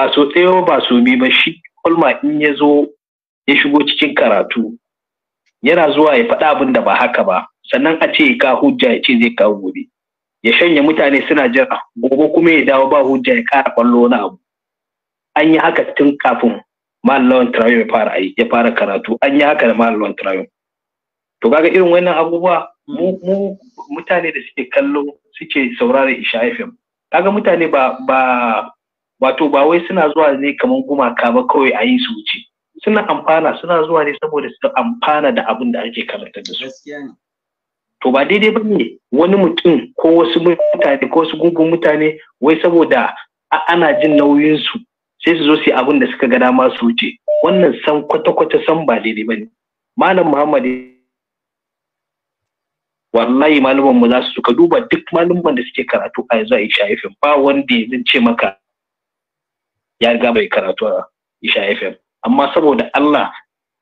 ba so tsayo ba so mi ba shi kulma in ya zo ya shigo cikin karatu yana zuwa ya faɗa abin da ba haka ba sannan a ce ka hujja ya ce zai kawo gobe ya shanya mutane suna jira gobe kuma ya dawo ba hujja ya kara kwallo wani abu an yi haka tun kafin malawan trayo ya fara ya fara karatu an yi haka da malawan trayo to kaga irin wannan abubuwa mu mutane da suke kallo suke saurare isha fm kaga mutane ba ba wato ba wai suna zuwa ne kamar gumaka ba kawai a yi su wuce suna amfana suna zuwa ne saboda su amfana da abin da ake karantar da su to ba daidai ba ne wani mutum ko wasu mutane ko wasu gungun mutane wai saboda ana jin nauyinsu sai su zo su yi abin da suka ga dama su wuce wannan san kwata-kwata san ba daidai ba ne malam muhammad wallahi malaman mu za su suka duba duk malaman da suke karatu a yanzu a yi shafin ba wanda ya zance maka ya riga bai karatu a Isha FM amma saboda Allah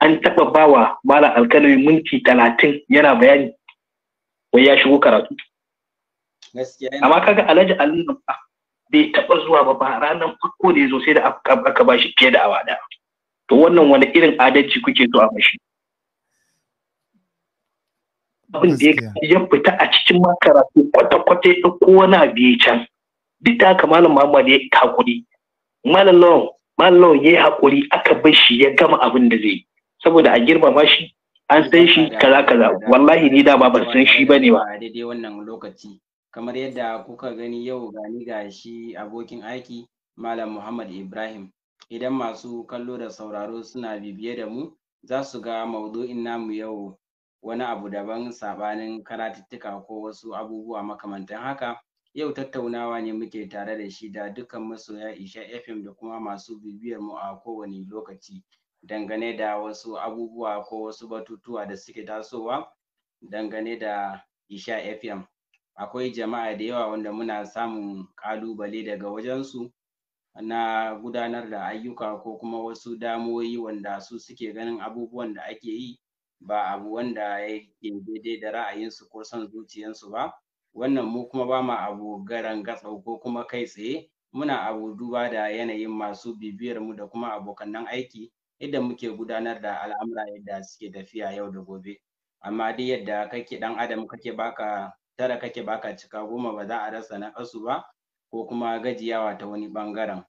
an taɓa bawa mala Alkalami minti talatin yana bayani wai ya shigo karatu. Amma kaga Alhaji ba bai taɓa zuwa ba ba ranar farko da ya zo sai da aka ba shi fiye da awa ɗaya. To wannan wani irin adalci kuke zuwa a mashi. Abin da ya fita a cikin ma karatu kwata-kwata ya ɗauko wani abu ya can. Duk da haka Malam Muhammad ya malalon malalon ya yi haƙuri aka bar shi ya gama abin da zai saboda a girmama shi an san shi kaza kaza wallahi ni dama ban san shi ba ne ba daidai wannan lokaci kamar yadda kuka gani yau gani ga shi abokin aiki malam muhammad ibrahim idan masu kallo da sauraro suna bibiye da mu za su ga maudu'in namu yau wani abu daban sabanin karatuttuka ko wasu abubuwa makamantan haka Yau tattaunawa ne muke tare da shi da dukkan masoya Isha FM da kuma masu bibiyar mu a kowane lokaci dangane da wasu abubuwa ko wasu batutuwa da suke tasowa dangane da Isha FM. Akwai jama'a da yawa wanda muna samun ƙalubale daga wajensu na gudanar da ayyuka ko kuma wasu damoyi wanda su suke ganin abubuwan da ake yi ba abu wanda yake daidai da ra'ayinsu ko son zuciyarsu ba. wannan mu kuma ba ma abu garan gatsau ko kuma kai tsaye muna abu duba da yanayin masu bibiyar mu da kuma abokan aiki yadda muke gudanar da al'amura yadda suke tafiya yau da gobe amma dai yadda kake dan adam kake baka tara kake baka cika goma ba za a rasa na kasu ba ko kuma gajiyawa ta wani bangaren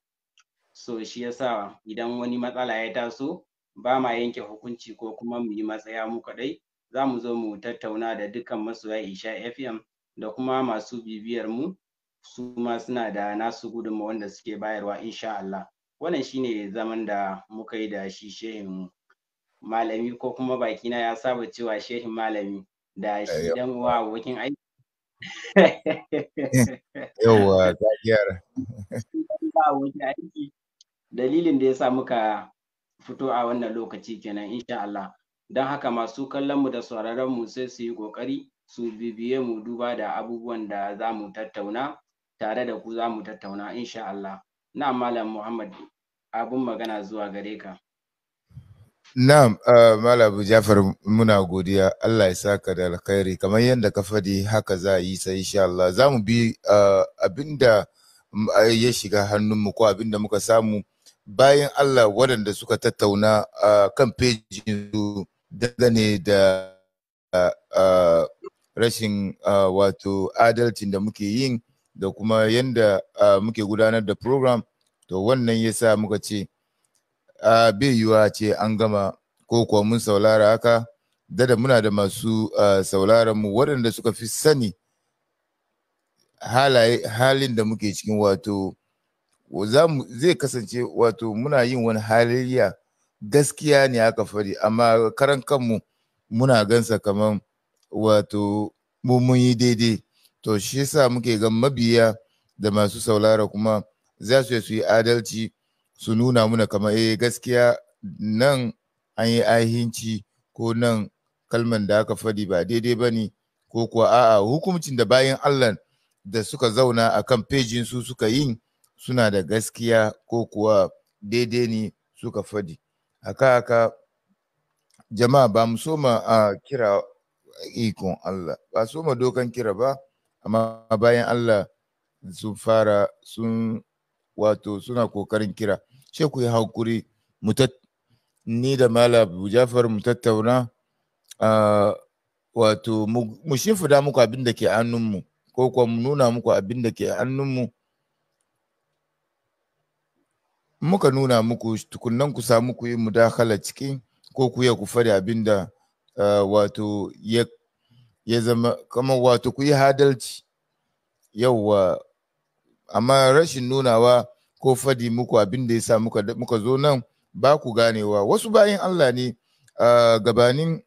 so shi yasa idan wani matsala ya taso ba ma yanke hukunci ko kuma mu yi matsaya mu kaɗai, za mu zo mu tattauna da dukkan masoya isha fm da kuma masu bibiyar mu su ma suna da nasu gudunmu wanda suke bayarwa insha Allah wannan shine zaman da muka yi da shi shehin malami ko kuma baki na ya saba cewa shehin malami da shi eh, dan uwa abokin aiki yawa gajiyar dalilin da ya sa muka fito a wannan lokaci kenan insha Allah don haka masu kallon mu da sauraron mu sai su yi kokari su bibiye mu duba da abubuwan da za mu tattauna tare da ku za mu tattauna insha Allah na malam Muhammad abun magana zuwa gare ka Na, uh, eh, Malam Jafar muna godiya Allah ya saka da alkhairi kamar yadda ka fadi haka za a yi sai insha Allah za mu bi uh, eh, abinda mm, eh, ya shiga hannunmu ko abinda muka samu bayan Allah waɗanda suka tattauna uh, kan pejin su dangane da uh, uh, rashin wato adalcin da muke yin da kuma yadda muke gudanar da program to wannan ya sa muka ce bai yiwuwa ce an gama ko kuwa mun saulara haka dada muna da masu sauraron mu waɗanda suka fi sani halin da muke cikin wato zai kasance wato muna yin wani halayya gaskiya ne aka fari amma karan kanmu muna gansa kamar wato mun yi daidai to shi yasa muke ga mabiya da masu saulara kuma za su su yi adalci su nuna muna kamar eh gaskiya nan an yi ahinci ko nan kalman da aka faɗi ba daidai ba ne ko kuwa a'a hukuncin da bayan Allah da suka zauna a kan pejin su suka yi suna da gaskiya ko kuwa daidai ne suka faɗi. aka aka jama'a ba mu so ma a ah, kira ikon Allah ba su ma dokan kira ba amma bayan Allah sun fara sun wato suna kokarin kira sai ku yi hankuri ni da mala abu jafar mu tattauna wato mu shimfida muku abin da ke hannunmu ko kuwa mu nuna muku abin da ke hannunmu muka nuna muku tukunan ku samu ku yi mudakala ciki ko ku ya ku fari abin da Eh, wato ya zama kamar wato ku yi hadalci yauwa amma rashin nunawa ko fadi muku abin da ya sa muka zo nan ba ku ganewa wasu bayan Allah ne eh, gabanin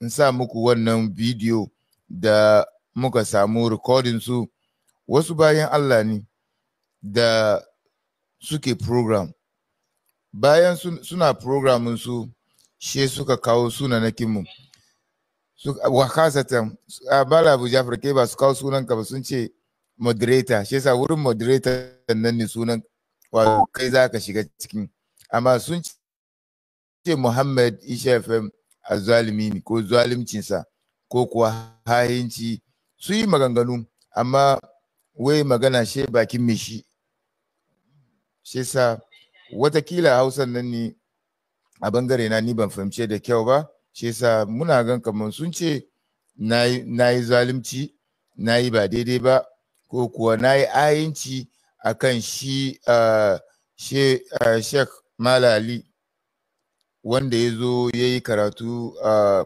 in sa muku wannan bidiyo da muka samu rikodin su wasu bayan Allah ne da suke program bayan suna programin su she suka kawo kinmu, sunanakinmu wakasatan bala abu jafar ke ba su kawo sunan ka ba sun ce moderator shi yasa wurin moderator nan ne sunan wa kai za ka shiga cikin amma sun ce muhammad isha fm a zalimi ne ko zalimcinsa ko kuwa hahinci su yi maganganu amma wai magana shi bakin mishi shi yasa watakila hausan nan ne a bangare na ni ban fahimci da kyau ba shi yasa muna gan kamar sun ce na yi zalunci na yi ba daidai ba ko kuwa na yi ayinci a kan shi shek malali wanda ya zo ya yi karatu a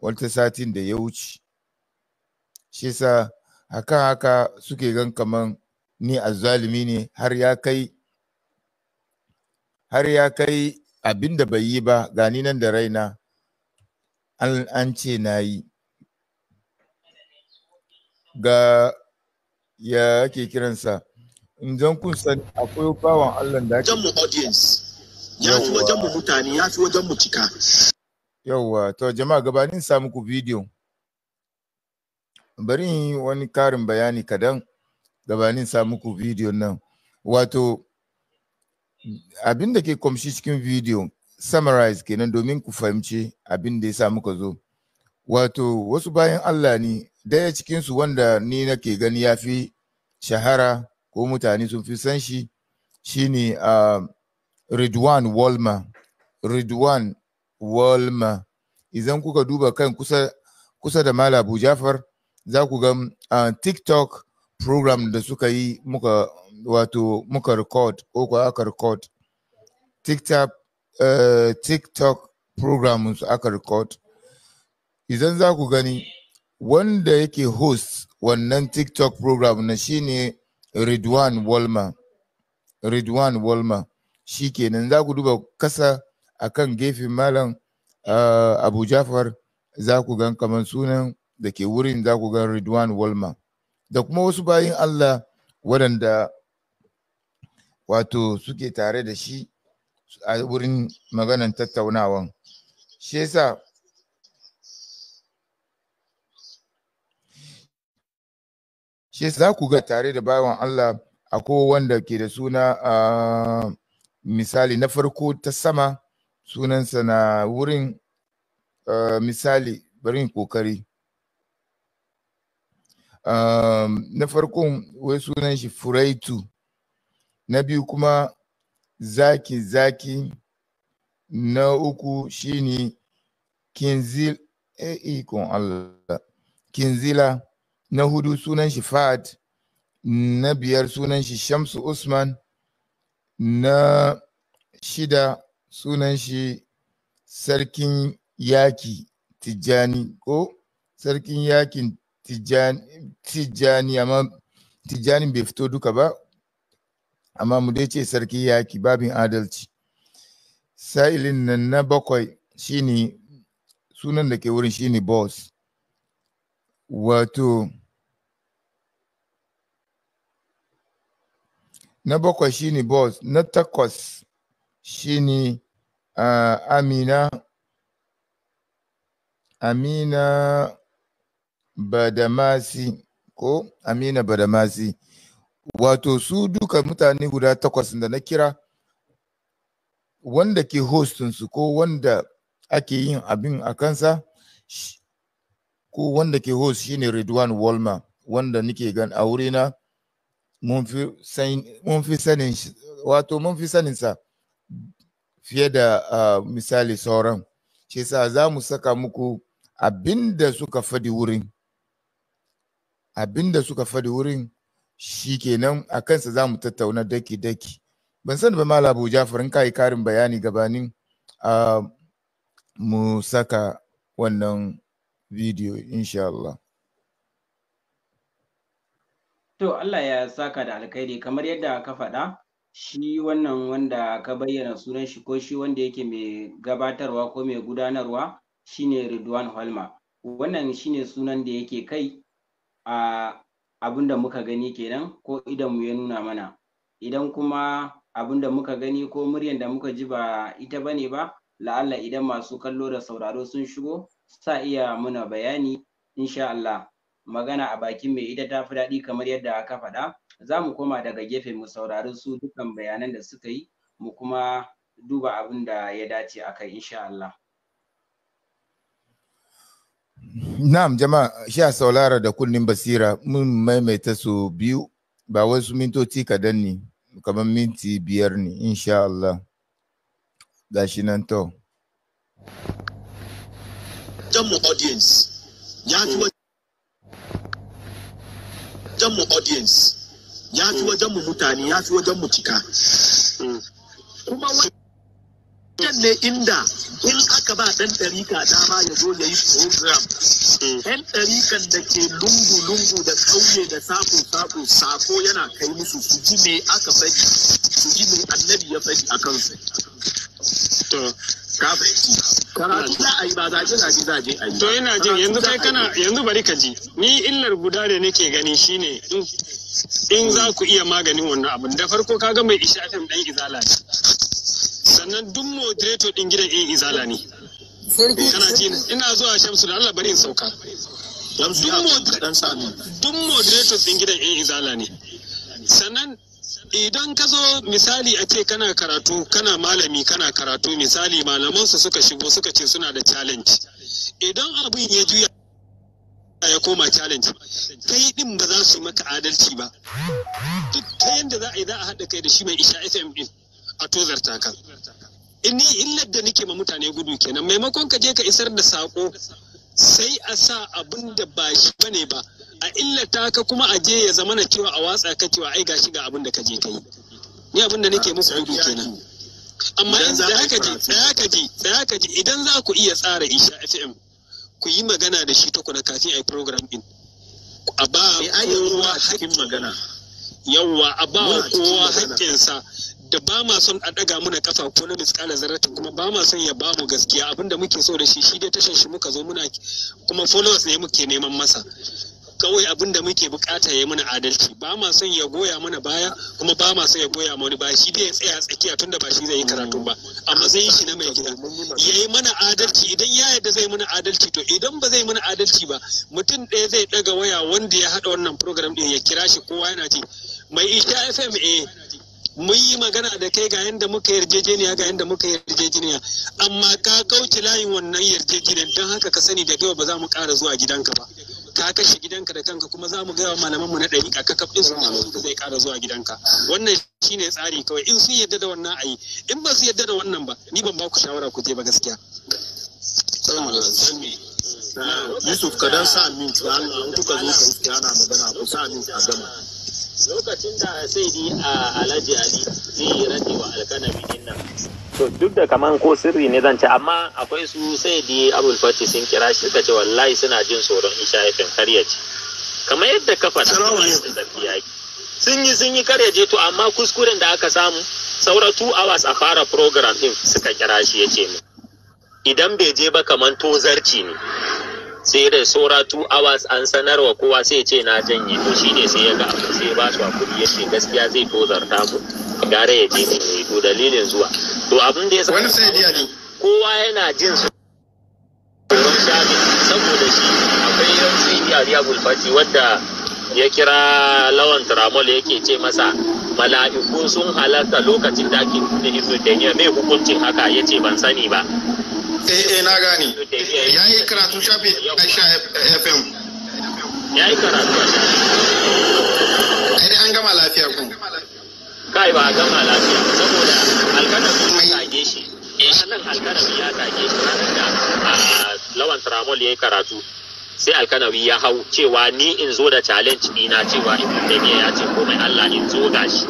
wata satin da ya wuce shi yasa haka haka suke gan kaman ni a zalimi ne har ya kai har ya kai abin da bai yi ba gani nan da raina an ce na yi ga ya ke kiransa in zan kun san akwai bawan Allah da ake mu audience ya fi wajen mu mutane ya fi wajen mu cika yauwa to jama'a gabanin sa muku bidiyo bari wani karin bayani kadan gabanin sa muku bidiyo nan wato abin da ke kwamshi cikin video summarize kenan domin ku fahimci abin da ya sa muka zo wato wasu bayan allah ne daya cikinsu wanda ni nake gani ya fi shahara ko mutane sun fi san shi shine uh, ridwan walma ridwan walma idan kuka duba kan kusa, kusa da mala abu jafar za ku ga uh, tiktok program da suka yi muka wato muka record ko kuwa aka record tiktok eh, tiktok programs aka record idan za ku gani wanda yake host wannan tiktok program na shi ne ridwan walma ridwan walma shi kenan za ku duba kasa a kan gefen malam eh, abu jafar za ku gan kamar sunan da ke wurin za ku gan ridwan walma da kuma wasu bayan allah waɗanda wato suke tare da shi a wurin maganan tattaunawan shi yasa shi za ku ga tare da bayan Allah a wanda ke da suna uh, misali na farko ta sama sunansa na wurin misali bari kokari na farkon wai sunan shi furaitu na biyu kuma zaki zaki na uku shine kinzil e, ikon Allah kinzila na hudu sunan shi fa'ad na biyar sunan shi Shamsu Usman na shida sunan shi sarkin yaki Tijjani ko sarkin yakin Tijjani amma Tijjani bai fito duka ba amma mu dai ce sarki yaki babin adalci sa'ilin nan na bakwai shine sunan da ke wurin shine boss wato na bakwai shine boss na takwas shine uh, amina amina badamasi ko amina badamasi wato su duka mutane guda takwas da na kira wanda ke hostinsu ko wanda ake yin abin a kansa ko wanda ke host shine Redwan Walma wanda nike gan a wurina mun fi sanin wato mun fi sanin sa fiye da uh, misali sauran ce sa za mu saka muku abinda suka fadi wurin abinda suka fadi wurin shi kenan a kansa za mu tattauna daki-daki ban sani ba mala abu jafar in kai karin bayani gabanin mu saka wannan bidiyo insha Allah. To Allah ya saka da alkhairi kamar yadda ka faɗa shi wannan wanda ka bayyana sunan shi ko shi wanda yake mai gabatarwa ko mai gudanarwa shine Ridwan Holma. Wannan shine sunan da yake kai a abin da muka gani kenan ko idan mu ya nuna mana idan kuma abin da muka gani ko muryan da muka ji ba ita bane ba la'alla idan masu kallo da sauraro sun shigo sa iya muna bayani insha Allah magana a bakin mai ita ta fi daɗi kamar yadda aka faɗa za mu koma daga gefe mu saurari su dukkan bayanan da suka yi mu kuma duba abin da ya dace a kai insha Allah Na'am jama'a sha saulara da kunnin basira mun maimaita su biyu ba wasu mintoci kadan ne kamar minti biyar ne insha Allah gashi nan to. Jammu audience ya fi wajen mu audience ya fi wajen mu mutane ya fi wajen mu cika. Mm. Kuma wani Yan ne inda in aka ba ɗan ɗarika dama ya zo ya yi program. Mm. Ɗan ɗarikan da ke lungu-lungu da ƙauye da sako-sako sako yana kai musu su ji me aka faɗi su ji me annabi ya faɗi a kansu. ka karatu za a yi ba zaje zaje zaje a yi to ina jin yanzu kai kana yanzu bari ka ji ni illar guda da nake gani shine in za ku iya maganin wannan abin da farko kaga mai isha ɗan dan izala ne sannan duk moderator din gidan yan izala ne kana ji ina zuwa shamsu da Allah bari in sauka duk moderator din gidan yan izala ne sannan idan ka zo misali a ce kana karatu kana malami kana karatu misali malamansu suka shigo suka ce suna da challenge idan abin ya juya ya koma challenge kai ɗin ba za su maka adalci ba duk ta yadda za a yi za a haɗa kai da shi mai isha fm din a tozarta ka ni illar da nake ma mutane gudu kenan maimakon ka je ka isar da sako sai a sa abin da ba shi bane ba a illata ka kuma a je ya zama na cewa a watsa ka cewa ai gashi ga abin da ka je ka yi ni abin da nake musu gudu kenan amma in da haka je tsaya ka je tsaya ka je idan za ku iya tsara isha fm ku yi magana da shi tukuna kafin ai program din a ba eh, kowa hakkin magana yawwa a ba kowa hakkinsa da ba ma son a daga muna kafa ko na miskala zaratin kuma ba ma son ya ba mu gaskiya abinda muke so da shi shi dai tashin shi muka zo muna kuma followers ne muke neman masa kawai abin da muke bukata ya mana adalci ba ma son ya goya mana baya kuma ba ma son ya goya ma wani baya shi dai ya tsaya tsakiya tunda ba shi zai yi karatu ba amma zai yi shi na mai gida ya yi mana adalci idan ya yadda zai mana adalci to idan ba zai mana adalci ba mutum ɗaya zai ɗaga waya wanda ya haɗa wannan program ɗin ya kira shi kowa yana ce mai isha fma mun yi magana da kai ga yadda muka yarjejeniya ga yadda muka yarjejeniya amma ka kauce layin wannan yarjejeniyar don haka ka sani da gaba ba za mu ƙara zuwa gidanka ba ka kashe gidanka da kanka kuma za mu gaya wa malaman mu na ɗari a kakaf in su da zai ƙara zuwa gidanka wannan shine tsari kawai in sun yadda da wannan ayi in ba su yadda da wannan ba ni ban ba ku shawara ku je ba gaskiya. Yusuf ka dan sa min tuwa an kuka zo ka yi ana magana ku sa min a gama. lokacin da sai di a alhaji ali zai yi rage wa alkanami din nan to duk da kaman ko sirri ne zan ce amma akwai su sai di abul fati sun kira shi suka ce wallahi suna jin tsoron isha ifin karya ce kamar yadda ka faɗa sun yi sun yi karya je to amma kuskuren da aka samu saura 2 hours a fara program din suka kira shi ya ce mu idan bai je ba kaman zarci ne sai da saura 2 hours an sanarwa kowa sai ce na janye to shine sai ya ga abu sai ba su kudi ya ce gaskiya zai tozarta mu gare ya je ne to dalilin zuwa to abin da ya wani kowa yana jin su saboda shi akwai yan sai diya riyabul fati wadda ya kira lawan tramol yake ce masa mala'iku sun halatta lokacin da ake kuɗe ibnu ya mai hukuncin haka ya ce ban sani ba Eh, eh na gani. ya yi karatu shafi aisha fm ya yi karatu ai an gama lafiya ku kai ba gama lafiya saboda alkanabi ya tage shi eh, nan alkanabi ya tage shi a ah, lawan tramol ya yi karatu sai alkanawi ya hau cewa ni in zo da challenge dina cewa ibn taymiya ya ce komai Allah in zo da shi.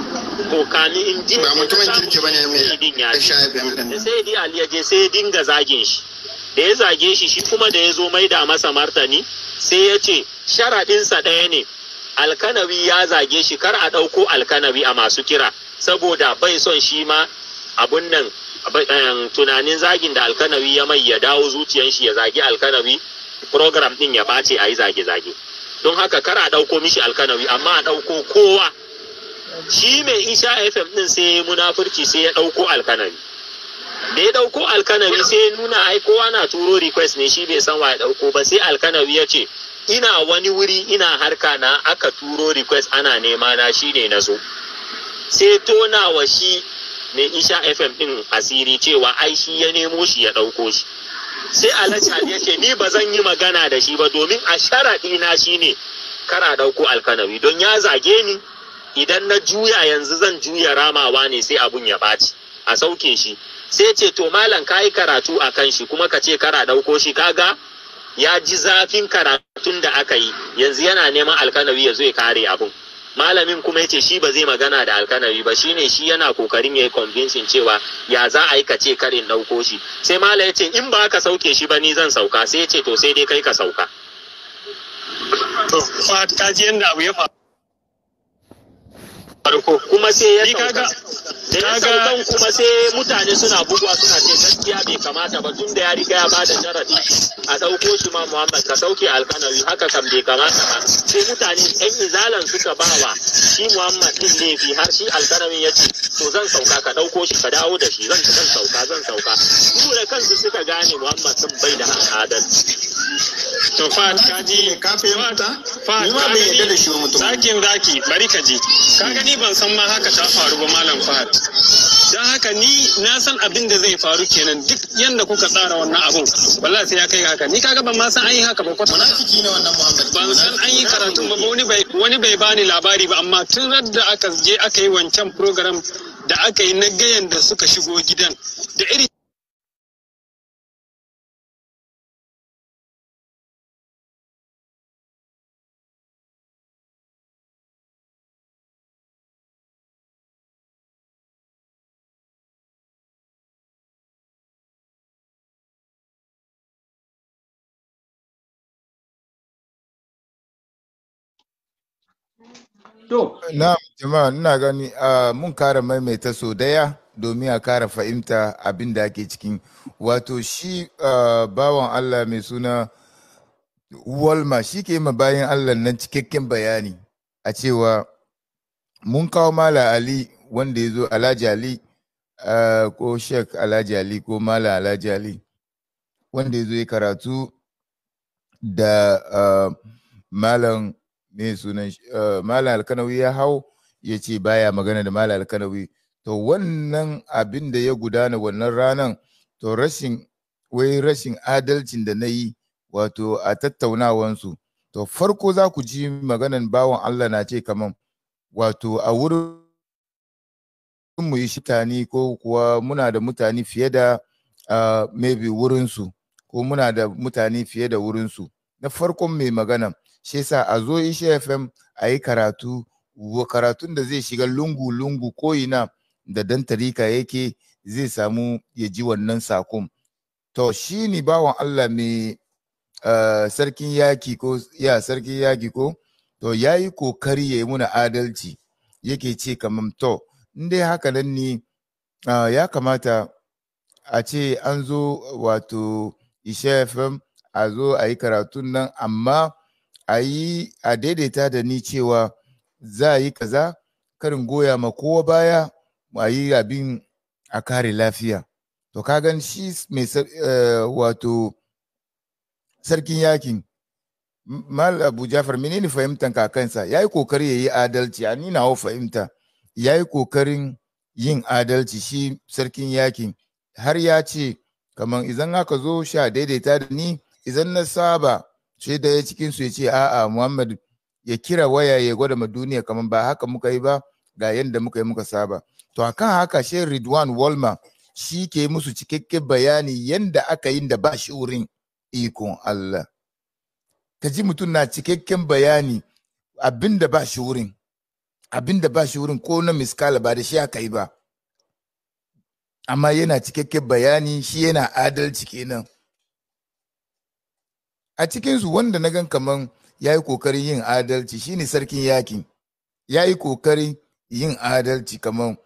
ko ni in ji ba mutumin kirki bane mai sai di ali ya je sai dinga zagin shi da ya zage shi shi kuma da ya zo mai da masa martani sai ya ce sharaɗinsa ɗaya ne alkanawi ya zage shi kar a ɗauko alkanawi a masu kira saboda bai son shi ma abun nan eh, tunanin zagin da alkanawi ya mai ya dawo zuciyan shi ya zagi alkanawi program din ya ɓace a yi zage-zage don haka kar a ɗauko mishi alkanawi amma a ɗauko kowa shi mai isha fm ɗin sai ya munafurci sai ya ɗauko alkanawi da ya ɗauko alkanawi sai nuna ai kowa na turo request ne shi bai san wa ya ɗauko ba sai alkanawi ya ce ina wani wuri ina harka na aka turo request ana nema na shi ne na zo sai tona wa shi mai isha fm din asiri cewa ai shi ya nemo shi ya ɗauko shi sai alhaji ali ya ce ni ba zan yi magana da shi ba domin a sharaɗi na ne. kara ɗauko alkanawi don ya zage ni idan na juya yanzu zan juya ramawa ne sai abun ya ɓaci a sauke shi sai ce to malam ka yi karatu a kan shi kuma ka ce kara ɗauko shi kaga ya ji zafin karatun da aka yi yanzu yana neman alkanawi ya zo ya kare abun malamin kuma ya ce shi ba zai magana da alkanawi ba shine shi yana kokarin ya yi convincing cewa ya za a yi ka ce karin ɗauko shi sai malam ya ce in ba ka sauke shi ba ni zan sauka sai ya ce to sai dai kai ka sauka. To, ta ji yadda abu ya faru. farko kuma sai ya sauka da ya saukan kuma sai mutane suna bugwa suna ce gaskiya bai kamata ba tun da ya riga ya bada sharadi a ɗauko shi ma Muhammad ka sauke alkanawi haka kam bai kamata ba sai mutane ɗan izalan suka bawa shi Muhammad din laifi har shi alkanawi ya ce to zan sauka ka ɗauko shi ka dawo da shi zan zan sauka zan sauka su da kansu suka gane Muhammad din bai da adalci to fa ka ji ka wata. fa ka ji zaki zaki bari ka ji ka gani ban san ma haka ta faru ba malam fahad don haka ni na san abin da zai faru kenan duk yadda kuka tsara wannan abun wallahi sai ya kai haka ni kaga ban ma san an yi haka ba kwata munafiki ne wannan ban san an yi karatun ba wani bai wani bai bani labari ba amma tun da aka je aka yi wancan program da aka yi na gayan da suka shigo gidan da iri To. Na jama'a ina gani mun kara maimaita so daya domin a kara fahimta abin da ake cikin wato shi bawan Allah mai suna Walma shi ke ma bayan Allah nan cikakken bayani a cewa mun kawo Mala Ali wanda ya zo Alhaji Ali ko Sheikh Alhaji Ali ko Mala Alhaji Ali wanda ya zo ya karatu da Malam me sunan eh, malam alkanawi ya hau ya ce baya magana da malam alkanawi to wannan abin da ya gudana wannan ranan to rashin wai rashin adalcin da na yi wato a tattaunawansu to farko za ku ji maganan bawan Allah na ce kaman wato a wurin mu yi shitani ko kuwa muna da mutane fiye da uh, maybe wurinsu ko muna da mutane fiye da wurinsu na farkon mai magana shi yasa a zo ishe fm a yi karatu karatun da zai shiga lungu-lungu ko ina da dan tarika yake zai samu ya ji wannan sakon to shi ne bawan allah mai sarkin yaki ko ya sarkin yaki ko to ya yi kokari ya yi muna adalci yake ce kamar to in dai haka nan ne ya kamata a ce an zo wato ishe fm a zo a yi karatun nan amma a yi a daidaita da ni cewa za a yi kaza karin goya ma kowa baya a yi abin a kare lafiya to ka gan shi mai eh, wato sarkin yakin mal abu jafar menene fahimtan kakansa ya yi kokari ya yi adalci a nina wa fahimta ya yi kokarin yin adalci shi sarkin yakin har ya ce kamar izan aka zo sha daidaita da ni izan na saba sai da ya cikin su ya ce a'a Muhammad ya kira waya ya gwada ma duniya kamar ba haka muka yi ba ga yadda muka yi muka saba to a kan haka shi Ridwan Walma shi ke musu cikakken bayani yadda aka yi da ba shi wurin ikon Allah ka ji mutum na cikakken bayani abin da ba shi wurin abin da ba shi wurin ko na miskala ba da shi aka yi ba amma yana cikakken bayani shi yana adalci kenan a cikinsu wanda na gan kaman ya yi kokarin yin adalci shine sarkin yakin ya yi kokarin yin adalci kaman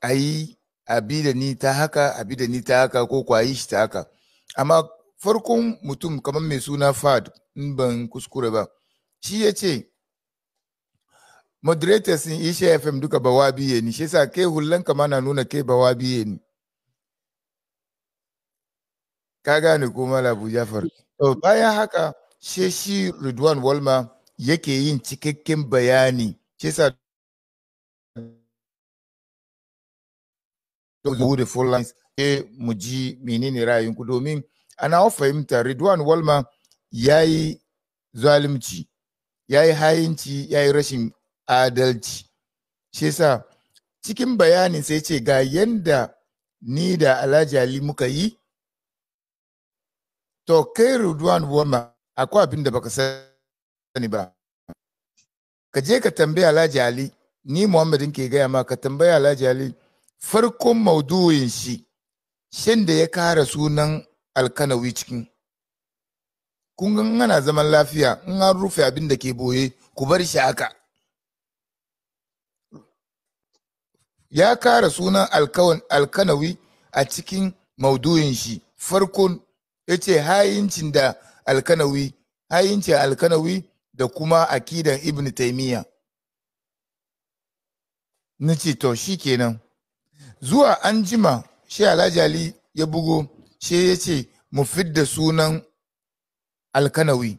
a yi abi da ni ta haka abi da ni ta haka ko kwayi shi ta haka amma farkon mutum kamar mai suna fad in ban kuskure ba shi ya ce moderators in isha fm duka bawa biye ni shi sa ke hullan kama na nuna ke biye ni ka gane ko malabu jafar to bayan haka she shi ridwan walma yake yin cikakken bayani shi sa full lines e mu ji menene ra'ayinku domin ana fahimta ridwan walma ya yi zalimci ya yi hayinci ya yi rashin adalci shi sa cikin bayanin sai ce ga yanda ni da alhaji ali muka yi to kai Rudwan Wama akwai abin da baka sani ba ka je ka tambaya Alhaji Ali ni Muhammadin ke gaya ma ka tambaya Alhaji Ali farkon maudu'in shi shin da ya kara sunan alkanawi cikin kun ga ana zaman lafiya in an rufe abin da ke boye ku bar shi haka ya kara sunan alkanawi a cikin maudu'in shi farkon ya ce hayincin da alkanawi hayincin alkanawi da kuma akidan ibn taimiyya na ce to shi kenan zuwa an jima shi alajali ya bugo shi ya ce mu fidda sunan alkanawi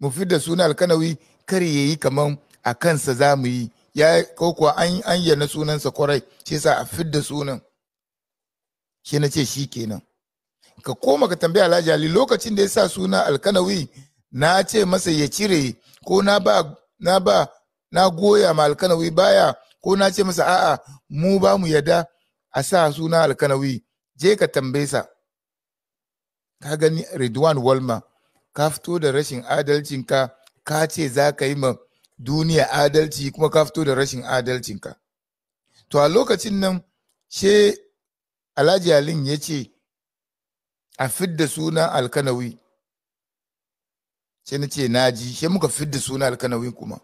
mu fidda sunan alkanawi kar ya yi kaman a kansa za mu yi ya ko kuwa an ayyana sunansa kwarai shi sa a fidda sunan shi na ce shi kenan ka koma ka tambaya alhaji ali lokacin da ya sa suna alkanawi na ce masa ya cire ko na ba na ba na goya ma alkanawi baya ko na ce masa a'a mu ba mu yada a sa suna alkanawi je ka tambaye sa ka gani Ridwan Walma ka fito da rashin adalcinka ka ce za ka yi ma duniya adalci kuma ka fito da rashin adalcinka to a lokacin nan she alhaji alin ya ce a fidda sunan alkanawi sai na ce na ji sai muka fidda suna alkanawi kuma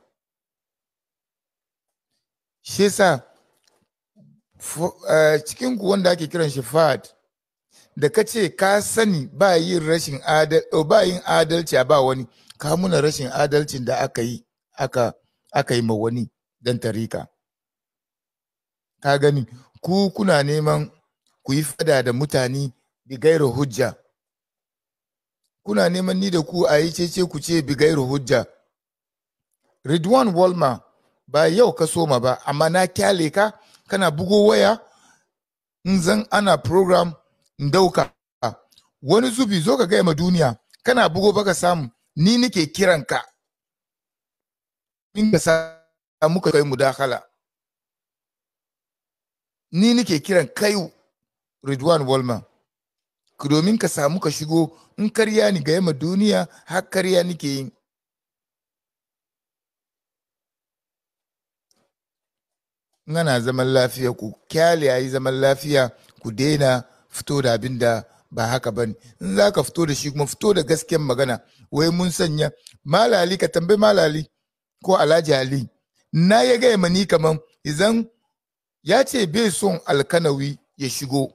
shi sa cikin wanda ake kiran shi fad da ka ce ka sani ba yin rashin adalci a ba wani ka muna rashin adalcin da aka yi aka yi ma wani dan tarika ka gani ku kuna neman ku yi fada da mutane gairu hujja kuna neman ni da ku a yi cece ku ce gairu hujja Ridwan Walma ba yau ka soma ba amma na kyale ka kana bugo waya in zan ana program in dauka wani zubi zo ka gaya ma duniya kana bugo baka samu ni nake kiran ka in ka samu ka kai mudakala ni nake kiran kai Ridwan Walma. Domin ka samu ka shigo in karya ni ga duniya har karya nike yin. Ngana zaman lafiya ku kyale a yi zaman lafiya ku daina fito da abin da ba haka ba ne. In za ka fito da shi kuma fito da gasken magana wai mun sanya malali ka tambayi malali ko alhaji ali na ya gaya mani kaman idan ya ce bai son alkanawi ya shigo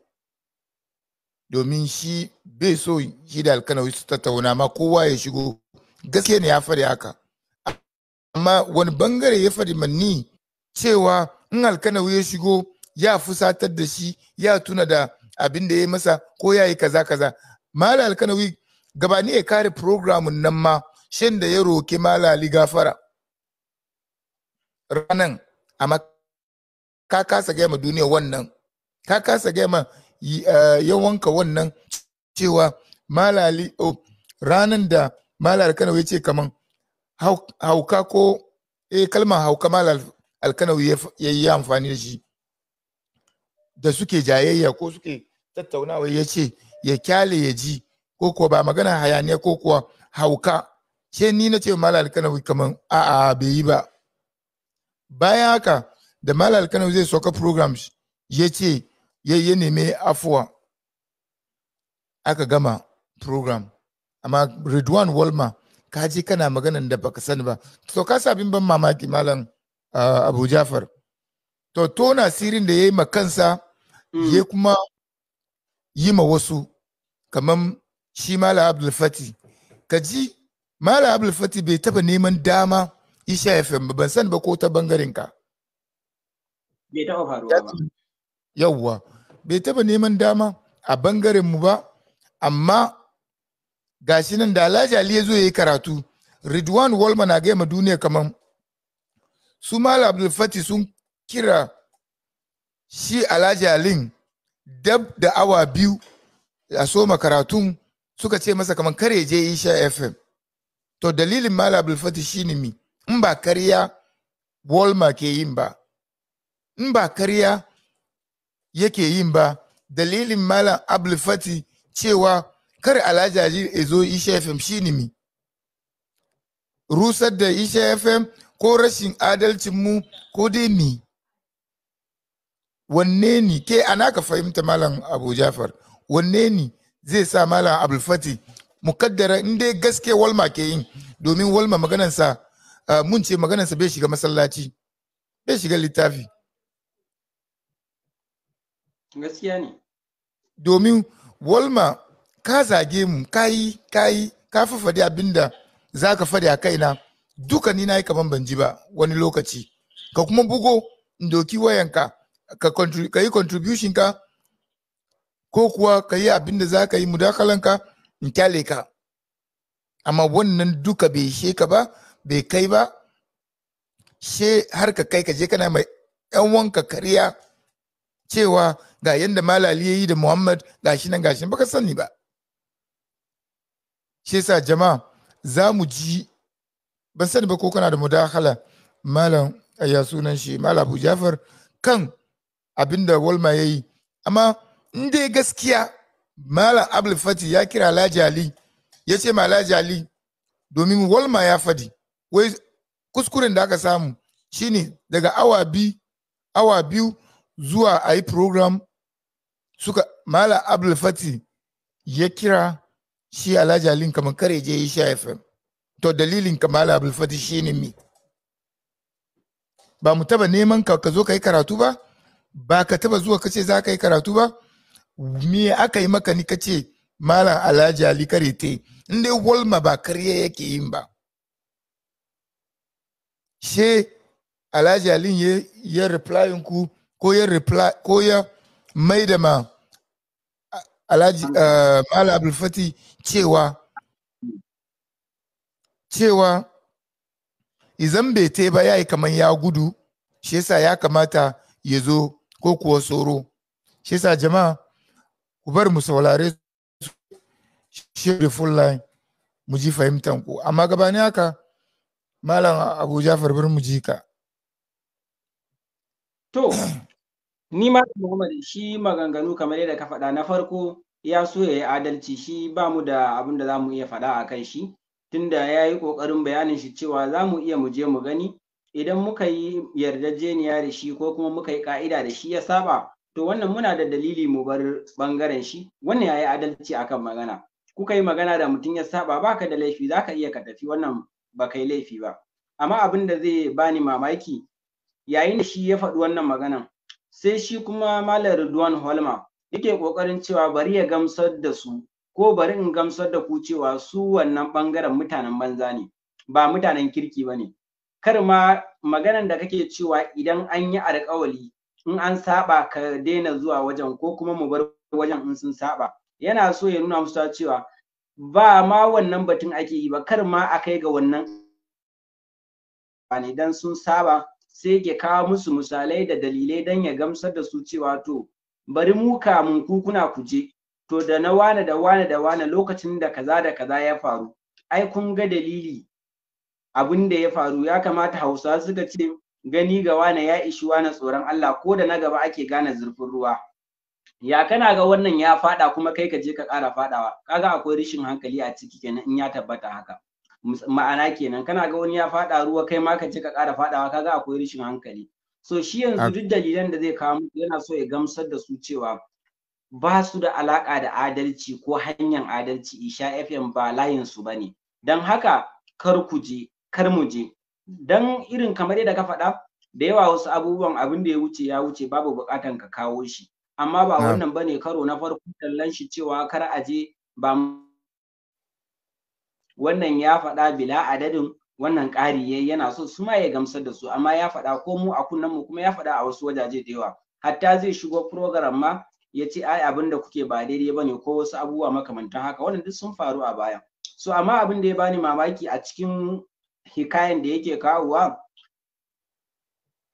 domin shi bai so shi da alkanawi su tattauna ma kowa ya shigo gaskiya ne ya faɗi haka amma wani bangare ya faɗi manni cewa in alkanawi ya shigo ya fusatar da shi ya tuna da abin da ya yi masa ko ya yi kaza kaza mala alkanawi gabani ya kare programun nan ma shin da ya mala ali gafara ranan amma ka kasa gaya ma duniya wannan ka kasa gaya ma Eh, ya wanka wannan cewa malali oh, ranan da malar kano ya ce kaman hauka ko eh kalmar hauka malar alkanau ya yi amfani da shi da suke jayayya ko suke tattaunawa ya ce ya kyale ya ji ko kuwa ba magana hayaniya ko kuwa hauka ce ni na ce malal alkanau kaman a'a bai yi ba bayan haka da malar alkanau zai soka programs ya ce ya neme afuwa aka gama program amma Ridwan Walma ka ji kana maganan da baka sani ba to ka sabin ban mamaki malam ah, Abu Jafar to tona sirin da yayi ma kansa hmm. ya kuma yi ma wasu kamar shi Malam Abdul Fati ka ji Malam Abdul Fati bai taba neman dama Isha FM ban sani ba ko ta bangaren ka yauwa bai taba neman dama a bangaren mu ba amma ga shi nan da Alhaji Ali ya zo yayi karatu Ridwan Walma na gaima duniya kaman su Malam Abdul Fati sun kira shi Alhaji Alin dab da awa biyu a soma karatun suka ce masa kaman ya je Isha FM to dalilin Malam Abdul Fati shi ne mi in ba karya Walma ke yin ba in ba karya yake yin ba dalilin malam abulfati cewa kar alhaji ajir ya zo isha fm shine mi rusar da isha fm ko rashin adalcin mu ko dai mi wanne ni ke ana ka fahimta malam abu jafar wanne ni zai sa malam abulfati mukaddara in dai gaske walma ke yin domin walma maganansa ah, mun ce maganansa bai shiga masallaci bai shiga littafi gaskiya ne domin walma ka zage mu ka yi, ka yi, ka fi faɗi da za ka faɗi a kaina duka ni na yi kaman ban ji ba wani lokaci ka kuma bugo doki wayanka ka ka yi contribution ka ko kuwa ka yi abin da za ka yi mudakalanka in kyale ka amma wannan duka bai ishe ka ba bai kai ba she har ka kai ka je kana mai yan wanka kariya cewa ga yadda malali ya yi da muhammad ga shi nan gashi baka sani ba shi yasa jama'a za mu ji ban sani ba ko kana da mudahala malam ya sunan shi malam jafar kan abin da walma ya yi amma in dai gaskiya malam abul fati ya kira lajali ya ce ma lajali domin walma ya fadi wai kuskuren da aka samu shine daga awa biyu awa biyu zuwa a yi program suka mala abdul fati ya kira shi alhaji alin kamar kare je yi sha fm to dalilin ka mala abdul fati shi ne mi ba mu taba neman ka ka zo ka yi karatu ba ba ka taba zuwa ka ce za ka yi karatu ba me aka yi maka ni ka ce mala alhaji ali kare te in dai walma ba karya yake yin ba she alhaji alin ya reply ku ko ya reply ko ya mai da ma alhaji eh, mala abulfati cewa cewa izan bai te ba ya yi kamar ya gudu shi yasa ya kamata ya zo ko kuwa tsoro shi yasa jama'a ku bar mu saurare shi full line mu ji fahimtan ku amma gabanin haka malam Abuja jafar mu ji ka ni ma Muhammad shi maganganu kamar yadda ka faɗa na farko ya so ya yi adalci shi ba mu da abin da za mu iya faɗa a kan shi tunda ya yi ƙoƙarin bayanin shi cewa za mu iya mu je mu gani idan muka yi yarjejeniya da shi ko kuma muka yi ƙa'ida da shi ya saba to wannan muna da dalili mu bar bangaren shi wannan ya yi adalci a kan magana kuka yi magana da mutum ya saba ka da laifi za ka iya ka tafi wannan ba kai laifi ba amma abin da zai bani mamaki yayin da shi ya faɗi wannan maganan sai shi kuma Malam Ridwan Holma yake kokarin cewa bari ya gamsar da su ko bari in gamsar da ku cewa su wannan bangaren mutanen banza ne ba mutanen kirki ba ne kar ma maganan da kake cewa idan an yi alƙawali in an saba ka daina zuwa wajen ko kuma mu bar wajen in sun saba yana so ya nuna musu cewa ba ma wannan batun ake yi ba kar ma a kai ga wannan ne dan sun saba sai yake kawo musu misalai da dalilai don ya gamsar da su cewa to bari mu kamun ku kuna kuje to da na wane da wane da wane lokacin da kaza da kaza ya faru ai kun ga dalili abin da ya faru ya kamata hausa suka ce gani ga wane ya ishi wane tsoron Allah ko da na gaba ake gane zurfin ruwa ya kana ga wannan ya fada kuma kai ka je ka ƙara fadawa kaga akwai rashin hankali a ciki kenan in ya tabbata haka ma'ana kenan kana ga wani ya faɗa ruwa kai ma ka ce ka ƙara faɗawa kaga akwai rashin hankali so shi yanzu duk dalilan da zai kawo musu yana so ya gamsar da su cewa ba su da alaka da adalci ko hanyar adalci isha fm ba layin su bane don haka kar ku je kar mu je don irin kamar yadda ka faɗa da yawa wasu abubuwan abin da ya wuce ya wuce babu bukatan ka kawo shi amma ba wannan bane karo na farko tallan shi cewa kar a je ba wannan ya faɗa bila adadin wannan ƙari yayi yana so su ma ya gamsar da su amma ya faɗa ko mu a kunnen mu kuma ya faɗa a wasu wajaje da yawa hatta zai shigo program ma ya ce ai abin da kuke ba daidai bane ko wasu abubuwa makamantan haka wannan duk sun faru a baya so amma abin da ya bani mamaki a cikin hikayen da yake kawowa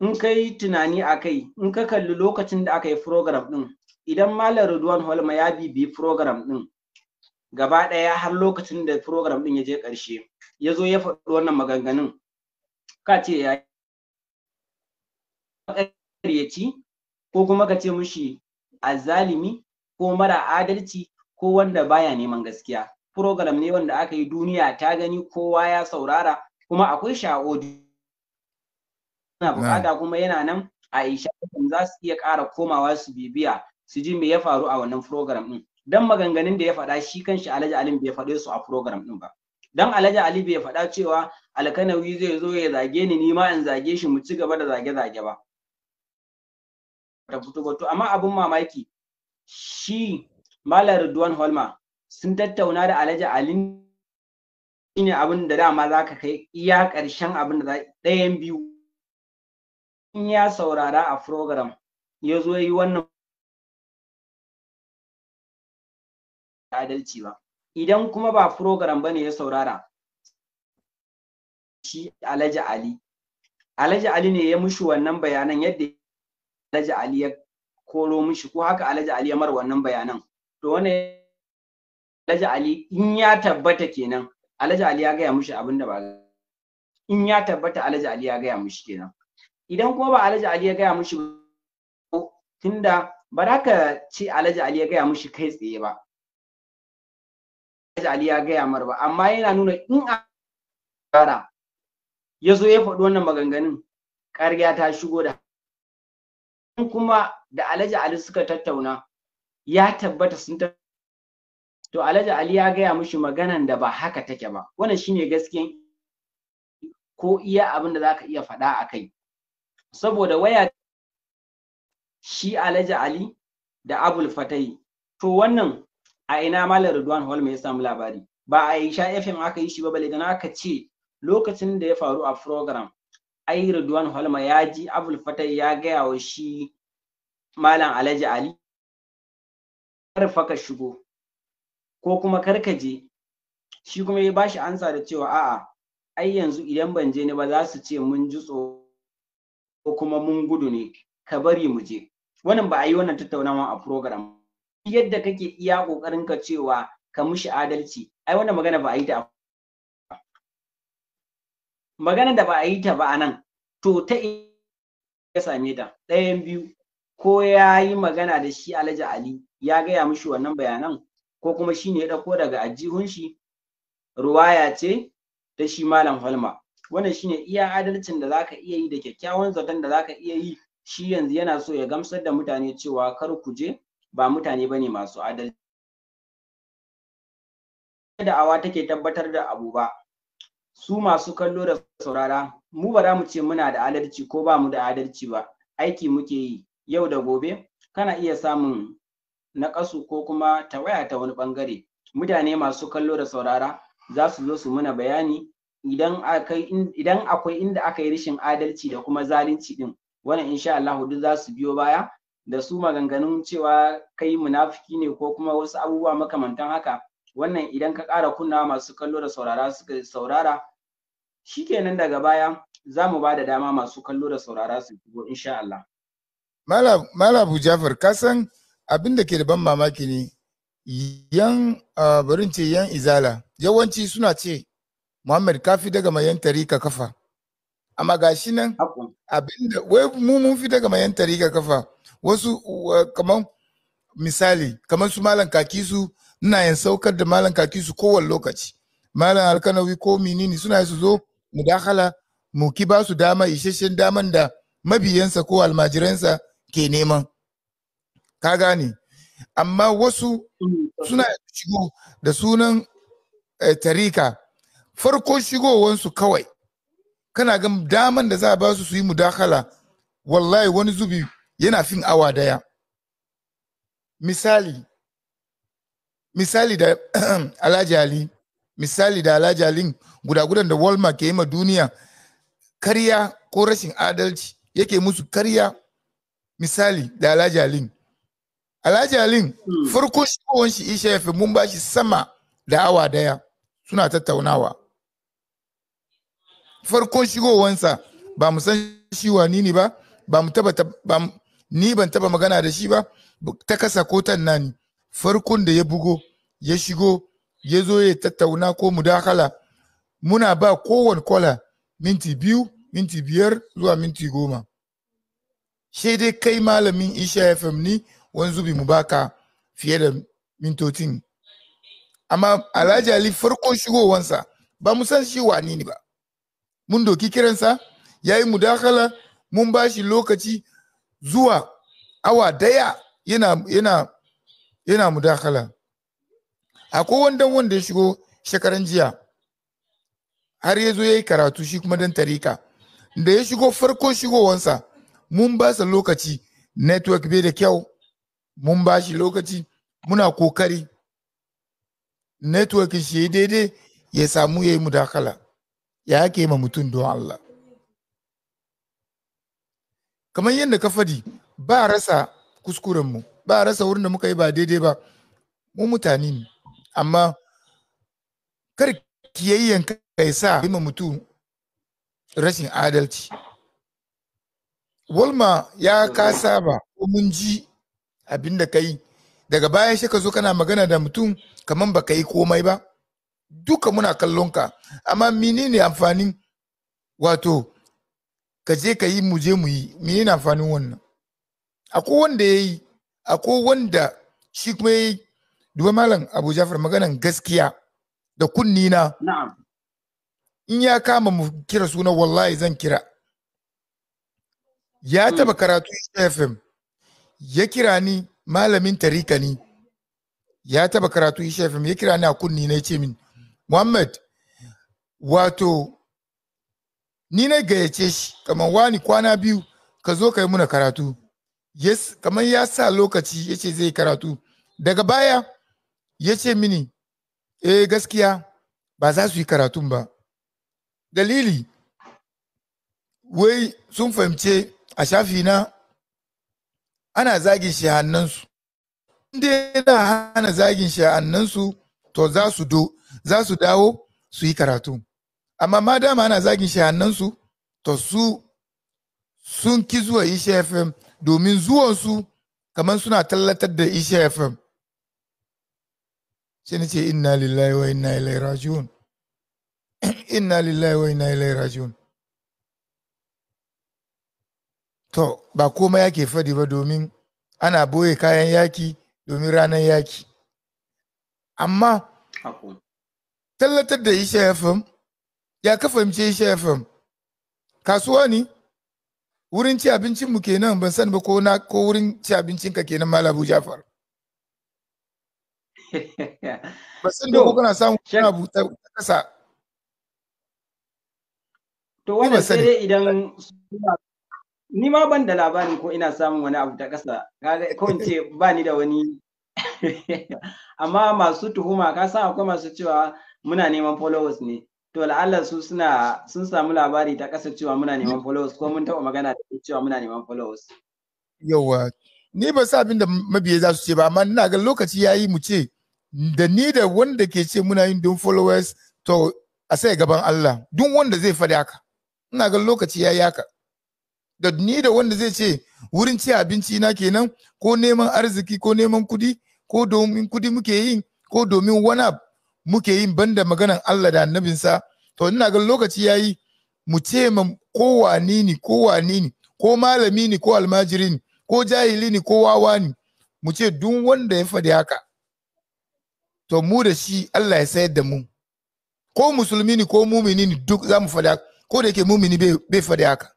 in ka tunani a kai in ka kalli lokacin da aka yi program ɗin idan malam Ridwan Holma ya bibi program ɗin gaba ɗaya har lokacin da program ɗin ya je ƙarshe ya zo ya faɗi wannan maganganun ka ce ya ƙaryaci ko kuma ka ce mushi azalimi ko mara adalci ko wanda baya neman gaskiya program ne wanda aka yi duniya ta gani kowa ya saurara kuma akwai sha'o na bukata kuma yana nan Aisha, isha za su iya ƙara komawa su bibiya su ji me ya faru a wannan program ɗin dan maganganun da ya faɗa shi kanshi Alhaji Ali bai faɗe su a program din ba dan Alhaji Ali bai faɗa cewa Alkanawi zai zo ya zage ni ni ma in zage shi mu ci gaba da zage zage ba amma abun mamaki shi Malam Ridwan Holma sun tattauna da Alhaji Ali shine abin da dama za ka kai iya ƙarshen abin da ɗayan biyu in ya saurara a program ya zo yi wannan adalci ba idan kuma ba program bane ya saurara shi Alhaji Ali Alhaji Ali ne ya mushi wannan bayanan yadda Alhaji Ali ya koro mushi ko haka Alhaji Ali ya mar wannan bayanan to wannan Alhaji Ali in ya tabbata kenan Alhaji Ali ya gaya mushi abin da ba in ya tabbata Alhaji Ali ya gaya mushi kenan idan kuma ba Alhaji Ali ya gaya mushi tunda ba za ka ce Alhaji Ali ya gaya mushi kai tsaye ba Ali ya gaya mar ba amma yana nuna in a fara ya zo ya faɗi wannan maganganun ƙarya ta shigo da kuma da Alhaji Ali suka tattauna ya tabbata sun ta to Alhaji Ali ya gaya mushi maganan da ba haka take ba wannan shine gaskiyan ko iya abin da zaka iya faɗa a kai saboda waya shi Alhaji Ali da Abul Fatai to wannan a ina malam Ridwan Hall mai ya samu labari ba a sha FM aka yi shi ba balle na aka ce lokacin da ya faru a program ai Ridwan Hall ma ya ji Abdul Fatai ya gaya wa shi malam Alhaji Ali kar fa ka shigo ko kuma kar ka je shi kuma ya bashi ansa da cewa a'a ai yanzu idan ban je ne ba za su ce mun ji tsoro ko kuma mun gudu ne ka bari mu je wannan ba a yi wannan tattaunawa a program yadda kake iya kokarin ka cewa ka mushi adalci ai wannan magana ba a yi ta magana da ba a yi ta ba anan to ta ya same ta ɗayan biyu ko ya yi magana da shi Alhaji Ali ya gaya mishi wannan bayanan ko kuma shi ne ya ɗauko daga ajihun shi ruwaya ce ta shi Malam Falma wannan shine iya adalcin da zaka iya yi da kyakkyawan zaton da zaka iya yi shi yanzu yana so ya gamsar da mutane cewa kar ku je ba mutane ne masu adalci da'awa take tabbatar da abu ba su masu kallo da saurara mu ba za mu ce muna da adalci ko ba mu da adalci ba aiki muke yi yau da gobe kana iya samun naƙasu ko kuma tawaya ta wani bangare mutane masu kallo da saurara za su zo su muna bayani idan akwai inda aka yi rashin adalci da kuma zalunci din wannan insha Allah duk za su biyo baya da su maganganun cewa kai munafiki ne ko kuma wasu abubuwa makamantan haka wannan idan ka ƙara kunna masu kallo da saurara suka saurara shikenan daga baya za mu ba da dama masu kallo da saurara su shigo insha Allah. Mala Abu Jafar ka san abin da ke da ban mamaki ne yan barin ce yan izala yawanci suna ce Muhammad kafi daga mayan tarika kafa amma gashi nan abinda wai mu mun fi daga mayan tarika kafa wasu kamar misali kamar su malam kakisu ina yin saukar da malam kakisu kowane lokaci malam alkanawi ko minini suna su zo mu dakala mu ki ba su dama isasshen daman da mabiyansa ko almajiransa ke neman ka gane amma wasu suna shigo da sunan eh, tarika farko shigowansu kawai kana ga daman da za a ba su su yi mudakala wallahi wani zubi yana fin awa daya misali misali da alhaji ali misali da alhaji ali gudagudan da walmart ke yi ma duniya karya ko rashin adalci yake musu karya misali da alhaji ali alhaji ali hmm. farkon shigowar shi isha mun ba shi sama da awa daya suna tattaunawa farkon shigowansa ba mu san shi wani ne ba ba mu taba ba ni ban taba magana da shi ba ta kasa ko tanna ni farkon da ya bugo ya shigo ya zo ya tattauna ko mudakala muna ba kowane kwala minti biyu minti biyar zuwa minti goma sai dai kai malamin isha fm ni wani zubi mu baka fiye da mintotin amma alhaji ali farkon shigowansa ba mu san shi wani ne ba mun doki kiransa ya yi mudakala mun ba shi lokaci zuwa awa daya yana yana yana mudakala akwai wanda wanda ya shigo shekaran jiya har ya zo ya yi karatu shi kuma dan tarika da ya shigo farkon shigowansa mun ba sa lokaci network bai da kyau mun ba shi lokaci muna kokari network shi daidai ya samu ya yi mudakala ya ake ma mutum don Allah kamar yadda ka fadi ba rasa kuskurenmu ba rasa wurin da muka yi ba daidai ba mu mutane ne amma kar kiyayyen kai sa yi mutum rashin adalci walma ya kasa ba ko mun ji abin da ka yi daga baya shi ka zo kana magana da mutum kamar baka yi komai ba duka muna kallon ka amma menene amfanin wato ka je ka yi mu je mu yi me yana amfanin wannan akwai wanda ya yi akwai wanda shi kuma ya yi duba malam abu jafar maganan gaskiya da kunni na in ya kama mu kira suna wallahi zan kira ya hmm. taba karatu fm ya kira ni malamin tarika ni ya taba karatu fm ya kira ni a kunni na ya ce min muhammad wato ni na gayyace shi kamar wani kwana biyu ka zo ka yi muna karatu yes kamar ya sa lokaci ya ce zai karatu daga baya ya ce mini eh gaskiya ba za su yi karatun ba dalili wai sun fahimce a shafi na ana zagin shi hannunsu inda yana hana zagin hannunsu to za su do za su dawo su yi karatu amma ma dama ana zagin hannunsu to su sun ki zuwa isha fm domin zuwansu kamar suna tallatar da isha fm sai na ce inna lillahi wa inna ilai raji'un inna lillahi wa inna ilai raji'un to ba komai yake fadi ba domin ana boye kayan yaki domin ranar yaki amma tallatar da isha fm ya ka fahimce shi fm kasuwa ne wurin ci abincin mu kenan ban sani ba ko na ko wurin ci abincin ka kenan mala Abu Jafar ba san da kuna samu kuna buta kasa to wannan sai dai idan ni ma ban da labarin ko ina samun wani abu ta kasa ko in ce ba ni da wani amma masu tuhuma ka san akwai masu cewa muna neman followers ne to la'alla su suna sun samu labari ta kasa cewa muna neman followers ko mun taɓa magana da cewa muna neman followers yawa ni ba sa abin da mabiya za su ce ba amma ina ga lokaci ya yi mu ce da ni da wanda ke ce muna yin don followers to a sai gaban Allah duk wanda zai faɗi haka ina ga lokaci ya yi haka da ni da wanda zai ce wurin ci abinci na kenan ko neman arziki ko neman kudi ko domin kudi muke yin ko domin wani abu muke yin banda maganan Allah da annabinsa to ina ga lokaci yayi mu ce ma ko wani ne ko wani ne ko malami ne ko almajiri ne ko jahili ne ko wawa ne mu ce duk wanda ya faɗi haka to mu da shi Allah ya sayar da mu ko musulmi ne ko mumini ne duk za mu faɗi haka ko da yake mumini bai faɗi haka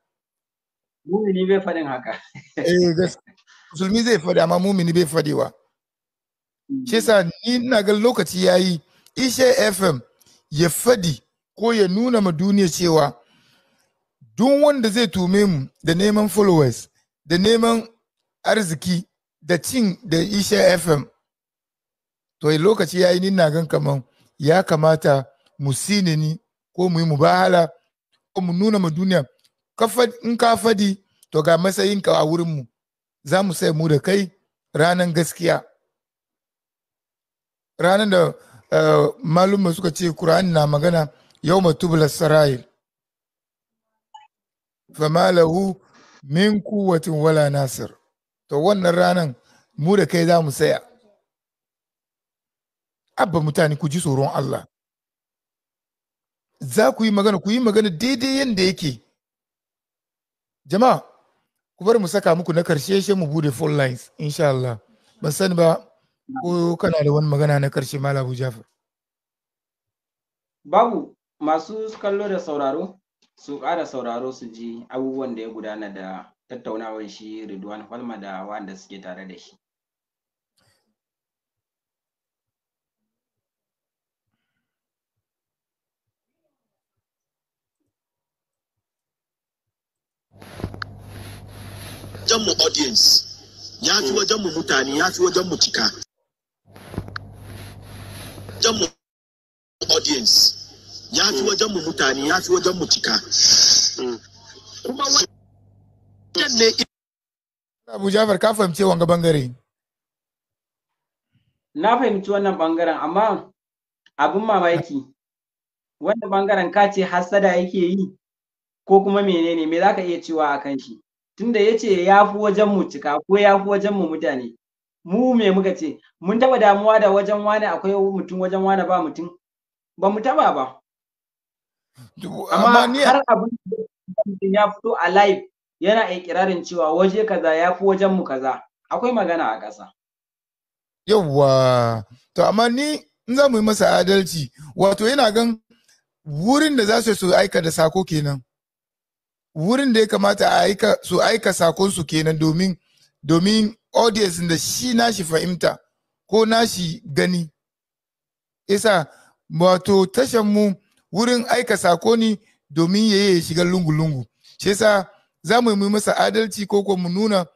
mumini bai faɗin haka eh gaskiya musulmi zai faɗi amma mumini bai faɗewa mm. shi yasa ni ina ga lokaci yayi isha fm ya fadi ko ya nuna ma duniya cewa duk wanda zai tume mu da neman followers da neman arziki da cin da isha fm to lokaci ya yi nina gan kaman ya kamata mu ni ko mu yi mu bahala ko mu nuna ma duniya in ka fadi to ga matsayinka a wurinmu za mu sai mu da kai ranan gaskiya ranan da Eh, malumma suka ce kurani na magana yau matubula sarayil fama lahu min kuwatin wala nasir to wannan ranan mu da kai za mu saya abba mutane ku ji tsoron Allah za ku yi magana ku yi magana daidai yadda yake jama'a ku bari mu saka muku na karshe shi mu bude full lines insha Allah ban sani ba ko kana da wani magana na karshe malam abu jafar babu masu kallo da sauraro su ƙara sauraro su ji abubuwan da ya gudana da tattaunawar shi Ridwan Falma da wanda suke tare da shi. Wajenmu audience, ya fi wajenmu mutane, ya fi wajenmu cika. wajen mu audience ya fi wajen mu mutane ya fi wajen mu cika hmm. kuma wajen ne Abu Jafar ka fahimci wanga bangare na fahimci wannan bangaren amma abin mamaki wannan bangaren ka ce hasada yake yi ko kuma menene me zaka iya cewa akan shi tunda yace ya fi wajen mu cika ko ya fi wajen mu mutane mu me muka ce mun taba damuwa da wajen wane akwai mutum wajen wane ba mutum ba mu taba ba amma har abin ya fito a live yana ikirarin cewa waje kaza ya fi wajen mu kaza akwai magana a ƙasa yawwa to amma ni in za mu yi masa adalci wato yana gan wurin da za su aika da sako kenan wurin da ya kamata a aika so aika sakon su kenan domin domin audience da shi nashi fahimta ko nashi gani isa wato tashanmu wurin aika sako ne domin ya yi shiga lungu-lungu shi yasa za mu yi masa adalci ko ko mu nuna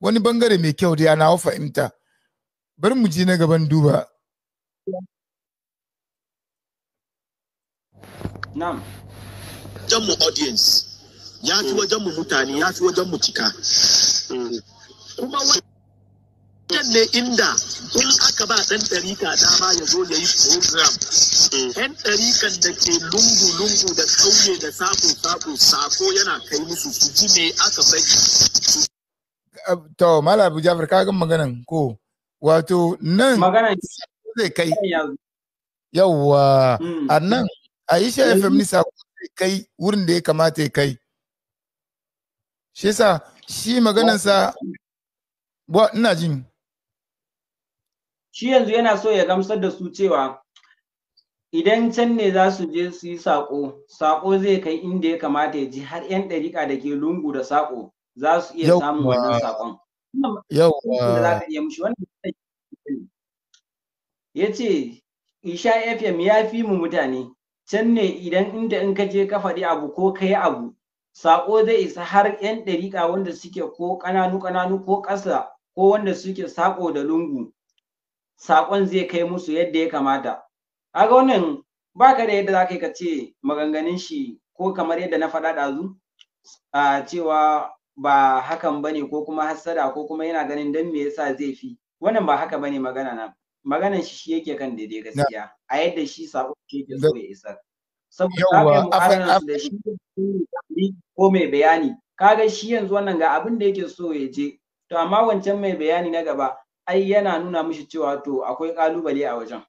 wani bangare mai kyau da yana fahimta bari mu ji na gaban duba Nam. Jan mu audience, ya fi wajen mu mutane, ya fi wajen mu cika. Mm. kuma wajen ne inda in aka ba ɗan ɗarika dama ya zo ya yi program mm. ɗan ɗarikan da ke lungu-lungu da kauye da sako-sako sako yana kai musu su ji me aka bari eh, to mala abu jafar kagan maganan ko wato nan zai kai yawwa mm. a nan a yi shi fm ni sako zai kai wurin da ya kamata ya kai shi sa shi maganansa Ba ina jin. Shi yanzu yana so ya gamsar da su cewa idan can ne za su je su yi saƙo, saƙo zai kai inda ya kamata ya ji har 'yan ɗariƙa da ke lungu da saƙo za su iya samun wannan saƙon. Yau. Ya ce, Isha FM ya fi mu mutane, can ne idan inda in ka je ka faɗi abu ko ka abu saƙo zai isa har 'yan ɗariƙa wanda suke ko ƙananu-ƙananu ko ƙasa ko wanda suke saƙo da lungu saƙon zai kai musu yadda ya kamata kaga wannan baka da yadda zaka yi ka ce maganganun shi ko kamar yadda na faɗa ɗazu a cewa ba hakan bane ko kuma hassada ko kuma yana ganin dan me yasa zai fi wannan ba haka bane magana na maganan shi shi yake kan daidai gaskiya a yadda shi saƙo yake so ya isa saboda ko mai bayani kaga shi yanzu wannan ga abin da yake so ya je to amma wancan mai bayani na gaba ai yana nuna mishi cewa to akwai kalubale a wajen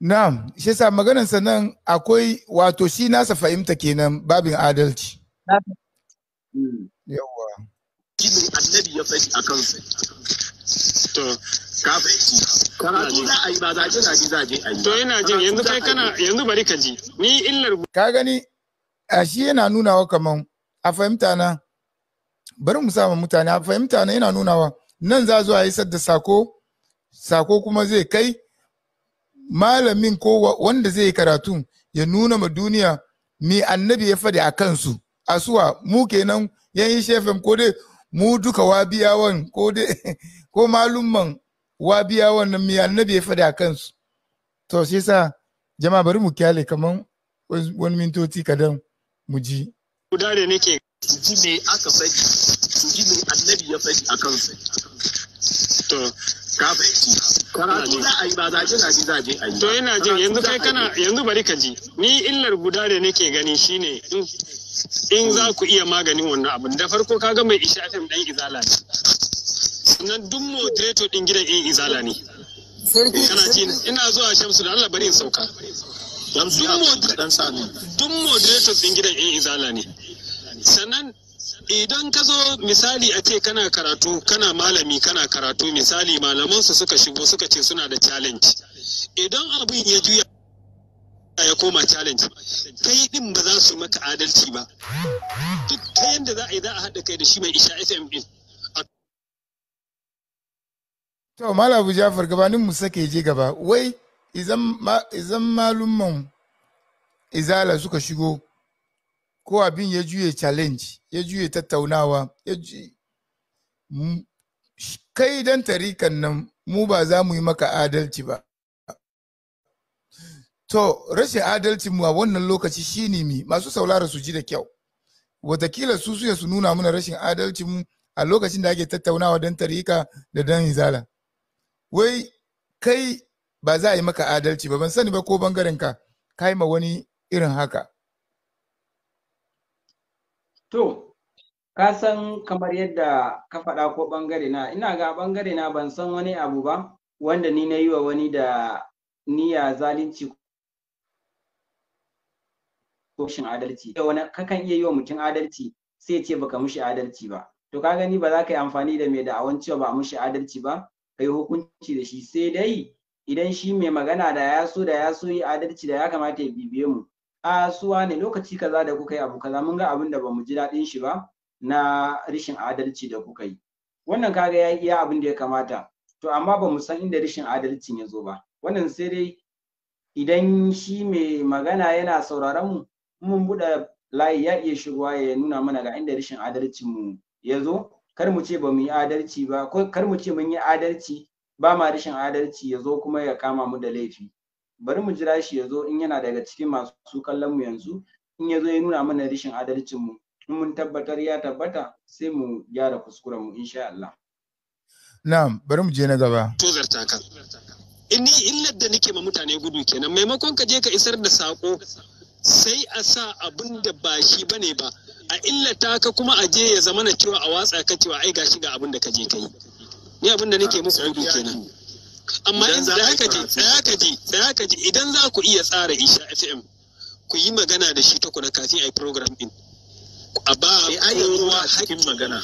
Na'am, shi yasa maganar nan akwai wato shi nasa fahimta kenan babin adalci. Hmm. Yawa. annabi ya faɗi a kansa. to ka gani a shi yana nunawa kaman a fahimta na bari mu sama mutane a fahimta na yana nunawa nan za zuwa yi sadda sako sako kuma zai kai malamin ko wanda zai yi karatu ya nuna ma duniya mai annabi ya fadi a kansu a suwa mu kenan yi shefen ko dai mu duka wabiyawan ko dai ko malumman wa biya wannan miya annabi ya fada kansu to shi sa jama'a bari mu kyale kaman wani mintoci kadan mu ji guda da nake ji me aka faɗi su ji me annabi ya faɗi a kansu to ka fahimci karatu za a yi ba za a ji za ji za ji a yi to yana jin yanzu kai kana yanzu bari ka ji ni illar guda da nake gani shine in za ku iya maganin wannan abin da farko ka ga mai ishafin dan izala ne Nan duk moderator din gidan yan izala ne kana ji ina zuwa shamsu da Allah bari in sauka duk moderator din gidan yan izala ne sannan idan ka zo misali a ce kana karatu kana malami kana karatu misali malamansu suka shigo suka ce suna da challenge idan abin ya juya ya koma challenge yi din ba za su maka adalci ba duk ta yadda za a yi za a haɗa kai da shi mai isha fm din to malam abu jafar gabanin mu sake je gaba wai izan malumman izala suka shigo ko abin ya juye challenge ya juye tattaunawa ya kai dan tarikan nan mu ba za mu yi maka adalci ba to rashin adalci mu a wannan lokaci shine mi masu saulara su ji da kyau watakila su suya su nuna mana rashin adalci mu a lokacin da ake tattaunawa dan tarika da dan izala wai kai ba za a yi maka adalci ba ban sani ba ko bangaren ka kai ma wani irin haka to ka san kamar yadda ka faɗa ko bangare na ina ga bangare na ban san wani abu ba wanda ni na yi wa wani da niyya zalunci ko shin adalci wani kakan iya yi wa mutum adalci sai ce baka mushi adalci ba to ka gani ba za ka yi amfani da mai da cewa ba mushi adalci ba ka yi hukunci da shi sai dai idan shi mai magana da ya so da ya so yi adalci da ya kamata ya bibiye mu a suwa ne lokaci kaza da kuka yi abu kaza mun ga abin da bamu ji daɗin shi ba na rashin adalci da kuka yi wannan kaga ya iya abin da ya kamata to amma ba mu san inda rashin adalcin ya zo ba wannan sai dai idan shi mai magana yana sauraron mu mun buɗe layi ya iya shigowa ya nuna mana ga inda rashin adalcin mu ya zo kar mu ce ba mu yi adalci ba kar mu ce mun yi adalci ba ma rashin adalci ya zo kuma ya kama mu da laifi bari mu jira shi ya zo in yana daga cikin masu kallon mu yanzu in ya zo ya nuna mana rashin adalcin mu in mun tabbatar ya tabbata sai mu gyara kuskuren mu insha Allah na'am bari mu je na gaba to zarta in ni illar da nake ma mutane gudu kenan maimakon ka je ka isar da sako sai a sa abin da ba shi bane ba a illata ka kuma a je ya zamana cewa a watsa ka cewa ai gashi ga abin da ka je ka yi ni abin da nake ah, muku gudu kenan amma in da haka je tsaya ka je tsaya ka je idan za ku iya tsara isha fm ku yi magana da shi tukuna kafin a yi program din a ba eh, kowa hakkin magana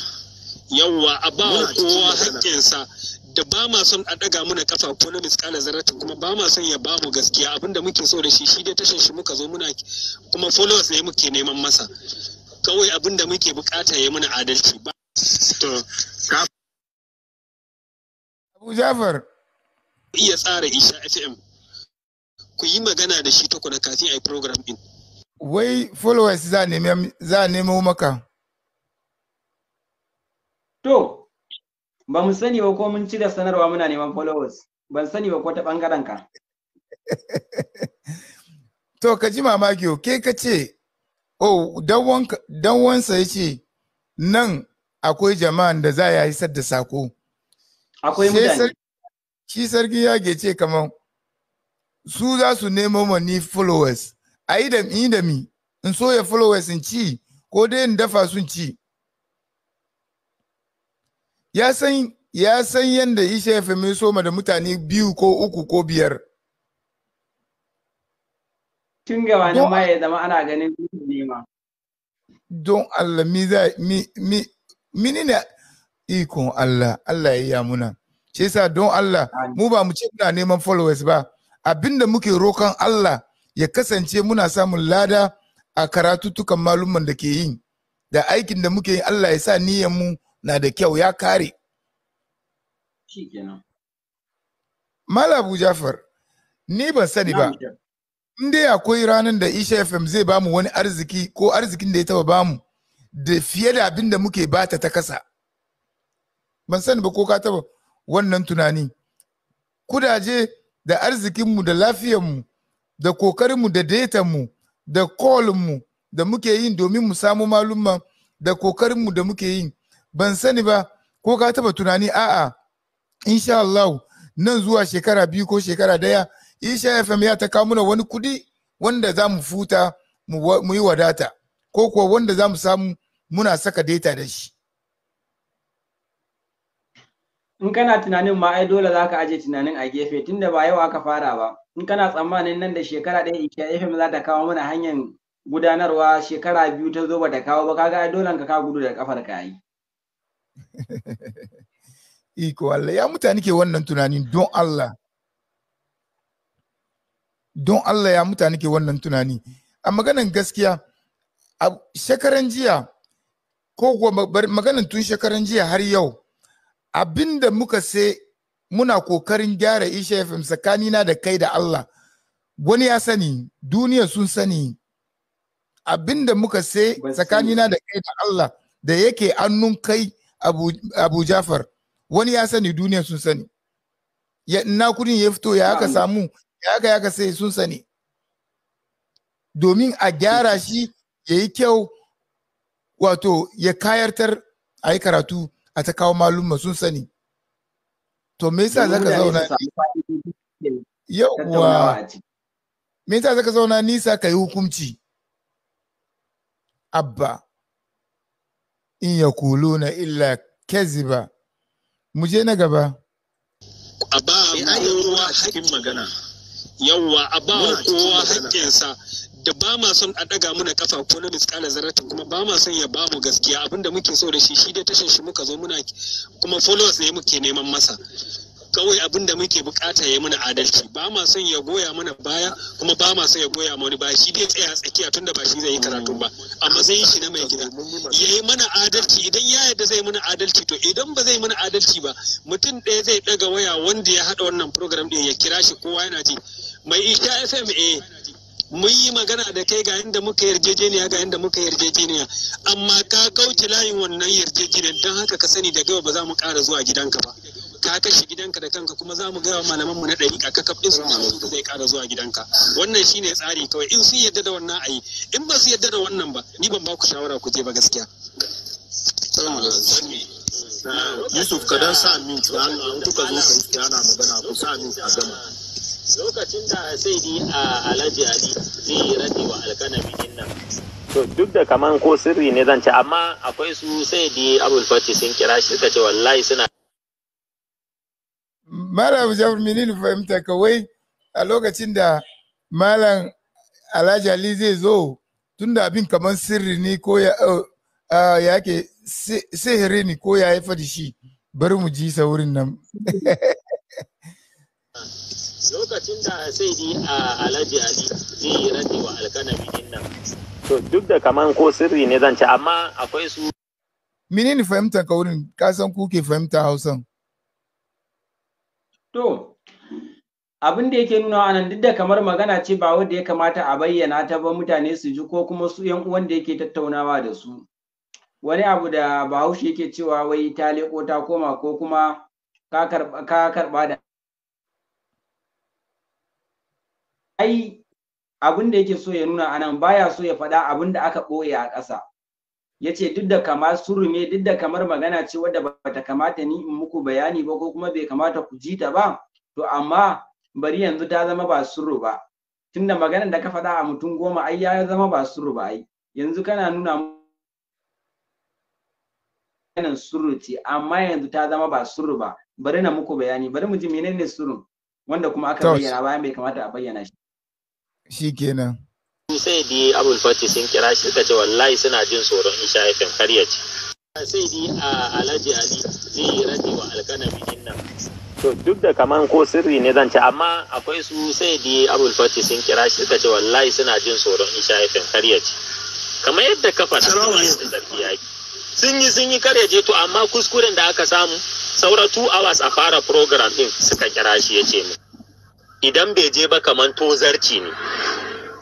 yawwa a ba kowa haƙƙinsa da ba ma son a ɗaga muna kafa ko na miskala zarratin kuma ba ma son ya ba mu gaskiya abinda muke so da shi shi dai tashin shi muka zo muna kuma followers ne muke neman masa kawai abin da muke bukata ya mana adalci ba Abu Jafar iya tsara Isha FM ku yi magana da shi tukuna kafin a yi program din wai followers za nemi nemo maka to ba mu sani ba ko mun ci da sanarwa muna neman followers ban sani ba ko ta bangaren ka to ka ji mamaki ke ka ce Oh, dan wansa ya ce, nan akwai jama'an da za a isar da sako. Akwai mutane. Shi sarki ya ce kamar su za su nemo mani followers, a yi da mi in so ya followers in ci, ko dai in dafa sun ci. Ya san yadda ishe ya fi soma da mutane biyu ko uku ko biyar. tun gabanin ma ya zama ana ganin nema don Allah mi za mi mi mini ne ikon Allah Allah ya yi muna shi yasa don Allah mu ba mu ce muna neman followers ba abinda muke rokan Allah ya kasance muna samun lada a karatutukan malumman da ke yin da aikin da muke yin Allah ya sa niyyar mu na da kyau ya kare Mala Abu Jafar ni ban sani ba in dai akwai ranar da isha fm zai bamu wani arziki ko arzikin da ya taba bamu da fiye da abin da muke bata ta kasa ban sani ba ko ka taba wannan tunani kudaje da arzikinmu da lafiyanmu da kokarinmu da datanmu da kolinmu da muke yin domin mu samu malumma da kokarinmu da muke yin ban sani ba ko ka taba tunani a'a insha Allah nan zuwa shekara biyu ko shekara daya isha fm ya ta kawo mana wani kudi wanda za mu futa mu yi wadata ko kuwa wanda za mu samu muna saka data da shi in kana tunanin ma ai dole zaka aje tunanin a gefe tunda ba yau aka fara ba in kana tsammanin nan da shekara ɗaya isha fm za ta kawo mana hanyar gudanarwa shekara biyu ta zo ba ta kawo ba kaga ai dole ka ka gudu da kafar ka yi iko Allah ya mutane ke wannan tunanin don Allah don Allah ya mutane ke wannan tunani a maganan gaskiya a shekaran jiya ko maganan tun shekaran jiya har yau abinda muka sai muna kokarin gyara isha fm tsakanina da kai da Allah wani ya sani duniya sun sani abinda muka sai tsakanina da kai da Allah da yake annun kai abu, abu Jafar wani ya sani duniya sun sani ya ina kudin ya fito ya aka samu haka ya sai sun sani domin a gyara shi ya yi kyau wato ya kayartar a yi karatu a ta kawo malumma sun sani to me yasa zaka zauna yauwa me yasa zaka zauna nisa ka yi hukumci? abba in ya kulo na illa keziba mu je na gaba eh, a ba cikin magana yawwa a ba wa kowa haƙƙinsa da ba ma son a ɗaga muna ƙafa ko na miskala zaratin kuma ba ma son ya ba mu gaskiya abinda muke so da shi shi dai tashin shi muka zo muna kuma followers ne muke neman masa kawai abin da muke bukata ya mana adalci ba ma son ya goya mana baya kuma ba ma son ya goya mana baya shi dai tsaya tsakiya tunda ba shi zai yi karatu ba Amma zai yi shi na mai gida ya yi mana adalci idan ya yadda zai mana adalci to idan ba zai mana adalci ba mutum ɗaya zai ɗaga waya wanda ya haɗa wannan program ɗin ya kira shi kowa yana ji mai isha fm eh mun yi magana da kai ga yadda muka yarjejeniya ga yadda muka yarjejeniya amma ka kauce layin wannan yarjejeniya don haka ka sani da gaba ba za mu ƙara zuwa gidanka ba ka kashe gidanka da kanka kuma za mu gaya malaman mu na ɗari a kakaf ɗin su da zai ƙara zuwa gidanka wannan shine tsari kawai in sun yadda da wannan ayi in ba su yadda da wannan ba ni ban ba ku shawara ku je ba gaskiya. Yusuf ka dan sa min an ka zo ka yi ana magana ku sa min a gama. Lokacin da sai ni a Alhaji Ali zai rabi wa alkanami din nan. To duk da kaman ko sirri ne zan ce amma akwai su sai di Abul Fati sun kira shi suka ce wallahi suna malam jafar menene fahimta kawai a lokacin da malam alhaji ali zai zo tunda abin kamar sirri ne ko ya yake sihiri ne ko ya haifa da shi bari mu ji saurin nan lokacin da sai di a alhaji ali zai yi rage wa alkanami din nan to duk da kamar ko sirri ne zan ci amma akwai su menene fahimta kaurin kasan kuke fahimta hausan to abin da yake nuna anan duk da kamar magana ce ba wanda ya kamata a bayyana ta ba mutane su ji ko kuma su yan uwan da yake tattaunawa da su wani abu da bahaushe yake cewa wai ta leko ta koma ko kuma ka karba da ai abin da yake so ya nuna anan baya so ya faɗa abin da aka ɓoye a ƙasa ya ce duk da kama surume duk da kamar magana ce wadda bata kamata ni in muku bayani ba ko kuma bai kamata ku ji ta ba to amma bari yanzu ta zama ba surru ba tunda maganar da ka faɗa a mutum goma ai ya zama ba surru ba ai yanzu kana nuna maganar surru ce amma yanzu ta zama ba surru ba bari na muku bayani bari mu ji menene surun wanda kuma aka bayyana bayan bai kamata a bayyana shi shikenan sai di abul fati sun kira shi suka ce wallahi suna jin tsoron isha ifin karya ce sai di a alhaji ali zai rage wa alkanami nan to duk da kaman ko sirri ne zan ce amma akwai su sai di abul fati sun kira shi suka ce wallahi suna jin tsoron isha ifin karya ce kamar yadda ka faɗa sun yi sun yi karya je to amma kuskuren da aka samu saura "two hours a fara program din suka kira shi ya ce mu idan bai je ba kaman zarci ne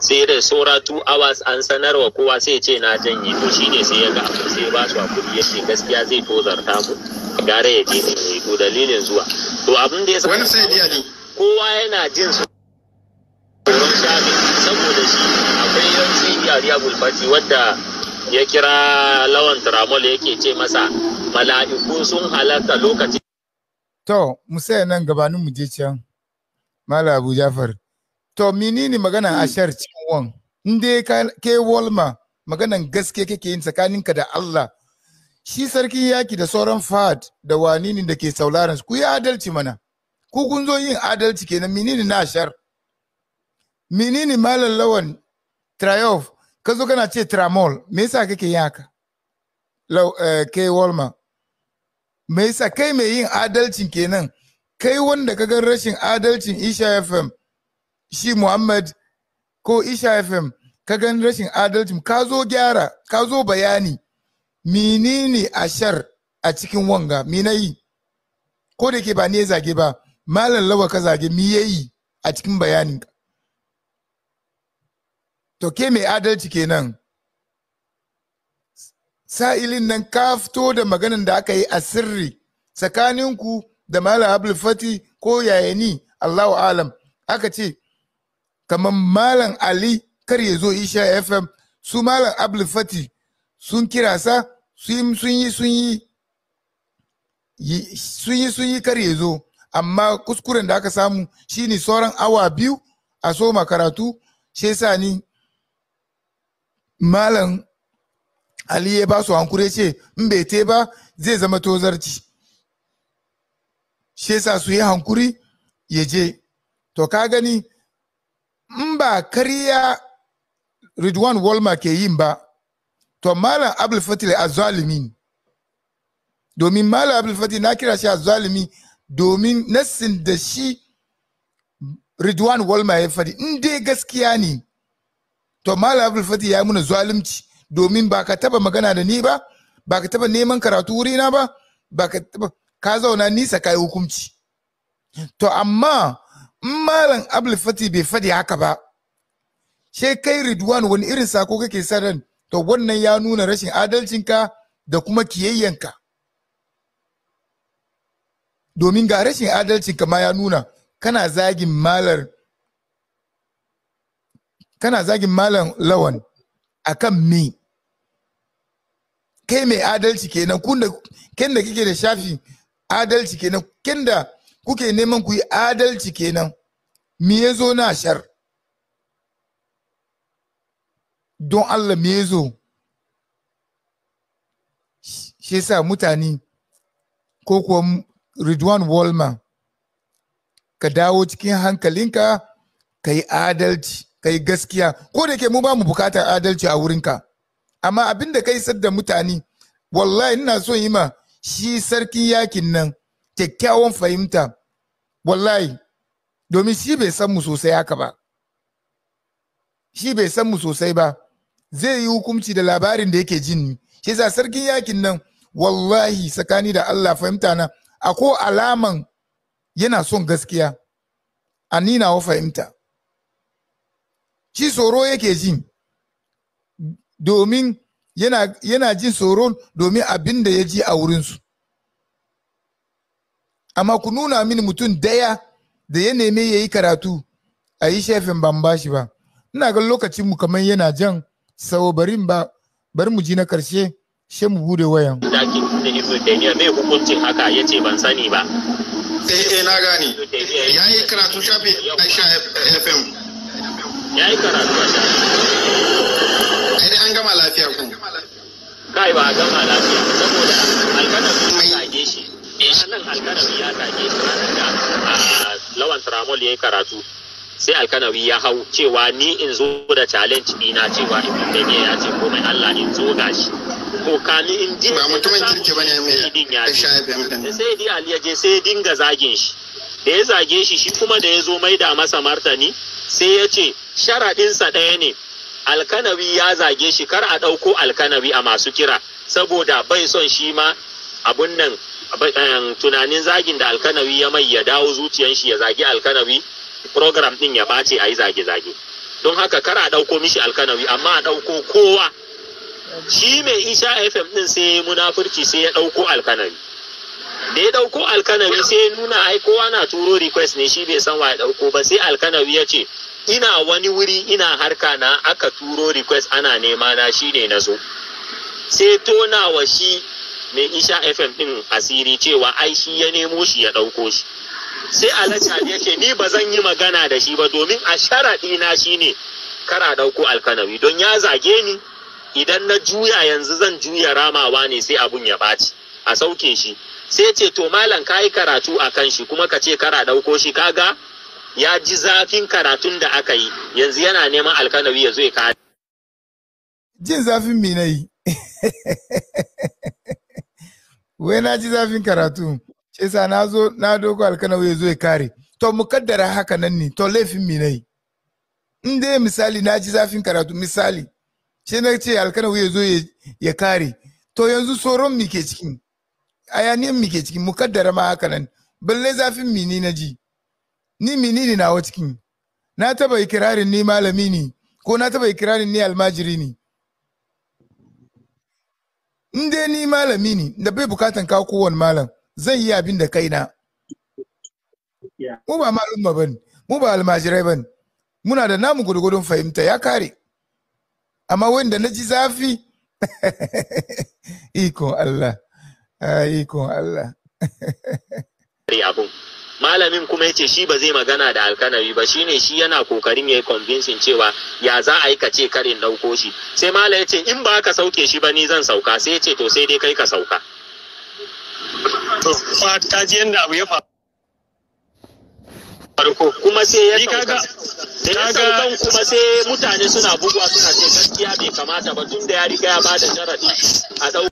sai da saura tu hours an sanarwa kowa sai ce na janye to ne sai ya ga abu sai ba su hakuri ya ce gaskiya zai tozarta mu gare ya je ne to dalilin zuwa to abin da ya sa wani sai ne kowa yana jin su tsoron saboda shi akwai yan sai ya riyabul fati wadda ya kira lawan tramol yake ce masa mala'iku sun halatta lokacin to sai nan gabanin mu je can Mala Abu Jafar. to menene maganan hmm. ashar cikin wan in dai ke walma maganan gaske kake yin tsakaninka da Allah shi sarki yaki da sauran fad da wanini da ke sauraron ku yi adalci mana ku kun zo yin adalci kenan menene na ashar menene malam lawan triumph ka zo kana ce tramol me yasa kake yin haka eh, ke walma me yasa kai mai yin adalcin kenan kai wanda ka ga rashin adalcin isha fm shi Muhammad ko Isha FM ka gan rashin adalcin ka zo gyara ka zo bayani menene ashar a cikin wanga me yi ko da ke ba ne zage ba malam lawa ka zage mi yayi a cikin bayanin ka to ke mai adalci kenan sa'ilin nan ka fito da maganin da aka yi a sirri tsakaninku da malam Abdulfati fati ko yayani allahu alam aka ce kamar malam ali kar ya zo isha fm su malam abdul fati sun kira sa sun yi sun yi sun yi kar ya zo amma kuskuren da aka samu shine sauran awa biyu a soma karatu shi sa ni malam ali ya ba su hankure ce in bai te ba zai zama tozarci shi sa su yi hankuri ya je to ka gani mba ba kariya Ridwan Walma ke yin ba, to Malam Abdul a zalimi domin Malam Abdul na kira shi a zalimi domin nassin da shi Ridwan Walma ya faɗi in dai gaskiya ne to Malam Abdul Fatih ya muna zalunci domin ba ka taba magana da ni ba ba ka taba neman karatu wurina ba ba ka taba ka zauna nisa yi hukunci to amma malam abul fati bai fadi haka ba sai kai ridwan wani irin sako kake saran to wannan ya nuna rashin adalcinka da kuma kiyayyanka domin ga rashin adalcinka ma ya nuna kana zagin malar kana zagin malam lawan akan me kai mai adalci kenan kun da da kike da shafi adalci kenan kenda. da kuke neman ku yi adalci kenan me ya zo na shar don Allah me ya zo shi sa mutane ko kuwa Ridwan walma ka dawo cikin hankalinka ka yi adalci ka yi gaskiya ko da ke mu ba mu bukatar adalci a wurinka amma abin da ka yi da mutane wallahi ina son yi ma shi sarkin yakin nan kyakkyawan fahimta wallahi domin shi bai san mu sosai haka ba shi bai san mu sosai ba zai yi hukunci da labarin da yake jin ni shi yasa sarkin yakin nan wallahi tsakani da Allah fahimta na a ko alaman yana son gaskiya a ninawa fahimta shi tsoro yake jin domin yana, yana jin tsoro domin abin da ya ji a wurinsu amma ku nuna mini mutum daya da ya neme ya yi karatu a yi shefin ban bashi ba ina ga lokacin mu kamar yana jan sau barin ba bar mu ji na karshe she mu bude wayan da ibn taymiya me hukuncin haka yace ban sani ba eh eh na gane yi karatu shafi aisha fm Ya yi karatu a ai an gama lafiya ku kai ba gama lafiya saboda alkanar sun kage shi malam eh, alkanawi ya zage a lawan tramol ya yi karatu sai alkanawi ya hau cewa ni in zo da challenge ina cewa ibn taymiya ya ce komai Allah in zo gashi ko ka in ji ba mutumin kirki bane mai shafi sai di ali ya je sai dinga zagin shi da ya zage shi shi kuma da ya zo mai da masa martani sai ya ce sharaɗinsa ɗaya ne alkanawi ya zage shi kar a ɗauko alkanawi a masu kira saboda bai son shi ma abun nan tunanin zagin da alkanawi ya mai ya dawo zuciyan shi ya zagi alkanawi program din ya bace a yi zage-zage don haka kar a ɗauko mishi alkanawi amma a ɗauko kowa shi mai isha fm din sai ya munafurci sai ya ɗauko alkanawi da ya ɗauko alkanawi sai ya nuna ai kowa na turo request ne shi bai san wa ya ɗauko ba sai alkanawi ya ce ina wani wuri ina harka na aka turo request ana nema na shi ne na zo sai tona wa shi mai isha fm din asiri cewa ai shi ya nemo shi ya ɗauko shi sai alacha ya ce ni ba zan yi magana da shi ba domin a sharaɗi na shine kara ɗauko alkanawi don ya zage ni idan na juya yanzu zan juya ramawa ne sai abun ya ɓaci a sauke shi sai ce to malam ka yi karatu a kan shi kuma ka ce kara ɗauko shi kaga ya ji zafin karatun da aka yi yanzu yana neman alkanawi ya zo ya jin zafin me na yi wai na ji zafin karatu ce sa na zo na dogo alkanawi ya zo ya kare to mu kaddara haka nan ne to laifin mi nai in dai misali na ji zafin karatu misali ce na ce alkanawi ya zo ya kare to yanzu tsoron mi ke cikin ayaniyan mi ke cikin mu kaddara ma haka nan balle zafin mi ni na ji ni mi ni nawa cikin na taba ikirarin ni malami ne ko na taba ikirarin ni almajiri ne in dai ni malami ne da bai bukatan kawo kowane malam zan yi abin da kaina mu ba malumma ba ne mu ba almajirai ba ne muna da namu gudugudun fahimta ya kare amma wanda na ji zafi ikon Allah ah, ikon Allah malamin kuma yace shi ba zai magana da alkanawi ba shine shi yana kokarin yayi convincing cewa ya za a yi ka ce karin dauko shi sai malam yace in ba ka sauke shi ba ni zan sauka sai yace to sai dai kai ka sauka to ta ji yanda abu ya faru kuma sai ya sauka da ya saukan kuma sai mutane suna buguwa suna ce gaskiya bai kamata ba tun da ya riga ya bada sharadi a dau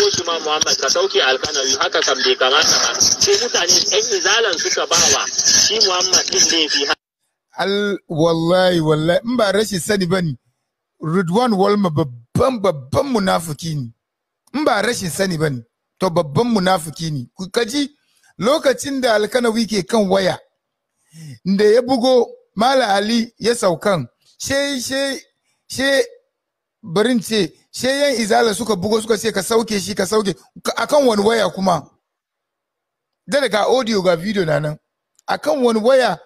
ko shi ma Muhammad ka sauke alkanawi haka kam bai kamata ba Shi mutane ɗan izalan suka bawa shi Muhammad din laifi al wallahi wallahi in ba rashin sani bane Ridwan Walma babban babban munafuki ne in ba rashin sani bane to babban munafuki ne ku kaji lokacin da alkanawi ke kan waya da ya bugo Mala Ali ya saukan she she she barin ce she yan izala suka bugo suka ce ka sauke shi ka sauke akan wani waya kuma da ga audio ga video na nan akan wani waya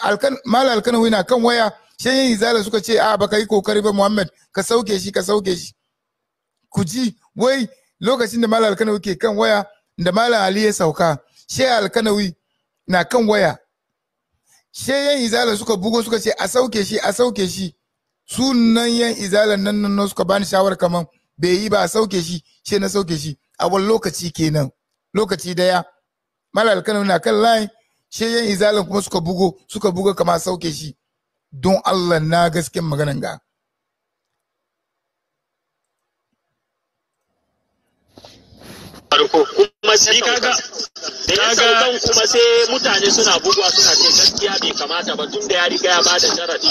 alkan mal alkan wina kan waya she yan izala suka ce a ah, baka yi kokari ba Muhammad ka sauke shi ka sauke shi ku ji wai lokacin da mal alkan ke kan waya da malam Ali ya sauka she alkanawi na kan waya she yan izala suka bugo suka ce a sauke shi a sauke shi sunan yan izalan nan nan suka bani shawar kaman bai yi ba sauke shi she na sauke shi a wani lokaci kenan lokaci daya malal kana na kan layin she yan izalan kuma suka bugo suka bugo kama sauke shi don Allah na gasken maganan ga farko kuma sai kaga da ya saukan kuma sai mutane suna buguwa suna ce gaskiya bai kamata ba tun da ya riga ya bada sharadi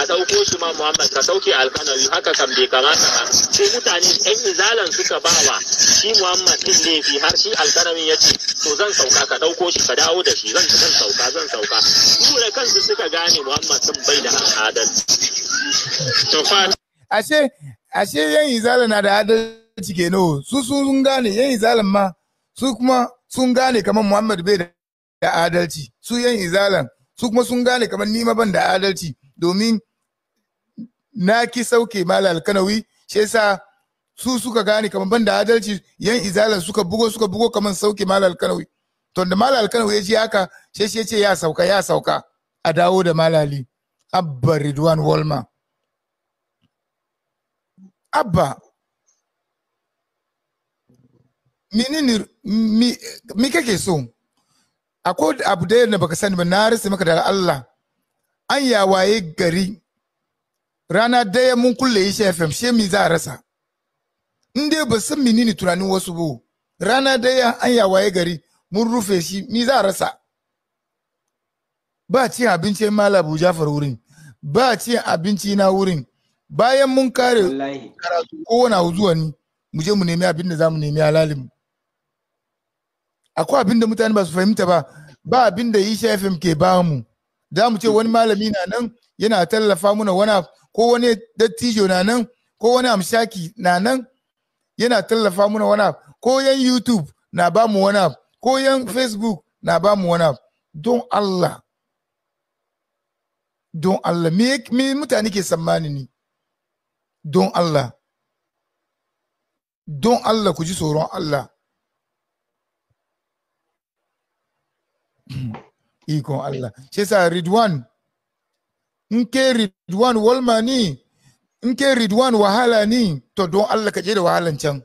a dauko shi ma Muhammad ka sauke alkanawi haka kan bai kamata ba sai mutane ɗan izalan suka bawa shi Muhammad din laifi har shi alkanawi ya ce to zan sauka ka dauko shi ka dawo da shi zan zan sauka zan sauka dole da kansu suka gane Muhammad din bai da adalci to fa ashe ashe yan izalan na da adalci cike no su sun gane yan izalan ma su kuma sun gane kamar Muhammad bai da adalci su yan izalan su kuma sun gane kamar nima ban da adalci domin na ki sauke malal kanawi shi yasa su suka gane kamar ban da adalci yan izalan suka bugo suka bugo kamar sauke malal kanawi to da malal kanawi ya ji haka shi shi ce ya sauka ya sauka a dawo da malali abba ridwan walma abba menene me kake so akwai abu da yadda baka sani ba na rasa maka daga Allah an yawaye gari rana daya mun kulle yi shefem she mi za a rasa inda ba san menene tunanin wasu ba rana daya an yawaye gari mun rufe shi mi za a rasa ba cin abinci mala abu jafar wurin ba cin abinci na wurin bayan mun kare karatu wani zuwa ni mu je mu nemi abin da za mu nemi mu akwai abin da mutane ba su fahimta ba ba abin da yi shafin ke ba mu za mu ce wani malami na nan yana tallafa muna wana ko wani dattijo na nan ko wani amshaki na nan yana tallafa muna wana ko yan YouTube na ba mu wana ko yan Facebook na ba mu wana don Allah don Allah me mutane ke tsammani ni don Allah don Allah ku ji tsoron Allah ikon Allah shi yasa Ridwan in ke Ridwan walma ni in ke Ridwan wahala ni to don Allah ka je da wahalan can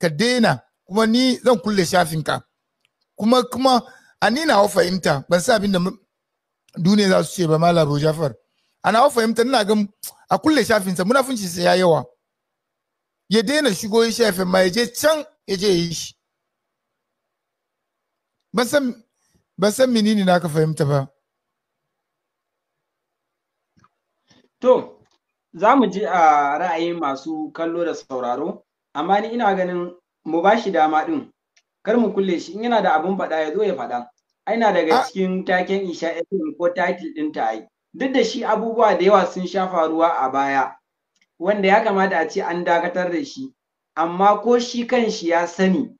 ka daina kuma ni zan kulle shafinka kuma kuma a ni na fahimta ban sa abin da duniya za su ce ba Mala Abu Jafar ana fahimta ina ga a kulle shafinsa munafunci sai ya yawa ya daina shigo shafin ma ya je can ya je yi shi ban san ban san menene naka fahimta ba to za mu ji a ra'ayin masu kallo da sauraro amma ni ina ganin mu ba shi dama din kar mu kulle shi in yana da abun faɗa ya zo ya faɗa aina daga cikin taken isha fm ko title ɗin ta yi duk da shi abubuwa da yawa sun sha faruwa a baya wanda ya kamata a ce an dakatar da shi amma ko shi kanshi ya sani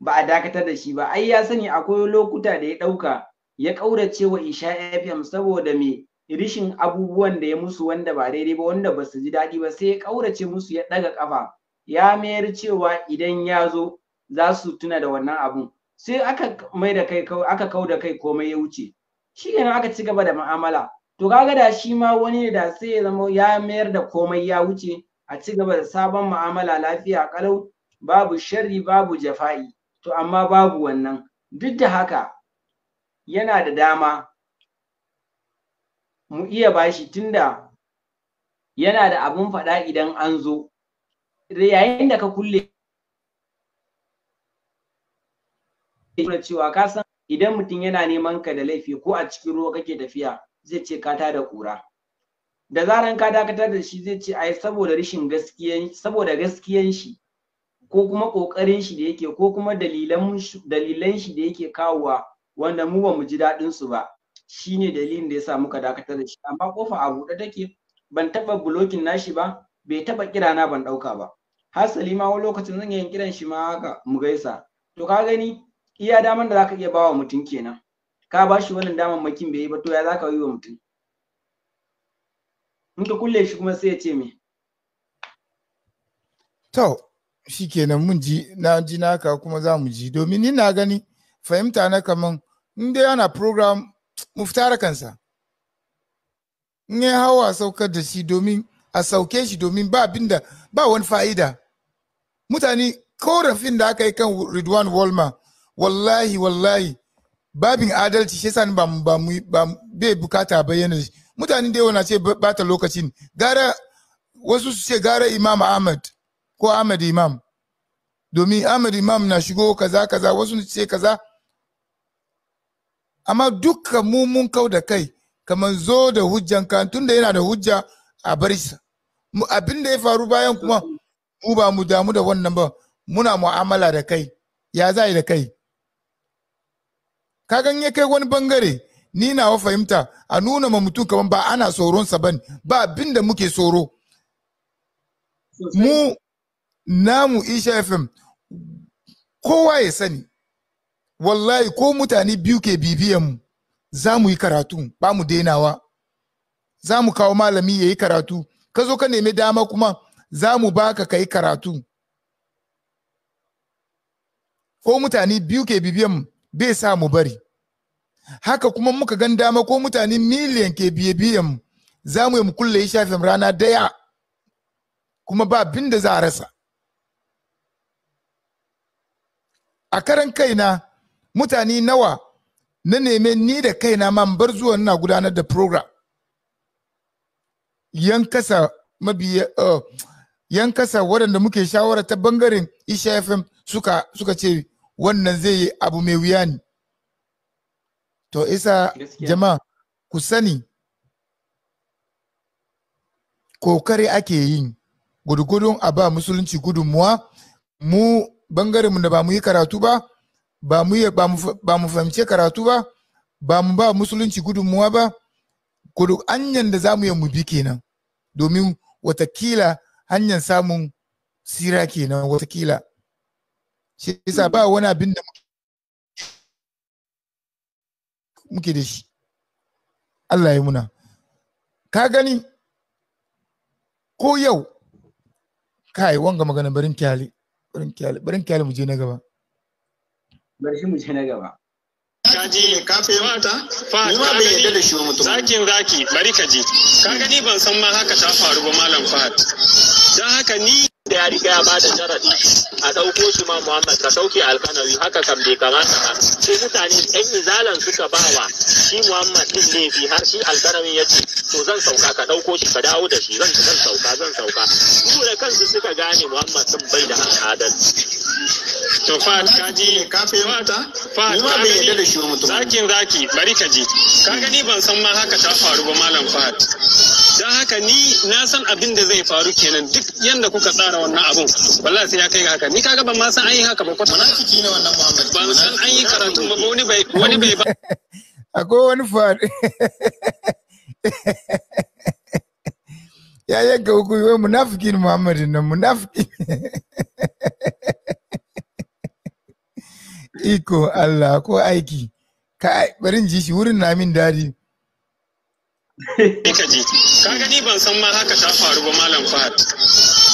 ba a dakatar da shi ba ai ya sani akwai lokuta da ya ɗauka ya ƙaurace wa isha fm saboda me rishin abubuwan da ya musu wanda ba daidai ba wanda ba su ji daɗi ba sai ya ƙaurace musu ya ɗaga ƙafa ya mayar cewa idan ya zo za su tuna da wannan abun sai aka mai da kai aka kau da kai komai ya wuce shi kenan aka ci gaba da ma'amala, to kaga da shi ma wani da sai ya zama ya mayar da komai ya wuce a ci gaba da sabon ma'amala lafiya kalau babu sharri babu jafa'i to amma babu wannan duk da haka yana da dama mu iya bashi tunda yana da abin faɗa idan an zo yayin da ka kulle cewa ka san idan mutum yana neman ka da laifi ko a cikin ruwa kake tafiya zai ce ka tada kura da zaran ka dakatar da shi zai ce ai saboda rashin gaskiyan saboda gaskiyan shi ko kuma ƙoƙarin shi da yake ko kuma dalilan shi da yake kawowa wanda mu ba mu ji daɗin su ba shine dalilin da ya sa muka dakatar da shi amma kofa a buɗe take ban taɓa blocking nashi ba bai taɓa kira na ban ɗauka ba hasali ma wani lokacin zan yin kiran shi ma haka mu gaisa to ka gani iya daman da zaka iya bawa mutum kenan ka ba shi wannan daman makin bai yi ba to ya zaka yi wa mutum in ka kulle shi kuma sai ya ce me to shi kenan mun ji na ji naka kuma za mu ji domin ni na gani fahimta na kaman in dai ana program muftara kansa in ya hawa saukar da shi domin a sauke shi domin ba abinda ba wani fa'ida mutane korafin da aka yi kan Ridwan Walma wallahi wallahi babin adalci shi yasa ba ba bai bukata bayyana shi mutane da yawa na ce bata lokacin gara wasu su ce gara Imam Ahmad ko Ahmad Imam domin Ahmad Imam na shigo kaza kaza wasu ce kaza amma duka mu mun kau da kai kamar zo da hujjan ka tunda yana da hujja a bar shi abin da ya faru bayan kuma mu ba mu damu da wannan ba muna mu'amala da kai ya za da kai ka ganye kai wani bangare ni nawa fahimta a nuna ma mutum kamar ba ana tsoronsa ba ba abin da muke tsoro mu namu isha fm kowa ya sani wallahi ko mutane biyu ke bibiyan mu za mu yi karatu ba mu denawa za mu kawo malami ya yi karatu ka zo ka nemi dama kuma za mu ba ka yi karatu ko mutane biyu ke bibiyan bai sa mu bari haka kuma muka gan dama ko mutane miliyan ke bibiyan za mu yi mu kulle shafin rana daya kuma ba bin da za a rasa a karan kaina mutane nawa na neme ni da kaina man bar zuwa na gudanar da program yan kasa mabiya eh, yan kasa waɗanda muke shawara ta bangaren isha fm suka ce wannan zai yi abu mai wuya ne to isa jama'a ku sani kokari ake yin gudugudun a ba musulunci gudunmuwa mu bangaren mu da ba mu yi karatu ba ba mu yi fahimce karatu ba ba mu ba musulunci gudunmuwa ba ko duk hanyar da za mu yi mu bi kenan domin watakila hanyar samun sira kenan watakila shi yasa ba wani abin da muke da shi Allah ya muna ka gani ko yau kai wanga maganin barin kyale barin kyale mu je na gaba bari mu je na gaba ka je ka fi mata fa ta bai yadda da shi mutum zakin zaki bari ka je ka gani ban san ma haka ta faru ba malam fahad don haka ni da ya riga ya bada sharaɗi a ɗauko shi ma Muhammad ka sauke alkanawi haka kam bai kamata ba sai mutane ɗan izalan suka bawa shi Muhammad din laifi har shi alkanawi ya ce to zan sauka ka ɗauko shi ka dawo da shi zan zan sauka zan sauka su da kansu suka gane Muhammad din bai da al'adar. to fa ka ji ka fahimta fa ka bai yarda da shi mutum zakin zaki bari ka ji ka gani ban san ma haka ta faru ba malam Fahad Don haka ni na san abin da zai faru kenan duk yanda kuka tsara wannan abun wallahi sai ya kai ga haka ni kaga ban ma san an yi haka ba kwata munafiki ne wannan Muhammad ban san an yi karatu ba wani bai wani bai ba akwai wani faɗi ya ga hukumi wai munafiki ne Muhammad nan munafiki iko Allah ko aiki ka barin ji shi wurin na min dadi Ika ji, ka ni ban san ma haka ta faru ba Malam Fahad.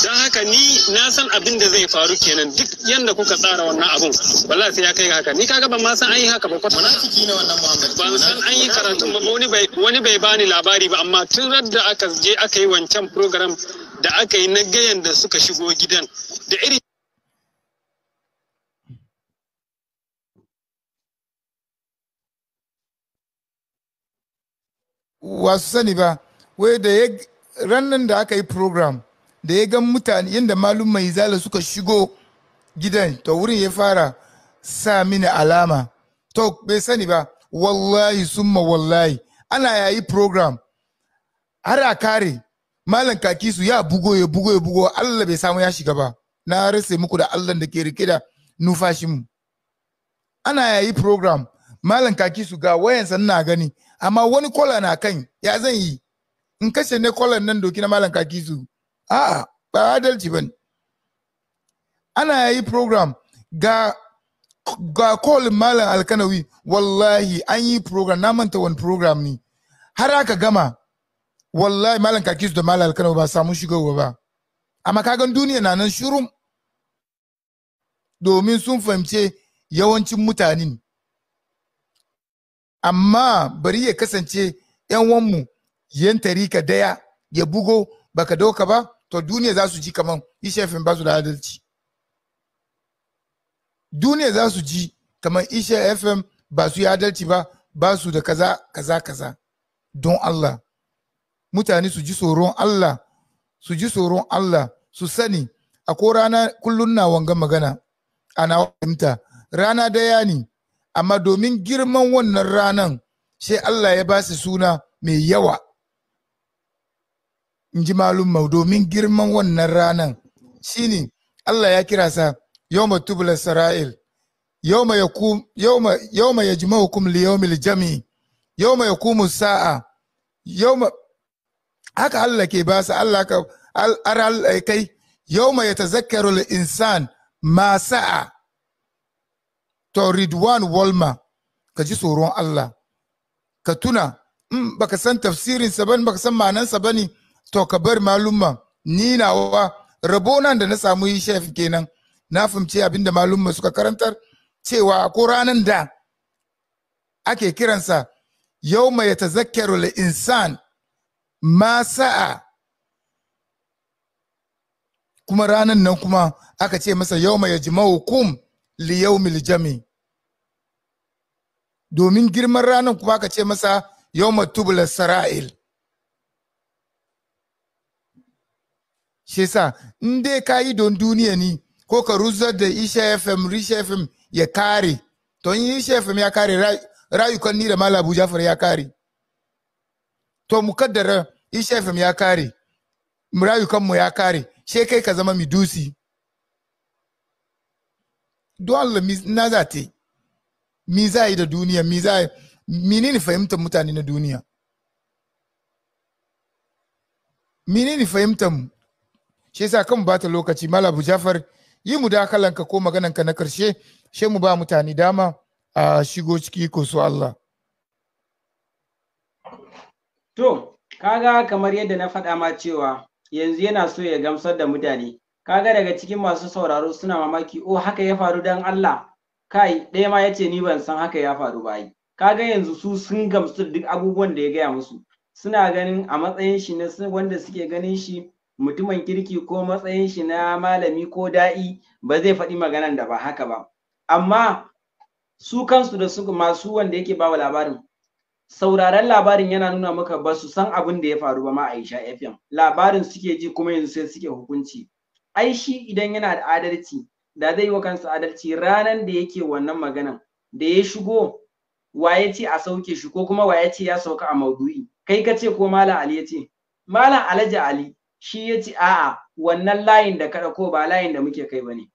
Don haka ni na san abin da zai faru kenan duk yadda kuka tsara wannan abun. Wallahi sai ya kai haka. Ni kaga ban ma san an yi haka ba kwata. Munafiki ne wannan Muhammad. Ban san an yi karatun ba wani bai wani bai bani labari ba amma tun da aka je aka yi wancan program da aka yi na gayan da suka shigo gidan da irin wasu sani ba wai da ya rannan da aka yi program da ya gan mutane yadda malum mai zala suka shigo gidan to wurin ya fara sa mini alama to bai sani ba wallahi summa wallahi ana yayi program har a kare malam kaki su ya bugo ya bugo ya bugo Allah bai samu ya shiga ba na rasa muku da Allah da ke rike da nufashin ana yayi program malam kaki su ga wayansa na gani amma wani kola na kan ya zan yi in kashe ne kolan nan doki na malam kaki su a'a ba adalci bane ana yi program ga ga kolin malam alkanawi wallahi an yi program na manta wani program ne har aka gama wallahi malam su da malam alkanawi ba samu shigarwa ba amma kagan duniya na nan shurum domin sun fahimce yawancin mutanen amma bari ya kasance yan wanmu yan tarika daya ya bugo baka doka ba to duniya za su ji kaman ishefin ba su da adalci duniya za su ji kamar isha fm ba su yi adalci ba ba su da kaza kaza kaza don allah mutane su ji tsoron allah su ji tsoron allah su sani a ko rana kullum na wanga magana ana fahimta rana daya ne amma domin girman wannan ranan sai Allah ya ba su suna mai yawa in ji malumma domin girman wannan ranan shine Allah ya kira sa ma tubula sara'il yau ma yawma mahukum yajma'ukum li yawmil jami yawma yakumu sa'a ma haka Allah ke ba su Allah ka al eh, kai ya ta zakarul insan ma sa'a to Ridwan Walma ka ji tsoron Allah ka tuna in baka san tafsirin sa bane baka san manan sa bane to ka bar malumma ni nawa rabo nan da na samu yi shef kenan na fahimci abinda malumma suka karantar cewa ko ranan da ake kiransa yau mai tazakkaru insan ma sa'a kuma ranan nan kuma aka ce masa yau mai jima'ukum li yau jami domin girman ranar kuma ka ce masa yau matubula sara'il shi sa in dai ka yi don duniya ni ko ka ruzar da isha fm risha fm ya kare to in isha fm ya kare rayukan ni da mala abu jafar ya kare to kaddara isha fm ya kare rayukan mu ya kare she kai ka zama midusi don Allah na zate mi za yi da duniya mi za yi menene fahimtar mutane na duniya menene fahimtar mu shi yasa kan bata lokaci mala abu jafar yi mu dakalanka ko magananka na karshe shi mu ba mutane dama a shigo ciki ko su Allah to kaga kamar yadda na faɗa ma cewa yanzu yana so ya gamsar da mutane kaga daga cikin masu sauraro suna mamaki o oh, haka ya faru dan Allah kai ɗaya ma yace ni ban san haka ya faru ba yi. ga yanzu su sun gamsu duk abubuwan da ya gaya musu suna ganin a matsayin shi na wanda suke ganin shi mutumin kirki ko matsayin shi na malami ko da'i ba zai faɗi maganan da ba haka ba amma su kansu da su masu wanda yake bawa labarin sauraron labarin yana nuna maka ba su san abin da ya faru ba ma Aisha FM labarin suke ji kuma yanzu sai suke hukunci ai shi idan yana da adalci da zai yi wa kansa adalci ranan da yake wannan maganan da ya shigo waye ce a sauke shi ko kuma waye ce ya sauka a maudu'i kai ka ce ko malam ali ya ce malam alhaji ali shi ya ce a'a wannan layin da ka ko ba layin da muke kai bane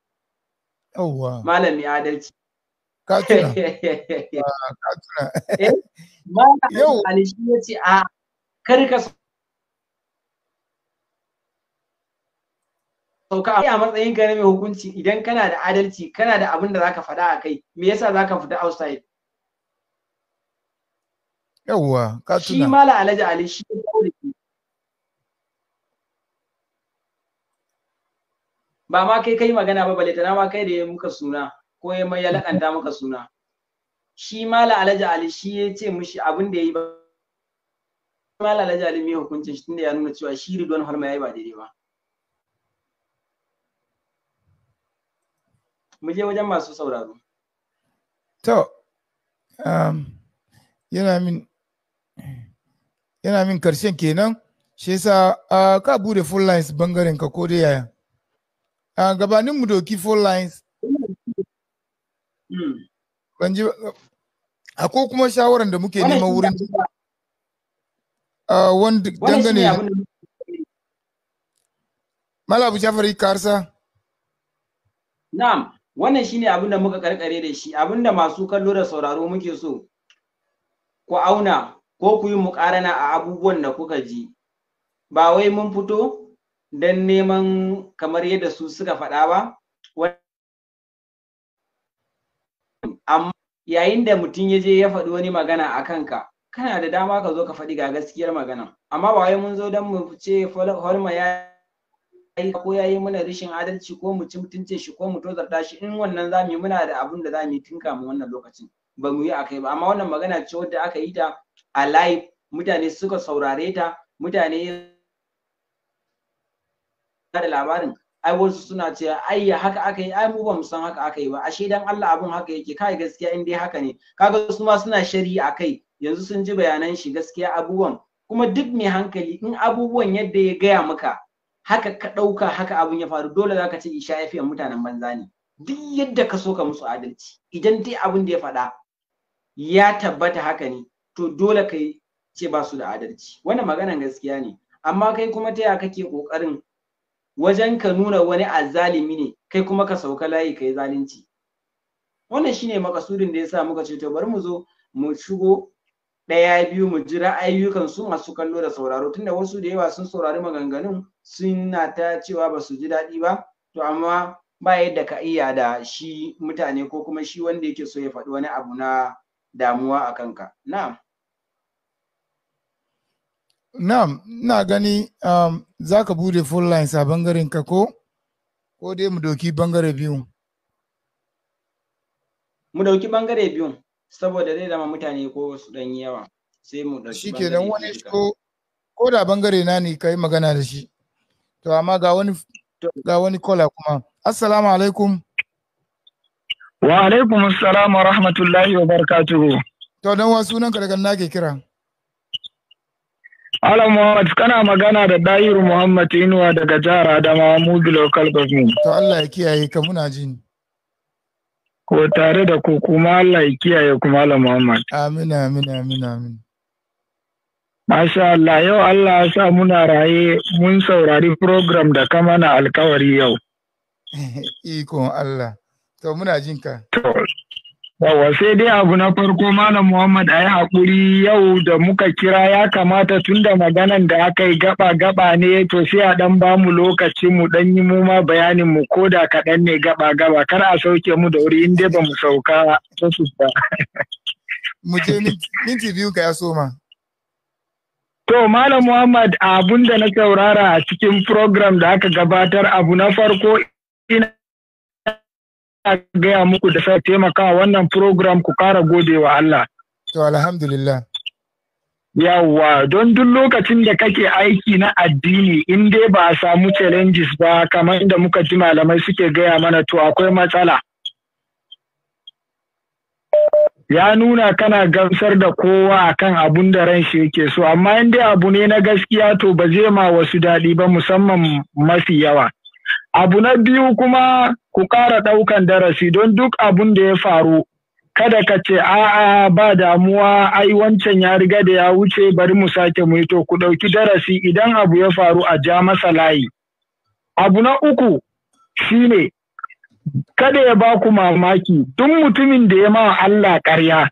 yawwa malam mai adalci ka tuna ah, ka tuna eh, malam ali shi ya ce a'a kar ka sauka a matsayin ka na mai hukunci idan kana da adalci kana da abin da zaka faɗa a kai me yasa zaka fita outside yawwa ka tuna shi mala alaji ali shi ba ma kai kai magana ba balle tana ma kai da ya muka suna ko ya mai yalakanta muka suna shi mala alaji ali shi ya ce mushi abin da ya yi ba mala alaji ali mai hukuncin shi tunda ya nuna cewa shi ridwan harma ya yi ba daidai ba mu je wajen masu sauraro to um, yana min yana min karshen kenan shi yasa uh, ka bude full lines bangaren ka ko dai yaya uh, gabanin mu doki full lines hmm. ban ji akwai kuma shawaran da muke nema wurin uh, wanda dangane mala abu jafari karsa na'am wannan shine abin da muka karkare da shi abin da masu kallo da sauraro muke so ku auna ko ku yi muƙarana a abubuwan da kuka ji ba wai mun fito don neman kamar yadda su suka faɗa ba yayin da mutum ya je ya faɗi wani magana a kanka kana da dama ka zo ka faɗi ga gaskiyar magana amma ba wai mun zo don mu ce holma ya yi ko ya yi mana rashin adalci ko mu ci mutunce shi ko mu tozarta shi in wannan za mu yi muna da abun da za mu yi tun kamun wannan lokacin ba mu yi akai ba amma wannan magana ce wadda aka yi ta a live mutane suka saurare ta mutane da labarin ai wasu suna cewa ai haka aka yi ai mu ba mu san haka aka yi ba ashe dan Allah abun haka yake kai gaskiya in dai haka ne kaga su ma suna shari'a akai yanzu sun ji bayanan shi gaskiya abubuwan kuma duk mai hankali in abubuwan yadda ya gaya maka haka ka ɗauka haka abin ya faru dole za ka ce isha ya fiye mutanen banza ne duk yadda ka so ka musu adalci idan dai abin da ya faɗa ya tabbata haka ne to dole ka ce ba su da adalci wannan maganan gaskiya ne amma kai kuma ta ya kake ƙoƙarin wajen ka nuna wani azalimi ne kai kuma ka sauka layi kai zalunci wannan shine makasudin da ya sa muka ce to bari mu zo mu shigo ɗaya biyu mu ji ayyukan su masu kallo da sauraro tunda wasu da yawa sun saurari maganganun suna ta cewa ba su ji daɗi ba to amma ba yadda ka iya da shi mutane ko kuma shi wanda yake so ya faɗi wani abu na damuwa a kanka na'am na'am na gani um, za ka bude full lines a bangaren ka ko ko dai mu doki bangare biyu mu dauki bangare biyu saboda zai zama mutane ko su dan yawa sai mu da shi nan wani ko ko da bangare na ne kai magana da shi to amma ga wani ga wani kola kuma assalamu alaikum wa alaikum assalamu rahmatullahi wa barakatuhu to dan wasu nan daga na ke kira Ala Muhammad kana magana da Dahiru Muhammad Inuwa daga jihar Adamawa Mubi Local Government. To Allah ya kiyaye ka muna jini. ko tare da ku kuma Allah ya kiyaye ku Malam Muhammad. Amin amin amin amin. Masha Allah yau Allah ya sa muna raye mun saurari program da ka mana alkawari yau. Ikon Allah. To muna jinka. Yawwa sai dai abu na farko Malam Muhammad a yi haƙuri yau da muka kira ya kamata tun da maganan da aka yi gaba-gaba ne to sai a ɗan ba mu lokaci mu ɗan yi mu ma bayanin mu ko da kaɗan ne gaba-gaba kar a sauke mu da wuri in dai ba mu sauka ta su ba. Mu je minti biyu ka ya soma. To Malam Muhammad abun da na saurara a cikin program da aka gabatar abu na farko ina ina gaya muku da sa taimaka wannan program ku kara gode wa Allah. To alhamdulillah. Yawwa don duk lokacin da kake aiki na addini in dai ba a samu challenges ba kamar inda muka ji malamai suke gaya mana to akwai matsala. Ya nuna kana gamsar da kowa akan abun da ran shi yake so amma in dai abu ne na gaskiya to ba zai ma wasu daɗi ba musamman mafi yawa. Abu na biyu kuma ku ƙara ɗaukan darasi don duk abun da ya faru, kada ka ce a'a ba damuwa ai wancan ya riga da ya wuce bari mu sake mu to ku ɗauki darasi idan abu ya faru a ja masa layi. Abu na uku shi ne kada ya ba ku mamaki duk mutumin da ya ma Allah ƙarya,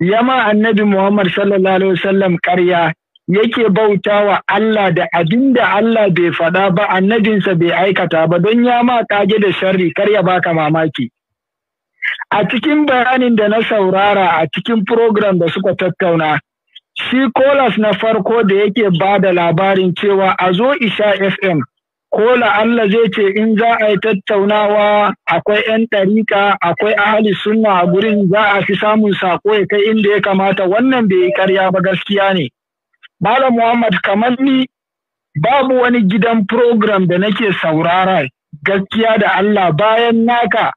ya ma annabi Muhammad sallallahu alaihi wasallam ƙarya yake bauta wa Allah da abin da Allah bai faɗa ba annabinsa bai aikata ba don ya ma kage da sharri kar ya baka mamaki. A cikin bayanin da na saurara a cikin program da suka tattauna, shi kolas na farko da yake ba da labarin cewa a zo isha FM, kola Allah zai ce in za a yi tattaunawa akwai 'yan ɗarika akwai ahali sunna a gurin za a fi samun sako ya kai inda ya kamata wannan bai yi karya ba gaskiya ne. Malam Muhammad kamar ni babu wani gidan program da nake saurara gaskiya da Allah bayan naka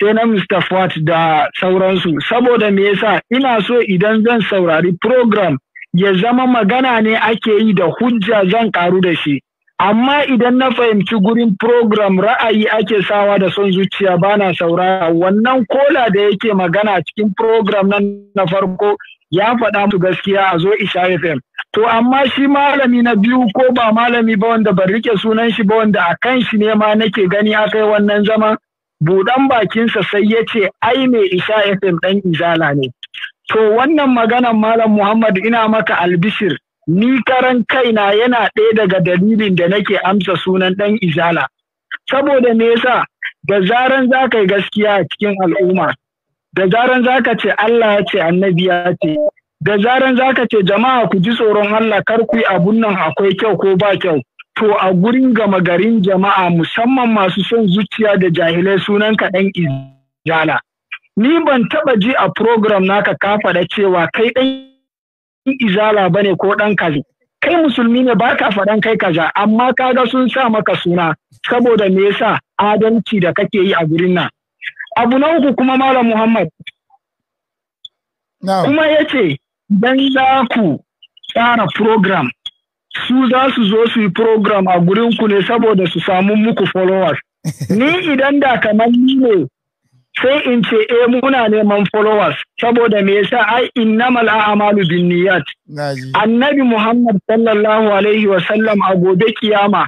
sai na Mr. Fuat da sauransu saboda me yasa ina so idan zan saurari program ya zama magana ne ake yi da hujja zan karu da shi amma idan na fahimci gurin program ra'ayi ake sawa da son zuciya bana saurara wannan kola da yake magana cikin program nan na farko ya faɗa musu gaskiya a zo Isha FM. To amma shi malami na biyu ko ba malami ba wanda ban rike sunan shi ba wanda a kan shi ne ma nake gani a kai wannan zaman buɗan bakinsa sai ya ce ai mai Isha FM ɗan izala ne. To wannan maganan malam Muhammad ina maka albishir ni karan kaina yana ɗaya daga dalilin da nake amsa sunan ɗan izala. Saboda me yasa da zaran za ka yi gaskiya a cikin al'umma da zaran ka ce Allah ya ce annabi ya ce da zaran ka ce jama'a ku ji tsoron Allah kar ku yi abun nan akwai kyau ko ba kyau to a gurin gama garin jama'a musamman masu son zuciya da jahilai sunan ka ɗan izala ni ban taɓa ji a program naka ka faɗa cewa kai ɗan izala ba ne ko ɗan kaza kai musulmi ne ba baka faɗan kai kaza amma kaga sun sa maka suna saboda me yasa adalci da kake yi a gurin nan abu na uku kuma malam muhammad kuma ya ce don za ku tsara program su za su zo su yi program a gurinku ne saboda su samu muku followers ni idan da kamar ni ne sai in ce e muna neman followers saboda me yasa ai innamal a'malu binniyat annabi Muhammad sallallahu alaihi wa sallam a gobe kiyama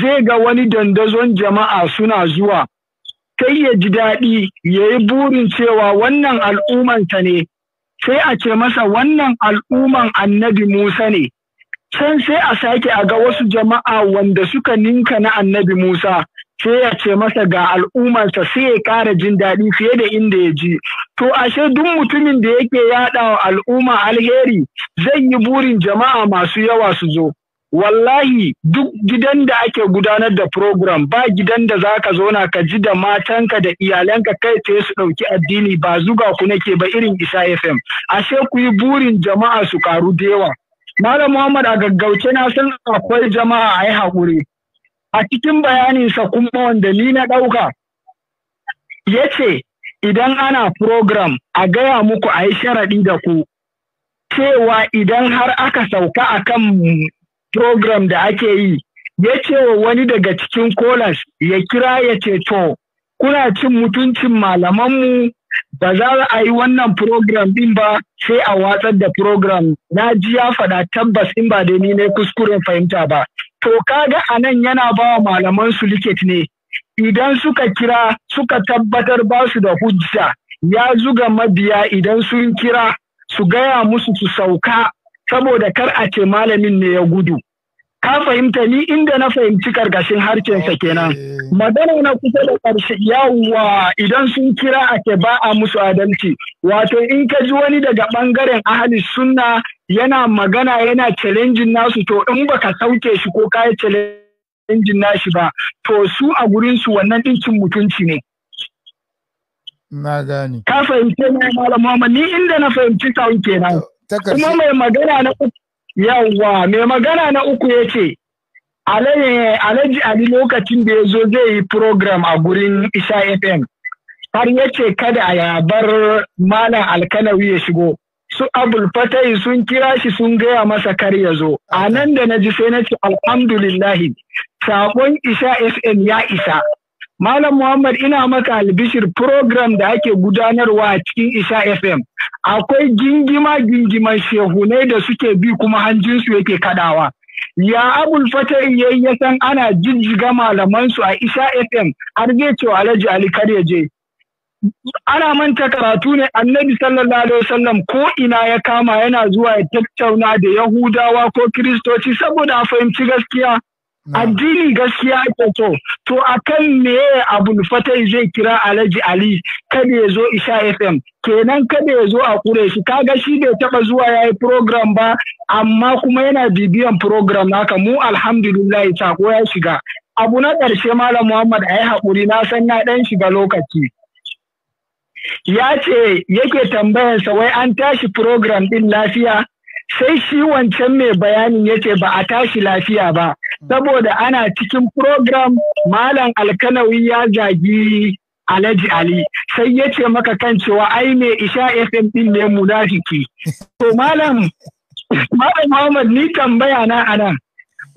zai ga wani dandazon jama'a suna zuwa sai ya ji daɗi ya yi burin cewa wannan al'ummansa ne sai a ce masa wannan al'umman annabi Musa ne can sai a sake a ga wasu jama'a wanda suka ninka na annabi Musa sai ya ce masa ga al'ummarsa sai ya ƙara jin daɗi fiye da inda ya ji. To ashe duk mutumin da yake yaɗa wa al'umma alheri zai yi burin jama'a masu yawa su zo. wallahi duk gidan da ake gudanar da program ba gidan da za ka zauna ka ji da matanka da iyalanka kai tsaye su ɗauki addini ba zuga ku nake ba irin isa fm ashe ku yi burin jama'a su karu da yawa malam muhammad a gaggauce na san akwai jama'a a yi haƙuri a cikin bayaninsa kuma wanda ni na ɗauka ya ce idan ana program a gaya muku a yi sharaɗi da ku cewa idan har aka sauka akan program da ake yi ya ce wa wani daga cikin kolas ya kira ya ce to kuna cin mutuncin malamanmu ba za a yi wannan program din ba sai a watsar da program na ji ya faɗa tabbas in ba da ni ne kuskuren fahimta ba to kaga a nan yana ba wa malaman su liket ne idan suka kira suka tabbatar ba su da hujja ya zuga mabiya idan sun kira su gaya musu su sauka saboda kar a ce malamin ne ya gudu ka fahimta ni inda na fahimci karkashin sa kenan magana na kusa da ƙarshe yawwa idan sun kira ake ba a musu adalci wato in ka ji wani daga ɓangaren ahli sunna yana magana yana challenging nasu to in baka sauke shi ko ka challenging nashi ba to su a gurin su wannan ɗinkin mutunci ne na gane ka fahimce ni malama ni inda na fahimci sauke kenan kuma mai magana na Yawwa, mai magana na uku ya ce, Alhaji Ali lokacin da ya zo zai yi program a gurin Isha FM, har ya ce kada a yabar Malam Alkanawi ya shigo. Su Abul Fatai sun kira shi sun gaya masa kar ya zo. A nan da na ji sai na ce alhamdulillahi, saƙon Isha FM ya isa. Malam Muhammad ina maka albishir program da ake gudanarwa a cikin Isha FM. Akwai gingima gingiman shehunai da suke bi kuma hanjinsu yake kadawa. Ya abul fatahi yayi ya san ana jijjiga malamansu a Isha FM har zai ce Alhaji Ali kar ana manta karatu ne annabi sallallahu alaihi wasallam ko ina ya kama yana zuwa ya tattauna da yahudawa ko kiristoci saboda a fahimci gaskiya addini gaskiya ke to to kan me abu fatai zai kira alhaji ali kada ya zo isha fm kenan kada ya zo a kure shi kaga shi bai taba zuwa yayi program ba amma kuma yana bibiyan program naka mu alhamdulillah sako ya shiga abu na ƙarshe malam muhammad ayi haƙuri na san na ɗan shiga lokaci ya ce yake tambayarsa wai an tashi program ɗin lafiya sai shi wancan mai bayanin ya ba a tashi lafiya ba saboda ana cikin program malam alkanawi ya zagi Alhaji Ali sai ya ce maka kan cewa ai me Isha FM din ne munafiki to malam malam Muhammad ni tambaya na anan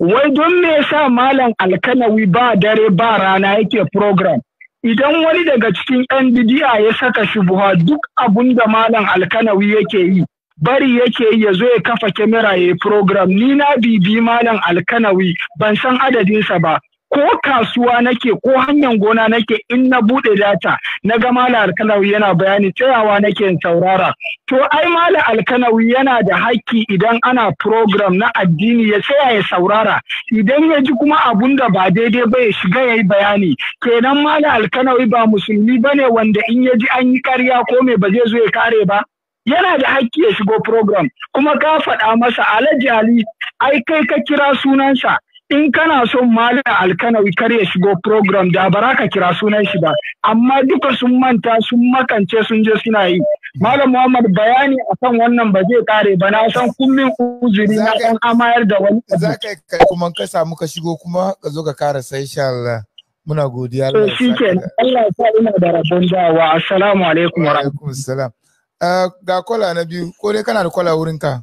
wai don me yasa malam alkanawi ba dare ba rana yake program idan wani daga cikin yan bidiya ya saka shubuha duk abun da malam alkanawi yake yi bari yake ya zo ya kafa kyamara ya program ni na bibi malam alkanawi ban san adadinsa ba ko kasuwa nake ko hanyar gona nake in na bude data na ga malam alkanawi yana bayani tsayawa nake in saurara to ai malam alkanawi yana da haƙƙi idan ana program na addini ya tsaya ya saurara idan ya ji kuma abun da ba daidai ba ya shiga ya yi bayani kenan malam alkanawi ba musulmi bane wanda in ya ji an yi ƙarya ko me ba zai zo ya kare ba yana da haƙƙi ya shigo program kuma ka faɗa masa alhaji ali ai kai ka kira sunansa in kana son malam alkanawi kar ya shigo program da bara ka kira sunan shi ba amma duka sun manta sun makance sun je suna yi malam muhammad bayani akan wannan ba zai kare ba na san kummin uzuri na dan amayar da wani za ka kai kuma ka samu ka shigo kuma ka zo ka kara sai insha Allah muna godiya Allah ya sa Allah ya sa ina da rabon dawa assalamu alaikum wa rahmatullahi Ah, ga kwala na biyu, ko dai kana da kwala wurinka?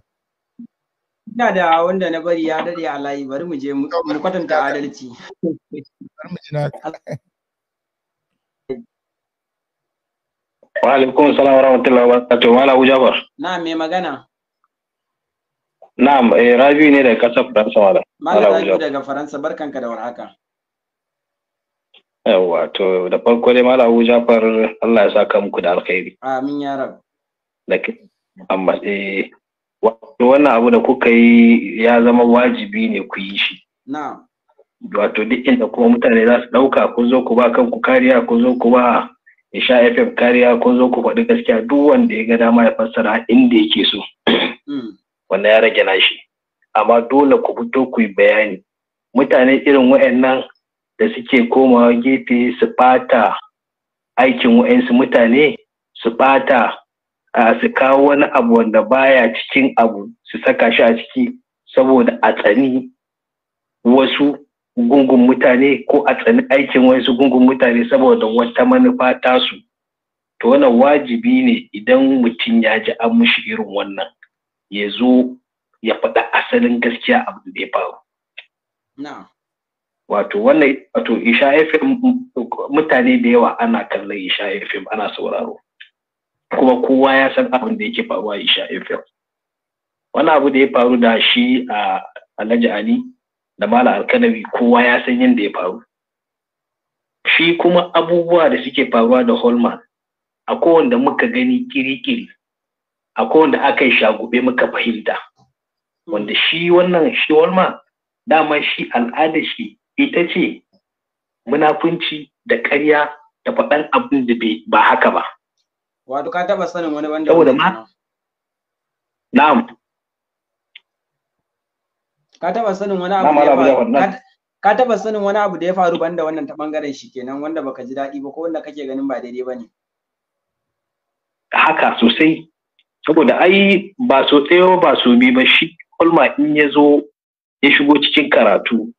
Ina da wanda na bari ya dade a layi bari mu je mu kwatanta adalci. Bari mu ji na. Wa alaikum salam wa rahmatullahi wa barakatuh. Mala Abu Jafar. Na'am me magana? Na'am, eh rabi ne daga kasar Faransa mala. Mala rabi daga Faransa barkanka da warhaka. Yawwa to da farko dai Mala Abu Allah ya saka muku da alkhairi. Amin ya rabu. amma eh, wannan abu da kuka yi ya zama wajibi ne ku yi shi wato duk inda kuma mutane za su ɗauka ko zo ku ba kanku kariya ko zo ku ba isha fm kariya ko zo ku faɗi gaskiya duk wanda ya ga dama ya fassara inda yake so mm. wannan ya rage nashi amma dole ku fito ku yi bayani mutane irin wa'annan da suke komawa gefe su ɓata aikin wa'ansu mutane su ɓata su kawo wani abu wanda baya cikin abu su saka shi a ciki saboda a tsani wasu gungun mutane ko a tsani aikin wasu gungun mutane saboda wata manufa tasu to wannan wajibi ne idan mutum ya ji an mushi irin wannan ya zo ya faɗa asalin gaskiya abu da ya faru wato wannan wato isha fm mutane da yawa ana kallon isha fm ana sauraro kuma kowa ya san abin da yake faruwa isha fm wani abu da ya faru da shi a alhaji ali da mala alkanawi kowa ya san yadda ya faru shi kuma abubuwa da suke faruwa da holman a da muka gani kirikiri a da aka yi shagube muka fahimta wanda shi wannan shi holman dama shi al'ada shi ita ce munafunci da karya da faɗan abin da ba haka ba Wato ka taba sanin wani wanda saboda ma Na'am. Ka taba sanin wani abu da ya faru. Ka taba sanin wani abu da ya faru banda wannan ta bangaren shi kenan wanda baka ji daɗi ba ko wanda kake ganin ba daidai bane. Haka sosai. Saboda ai ba so tsayo ba so bi ba shi kulma in ya zo ya shigo cikin karatu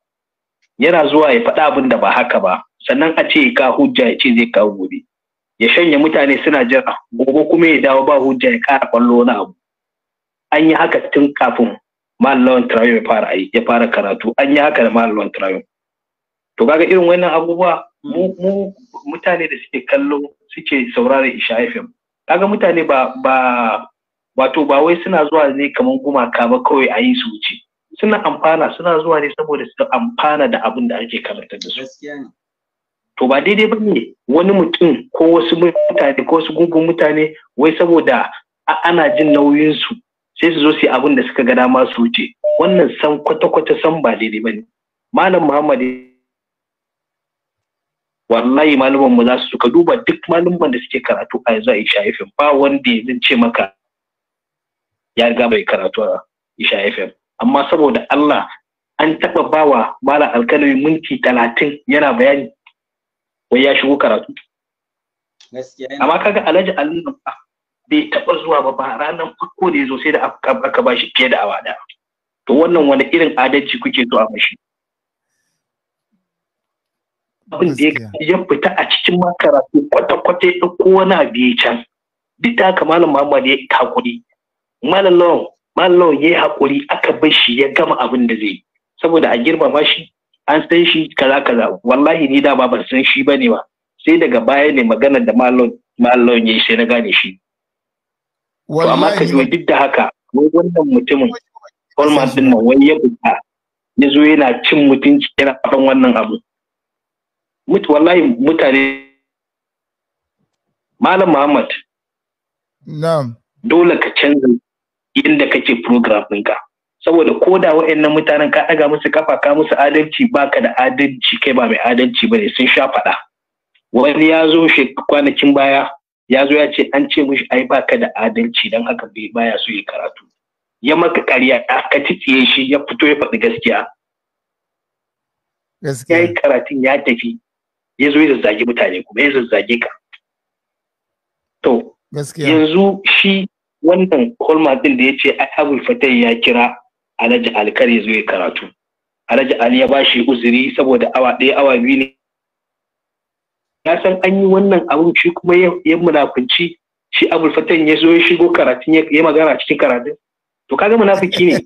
yana zuwa ya faɗa abin da ba haka ba sannan a ce ka hujja ya ce zai kawo gobe. ya shanya mutane suna jira gobe kuma ya dawo ba hujja ya kara kwallo na abu an yi haka tun kafin malawan trayo ya fara ya fara karatu an yi haka da malawan trayo to kaga irin wannan abubuwa mu mutane da suke kallo suke saurare isha fm kaga mutane ba ba wato ba wai suna zuwa ne kamar gumaka ba kawai a yi su wuce suna amfana suna zuwa ne saboda su amfana da abin da ake karantar da su to ba daidai ba ne wani mutum ko wasu mutane ko wasu gungun mutane wai saboda ana jin nauyinsu sai su zo su yi abin da suka ga dama su wuce wannan san kwata-kwata san ba daidai ba ne malam muhammad wallahi malaman mu za su suka duba duk malaman da suke karatu a yanzu a isha fm ba wanda ya ce maka ya riga bai karatu a isha fm amma saboda allah an taɓa bawa malam alkalami minti talatin yana bayani wai ya shigo karatu amma kaga alhaji ali nan ba. bai taba zuwa ba ba ranar farko da ya zo sai da aka ba shi fiye da awa ɗaya. to wannan wani irin adalci kuke so a mashi abin da ya fita a cikin makaratu kwata-kwata ya ɗauko wani abu ya can duk da haka malam muhammad ya hakuri malam lawan malam lawan ya yi hakuri aka bar shi ya gama abin da zai yi. saboda a girmama shi an san shi kaza kaza wallahi ni da ba ban san shi ba ne ba sai daga baya ne maganar da malon malon yayi sai na gane shi to amma ka ji duk da haka wai wannan mutumin Holmes din nan wani ya buka ya zo yana cin mutunci yana faɗan wannan abu mutu wallahi mutane malam Muhammad na'am dole ka canza inda kake program ɗinka saboda ko da wa'annan mutanen ka ɗaga musu kafa ka musu adalci baka da adalci kai ba mai adalci ba ne sun sha faɗa wani ya zo kwanakin baya ya zo ya ce an ce mushi ai baka da adalci don haka bai baya so ya karatu ya maka ƙarya ka tsiye shi ya fito ya faɗi gaskiya ya yi karatun ya tafi ya zo ya zazzage mutane kuma ya zazzage ka to yanzu shi wannan holma din da ya ce ai abul fatai ya kira alhaji ya zo ya karatu alhaji ali ya bashi uzuri saboda awa ɗaya awa biyu ne ya san an yi wannan abin shi kuma ya munafunci shi abul fatan ya zo ya shigo karatun ya magana cikin karatun to kaga munafiki ne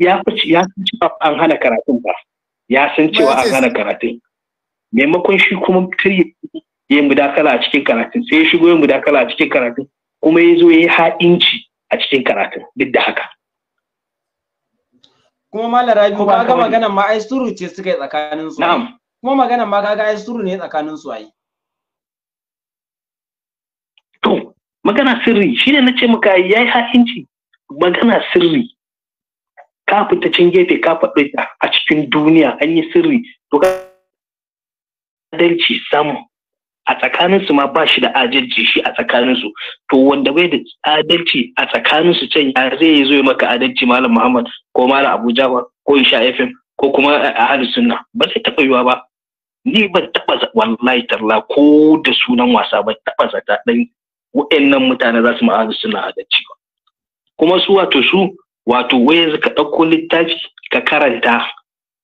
ya cewa an hana karatun ba ya san cewa an hana karatun maimakon shi kuma tiri ya mudakala a cikin karatun sai ya shigo ya mudakala a cikin karatun kuma ya zo ya yi ha'inci a cikin karatun duk da haka kuma malam rabi ko ga maganan ma ai suru ce suka yi tsakanin su na'am kuma maganan ma kaga ai suru ne tsakanin su ai to magana sirri shine nace muka yayi hakinci magana sirri ka fita cin gefe ka faɗo a cikin duniya an yi sirri to ka adalci samu a tsakaninsu ma ba shi da adalci shi a tsakaninsu to wanda bai da adalci a tsakaninsu can ya zai zo maka adalci malam muhammad ko malam abuja ba ko isha fm ko kuma eh, a sunna ba zai taɓa yiwa ba ni ban taɓa wallahi tarla ko da sunan wasa ban taba zata ɗan wa'annan mutane za su ma ahli sunna adalci ba kuma su wato su wato wai yanzu ka ɗauko littafi ka karanta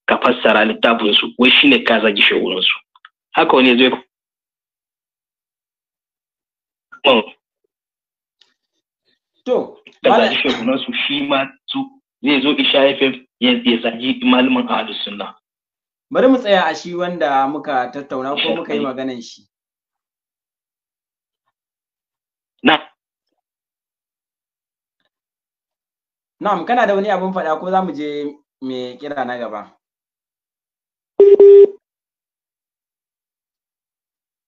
ka fassara littafinsu wai shine ka zagi su haka wani zai To, da ji shekunan su shi ma su zai zo Isha FM ya zagi malamin Ahlus Sunna. Bari mu tsaya a shi wanda muka tattauna ko muka yi maganan shi. Na. Na'am, kana da wani abin faɗa ko za mu je me kira na gaba?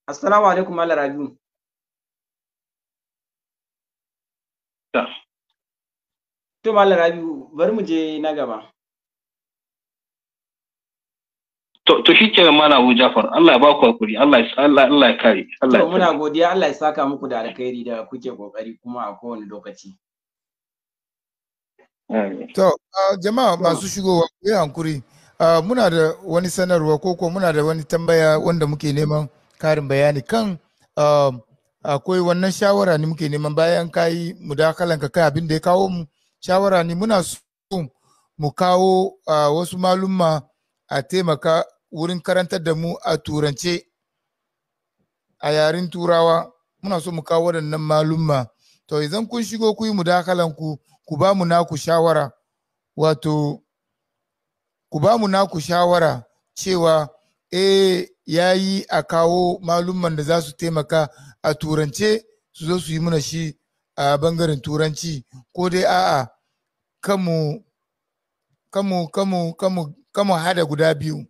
Assalamu alaikum Malam Rabiu. to malam rabiu bari mu je na gaba to to shi kenan mana Abu Jafar Allah ya ba ku hakuri Allah ya Allah Allah ya kare Allah ya To muna godiya Allah ya saka muku da alkhairi da kuke kokari kuma a kowane lokaci to jama'a masu shigowa ku yi hankuri muna da wani sanarwa ko ko muna da wani tambaya wanda muke neman karin bayani kan akwai wannan shawara ne muke neman bayan kayi mudakalan ka kai abin da ya kawo mu shawara ne muna so mu kawo wasu malumma a taimaka wurin karantar da mu a turance a yaren turawa muna so mu kawo waɗannan malumma to idan kun shigo ku yi mudakalanku ku ba mu naku shawara wato ku ba mu naku shawara cewa eh ya yi a kawo malumman da za su taimaka a turance su zo su yi muna shi a bangaren turanci ko dai a'a kamu kamu kamu kamu kamu hada guda biyu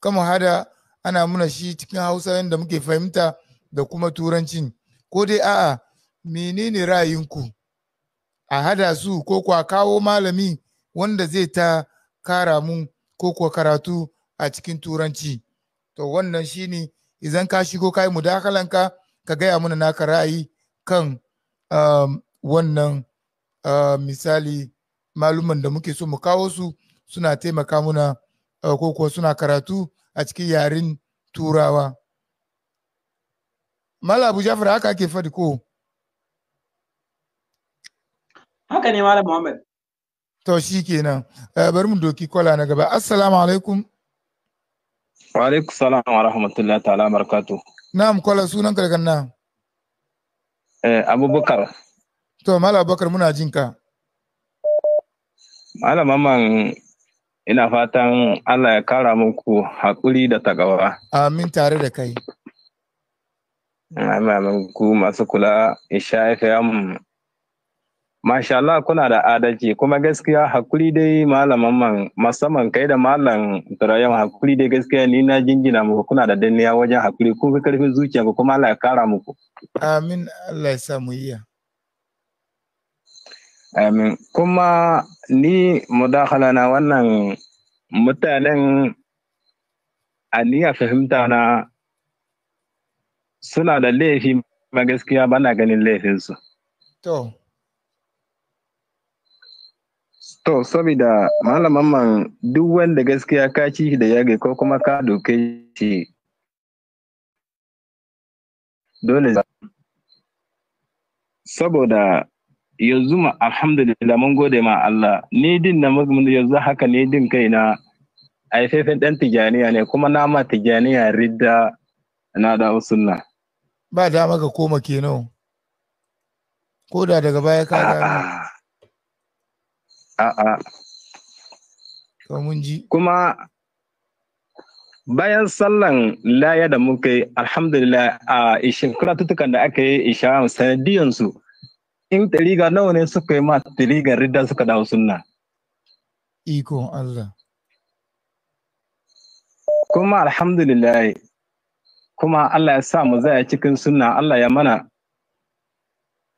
kamu hada ana muna shi cikin hausa yadda muke fahimta da kuma turancin ko dai a'a menene ra'ayinku a hada su ko kuwa kawo malami wanda zai ta kara mu ko kuwa karatu a cikin turanci to wannan shine idan ka shigo ka yi mudakalanka ka gaya mana naka ra'ayi kan um, wannan Ah, misali maluman da muke so mu kawo su suna taimaka muna ah, ko kuwa suna karatu a cikin yaren turawa mala abu jafar haka ake faɗi ko haka ne Mala muhammad to shi kenan ah, bari mu doki kwala na gaba assalamu alaikum wa alaikum salam wa rahmatullahi ta'ala barakatuh na'am kwala sunan gargan na eh, abubakar To, Malam Bakar muna jin ka. Malam Maman ina fatan Allah ya kara muku haƙuri da tagawa. Amin tare da kai. Amin ku masu kula Isha FM. Masha Allah kuna da adalci kuma gaskiya haƙuri dai malaman man musamman kai da malam Turayen haƙuri dai gaskiya ni na jingina muku kuna da danniya wajen haƙuri kun fi karfin zuciya kuma Allah ya kara muku. Amin Allah ya sa mu yi. Amin. Kuma ni mudahala na wannan mutanen aniya fahimta na suna da laifi ma gaskiya bana ganin laifinsu. To. To, saboda malaman man duk wanda gaskiya ka ci shi da yage ko kuma ka doke shi dole saboda yanzu ma alhamdulillah mun gode ma Allah ni din na yanzu haka ni din kai na aifefen dan tijaniya ne kuma na ma tijaniya ridda na da sunna ba da maka koma kenan ko da daga baya ka gane a a to mun ji kuma bayan sallan laya da muka yi alhamdulillah a ishin karatutukan da aka yi isha sanadiyansu in ɗariga nawa ne suka yi ma ɗariga ridda suka dawo sunna Iko Allah kuma alhamdulillah kuma Allah ya sa mu zaya cikin sunna Allah ya mana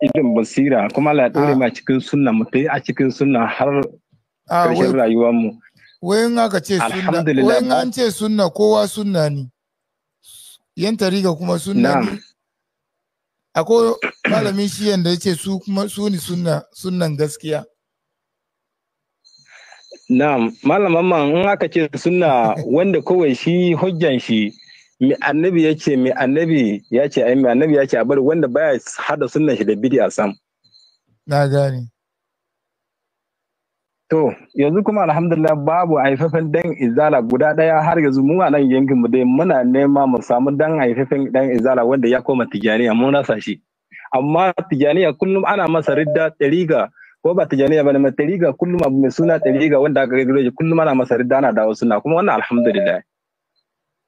idin basira kuma Allah ya ɗore ah. ma cikin sunna mu ta yi a cikin sunna har ah, ƙarshen rayuwarmu in aka ce sunna in an ce sunna kowa sunna ne yan tariga kuma sunna ne Ako malamin shiyan da ce su kuma su ne sunnan gaskiya na'am malaman man in aka ce sunna wanda kawai shi hujjan shi mai annabi ya ce mai annabi ya ce ai mai annabi ya ce a bari wanda baya hada sunnan shi da biri sam na gani. To, yanzu kuma alhamdulillah babu haifafen dan izala guda ɗaya har yanzu mu a nan yankin mu dai muna nema mu samu dan haifafen dan izala wanda ya koma tijaniya mu rasa shi. Amma tijaniya kullum ana masa ridda ɗariga ko ba tijaniya bane mai ɗariga kullum abu mai suna ɗariga wanda aka gagaro shi kullum ana masa ridda ana dawo suna kuma wannan alhamdulillah.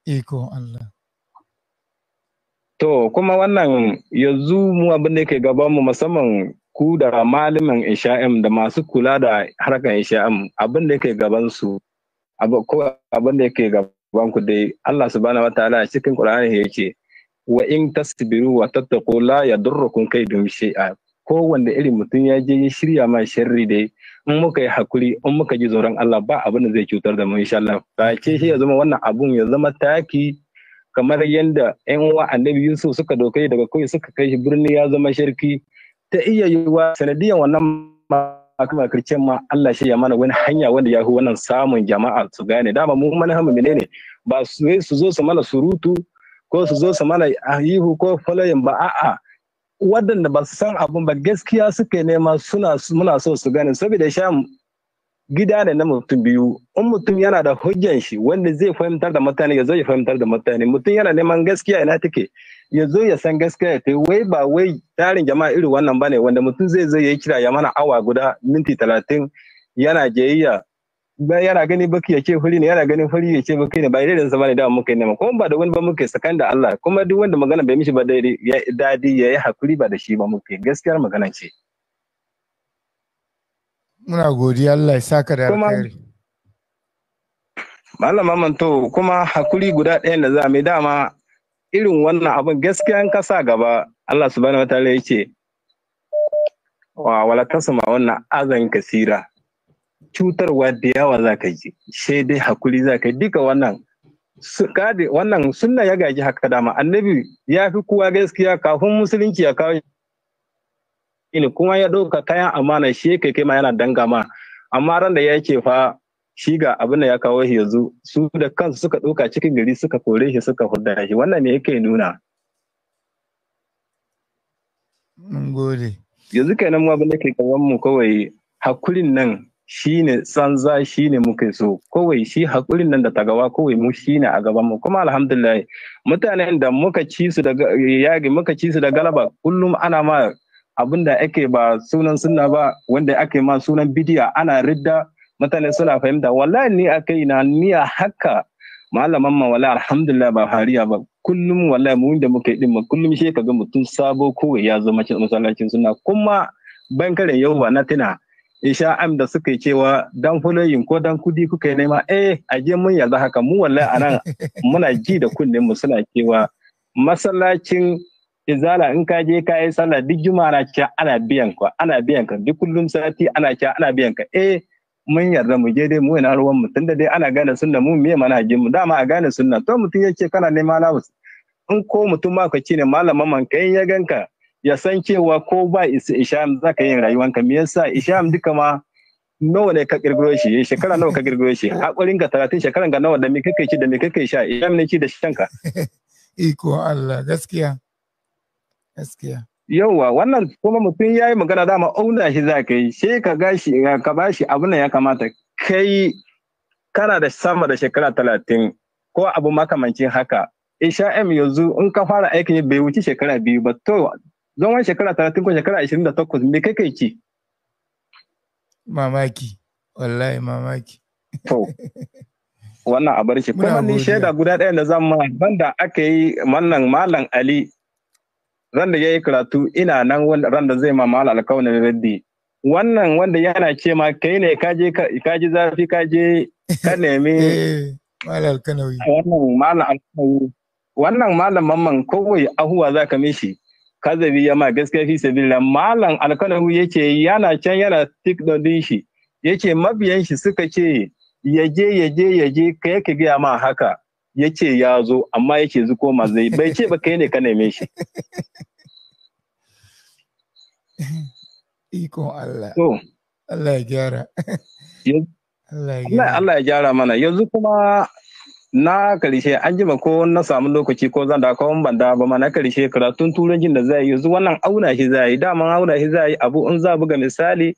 Iko Allah. To kuma wannan yanzu mu abin da yake gaban mu musamman ku da malamin isha'im da masu kula da harkar isha'im abin da yake gaban su ko abin da yake gaban ku dai Allah subhanahu wataala cikin Qur'ani yake wa in tasbiru wa tattaqu la yadurrukum kaydum shay'a ko wanda irin mutum ya je ya shirya ma sharri dai in muka yi hakuri in muka ji tsoron Allah ba abin da zai cutar da mu insha Allah ba ce shi ya zama wannan abun ya zama taki kamar yadda 'yan uwa annabi Yusuf suka dokai daga kai suka kai shi birni ya zama sharki ta iya wa sanadiyan wannan kuma ma Allah shi ya mana wani hanya wanda ya wannan samun jama'a su gane dama mu manhamu menene ba su zo su mana surutu ko su zo su mana ahihu ko falayin ba a'a waɗanda ba su san abun ba gaskiya suke nema suna muna so su gane saboda sha gida ne na mutum biyu in mutum yana da hujjan shi wanda zai fahimtar da mutane ya zo fahimtar da mutane mutum yana neman gaskiya ina take ya zo ya san gaskiya ya kai wai ba wai tarin jama'a irin wannan bane wanda mutum zai zo ya yi kira ya mana awa guda minti talatin yana jayayya ba yana gani baki ya ce huri ne yana gani huri ya ce baki ne ba irin sa bane da muka yi nema kuma ba da wani ba muka yi sakan da Allah kuma duk wanda magana bai mishi ba dadi ya yi hakuri ba da shi ba muka yi gaskiyar magana ce. Muna godiya Allah ya saka da alkhairi. Malama Manto kuma hakuri guda ɗayan da za mu dama irin wannan abin gaskiya in ka sa gaba Allah subhanahu wa ya ce wa wala tasma wannan azan kasira cutarwa da yawa za ka ji sai dai hakuri za ka duka wannan wannan sunna ya gaji haka dama annabi ya fi kowa gaskiya kafin musulunci ya kawo Ina kuma ya ɗauka kayan amana shi kai kai ma yana danga ma amma ran da ya ce fa shi ga abin da ya kawo shi yanzu su da kansu suka ɗauka cikin gari suka kore shi suka hudda shi wannan me yake nuna gode yanzu kenan mu abin da ke gaban mu kawai hakurin nan shi shine tsanza ne muke so kawai shi hakurin nan da ta gawa, kawai mu shi ne a gaban mu kuma alhamdulillah mutanen da muka ci su da yagi muka ci su da galaba kullum ana ma abin da ake ba sunan sunna ba wanda ake ma sunan bidiya ana ridda mutane suna fahimta wallahi ni a kaina ni a haka malaman ma wallahi alhamdulillah ba hariya ba kullum wallahi mu da muka yi din kullum shi ka ga mutum sabo kowai ya zo masallacin suna kuma ban yau ba na tuna isha am da suka yi cewa dan fulayin ko dan kudi kuka yi nema eh a je mun yarda haka mu wallahi a nan muna ji da kunne mu suna cewa masallacin izala in ka je ka yi sallah duk juma'a ana ana biyan ka ana biyan ka duk kullum sati ana ci ana biyan ka eh mun yarda mu je dai mu ina ruwan mu tunda dai ana gane sunna mu mana manhajin mu dama a gane sunna to mutum yake kana neman alawus in ko mutum ma ka ne malaman man kai ya ganka ya san cewa ko ba isa isham zaka yin rayuwanka me yasa isham duka ma nawa ne ka girgiro shi eh, shekara nawa ka girgiro shi hakurin ka 30 shekaran ga nawa da me kake ci da me kake sha isham ne ci da shanka iko Allah gaskiya gaskiya yauwa wannan kuma mutum ya yi magana dama auna shi za ka yi sai ka gashi ka ba shi abin da ya kamata kai kana da sama da shekara talatin ko abu makamancin haka m yanzu in ka fara aikin bai wuce shekara biyu ba to zan wani shekara talatin ko shekara ashirin da takwas me kai kai ci. mamaki wallahi mamaki. to wannan a bar shi kuma ni shaida guda ɗaya da zan ma banda aka yi wannan malam ali ran da yayi karatu ina nan ran da zai ma mala alkawani raddi wannan wanda yana ce ma kai ne kaje kaje zafi kaje ka nemi eh, alkanawi wannan malam alkanawi wannan malam mamman kowai ahuwa za ka mishi kazabi ya ma gaskiya fi sabila malam alkanawi yake yana can yana tik din shi yake mabiyan shi suka ce yaje yaje yaje kai ka gaya ma haka ya ce ya zo amma yake zuko zai bai ce ba kai ne ka neme shi ikon Allah Allah ya gyara Allah ya gyara mana yanzu kuma na karshe an jima ko na samu lokaci ko zan da ko ban banda ba ma na karshe karatun turancin da zai yi yanzu wannan auna shi zai yi daman auna shi zai yi abu in za buga misali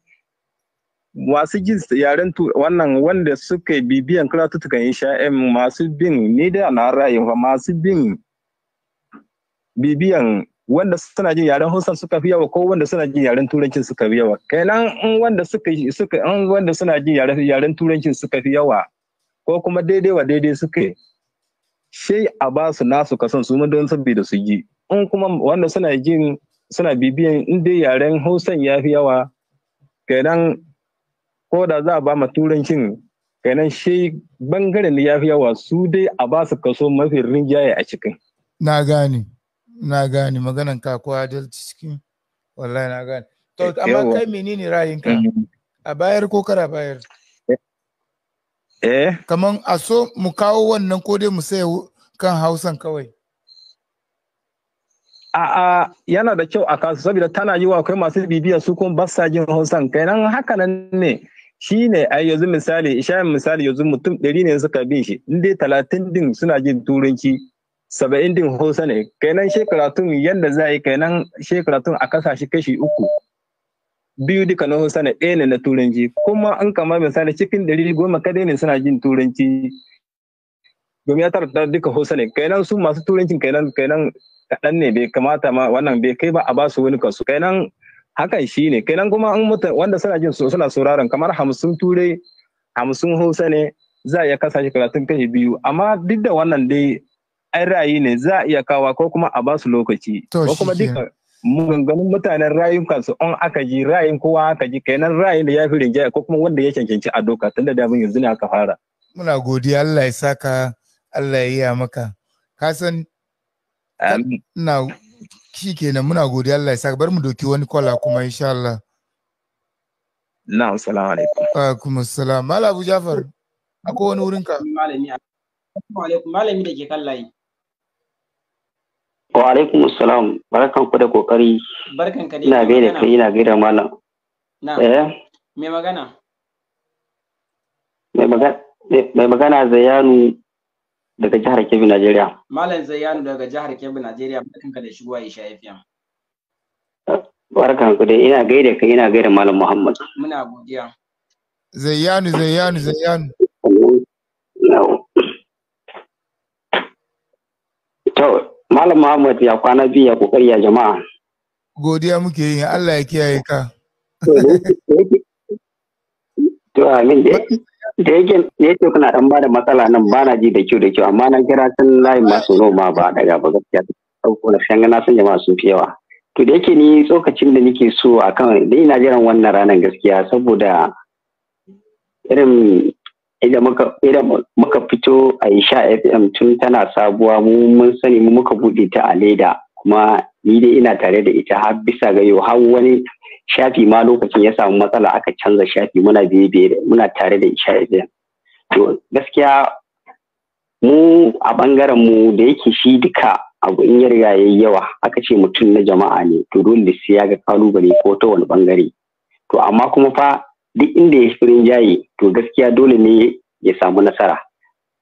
masu jin yaren wannan wanda suka bibiyan karatutukan isha'in masu bin ni da na ra'ayin fa masu bin bibiyan wanda suna jin yaren Hausa suka fi yawa ko wanda suna jin yaren Turancin suka fi yawa kenan in wanda suka suka in wanda suna jin yaren turanci Turancin suka fi yawa ko kuma daidai wa daidai suke shai a ba su nasu kasan su ma don saboda su ji in kuma wanda suna jin suna bibiyan in dai yaren Hausan ya fi yawa kenan ko da za a ba ma turancin kenan shi bangaren da ya fi yawa su dai a ba su kaso mafi rinjaye a cikin. Na gane, na gane maganan kakuwa adalci cikin wallahi na gane. To, eh, amma kai menene ra'ayinka? A bayar ko kara bayar? Eh. eh. Kaman a so mu kawo wannan ko dai mu saya kan Hausan kawai. A'a yana da kyau a kasu saboda tana yi wa kai masu bibiya su kuma ba sa jin Hausan kenan haka nan ne. shi ne ai yanzu misali ishayin misali yanzu mutum ɗari ne suka bin shi in dai talatin din suna jin turanci saba'in din hausa ne kenan shekaratun yadda za a yi kainan shekaratun a kasashe kashi uku biyu duka na hausa ne ɗaya ne na turanci kuma an kama misali cikin ɗari goma kadai ne suna jin turanci domin ya tara duka hausa ne kenan su masu turancin kainan kenan kaɗan ne bai kamata ma wannan bai kai ba a ba su wani kasu kenan hakan shi ne kenan kuma an wanda suna jin suna sauraron kamar hamsin turai hamsin hausa ne za a iya kasa shi karatun kashi biyu amma duk da wannan dai ai rayu ne za a iya kawa ko kuma a basu lokaci ko kuma duka maganganun mutanen rayun su on aka ji ra'ayin kowa aka ji kenan ra'ayin da ya fi rinjaya ko kuma wanda ya cancanci a doka tun da mun yanzu ne aka fara muna godiya Allah ya saka Allah ya yi maka ka san ina shi kenan muna godiya Allah ya saka bar mu doki wani kwala kuma insha Allah na'am assalamu alaikum wa alaikum assalam Malam abu jafar akwai wani wurin ka malami Assalamu alaikum malami da ke kallaye. wa alaikum assalam barkan ku da kokari barkan ka dai. ina gaida kai ina gaida malam na'am eh me magana me magana me magana zayanu daga jihar Kebbi Najeriya Malam Zayyano daga jihar Kebbi Najeriya ka da shigowa Isha FM Barkan ku dai ina gaida kai ina gaida Malam Muhammad Muna godiya Zayyano Zayyano Zayyano To Malam Muhammad ya kwana biyu ya kokari ya jama'a Godiya muke yi Allah ya kiyaye ka To amin dai da yake ne ce kuna dan bada matsala nan ba na ji da kyau da kyau amma na kira sun layin masu noma ba daga ba gaskiya ɗauko na fiyan na san jama'a sun fi yawa to da yake ni tsokacin da nake so a kan da ina jiran wannan ranar gaskiya saboda irin idan muka fito a isha fm tun tana sabuwa mu mun sani mu muka buɗe ta a leda kuma ni dai ina tare da ita har bisa ga yau har wani shafi ma lokacin ya samu matsala aka canza shafi muna biye muna tare da isha ibrahim to gaskiya mu a bangaren mu da yake shi duka abu in ya riga yayi yawa aka ce mutum na jama'a ne to dole sai ya ga kalubale ko ta wani bangare to amma kuma fa duk inda ya shirin jaye to gaskiya dole ne ya samu nasara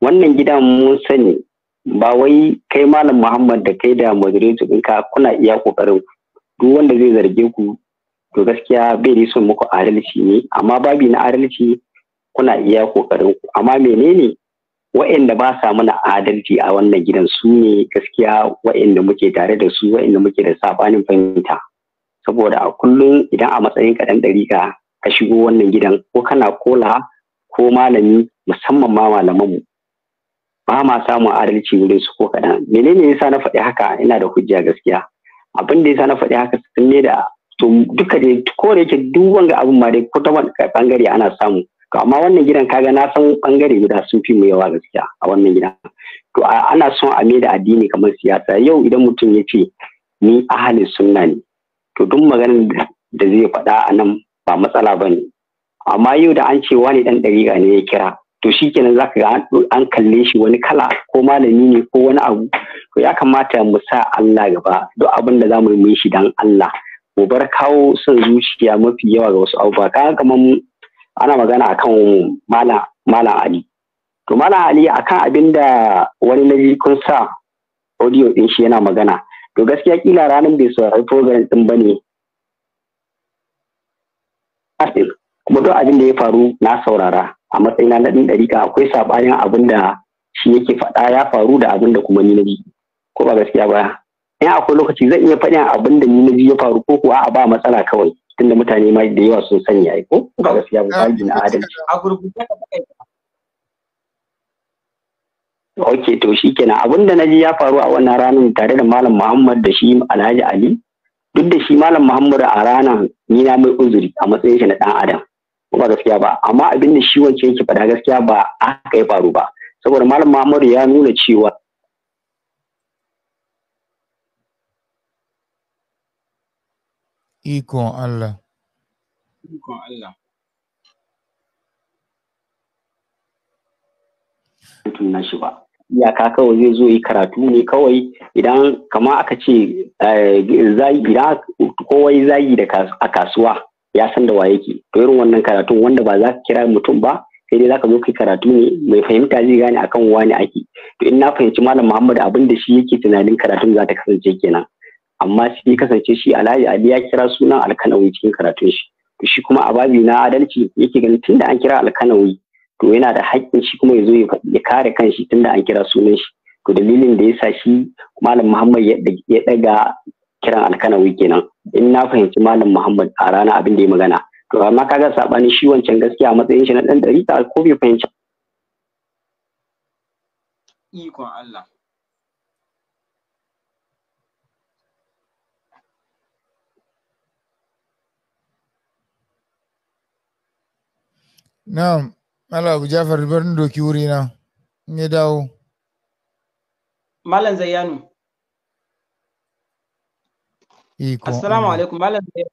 wannan gidan mun sani ba wai kai malam muhammad da kai da moderator ɗinka kuna iya ƙoƙarin duk wanda zai zarge ku to gaskiya bai da son muku adalci ne amma babi na adalci kuna iya kokarin ku amma menene wa'anda ba sa mana adalci a wannan gidan su ne gaskiya wa'anda muke tare da su wa'anda muke da sabanin fahimta saboda a kullum idan a matsayin kaɗan ɗarika ka shigo wannan gidan ko kana kola ko malami musamman ma malaman mu ba ma samun adalci wurin su ko kaɗan menene yasa na faɗi haka ina da hujja gaskiya abin da yasa na faɗi haka sun ne da to duka dai ko da yake duk wanga abun ma dai ko ta bangare ana samu to amma wannan gidan kaga na san bangare guda sun fi mu yawa gaskiya a wannan gidan to ana son a da addini kamar siyasa yau idan mutum ya ce ni ahalin sunna ne to duk maganar da zai faɗa a nan ba matsala ba ne amma yau da an ce wani ɗan ɗariƙa ne ya kira to shi kenan za ka ga an kalle shi wani kala ko malami ne ko wani abu to ya kamata mu sa Allah gaba duk abin da za mu yi shi dan Allah gobar kawo son zuciya mafi yawa ga wasu abubuwa kaga kamar ana magana akan malam malam ali to malam ali akan abin da wani na kun sa audio din shi yana magana to gaskiya kila ranar bai saurari program din bane kuma duk abin da ya faru na saurara a matsayin na ɗin ɗarika akwai saɓanin abin da shi yake faɗa ya faru da abin da kuma ni na ko ba gaskiya ba in akwai lokaci zan iya faɗin abin da ni na ji ya faru ko kuwa a ba matsala kawai tunda mutane ma da yawa sun sani ai ko ba gaskiya ba ba na adalci ok to shi kenan abin da na ji ya faru a wannan ranar tare da malam muhammad da shi alhaji ali duk da shi malam muhammad a ranar ni na mai uzuri a matsayin shi na dan adam ba gaskiya ba amma abin da shi wance yake faɗa gaskiya ba haka ya faru ba saboda malam muhammad ya nuna cewa Ikon Allah. Ikon Allah. Mutum na shi ba. Iyaka kawai zai zo yi karatu ne kawai idan kama aka ce eh, idan kowai zagi da a kasuwa ya san da wa yake. To irin wannan karatun wanda ba za ka kira mutum ba sai dai zaka zo kai karatu ne mai fahimta zai gane akan wani ake to in na fahimci malam Muhammad abin da shi yake tunanin karatun za ta kasance kenan amma sai kasance shi alhaji ali ya kira sunan alkanawi cikin karatun shi to shi kuma a babi na adalci yake ganin tunda an kira alkanawi to yana da haƙƙin shi kuma ya zo ya kare kanshi da an kira sunan shi to dalilin da ya sa shi malam muhammad ya daga kiran alkanawi kenan in na fahimci malam muhammad a rana abin da ya magana to amma kaga saɓani shi wancan gaskiya a matsayin shi na ɗan ɗari ko bai fahimci ikon Allah Na'am, Allah Abu Jafar bar ni doki wuri na. In dawo. Malam Zayyanu. Iko. Eh, Assalamu alaikum Malam Zayyanu.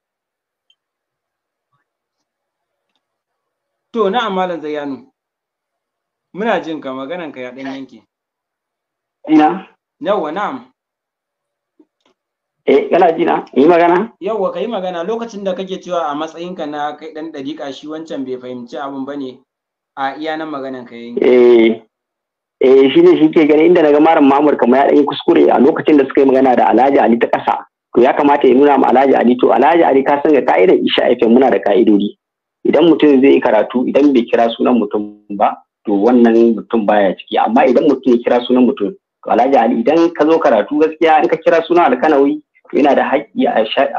To na'am Malam Zayyanu. Muna jin ka maganan ka ya dan yanki. Ina. Yawwa na'am. Eh, kana ji na? Yi magana? Yawwa, yi magana lokacin da kake cewa a matsayinka na kai ɗan ɗariƙa, shi wancan bai fahimci abin ba ne a iya nan maganan ka yi. Eh. Eh, shi ne shi ke gani inda naga Malam mamur kamar ya ɗan kuskure a lokacin da suka yi magana da Alhaji Ali ta ƙasa. To ya kamata ya nuna ma Alhaji Ali to Alhaji Ali ka san ga ka'idar Isha FM muna da ka'idodi. Idan mutum zai yi karatu idan bai kira sunan mutum ba to wannan mutum baya ciki amma idan mutum ya kira sunan mutum Alhaji Ali idan ka zo karatu gaskiya in ka kira sunan Alkanawi to yana da haƙƙi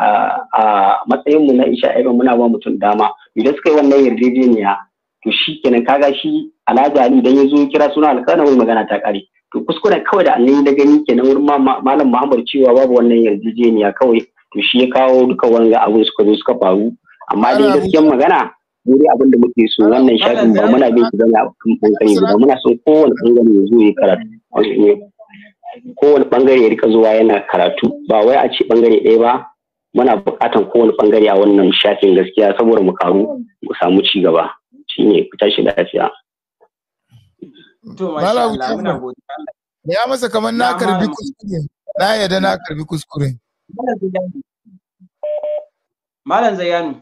a matsayin mu na isha aiba muna ba mutum dama idan suka yi wannan yarjejeniya to shi kenan kaga shi alhaji ali idan ya zo kira suna alƙana wani magana ta ƙare to kuskure kawai da annabi da gani kenan wurin malam muhammad cewa babu wannan yarjejeniya kawai to shi ya kawo duka wanga abin suka zo suka faru amma dai gaskiyar magana mu abin da muke so wannan shafin ba muna bin shi zama a kan bangare ba muna son kowane bangare ya zo ya karatu kowane bangare ya rika zuwa yana karatu ba wai a ce bangare ɗaya ba muna buƙatan kowane bangare a wannan shafin gaskiya saboda mu karu mu samu ci gaba shine ku tashi lafiya to ya masa kamar na karbi kuskure na yadda na karbi kuskure malam zayanu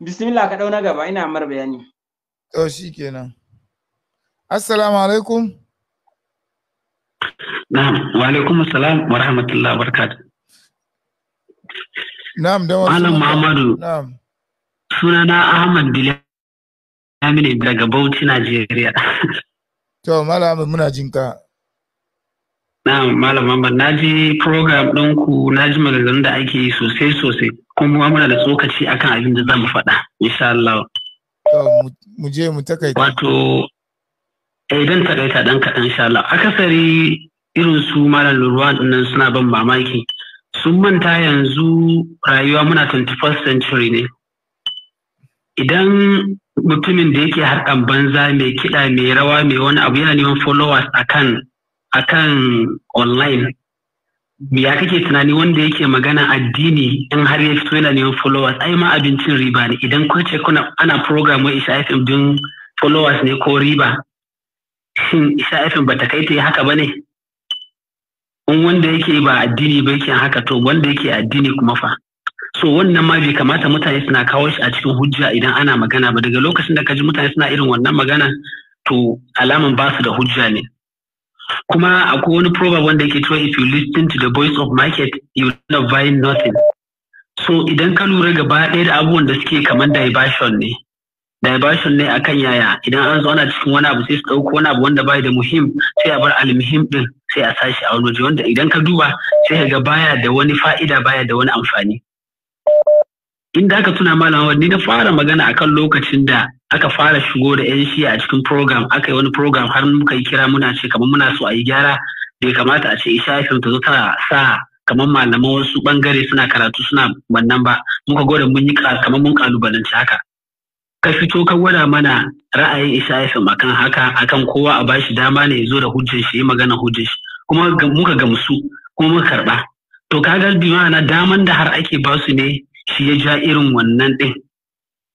bismillah ka dauna gaba ina mar bayani to shikenan Assalamu alaikum. Na'am, wa alaikum assalam wa rahmatullahi wa barakatuh. Na'am, da wasu. Malam Muhammadu. Suna na Ahmad Na Bilamine daga Bauchi, Najeriya. To, Malam muna jin ka. Na'am, Malam Muhammad, na ji program ɗinku, na ji maganganun da ake yi sosai sosai, kuma muna da tsokaci akan abin da zamu faɗa, insha Allah. To, mu je mu takaita. Wato, ta eh, dan takaita dan kaɗan shala, Allah akasari irin su malam Lurwa nan suna ban mamaki sun manta yanzu rayuwa muna 21st century ne idan mutumin da yake harkan banza mai kiɗa mai rawa mai wani abu yana neman followers akan akan online ya kake tunani wanda yake magana addini in har ya fito yana neman followers ai ma abincin riba ne idan kuna ana program wa isa fm din followers ne ko riba shin isa ba ta kai ta yi haka ba ne in wanda yake ba addini ba yake haka to wanda yake addini kuma fa so wannan ma bai kamata mutane suna kawo shi a cikin hujja idan ana magana ba daga lokacin da ka ji mutane suna irin wannan magana to alaman ba su da hujja ne kuma akwai wani proverb wanda yake cewa if you listen to the voice of market you will not buy nothing so idan ka lura gaba ɗaya da abubuwan da suke kamar diversion ne diversion ne akan yaya idan an zo ana cikin wani abu sai su ɗauko wani abu wanda bai da muhim sai a bar almuhim din sai a sashi a wani wanda idan ka duba sai ka ga baya da wani fa'ida baya da wani amfani inda aka tuna malam wani na fara magana akan lokacin da aka fara shigo da yan shi a cikin program aka yi wani program har muka yi kira muna ce kamar muna so a yi gyara da ya kamata a ce isha ya ta zata tana sa kamar malaman wasu bangare suna karatu suna wannan ba muka gwada mun yi kamar mun kalubalanci haka ka fito ka gwada mana ra'ayin Isa Isam akan haka akan kowa a bashi dama ne ya zo da hujjar shi magana hujjar shi kuma muka gamsu kuma muka karba to kaga bi ma'ana daman da har ake ba su ne shi ya ja irin wannan din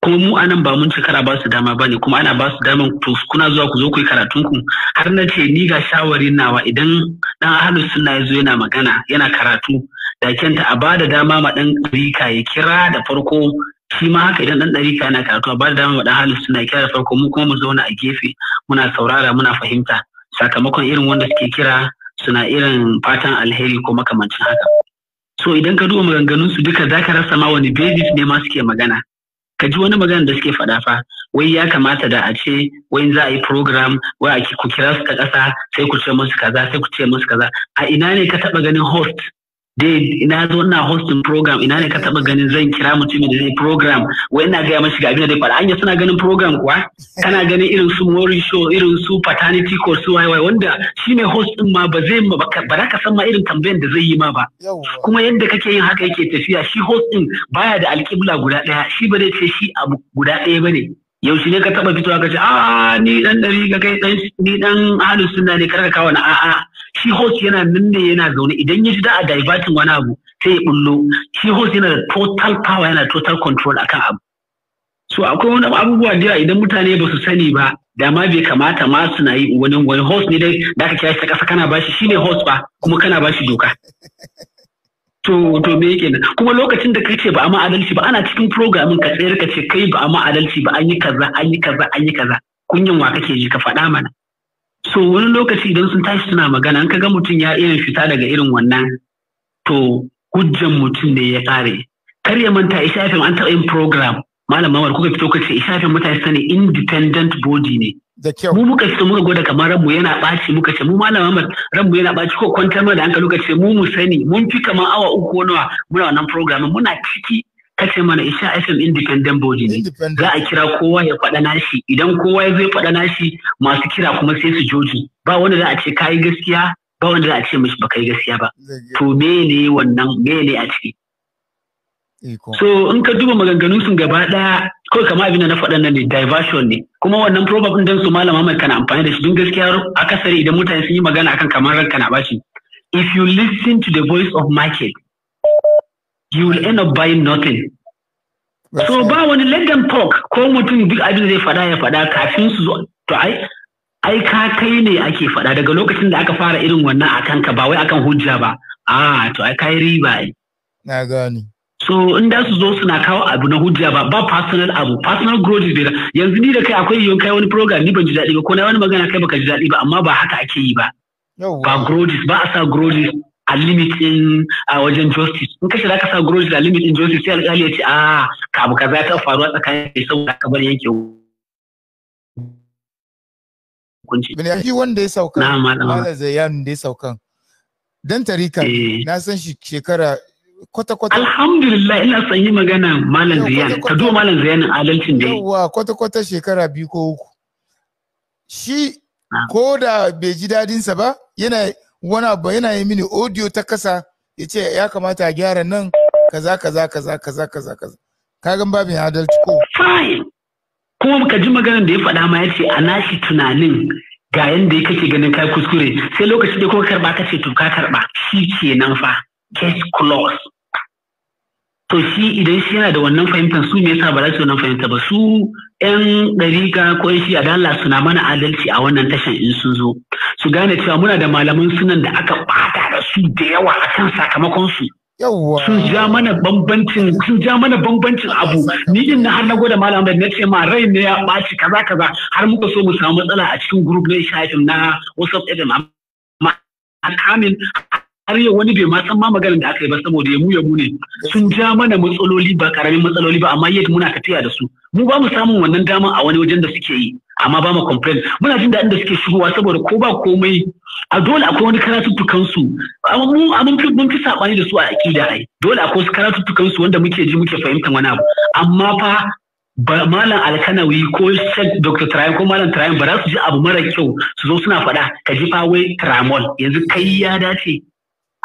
kuma mu anan ba mun ci kara ba su dama ne, kuma ana ba su daman to kuna zuwa ku zo ku yi karatun ku har na ce ni ga shawarin nawa idan dan ahlus sunna ya zo yana magana yana karatu da kenta a ba da dama ma ɗan rika ya kira da farko shi ma haka idan dan ɗarika yana karatu ba da dama dan halin suna kira da farko mu kuma mu zauna a gefe muna saurara muna fahimta sakamakon irin wanda suke kira suna irin fatan alheri ko makamancin haka so idan ka duba maganganun su duka zaka rasa ma wani basis ne ma suke magana ka ji wani magana da suke faɗa fa wai ya kamata da a ce wai za a yi program wai a ku kira su ta ƙasa sai ku ce musu kaza sai ku ce musu kaza a ina ne ka taɓa ganin host dai ina zo ina hosting program ina ne ka taba ganin zan kira mutumin da zai program wai ina gaya mashi ga abin da zai faɗa anya suna ganin program kuwa kana ganin irin su morning show irin su paternity course su wai wanda shi ne host ma ba zai ba za ka san ma irin tambayan da zai yi ma ba kuma yadda kake yin haka yake tafiya shi host baya da alƙibla guda ɗaya shi ba zai ce shi abu guda ɗaya ba ne yaushe ne ka taba fitowa ka ce a ah, ni dan dari ga kai dan ni dan ahlus sunna ne karka kawo na a shi host yana nan ne yana zaune idan ya ji da a diverting wani abu sai ya bullo shi host yana da total power yana total control akan abu so akwai wani abubuwa da idan mutane ba su sani ba da ma bai kamata ma suna yi wani wani host ne dai da aka kira shi ta kasa kana shi shine host ba kuma kana ba shi doka To to me yake nan kuma lokacin da kace ba a ma adalci ba ana cikin programin ka tsayar ka ce kai ba a ma adalci ba an yi kaza an yi kaza an yi kaza kunyan wa kake ji ka faɗa mana. So wani lokaci idan sun tashi suna magana an kaga mutum ya irin fita daga irin wannan to hujjan mutum ne ya kare. Kar ya manta Ishafin an taɓa yin program malam mawar kuka fito kace Ishafin mutane sani independent body ne da kyau mu muka so muka gwada kamar ranmu yana ɓaci muka ce mu malama ranmu yana ɓaci ko kwantar mana da hankali muka ce mu mu sani mun fi kamar awa uku nawa muna wannan program muna ciki kace mana isha fm independent body ne za a kira kowa ya faɗa nashi idan kowa ya zai faɗa nashi masu kira kuma sai su joji ba wanda za a ce kayi gaskiya ba wanda za a ce mishi ba kai gaskiya ba to mene wannan mene a ciki So in ka duba maganganun sun gaba ɗaya kawai kama abin da na faɗa nan ne diversion ne kuma wannan proverb din su malama mai kana amfani da shi don gaskiya akasari idan mutane sun yi magana akan kamar ranka na bashi if you listen to the voice of market you will end up buying nothing so ba wani let them talk ko mutum duk abin da zai faɗa ya faɗa kafin su zo to ai ai ka kai ne ake faɗa daga lokacin da aka fara irin wannan akan ka ba wai akan hujja ba a ah, to ai kai riba ai na gani so in da su zo suna kawo abu na hujja ba ba personal abu personal growth ne yanzu ni da kai akwai yiwuwar kai wani program ni ban ji daɗi ba ko na wani magana kai baka ji daɗi ba amma ba haka ake yi ba ba growth ba a sa growth a limit in a wajen justice in da ka sa growth a limit in justice sai alƙali ya ce a ah, ka abu kaza ta faru a tsakanin saboda ka bar yanke hukunci bin yaji wanda ya saukan, na malam da ya saukan dan tarikan eh. na san shi shekara kwata-kwata. Alhamdulillah ina son yi magana Malam Ziyan, ka zo Malam Ziyan adalcin da Yawwa kwata-kwata shekara biyu ko uku. Shi ah. ko da bai ji dadinsa ba yana wani abu yana yi mini audio ta kasa ya ce ya kamata a gyara nan kaza kaza kaza kaza kaza kaza. Kagan babin adalci ko. Fine. Kuma ka ji maganar da ya faɗa ma ya ce a nashi tunanin ga yanda kake ganin kai kuskure sai lokaci da kuma karba ka ce to ka karba shi kenan fa. case close to shi idan shi yana da wannan fahimtar su me yasa ba za su wannan fahimta ba su yan ɗariƙa ko shi a dala suna mana adalci a wannan tashan in sun zo su gane cewa muna da malaman sunan da aka bata da su da yawa akan sakamakon su sun ja mana bambancin sun ja mana bambancin abu ni din na har na gwada malam da na ce ma rai ne ya ɓaci kaza kaza har muka so mu samu matsala a cikin group na shafin na WhatsApp ɗin amma kamin har yau wani bai ma san ma maganar da aka yi ba saboda ya mu ya mune, sun ja mana matsaloli ba karamin matsaloli ba amma yadda muna tafiya da su mu ba mu samun wannan dama a wani wajen da suke yi amma ba mu complain muna jin daɗin da suke shigowa saboda ko ba komai a dole akwai wani karatuttukan su amma mun fi mun fi sabani da su a akida ai dole akwai wasu karatuttukan su wanda muke ji muke fahimtar wani abu amma fa malam alkanawi ko shek dr trayan ko malam trayan ba za su ji abu mara kyau su zo suna faɗa ka ji fa wai tramol yanzu kai ya dace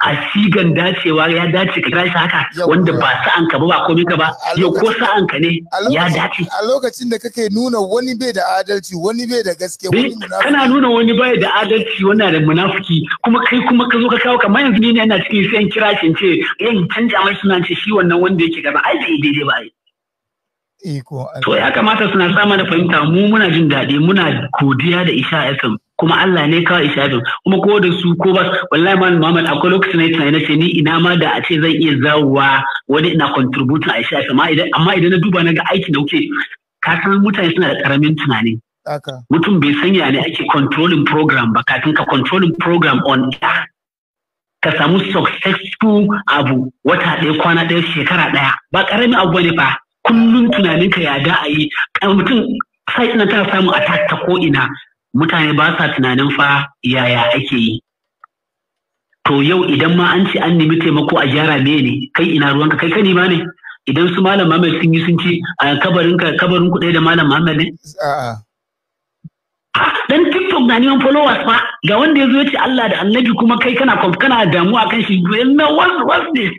a sigan dacewa ya dace ka kira shi haka wanda ba sa'an ka ba ba komai ka ba yau ko an ka ne ya dace a lokacin da kake nuna wani bai da adalci wani bai da gaske wani eh, kana nuna wani bai da adalci wani da munafiki kuma kai kuma ka zo ka kawo kamar yanzu ne yana cikin sai an kira shi in ce yan eh, canja mai suna ce shi wannan wanda yake gaba ai dai daidai ba ai To ya kamata suna samar da fahimta mu muna jin daɗi muna godiya da Isha FM kuma Allah ne kawai Isha FM kuma ko da su ko ba wallahi man Muhammad akwai lokacin na tunani ce. ni ina ma da a ce zan iya zawowa wani ina contribute a Isha FM amma idan na duba na ga aiki da kuke ka san mutane suna da karamin tunani mutum bai sanya ne ake controlling program ba kafin ka controlling program on ka samu successful abu wata ɗaya kwana ɗaya shekara ɗaya ba ƙaramin abu ne fa kullum tunaninka ya da a yi mutum sai na tana samun attack ta ko ina mutane ba sa tunanin fa yaya ake yi to yau idan ma an ce an nemi taimako a gyara me ne kai ina ruwanka kai kani ba ne idan su malam Muhammad sun yi sun ci a kabarin ka kabarin ku da malam Muhammad ne a'a dan TikTok na neman followers fa ga wanda ya zo ya ce Allah da Annabi kuma kai kana kana damuwa kan shi na what was this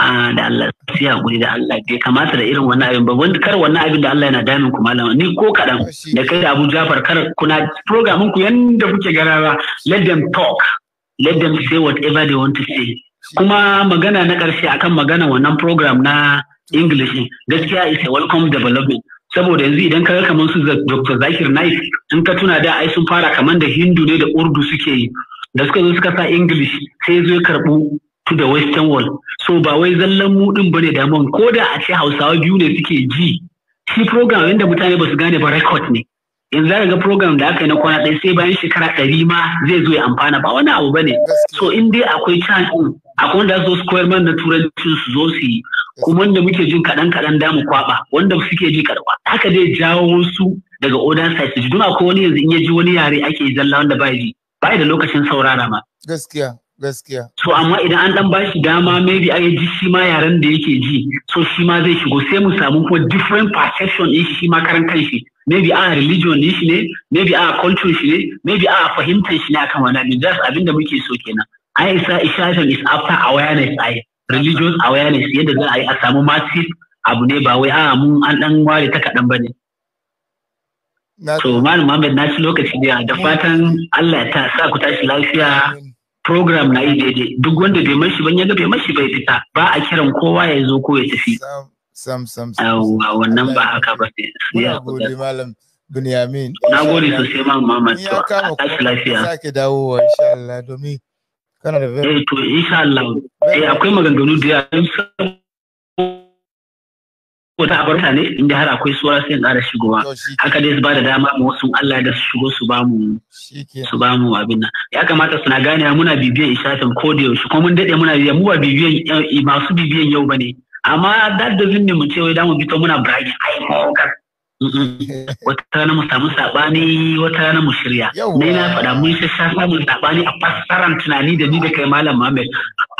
Ah, da Allah sai hakuri da Allah bai kamata da irin wannan abin ba wanda kar wannan abin da Allah yana damin ku malama ni ko kadan da kai da Abu Jafar kar kuna programin ku yanda kuke garara let them talk let them say whatever they want to say kuma magana na karshe akan magana wannan program na English gaskiya is a welcome development saboda yanzu idan ka ga kamar su Dr. Zakir Naik in ka tuna da ai sun fara kamar da Hindu ne da Urdu suke yi da suka zo suka sa English sai zo ya karbu to da western world so ba wai zallan mu din bane mun, ko da a ce hausawa biyu ne suke ji shi program inda mutane ba su gane ba record ne yanzu za ga program da aka yi na kwana ɗaya sai bayan shekara ɗari ma zai zo ya amfana ba wani abu bane so in dai akwai chance akwai wanda zo square man na turanci su zo su yi kuma wanda muke jin kaɗan kaɗan damu kwaɓa wanda suke ji karɓa haka dai jawo su daga odan site duk ji akwai wani yanzu in ya ji wani yare ake zalla wanda ba ji ba da lokacin saurara ma gaskiya Gaskiya. So amma idan an dan bashi dama maybe ai ji shi ma yaran da yake ji so shi ma zai shigo sai mu samu kuma different perception in shi ma karan kanshi maybe a religion ne shi ne maybe a culture shi ne maybe a fahimtar shi ne akan wannan that's abin da muke so kenan. Ai isa ishatan is after awareness ai religious awareness yadda za a yi a samu massive abu ne ba wai a ah, mun an dan ware ta kaɗan ba ne. To Malam Muhammad na ci lokaci da da fatan Allah ya sa ku tashi lafiya program na yi daidai duk wanda bai mashi ban yaga bai mashi bai fita ba a kiran kowa ya zo ko ya tafi sam sam sam wannan ba haka ba ne ya gode malam Bunyamin. Na gode sosai ma a Ya lafiya kuma sake dawowa insha Allah domin kana da Eh to insha Allah. Eh akwai maganganu da san ko ta abarta ne inda har akwai tsora sai in ƙara shigowa haka dai su ba da dama mu wasu Allah da su shigo su ba mu su ba mu abin nan ya kamata suna gane muna bibiyan ishafin ko da yaushe kuma mun dade muna bibiyan mu ba bibiyan eh, masu bibiyan yau bane amma that da mu ce wai da mu bi to muna bragging ai mu wata rana mu samu saɓani wata rana mu shirya ne na faɗa mun sha samun saɓani a fassaran tunani da ni da kai malam Muhammad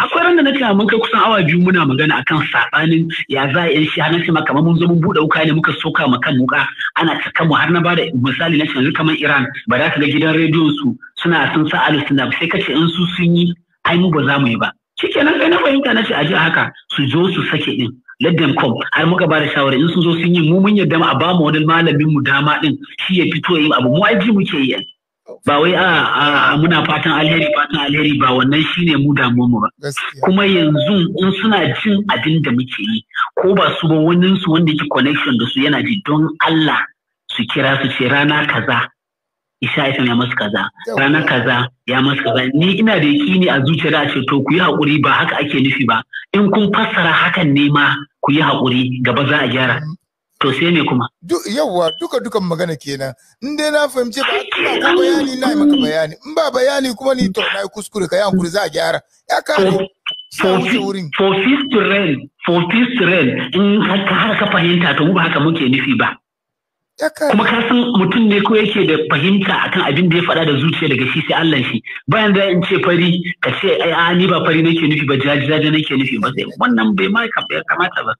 akwai ran da na cewa mun kai kusan awa biyu muna magana akan saɓanin ya za a yi shi na ce ma kamar mun zo mun buɗe wuka ne muka soka ma kan wuka ana cika mu har na bada misali na yanzu kamar Iran ba za ka ga gidan rediyon su suna sun sa alu suna sai ka ce in su sun yi ai mu ba za mu yi ba shikenan kai na fahimta na ce a haka su zo su sake din let them har muka ba da shawara in sun zo sun yi mu mun mu a ba mu wani malamin mu dama din shi ya fito yin abu mu aji muke yi ba wai a muna fatan alheri fatan alheri ba wannan shine mu damu mu ba kuma yanzu in suna jin abin da muke yi ko ba su ba wani su wanda yake connection da su yana ji don Allah su kira su ce rana kaza Isha ya masu kaza, ranar kaza ya masu kaza. Ni ina da yaƙini a zuciya da ce to ku yi haƙuri ba haka ake nufi ba. In kun fassara hakan ne ma ku yi haƙuri gaba za a gyara. Mm. To sai ne kuma. Yawwa duka dukan magana kenan. In dai na fahimci ba ina ka bayani na maka mm. bayani. In ba bayani kuma ni to na yi kuskure ka yi haƙuri za a gyara. Ya kare. For fifth rain, for fifth rain in har ka fahimta to mu ba haka muke nufi ba. kuma ka san mutum ne ko yake da fahimta akan abin da ya faɗa da zuciya daga shi sai Allah shi bayan da in ce fari ka ce ai a ni ba fari nake nufi ba jaji jaji nake nufi ba sai wannan bai ma kamata ba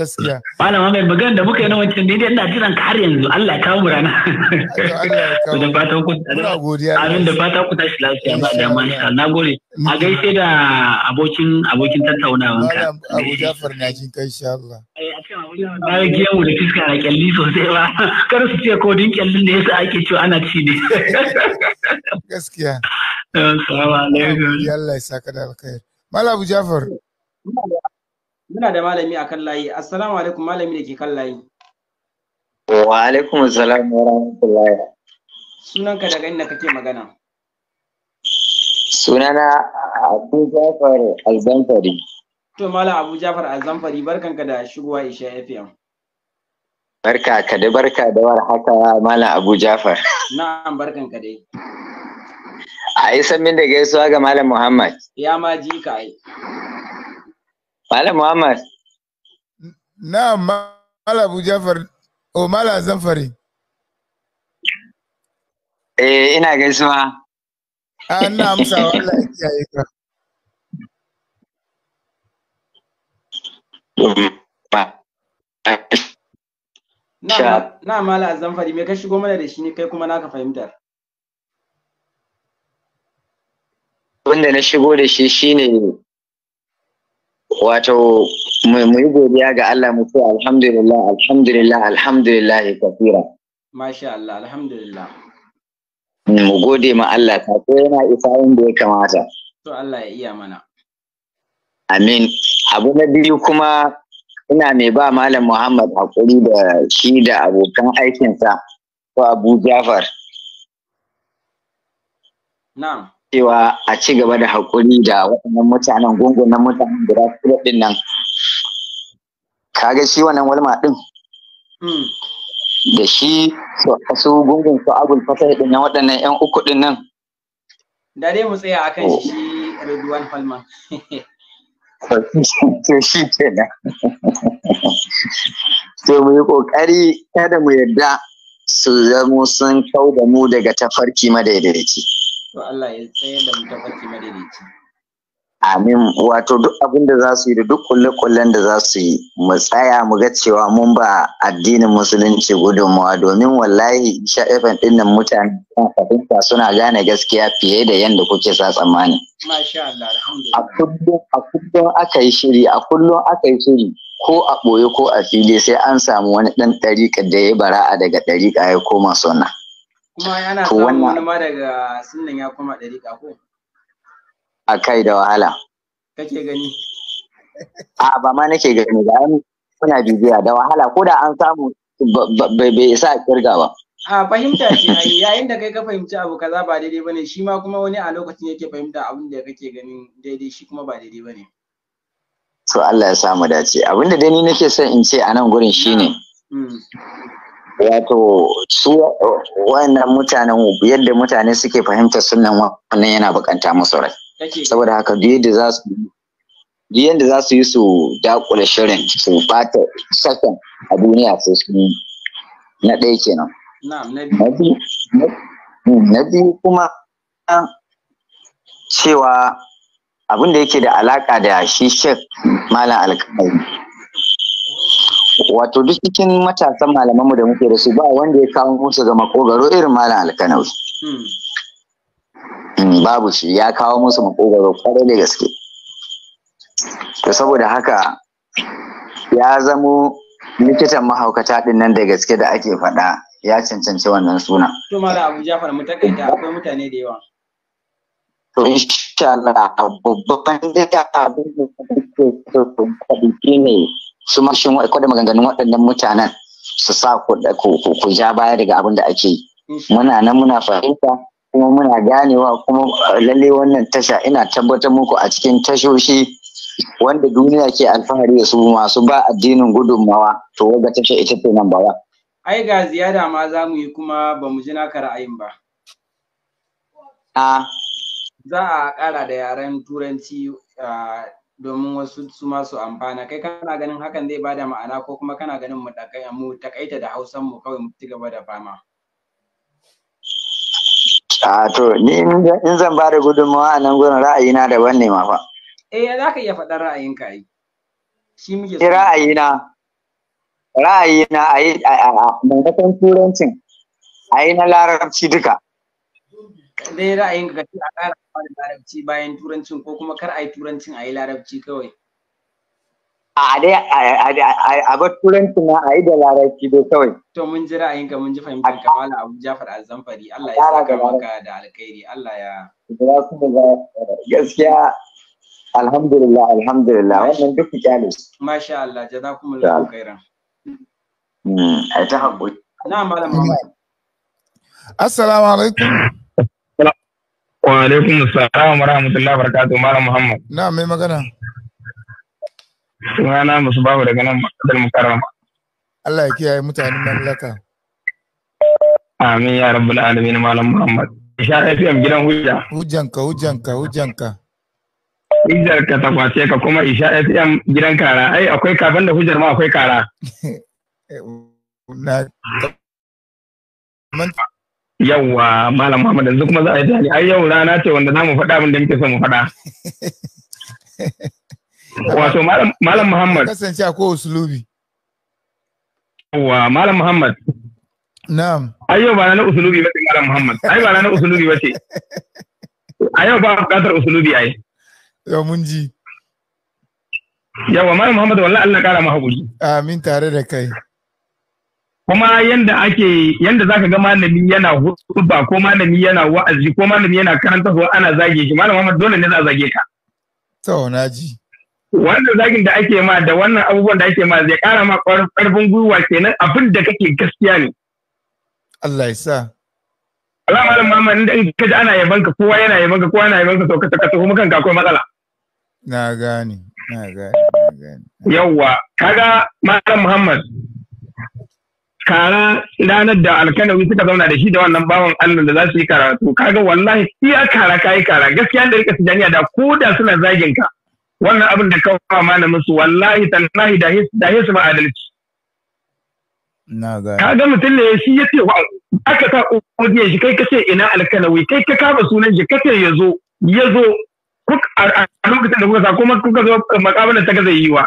gaskiya malama mai magana da muka yi na wancan ne ina jiran ka har yanzu Allah ya kawo rana da fatan ku amin da fatan ku tashi lafiya ba da ma insha Allah gore. a gaishe da abokin abokin tattaunawa. ka Abu Jafar na jin kai insha Allah ba giyan mu da fiska na kyalli sosai ba kar su ce ko din kyallin ne yasa ake cewa ana ci ne gaskiya assalamu alaikum Allah ya saka da alkhairi Malam Abu Jafar Muna da malami a kan layi. Assalamu alaikum malami da ke kan layi. Wa alaikum assalam wa rahmatullahi. Sunanka daga inda kake magana? Sunana Abu Jafar Alzamfari. To Malam Abu Jafar Alzamfari barkanka da shigowa Isha FM. Barka ka da barka da war haka Malam Abu Jafar. Na'am barkanka dai. A yi min da gaisuwa ga Malam Muhammad. Ya ma ji ka yi. Malam Muhammad. Na Malam Abu Jafar, o oh, Malam Zamfari. Eh, ina gaisuwa. Ah, na amsa wala ya yi ka. Na Malam Zamfari, me ka shigo mana da shi ne kai kuma naka fahimtar? Wanda na shigo da shi shine wato mu yi godiya ga Allah mu ce alhamdulillah alhamdulillah alhamdulillah kafira masha Allah alhamdulillah mu gode ma Allah ta ko yana isa inda ya kamata to Allah ya iya mana amin abu na biyu kuma ina mai ba malam Muhammad hakuri da shi da abokan aikinsa ko Abu Jafar na'am cewa a ci gaba da haƙuri da waɗannan mutanen na mutanen guda shida ɗin nan kaga shi wannan walma ɗin hmm. da shi su gungun su abul fasai ɗin nan waɗannan ƴan uku ɗin nan da dai mu tsaya akan oh. shi Ridwan Falma to shi kenan to mu yi ƙoƙari kada mu yarda su zamo sun kau da mu daga tafarki madaidaici to Allah ya tsayar da madaidaici Amin wato duk abin da za su yi da duk kulle-kullen da za su yi mu tsaya mu ga cewa mun ba addinin musulunci gudunmawa domin wallahi sha ɗin dinnan mutane kan fahimta suna gane gaskiya fiye da yadda kuke sa tsammani. A kullum aka yi shiri a kullum aka yi shiri ko a ɓoye ko a fili sai an samu wani ɗan ɗariƙa da ya bara'a daga ɗarika ya koma suna. kuma yana samun wani ma daga sunnan ya koma ɗariƙa ko a kai da wahala kake gani a ba ma nake gani ba Kuna bibiya da wahala ko da an samu bai isa a kirga ba a fahimta ce yayin da kai ka fahimci abu kaza ba daidai bane shi ma kuma wani a lokacin yake fahimta abin da kake ganin daidai shi kuma ba daidai bane to Allah ya samu dace abinda dai ni nake son in ce a nan gurin shine mm, mm. wato su wannan mutanen yadda mutane suke fahimtar sunan wannan yana bukanta musu rai saboda haka duk yadda za su duk yadda za su yi su dakula shirin su bata sakan a duniya su su na ɗaya kenan hmm, na biyu kuma cewa abin da yake da alaka da shi shek malam alƙalai wato duk cikin matasan malamanmu da muke da su ba wanda ya kawo musu ga makogaro irin malam alkanawi hmm. hmm, babu shi ya kawo musu makogaro kwarai da gaske to saboda haka ya zamo likitan mahaukata din nan da gaske da ake faɗa ya cancanci wannan suna. To babban Abu Jafar mu takaita akwai mutane da yawa. To insha Allah babban da abin da so ne su mashin wa da maganganun waɗannan mutanen su sa ku ja baya daga abin da ake yi mm-hmm. muna nan muna fahimta kuma muna ganewa kuma lalle wannan tasha ina tabbatar muku a cikin tashoshi wanda duniya ke alfahari da su masu ba addinin gudunmawa to waga tasha ita ce nan bawa ai ga ziyara ma za mu yi kuma ba mu ji naka ra'ayin ba a ah. za a ƙara da yaren turanci ah, domin wasu su masu amfana kai kana ganin hakan zai bada ma'ana ko kuma kana ganin mu takaita da hausan mu kawai mu ci gaba da fama a to ni in zan ba da gudunmawa a nan gurin ra'ayina daban ne ma fa eh za ka iya faɗar ra'ayinka ai shi muke ra'ayina ra'ayina a yi maimakon turancin a yi na larabci duka dai ra'ayin ka ce a ƙara da larabci bayan turancin ko kuma kar a yi turancin a yi larabci kawai a dai bar turancin na a yi da larabci dai kawai to mun ji ra'ayin ka mun ji fahimtar ka mala abu jafar azamfari Allah ya saka maka da alkhairi Allah ya gaskiya alhamdulillah alhamdulillah wannan duk kyale masha Allah jazakumullahu khairan hmm, a ta hakuri na malam Assalamu alaikum. Wa alaikum assalam wa rahmatullahi wa barakatuh Malam Muhammad. Na mai magana. Sunana musu babu daga nan Makadar Mukarrama. Allah ya kiyaye mutanen mamlaka. Amin ya rabbul alamin Malam Muhammad. Isha FM gidan hujja. Hujjanka hujjanka hujjanka. Hujjar ka ta ka kuma Isha FM gidan kara. Ai akwai kafin da hujjar ma akwai kara. na Yawwa Malam Muhammad yanzu kuma za a yi ta Ai yau rana ce wanda za mu faɗa abin da muke so mu faɗa. Wato Malam Muhammad. Kasance a ko usulubi. Yawwa Malam Muhammad. Na'am. Ai yau ba na usulubi ba ce Malam Muhammad. Ai ba na usulubi ba ce. A yau ba buƙatar usulubi ai. Yau mun ji. yawwa Malam Muhammad wallahi Allah ƙara mu haƙuri. Amin tare da kai. kuma yanda ake yanda zaka ga malami yana hutuba ko malami yana wa'azi ko malami yana karanta ko ana zage shi malam Muhammad dole ne za a zage ka to naji wannan zagin da ake ma da wannan abubuwan da ake ma zai kara ma karfin gwiwa kenan abin da kake gaskiya ne Allah ya sa Allah malam Muhammad inda in kaji ana yaban ka kowa yana yaban ka kowa yana yaban ka to ka saka kuma kanka akwai matsala na gane na gane na gane yawa kaga malam Muhammad kara ranar da alkanawi suka zauna da shi da wannan bawan Allah da za su yi karatu kaga wallahi iya kara kayi kara gaskiya da rika tijaniya da ko da suna zagin ka wannan abin da ka kawo malamin su wallahi tallahi da his da his adalci kaga mutum ne shi ya ce aka ta ƙoƙoƙi shi kai kace ina alkanawi kai ka kama sunan shi kace ya zo ya zo a lokacin da kuka sa kuma kuka zo makabalar ta gaza yiwa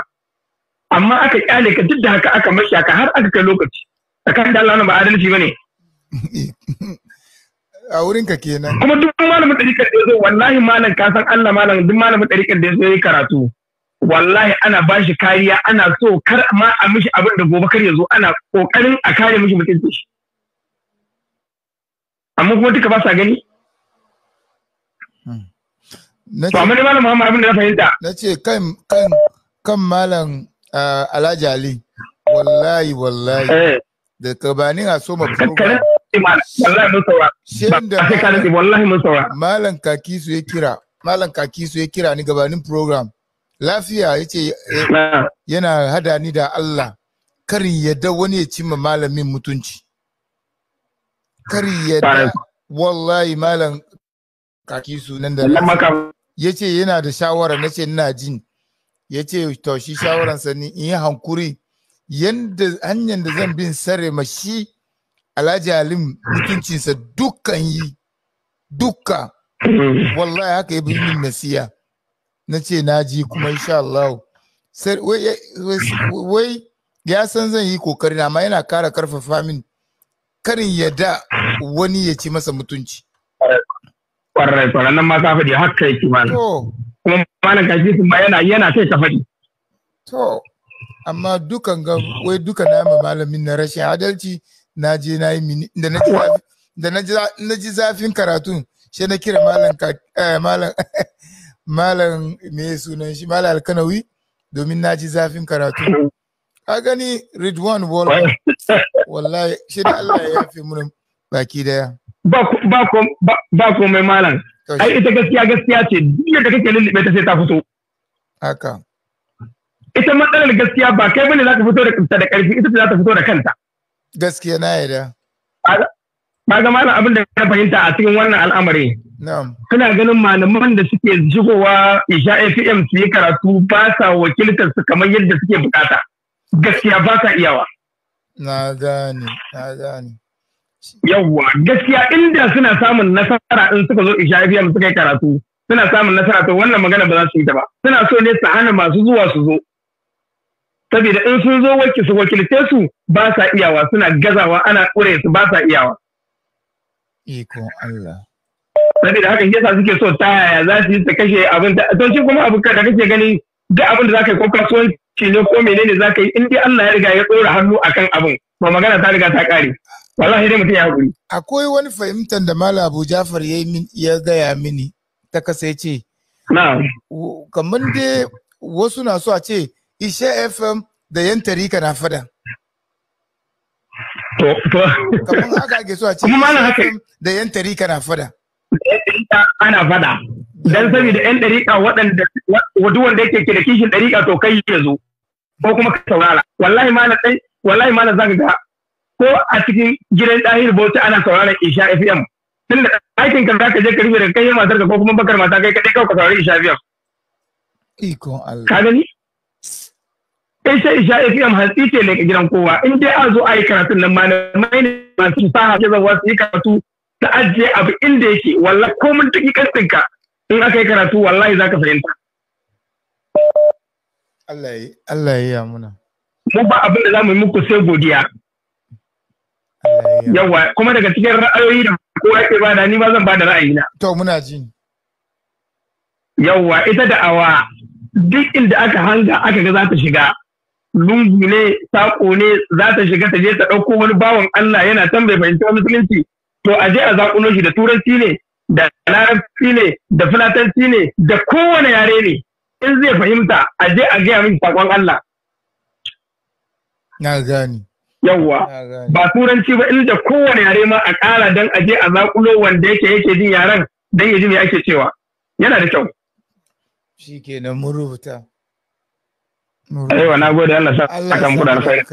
amma aka kyale ka duk da haka aka mashi ka har aka kai lokaci tsakanin da Allah nan ba adalci ba ne. a wurin ka kenan. Kuma duk malamin ɗariƙar da ya zo wallahi malam ka san Allah malam duk malamin ɗariƙar da ya zo ya yi karatu. Wallahi ana ba shi kariya ana so kar ma a mishi abin da gobe kar ya zo ana ƙoƙarin a kare mishi mutunci Amma kuma duka ba sa gani. To amma ne malam Muhammad abin da na fahimta. Na ce kan kan kan malam ah, Alhaji Ali wallahi wallahi. Eh. da gabanin a soma program so malam kakisu ya kira malam ya kira ni gabanin program lafiya ya ce eh, yana hada ni da Allah kari yadda wani ya cimma malamin mutunci kari yadda wallahi malam kakisu nan da ya ce yana da shawara na ce ina jin ya ce to shi shawaransa ni in yi hankuri yanda hanyar da zan bin sare mashi alhaji halim mutuncinsa dukkan yi dukka wallahi haka yi min nasiya na ce na ji kuma insha Allah wai ya san zan yi kokari na, amma yana kara karfafa min karin yada wani ya ci masa mutunci kwarai kwarai nan ma ka faɗi haka yake malam kuma malam kaji kuma yana yana kai ta faɗi to amma dukan ga mm. wai duka na ma malamin na rashin adalci na je na yi da na ji da na ji zafin karatun sai na kira malam eh, malam malam me sunan shi malam alkanawi domin na ji zafin karatu ka gani ridwan wall wallahi shi da Allah ya yafe mun baki daya ba ba ko mai malam ai ita gaskiya gaskiya ce duk da kake lullube ta sai ta fito haka ita matsalar gaskiya ba kai bane za ka fito da da karfi ita za ta fito da kanta gaskiya na yarda ba ga malam abin da ka fahimta a cikin wannan al'amari kana ganin malaman da suke shigowa isha fm su yi karatu ba sa wakiltar su kamar yadda suke bukata gaskiya ba sa iyawa na gane na gane yawwa gaskiya inda suna samun nasara in suka zo isha fm suka yi karatu suna samun nasara to wannan magana ba za su yi ta ba suna so ne su hana masu zuwa su zo saboda in sun zo wakil su wakilce su ba sa iyawa suna gazawa ana ƙure su ba sa iyawa Iko Allah saboda hakan yasa suke so ta yaya za su yi su kashe abin da don shi kuma abin da kake gani duk abin da za ka yi ko kasuwanci ne ko menene za ka yi in dai Allah ya riga ya ɗora hannu akan abin ba magana ta riga ta ƙare wallahi dai mutum ya haƙuri akwai wani fahimtar da Malam Abu Jafar ya gaya mini ta kasa ya kamar dai wasu na so a ce ishe FM da yan tarika na fada. To, to. Kamar haka ake so a ce kuma haka da yan tarika na fada. Ana fada. Dan saboda yan tarika waɗanda wadu wanda yake ke da kishin tarika to kai ya zo. Ko kuma ka saurara. Wallahi malam dai wallahi malam zaka ga ko a cikin gidan ɗahir bauta ana sauraron Isha FM. Tunda aikin ka zaka je ka rufe da kai matar ka ko kuma bakar mata kai kaɗai kawai ka saurari Isha FM. Iko Allah. Ka gani? sai isha fm hantsi ce ne gidan kowa in dai an zo a yi karatun nan malamai ne masu sa hafi zawa su yi karatu ta ajiye abu inda yake walla ko mun tuki ka, in aka yi karatu wallahi za ka fahimta. Allah yi Allah yi amuna. Mu ba abin da za mu yi muku sai godiya. Yawa kuma daga cikin ra'ayoyi da kowa ke da ni ba zan ra'ayi na. To muna ji. Yawa ita da awa duk inda aka hanga aka ga za ta shiga lungu ne saƙo ne za ta shiga ta je ta ɗauko wani bawan Allah yana can bai fahimci musulunci to a je a zaƙulo shi da turanci ne da larabci ne da fulatanci ne da kowane yare ne in zai fahimta a je a gaya min saƙon Allah. Na gani. Yawwa ba turanci ba inda kowane yare ma a ƙara don a je a zaƙulo wanda yake yake jin yaren don ya ji me ake cewa yana da kyau. Shi kenan mun rubuta. Aiwa na gode Allah sa kan muku da alkhairi.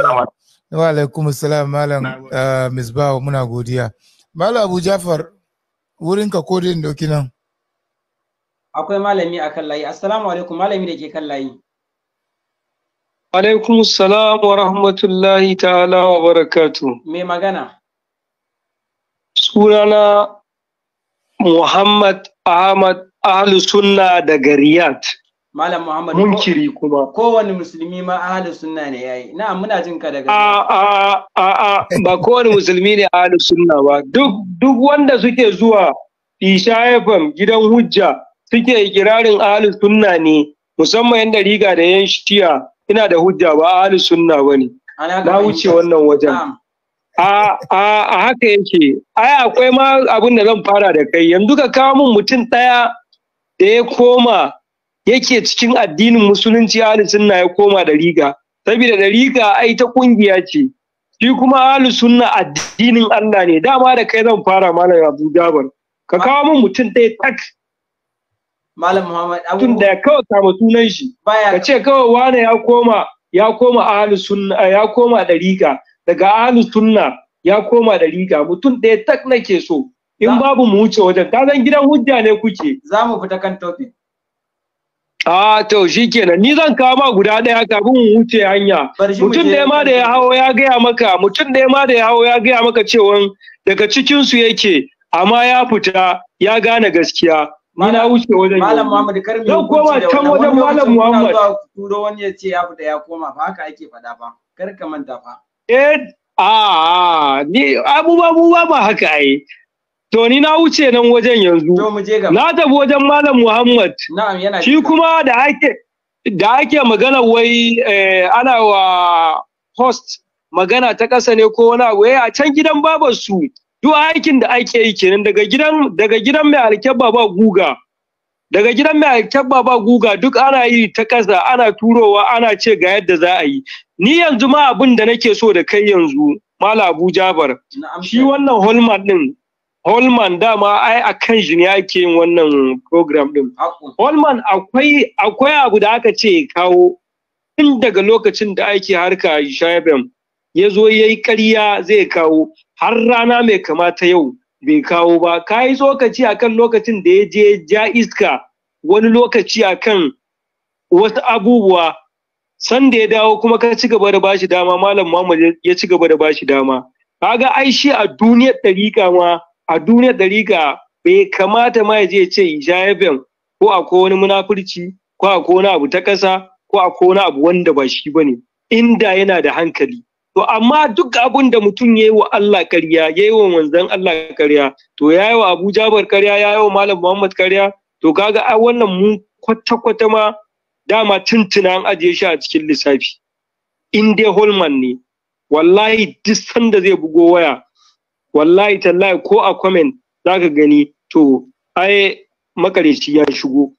Wa alaikum salam malam eh, Misbahu muna godiya. Malam Abu Jafar wurin ka ko din doki nan. Akwai malami a kan layi. Assalamu alaikum malami da ke kan layi. Alaikum salam wa rahmatullahi ta'ala wa barakatu. Me magana? Sunana Muhammad Ahmad Ahlu Sunna daga Riyadh. Malam Muhammad munkiri kuma kowane musulmi ma ahlus sunna ne yayi na'am muna jin ka daga a a a ba kowane musulmi ne ahlus sunna ba duk duk wanda suke zuwa ishaifam gidan hujja suke kirarin ahlus sunna ne musamman yan dariga da yan shiya ina da hujja ba ahlus sunna bane na wuce wannan wajen a a haka yake ai akwai ma abin da zan fara da kai yanzu ka kawo min mutum daya da ya koma yake cikin addinin musulunci ahlus sunna ya koma riga saboda riga ai ta kungiya ce shi kuma ahlus sunna addinin Allah ne dama da kai zan fara malam Abu Jabar ka kawo min mutum ɗaya tak malam Muhammad Abu tun da kawai mu sunan shi ka ce kawai wane ya koma ya koma ahlus sunna eh, ya koma riga daga ahlus sunna ya koma riga mutum ɗaya tak nake so in babu mu wuce wajen ka san gidan hujja ne kuke za mu fita kan topic A to shi kenan ni zan kawo ma guda ɗaya kafin mu wuce hanya. Mutum ɗaya ma da ya hawo ya gaya maka mutum ɗaya ma da ya hawo ya gaya maka cewa daga cikin su yake amma ya fita ya gane gaskiya. Ni na wuce wajen Malam Muhammad kar mu Zan koma can wajen Malam Muhammad. Turo wani ya ce ya fita ya koma ba haka ake faɗa ba. Kar ka manta fa. Eh a ni abubuwa ba haka ai. To ni na wuce nan wajen yanzu. Na tafi wajen Malam Muhammad. Shi kuma da ake da ake magana wai eh, ana wa host magana ta ƙasa ne ko wani abu eh, a can gidan babarsu duk aikin da ake yi kenan daga gidan daga gidan mai alkyabba baba guga daga gidan mai baba guga duk ana yi ta ƙasa ana turowa ana ce ga yadda za a yi ni yanzu ma abin da nake so da kai yanzu Mala Abu Jabar shi wannan Holman din Holman dama ai a kan shi ne ake yin wannan program din. Holman akwai akwai abu da aka ce kawo tun daga lokacin da ake harka Shaibem ya zo ya yi ƙarya zai kawo har rana mai kamata yau bai kawo ba. Ka yi tsokaci a kan lokacin da ya je ja iska wani lokaci a kan wasu abubuwa sanda ya dawo kuma ka ci gaba da bashi dama malam Muhammad ya ci gaba da bashi dama. Kaga ai shi a duniyar ɗariƙa ma a duniyar ɗariƙa bai kamata ma ya je ce jayaben ko akwai wani munafurci ko akwai wani abu ta ƙasa ko akwai wani abu wanda ba shi ba ne inda yana da hankali to amma duk abun da mutum ya yi wa Allah karya ya yi wa wanzan Allah karya to ya yi wa Abu Jabar karya ya yi wa Malam Muhammad karya to kaga a wannan mu kwata-kwata ma dama tuntuna an ajiye shi a cikin lissafi in dai Holman ne wallahi duk sanda zai bugo waya wallahi tallahi ko a comment zaka gani to ai makarici ya shigo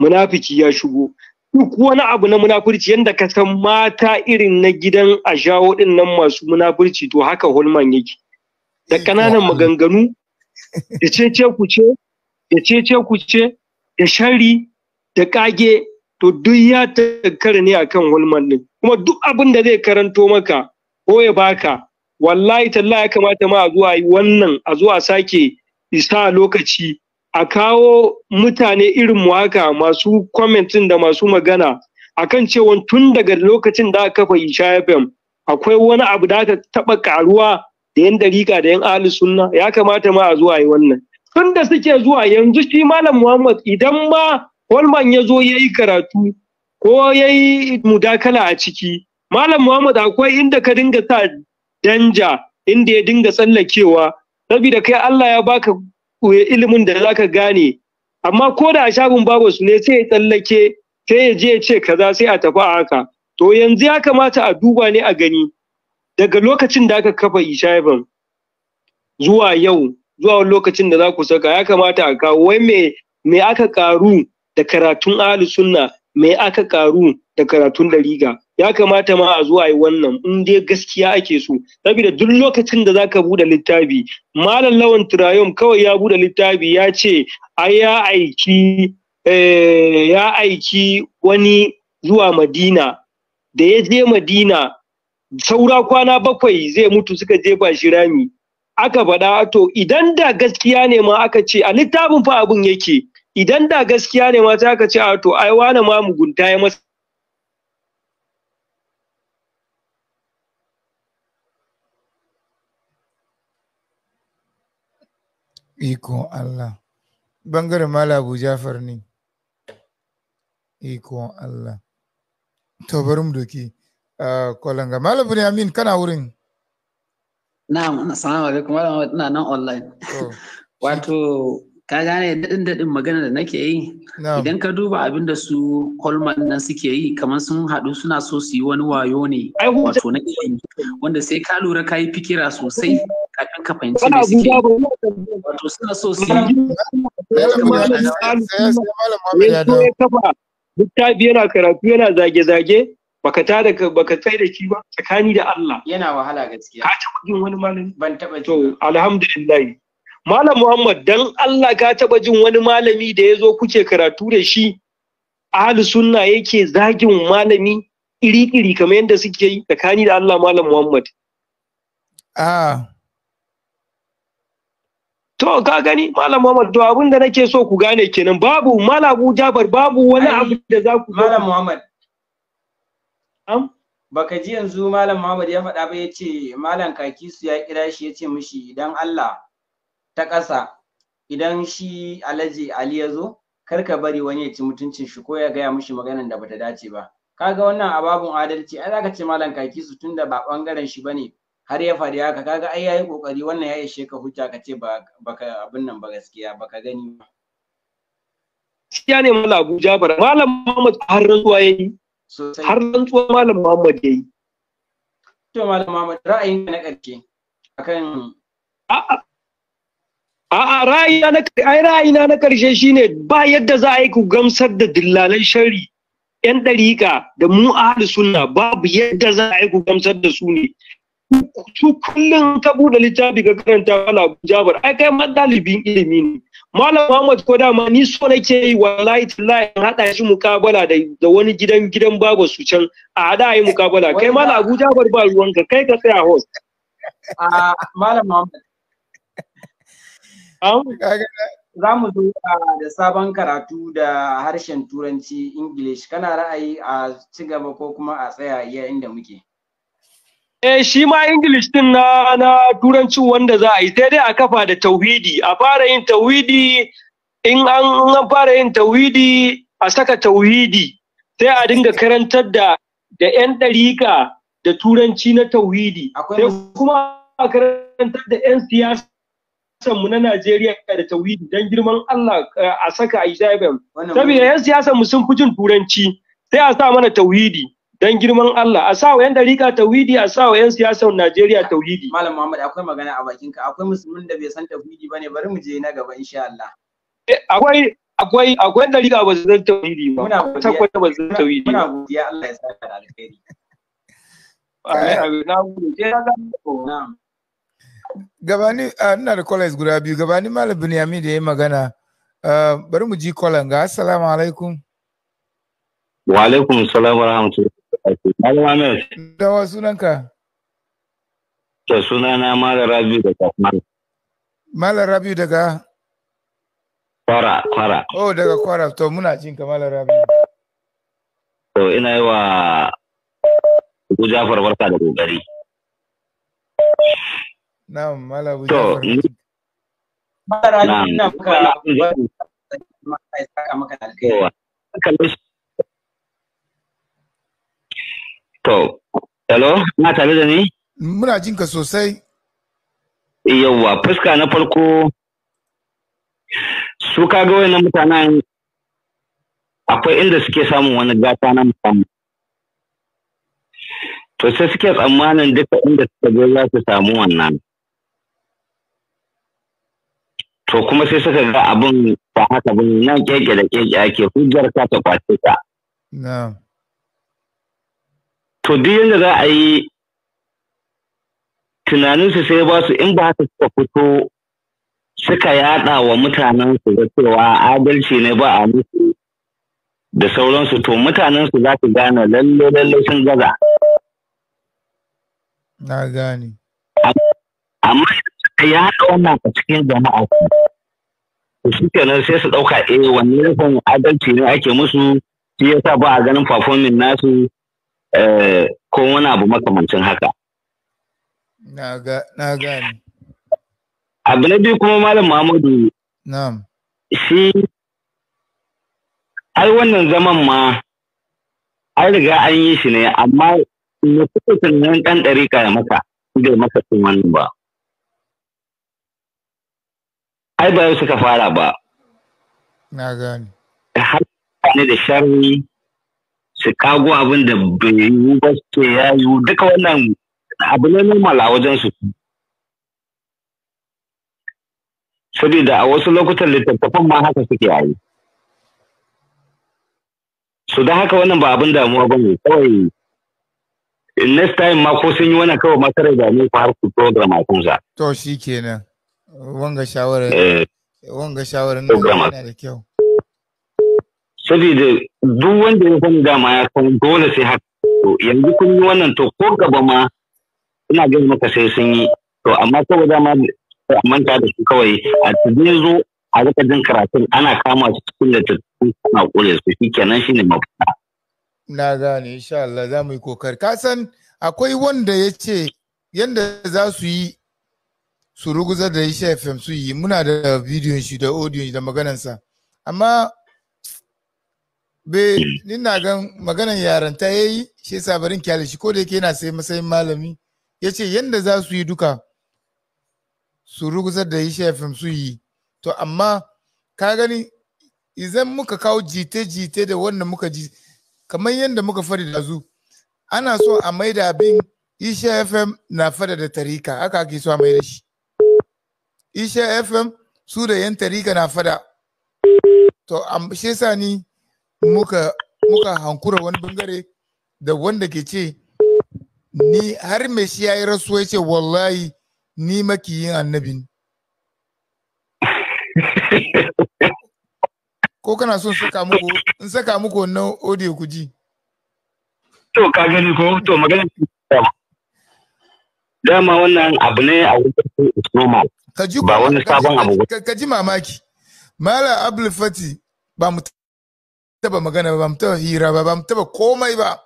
munafiki ya shigo duk wani abu na munafurci yanda ka san mata irin na gidan a shawo din nan masu munafurci to haka holman yake da kananan maganganu da cece kuce da cece kuce da shari da kage to duk ya tattara ne akan holman din kuma duk abin da zai karanto maka ko ya baka wallahi talla ya kamata ma a zuwa wannan a zuwa sake isa lokaci a kawo mutane irin mu haka masu kwamentin da masu magana akan cewa tun daga lokacin da aka kafa isha fm akwai wani abu da aka taba karuwa da yan dariƙa da yan ahli sunna ya kamata ma a zuwa wannan tun da suke zuwa yanzu shi malam muhammad idan ma holman ya zo ya yi karatu ko ya yi mudakala a ciki malam muhammad akwai inda ka dinga sa danja inda ya dinga tsallakewa saboda kai Allah ya baka ilimin da zaka gane amma ko da a shagon babu su ne sai ya tsallake sai ya je ya ce kaza sai a tafi a haka to yanzu ya kamata a duba ne a gani daga lokacin da aka kafa ishaiban zuwa yau zuwa lokacin da za ku saka ya kamata a kawo wai me me aka karu da karatun ahli sunna me aka karu da karatun dariga ya kamata ma a zuwa yi wannan in dai gaskiya ake so saboda duk lokacin da zaka bude littafi malam lawan turayom kawai ya bude littafi ya ce a ya aiki eh, ya aiki wani zuwa madina da ya je madina saura kwana bakwai zai mutu suka jefa shi rami aka faɗa to idan da gaskiya ne ma aka ce a littafin fa abun yake idan da gaskiya ne ma ta aka ce a to ai wani ma mugunta ya masa Ikon Allah. Bangaren Mala Abu Jafar ne. Ikon Allah. To bari mu doki kwalanga. Malam Amin kana wurin? Na'am, assalamu alaikum. Malam ina nan online. Wato ka gane daɗin daɗin magana da nake yi idan ka duba abin da su Holman nan suke yi kamar sun haɗu suna so su yi wani wayo ne wato na ilimi wanda sai ka lura ka yi fikira sosai kafin ka fahimci me suke wato suna so su yi littafi yana karatu yana zage-zage baka ta da baka tsai da shi ba tsakani da Allah yana wahala gaskiya ka ta wani malami ban taɓa to alhamdulillah Malam Muhammad dan Allah ka taba jin wani malami da ya zo kuke karatu da shi ahli sunna yake zagin malami iri-iri kamar yadda suke yi tsakani da Allah malam Muhammad. Ah. To ka gani malam Muhammad to abin da nake so ku gane kenan babu malamu Jabar babu wani abu da za ku malam Muhammad. Am? Baka ji yanzu malam Muhammad ya faɗa ba yace malam kaki su ya kira shi yace mishi dan Allah ta ƙasa idan shi alhaji ali ya zo kar ka bari wani ya ci mutuncin shi ko ya gaya mishi maganan da bata dace ba kaga wannan ababun adalci ai zaka ce malam kaki su tunda ba bangaren shi bane har ya faru haka kaga ai yayi kokari wannan ya ishe ka hujja ka ce baka abin nan ba gaskiya baka gani ba gaskiya ne mala Abu Jabir malam Muhammad har rantsuwa yayi har rantsuwa malam Muhammad yayi to malam Muhammad ra'ayin na ƙarshe akan a'a A'a ra'ayina na ai ra'ayina na karshe shine ba yadda za a yi ku gamsar da dillalan shari yan dariƙa da mu ahli sunna babu yadda za a yi ku gamsar da su ne su kullum ka buɗe littafi ga karanta wala jabar ai kai ma ɗalibin ilimi ne malam Muhammad ko dama ni so nake yi wallahi tallahi in haɗa shi mukabala da da wani gidan gidan babu su can a haɗa yi mukabala kai malam Abu Jabar ba ruwanka kai ka tsaya host a ah, malam Muhammad za mu zo da sabon karatu da harshen turanci english kana ra'ayi a ci gaba ko kuma a tsaya iya inda muke Eh shi ma English din na na turanci wanda za a yi sai dai a kafa da tauhidi a fara yin tauhidi in an fara yin tauhidi a saka tauhidi sai a dinga karantar da da 'yan ɗarika da turanci na tauhidi sai kuma a karantar da 'yan siyasa siyasar mu na Najeriya da tauhidi dan girman Allah a saka a Isabel saboda yan siyasar mu sun fi jin turanci sai a sa mana tauhidi dan girman Allah a sa wa yan dariƙa tauhidi a sa wa yan siyasar Najeriya tauhidi Malam Muhammad akwai magana a bakin ka akwai musulmin da bai san tauhidi bane bari mu je na gaba insha Allah eh, akwai akwai akwai dariƙa ba su san tauhidi ba muna godiya ba su san tauhidi muna godiya Allah ya saka da alkhairi na gode na'am gabani ah, ina da callers guda biyu gabani malam Binyami da ya magana ah, bari mu ji kwalan ga assalamu alaikum wa alaikum salam wa rahmatullahi malam Ahmed da wa sunanka da sunana malam Rabi daga malam Rabi daga Kwara Kwara oh daga Kwara to muna jin ka malam Rabi to ina yi wa Abu Jafar barka da kokari Na'am Malam Abu Jafar. Malam Ali ina maka maka alkai. To, hello, na tare da ni? Muna jin ka sosai. Yawwa, fuska na farko su kaga wayannan mutanen akwai inda suke samun wani gata na musamman. To sai suke tsammanin duka inda suka je za su samu wannan. to kuma sai suka ga abin ba haka ba nan keke da keke ake hujjar ka ta kwace ka to duk yadda za a yi tunaninsu sai ba su in ba haka suka fito suka yada wa mutanen su da cewa adalci ne ba a musu da sauransu to mutanen su za su gane lalle lalle sun gaza na gane amma ka yaɗa wannan a cikin jama'a ku shi kenan sai su ɗauka e eh, wanne rufin adalci ne ake musu shi sa ba a ganin performing nasu eh, ko wani abu makamancin haka na gani abu na biyu kuma malam Muhammadu na'am shi ai wannan zaman ma an riga an yi shi ne amma ne kuka tunanin ɗan ɗarika ya maka bai maka cin wannan ba ai ba yau suka fara ba na gani har ne da sharri su kago abin da bai yi ba su ya yi duka wannan abu ne normal a wajen su saboda a wasu lokutan littattafan ma haka suke yi su da haka wannan ba abin damuwa ba ne kawai next time ma ko sun yi wannan kawai masarar da ne ku har ku program a kunsa to shi kenan wanga shawarar eh. wanga shawarar na da kyau saboda duk wanda ya san dama ya san dole sai haka yanzu kun yi wannan to ko gaba ma ina gani maka sai sun yi to amma saboda ma a manta da su kawai a cikin zo a rika jin karatun ana kama su cikin da tattun suna kure su shi kenan shi ne mafita. Na gane insha Allah za mu yi kokari. Ka san akwai wanda ya ce yanda za su yi su ruguza da isha fm su yi muna da bidiyon shi da audio da maganansa amma be ni na gan maganan yaranta ya yi shi yasa barin shi ko da yake yana sai matsayin malami yace ce yadda za su yi duka su ruguzar da isha fm su yi to amma ka gani idan muka kawo jite-jite da wannan muka ji kamar yadda muka fari da zu ana so a maida abin isha fm na fada da tarika haka ake so a maida shi isha fm su da yan tarika na fada to shi yasa ni muka muka hankura wani bangare da wanda ke ce ni har me shi ya yi rasuwa ce wallahi ni yin annabin ko kana son saka muku in saka muku wannan audio ku ji to ka gani ko to magana dama wannan abu ne a wajen normal ba wani sabon abu ka ji mamaki mala abul fati ba mu taba magana ba mu taba hira ba ba mu taba komai ba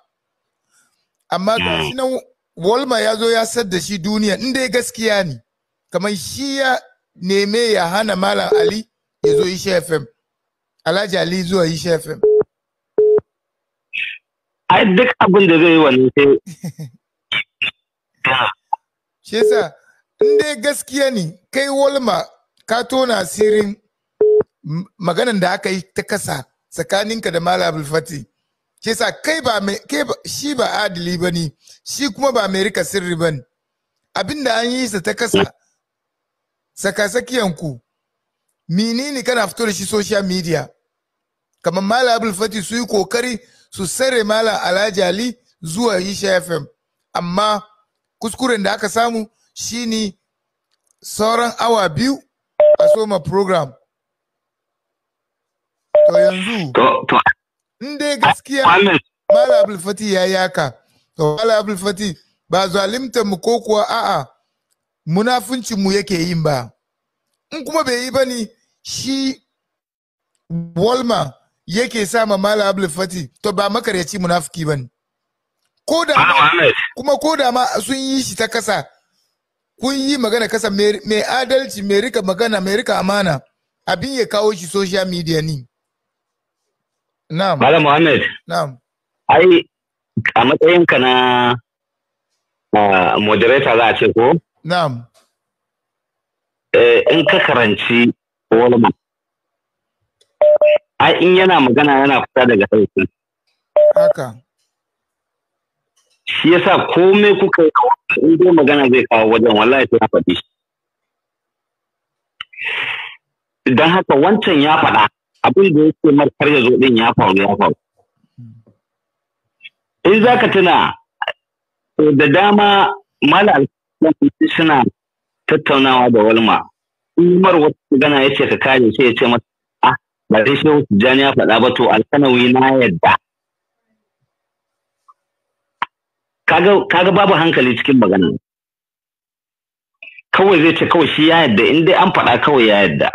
amma hmm. shi nan walma ya zo ya sad da shi duniya in dai gaskiya ne kamar shi ya neme ya hana malam ali ya zo isha fm alhaji ali zuwa isha fm ai duk abin da zai yi wannan sai shi in dai gaskiya ne kai walma ka tona asirin maganan da aka yi ta kasa tsakaninka da malam abulfati ke sa kai ba shi ba adili ba ne shi kuma ba mai rika sirri ba ne abin da an yi sa ta kasa sakasakiyanku menene kana fito da shi social media kamar malam abulfati su yi kokari su sare malam alhaji ali zuwa isha fm amma kuskuren da aka samu Shi ne sauran awa biyu a soma program to yanzu in dai gaskiya mala abulfati ya yaka to mala abulfati ba zalimta mu ko kuwa a'a munafuncinmu mu yake yin ba in kuma bai yi ba ne shi walma yake sa ma mala abulfati to ba makaryaci munafuki ba ne kuma ko da ma sun yi shi ta kasa kun yi magana kasa mai adalci mai rika magana mai rika amana abin ya kawo shi social media ni na'am malam muhammad na'am ai a matsayinka na moderator za a ce ko na'am eh, in ka karanci walma ai in yana magana yana fita daga sauki. haka shi yasa komai kuka yi a in dai magana zai kawo wajen wallahi sai ya faɗi don haka wancan ya faɗa abin da yake markar ya zo din ya faru ya faru in za ka tuna da dama mala suna tattaunawa da walma umar wata magana ya ce ka kare sai ya ce masa ah ba sai shehu jani ya faɗa ba to alkanawi na yadda kaga kaga babu hankali cikin magana kawai zai ce kawai shi ya yadda in dai an faɗa kawai ya yadda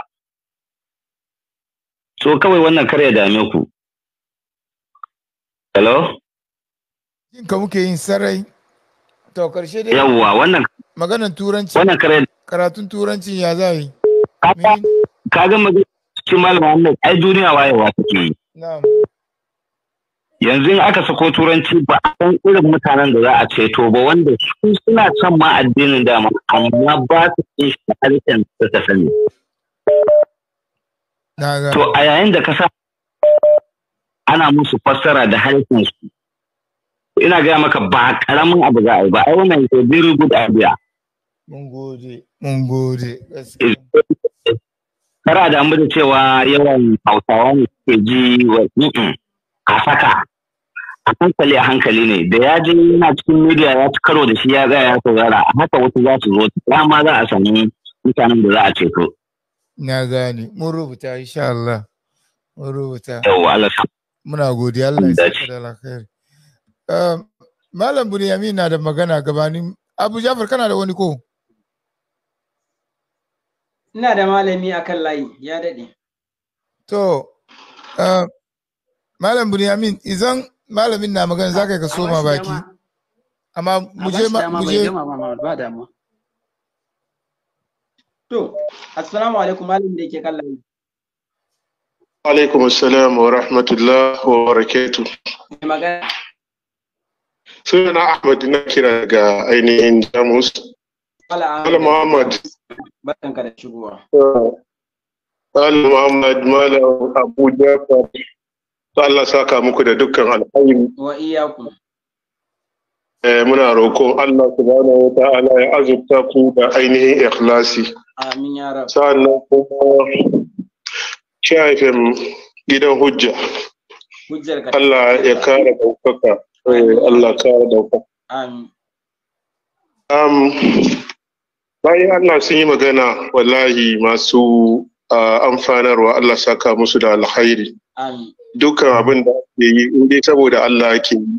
so kawai wannan kar ya dame ku hello jin ka muke yin sarai to karshe dai yawwa wannan maganan turanci wannan kare karatun turanci ya zai kaga magana cikin malam Ahmed ai duniya wayewa take yi na'am yanzu in aka sako turanci ba a san irin mutanen da za a ceto ba wanda su suna son ma addinin dama amma ba su yin shi a harshen da ta sani. To a yayin da ka sa ana musu fassara da harshen su ina gaya maka ba karamin abu za a yi ba ai wannan is a very good idea. Mun gode, mun gode. Kara da cewa yawan hausawa ne suke ji wa a saka a hankali a hankali ne da ya je yana cikin media ya ci karo da shi ya gaya ya saurara haka wasu za su zo ta ma za a sami mutanen da za a ceto. Na gane, mun rubuta insha Allah. Mun rubuta. yau Allah Muna godiya Allah ya saka da alkhairi. Um, Malam Bunyamin na da magana gabanin Abu Jafar kana da wani ko? Ina da malami akan layi ya dade. To, um, Malam Bunyamin, idan malamin na magana za ka yi ka soma baki amma muje muje ba damuwa to assalamu alaikum malamin da ke kallon alaikum assalam wa rahmatullah wa barakatuh magana sunana ahmad na kira ga ainihin jamus ala muhammad barkanka da shigowa ala muhammad malam Abuja jafar to Allah saka muku da dukkan alkhairi wa iyyakum eh muna roƙon Allah subhanahu wa ta'ala ya azurta ku da ainihin ikhlasi amin ya rab sannan kuma shafin gidan hujja Allah ya kara Eh, Allah kara daukaka amin um bayan Allah sun yi magana wallahi masu amfanarwa Allah saka musu da alkhairi dukkan abin da ake yi in saboda Allah ake yi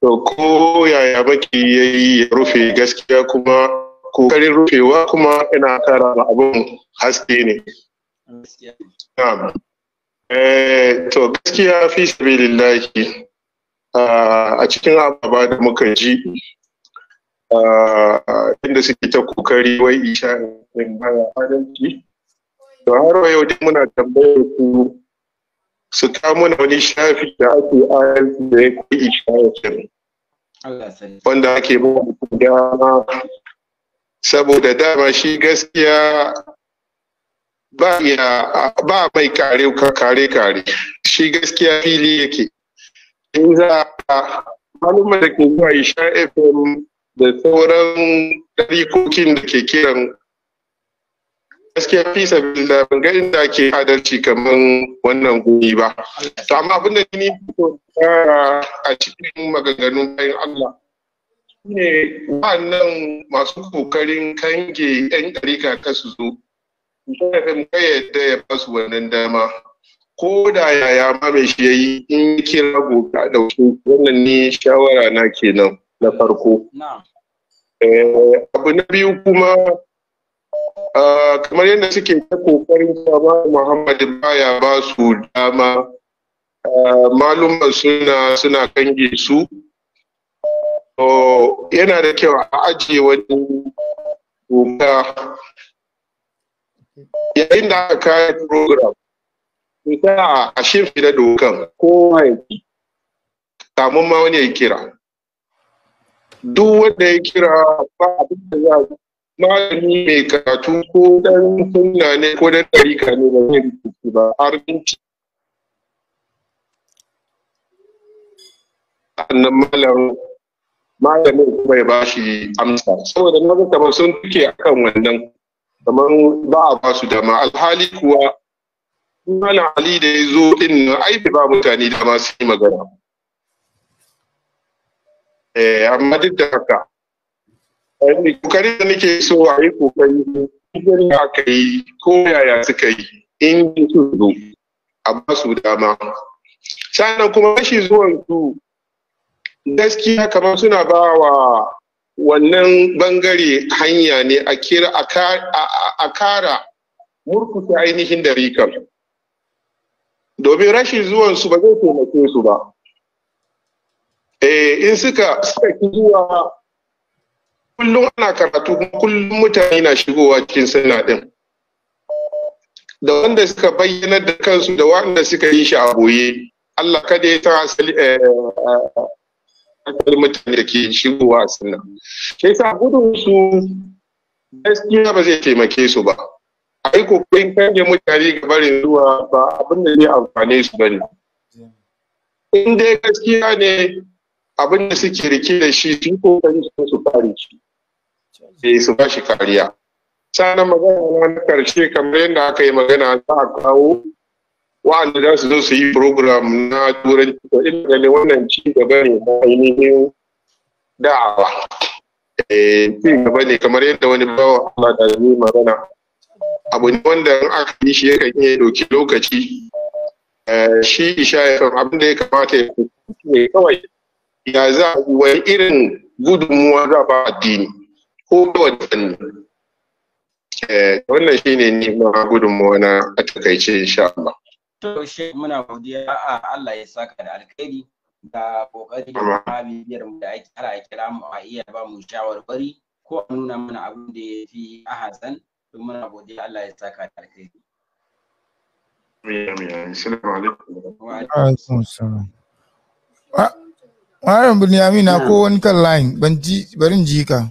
to ko yaya baki yayi ya rufe gaskiya kuma kokarin rufewa kuma ina kara abun haske ne eh, to gaskiya fi sabilillahi a cikin ababa da muka ji inda suke ta kokari wai isha in adalci to har yau dai muna tambayar ku su kawo mana wani shafi da ake ayyansu da ya kai ishayacin wanda ake ba dama saboda dama shi gaskiya ba ya ba mai kare kare kare shi gaskiya fili yake in za a malumar da ke zuwa isha fm da sauran ɗarikokin da ke kiran gaskiya fi sabbin da ban ga inda ake adalci kamar wannan goyi ba to amma abin da ni a cikin maganganun bayan Allah shine wannan masu kokarin kange yan dariƙa kasu su zo da yadda ya basu wannan dama ko da yaya ma mai shi yayi in kira gobe a ɗauki wannan ne shawara na kenan na farko eh, abu na biyu kuma kamar yadda suke ta kokarin ba Muhammad baya ba su dama malumar suna suna kange su yana da kyau a ajiye wani doka yayin da aka kayan program ta a da dokan ko haifi kamun ma wani ya kira duk wanda ya kira ba abin da za a malami mai karatu ko dan sunna ne ko dan tarika ne ba zai rubutu ba har minti annan malam malamin kuma ya bashi amsa saboda na ga kamar sun tuke akan wannan kamar ba a ba su dama alhali kuwa malam ali da ya zo din nan ai ba mutane dama su yi magana eh amma duk da haka kokari da nake so a yi kokari kokari aka yi ko yaya suka yi in su zo a ba su dama sannan kuma rashin zuwan su gaskiya kamar suna ba wa wannan bangare hanya ne a kira a kara murkusa ainihin da rikar domin rashin zuwan su ba zai taimake su ba eh, in suka suka ki zuwa kullum ana karatu kullum mutane na shigowa cikin suna din da wanda suka bayyana da kansu da wanda suka yi shi a boye Allah kada ya ta asali eh, akwai mutane da ke shigowa a shi sa gudun su gaskiya ba zai taimake su ba a yi kokarin kange mutane ga barin zuwa ba abin da zai amfane su bane in dai gaskiya ne abin da suke rike da shi su kokari su su kare shi eh su ba shi kariya sanan magana na karshe kamar yadda aka yi magana za a kawo wa'anda za su zo su yi program na turanci to ina ganin wannan ci gaba ne na ainihin da'awa eh, ci gaba ne kamar yadda wani bawa Allah da zai magana abu ne wanda in aka yi shi yakan iya doki lokaci eh, shi isha ya abin da ya kamata ya ne kawai ya za wani irin gudunmuwa za ba addini ko eh wannan shi ne nima gudunmuwa na a takaice insha Allah. To shi muna godiya a Allah ya saka da alkhairi da kokari da bibiyar mu da ake har a kira mu a iya ba mu shawarwari ko a nuna mana abin da ya fi a hasan to muna godiya Allah ya saka da alkhairi. Assalamu alaikum. Wa alaikum assalam. Malam Bunyamin na ko wani kan line ban ji barin ji ka.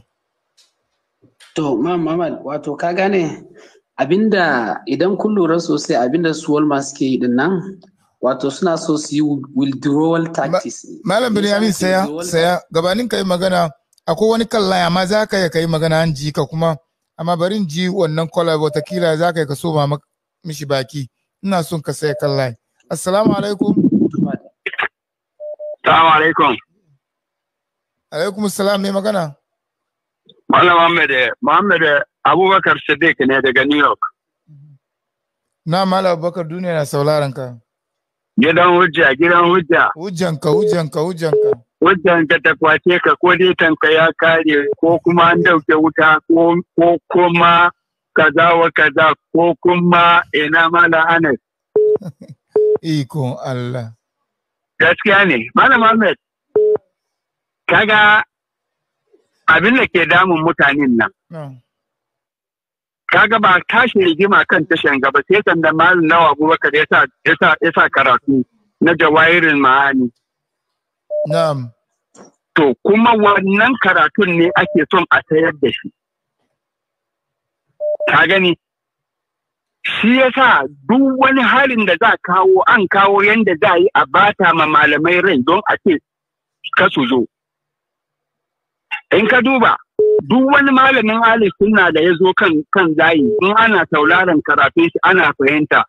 To Muhammad wato ka gane abinda idan kun lura sosai abinda su Walma suke yi din nan wato suna so su yi withdrawal tactics. Malam Bunyamin saya saya gabanin kai magana akwai wani kan line amma za ka kai magana an ji ka kuma amma barin ji wannan kwalai watakila za ka yi ka so ma mishi baki ina son ka saya kan line. Assalamu alaikum. Salamu alaikum. Alaikum salam mai magana. Malam Muhammad Muhammad Abubakar Sadiq ne daga New York. Na mala Abubakar duniya na sauraron ka. Gidan hujja, gidan hujja. Hujjanka, hujjanka, hujjanka. Hujjanka ta kwace ka ko dai ya kare ko kuma an dauke wuta ko kuma kaza wa kaza ko kuma ina mala Anas. Iko Allah. Gaskiya ne, Malam Ahmed, kaga abin da ke damun mutanen nan. Kaga ba tashi rigima kan tashin gaba sai sanda Malam Nawa Abubakar ya sa karatu na jawairin ma'ani. Na'am. To kuma wannan karatun ne ake son a sayar da shi. Ka gani? shi yasa duk wani halin da za kawo an kawo yadda za yi a bata ma malamai rai don a ce ka su zo in ka duba duk wani malamin hali suna da ya zo kan kan zayi in ana sauraron karatun shi ana fahimta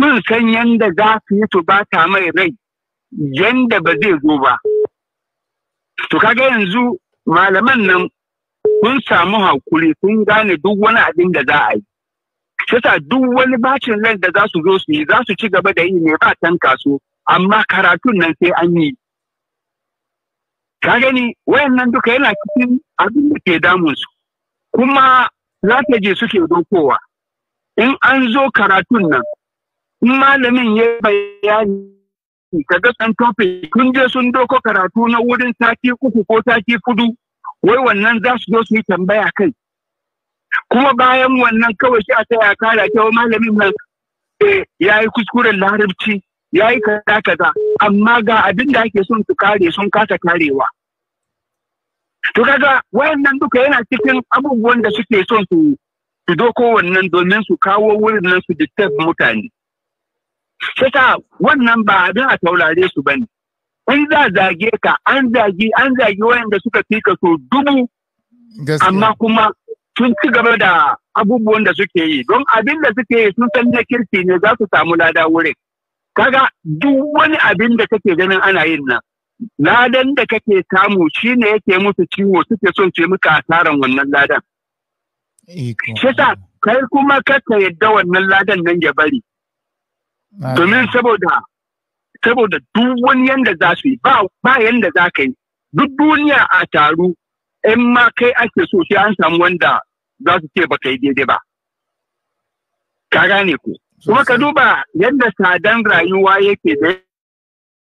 sun san yadda za su yi su bata mai rai yadda ba zai zo ba to kaga yanzu malaman nan sun samu hakuri sun gane duk wani abin da za a yi sa duk wani bacin ran da za su zo su yi za su ci gaba da yi ne ba kasuwa, kaso amma karatun nan sai an yi. Ka gani wayannan duka yana cikin abin da ke damun su kuma je suke dokowa. In an zo karatun nan in malamin ya bayani ka ga san tofe kun je sun doko karatu na wurin sati uku ko sati kudu wai wannan za su zo su yi tambaya kai kuma bayan wannan kawai shi a taya kara kyau malamin nan eh, ya yi kuskuren larabci ya yi kaza kaza amma ga abin da ake son su kare sun kasa karewa to kaga wayannan duka yana cikin abubuwan da suke son su su doko wannan domin su kawo wurin nan su disturb mutane Saka wannan ba abin a taurare su bane in za zage ka an zagi an zagi wayanda suka fika so dubu amma kuma sun ci gaba da abubuwan da suke yi don abin da suke yi sun san na kirki ne za su samu lada wurin kaga duk wani abin da kake ganin ana yin nan ladan da kake samu shine yake musu ciwo suke son ce muka asaran wannan ladan eh shisa kai kuma kaka yadda wannan ladan nan ya bari ah. domin saboda saboda duk wani yanda za su yi ba yanda za ka yi duk duniya a taru in ma kai ake so sai an samu wanda za su ce ba kai daidai ba ka gane ku kuma ka duba yadda tsadan rayuwa yake da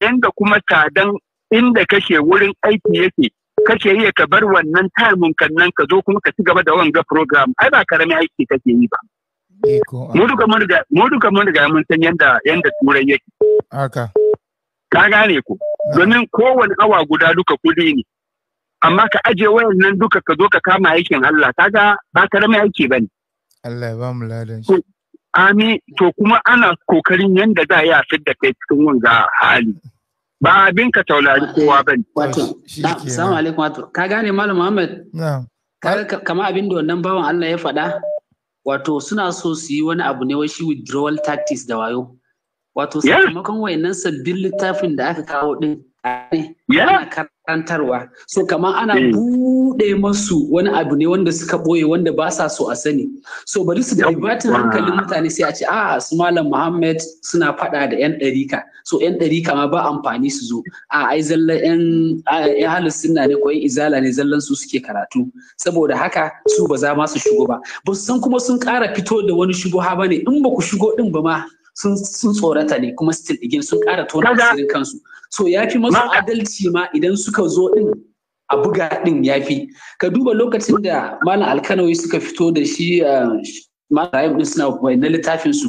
yadda kuma tsadan inda kake wurin aiki yake kake iya ka bar wannan timin kannan ka zo kuma ka ci gaba da wanga program ai ba karamin aiki kake yi ba mu mun riga mun san yadda yadda turai yake haka ka gane ku domin kowane awa guda duka kudi ne amma ka aje wayan nan duka ka zo ka kama aikin Allah kaga ba karamin aiki bane Allah ya ba mu ladan shi ami to kuma ana kokarin yanda za a fidda kai cikin wanga hali ba abin ka taulari kowa bane wato assalamu alaikum wato ka gane malam Muhammad na'am kama abin da wannan bawan Allah ya faɗa wato suna so su yi wani abu ne wai shi withdrawal tactics da wayo wato sakamakon wayannan sabbin littafin da aka kawo din ana karantarwa so kamar ana eh. buɗe masu wani abu ne wanda suka boye wanda ba sa so a sani so bari su daibatin hankalin mutane sai a ce a ah, su malam muhammad suna faɗa da yan ɗarika so yan ɗarika ma ba amfani su zo a ai zallan yan halin suna ne ko izala ne zallan su suke karatu saboda haka su ba za ma su shigo ba ba san kuma sun ƙara fito da wani shubuha ba ne in ba ku shigo ɗin ba ma sun tsorata ne kuma still again sun ƙara tona asirin kansu so ya fi masu adalci ma idan suka zo din a buga din ya fi ka duba lokacin da malam alkanawi suka fito da shi eh, malam din suna na littafin su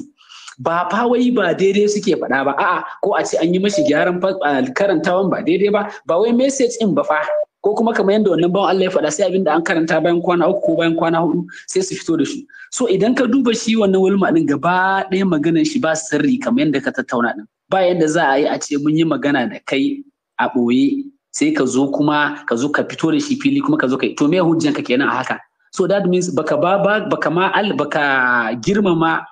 ba fa wai ba daidai suke faɗa ba a'a ko a ce an yi mashi gyaran karantawan ba daidai ba ba wai message in ba fa ko kuma kamar yadda wannan bawan Allah ya faɗa sai abin an karanta bayan kwana uku ko bayan kwana hudu sai su fito da shi so idan ka duba shi wannan walma din gaba ɗaya maganar shi ba sirri kamar yadda ka tattauna din ba yadda za a yi a ce mun yi magana da kai a ɓoye sai ka zo kuma ka zo ka fito da shi fili kuma ka zo ka to me hujjan ka kenan a haka so that means baka ba baka ma al baka girmama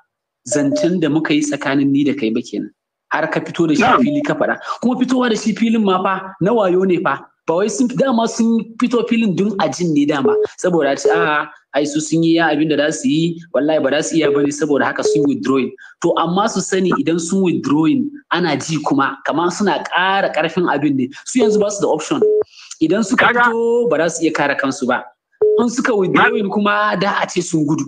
zancen da muka yi tsakanin ni da kai ba kenan har ka fito da shi fili ka faɗa kuma fitowa da shi filin ma fa na wayo ne fa ba wai sun dama sun fito filin dun a jin ne dama saboda ce a ai su sun yi ya abin da za su yi wallahi ba za su iya bane saboda haka sun withdrawing to amma su sani idan sun withdrawing ana ji kuma kamar suna ƙara ƙarfin abin ne su yanzu ba su da option idan suka fito ba za su iya kare kansu ba in suka withdrawing kuma da a ce sun gudu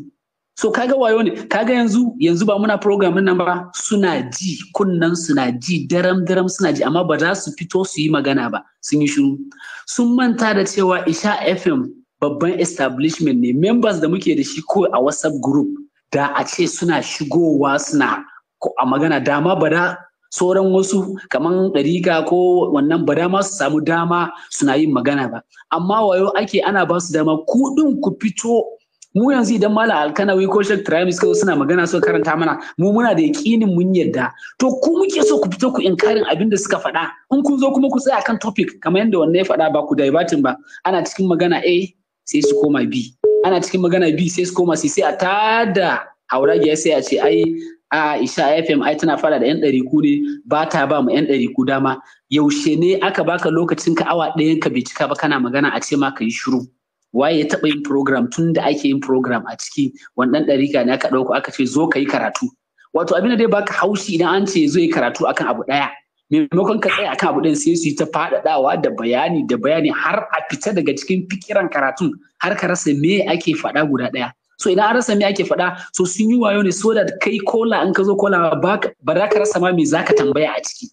so kaga wayo ne kaga yanzu yanzu ba muna program nan ba suna ji kunnan suna ji daram daram suna ji amma ba za su fito su yi magana ba sun yi shiru sun manta da cewa isha fm babban establishment ne members da muke da shi ko a whatsapp group da a ce suna shigowa suna a magana dama bada sauran wasu kaman ɗarika ko wannan ba dama su samu dama suna yin magana ba amma wayo ake ana ba su dama kuɗin ku fito mu yanzu idan mala alkanawi ko shek tramis ko suna magana suka karanta mana mu muna da yakinin mun yadda to ku muke so ku fito ku inkarin abin da suka faɗa in kun zo kuma ku tsaya kan topic kamar yadda wannan ya faɗa ba ku divertin ba ana cikin magana eh sai su koma bi ana cikin magana bi sai su koma sai sai a tada ya sai a ce ai a isha fm ai tana fara da yan ɗari ku ne ba ta ba mu yan ku dama yaushe ne aka baka lokacin ka awa ɗayan ka bai cika ba kana magana a ce ma ka yi shiru waye ya taɓa yin program tun da ake yin program a ciki wannan ɗarika ne aka ɗauko aka ce zo ka yi karatu wato abin da dai baka haushi idan an ce zo yi karatu akan abu ɗaya maimakon ka tsaya kan abu ɗaya sai su yi ta faɗaɗawa da bayani da bayani har a fita daga cikin fikiran karatun har ka rasa me ake faɗa guda ɗaya so idan an rasa me ake faɗa so sun yi wayo ne so da kai kola in ka zo kola ba za ka rasa ma me za ka tambaya a ciki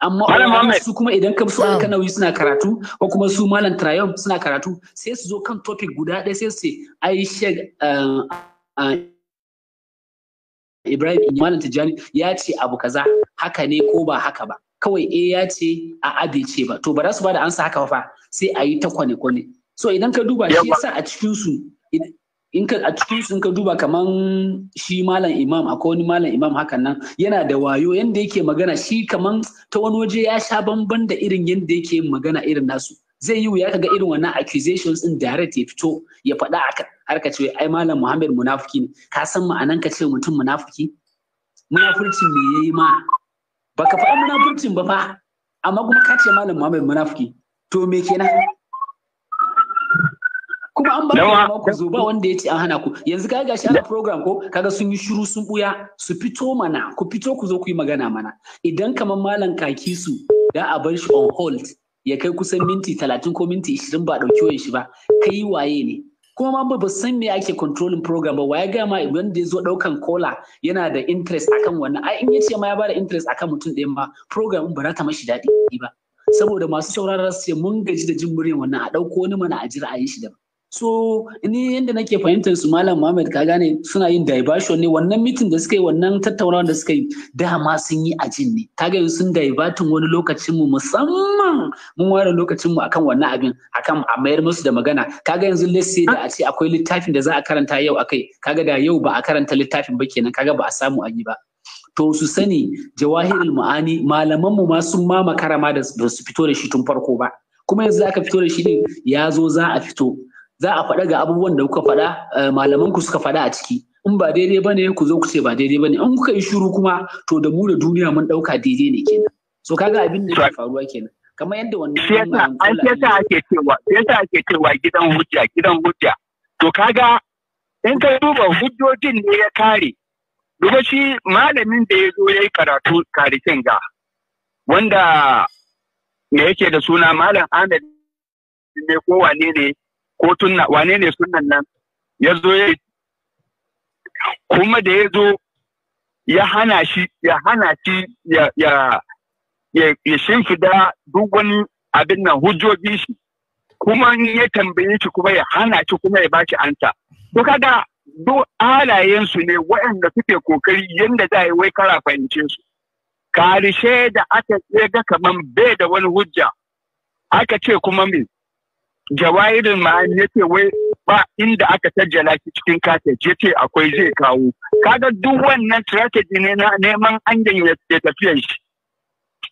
amma su kuma idan ka so an nauyi suna karatu ko kuma su malam trayom suna karatu sai su zo kan topic guda ɗaya sai su ce ai eh, eh, Ibrahim Malam Tijjani ya ce abu kaza haka ne ko ba haka ba kawai eh ya ce a bai ce ba to ba za su ba da ansa haka fa sai a yi ta kwane kwane so idan ka duba shi yasa a cikin su in ka a cikin su ka duba kaman shi malam imam akwai wani malam imam hakan nan yana da wayo yanda yake magana shi kaman ta wani waje ya sha bamban da irin yanda yake magana irin nasu zai yi wuya kaga irin wannan accusations din direct ya fito ya faɗa a har ka ce ai malam Muhammad munafiki ne ka san ma'anan ka ce mutum munafiki munafurcin me yayi ma baka faɗa munafurcin ba fa amma kuma ka ce malam Muhammad munafiki to me kenan kuma an ba ku ku zo ba wanda ya ce an hana ku yanzu kaga gashi ana program ko kaga sun yi shiru sun buya su fito mana ku fito ku zo ku yi magana mana idan kamar malam kaki su da a bar shi on hold ya kai kusan minti talatin ko minti ishirin ba ɗauki wayan shi ba kai waye ne kuma ma ba san me ake controlling program ba ya ga ma wanda ya zo ɗaukan kola yana da interest akan wannan ai in ce ma ya bada interest akan mutum ɗaya ba program ba za ta mashi daɗi ba saboda masu sauraron su mun gaji da jin muryar wannan a ɗauko ni mana a ji ra'ayin shi da ba. so ni yadda nake fahimtar su malam Muhammad ka gane suna yin diversion ne wannan mitin da suka yi wannan tattaunawa da suka yi dama sun yi ajin ne kaga yanzu sun divertin wani lokacin mu musamman mun ware lokacin mu akan wannan abin akan a mayar musu da magana kaga yanzu let's sai da a ce akwai littafin da za a karanta yau akai kaga da yau ba a karanta littafin ba kenan kaga ba a samu a yi ba to su sani jawahirul ma'ani malaman mu ma sun ma makara da su fito da shi tun farko ba kuma yanzu aka fito da shi ne ya zo za a fito za a faɗa ga abubuwan da kuka faɗa eh, malaman ku suka faɗa a ciki in ba daidai bane ku zo ku ce ba daidai bane in kuka yi shiru kuma to da mu da duniya mun ɗauka daidai ne kenan so kaga abin da ya faruwa kenan kamar yadda wannan shi yasa an yasa ake cewa yasa ake cewa gidan hujja gidan hujja to kaga in ka duba hujjojin ne ya kare duba shi malamin da ya zo ya yi karatu karikin ga wanda me yake da suna malam Ahmed ne ko wane ne ko tunna wane ne sunan nan ya zo ya kuma da ya zo ya hana shi ya hana shi ya ya ya shimfida duk wani abin nan hujjoji shi kuma ya tambaye shi kuma ya hana shi kuma ya bashi anta to kaga duk halayensu ne waɗanda suke kokari yadda za a yi wai kara fahimce su karshe da aka ga kaman bai da wani hujja aka ce kuma me jawairin ma ya ce wai ba inda aka tajjala shi cikin katet ya ce akwai zai kawo kaga duk wannan strategy ne na neman anjan ya tafiya shi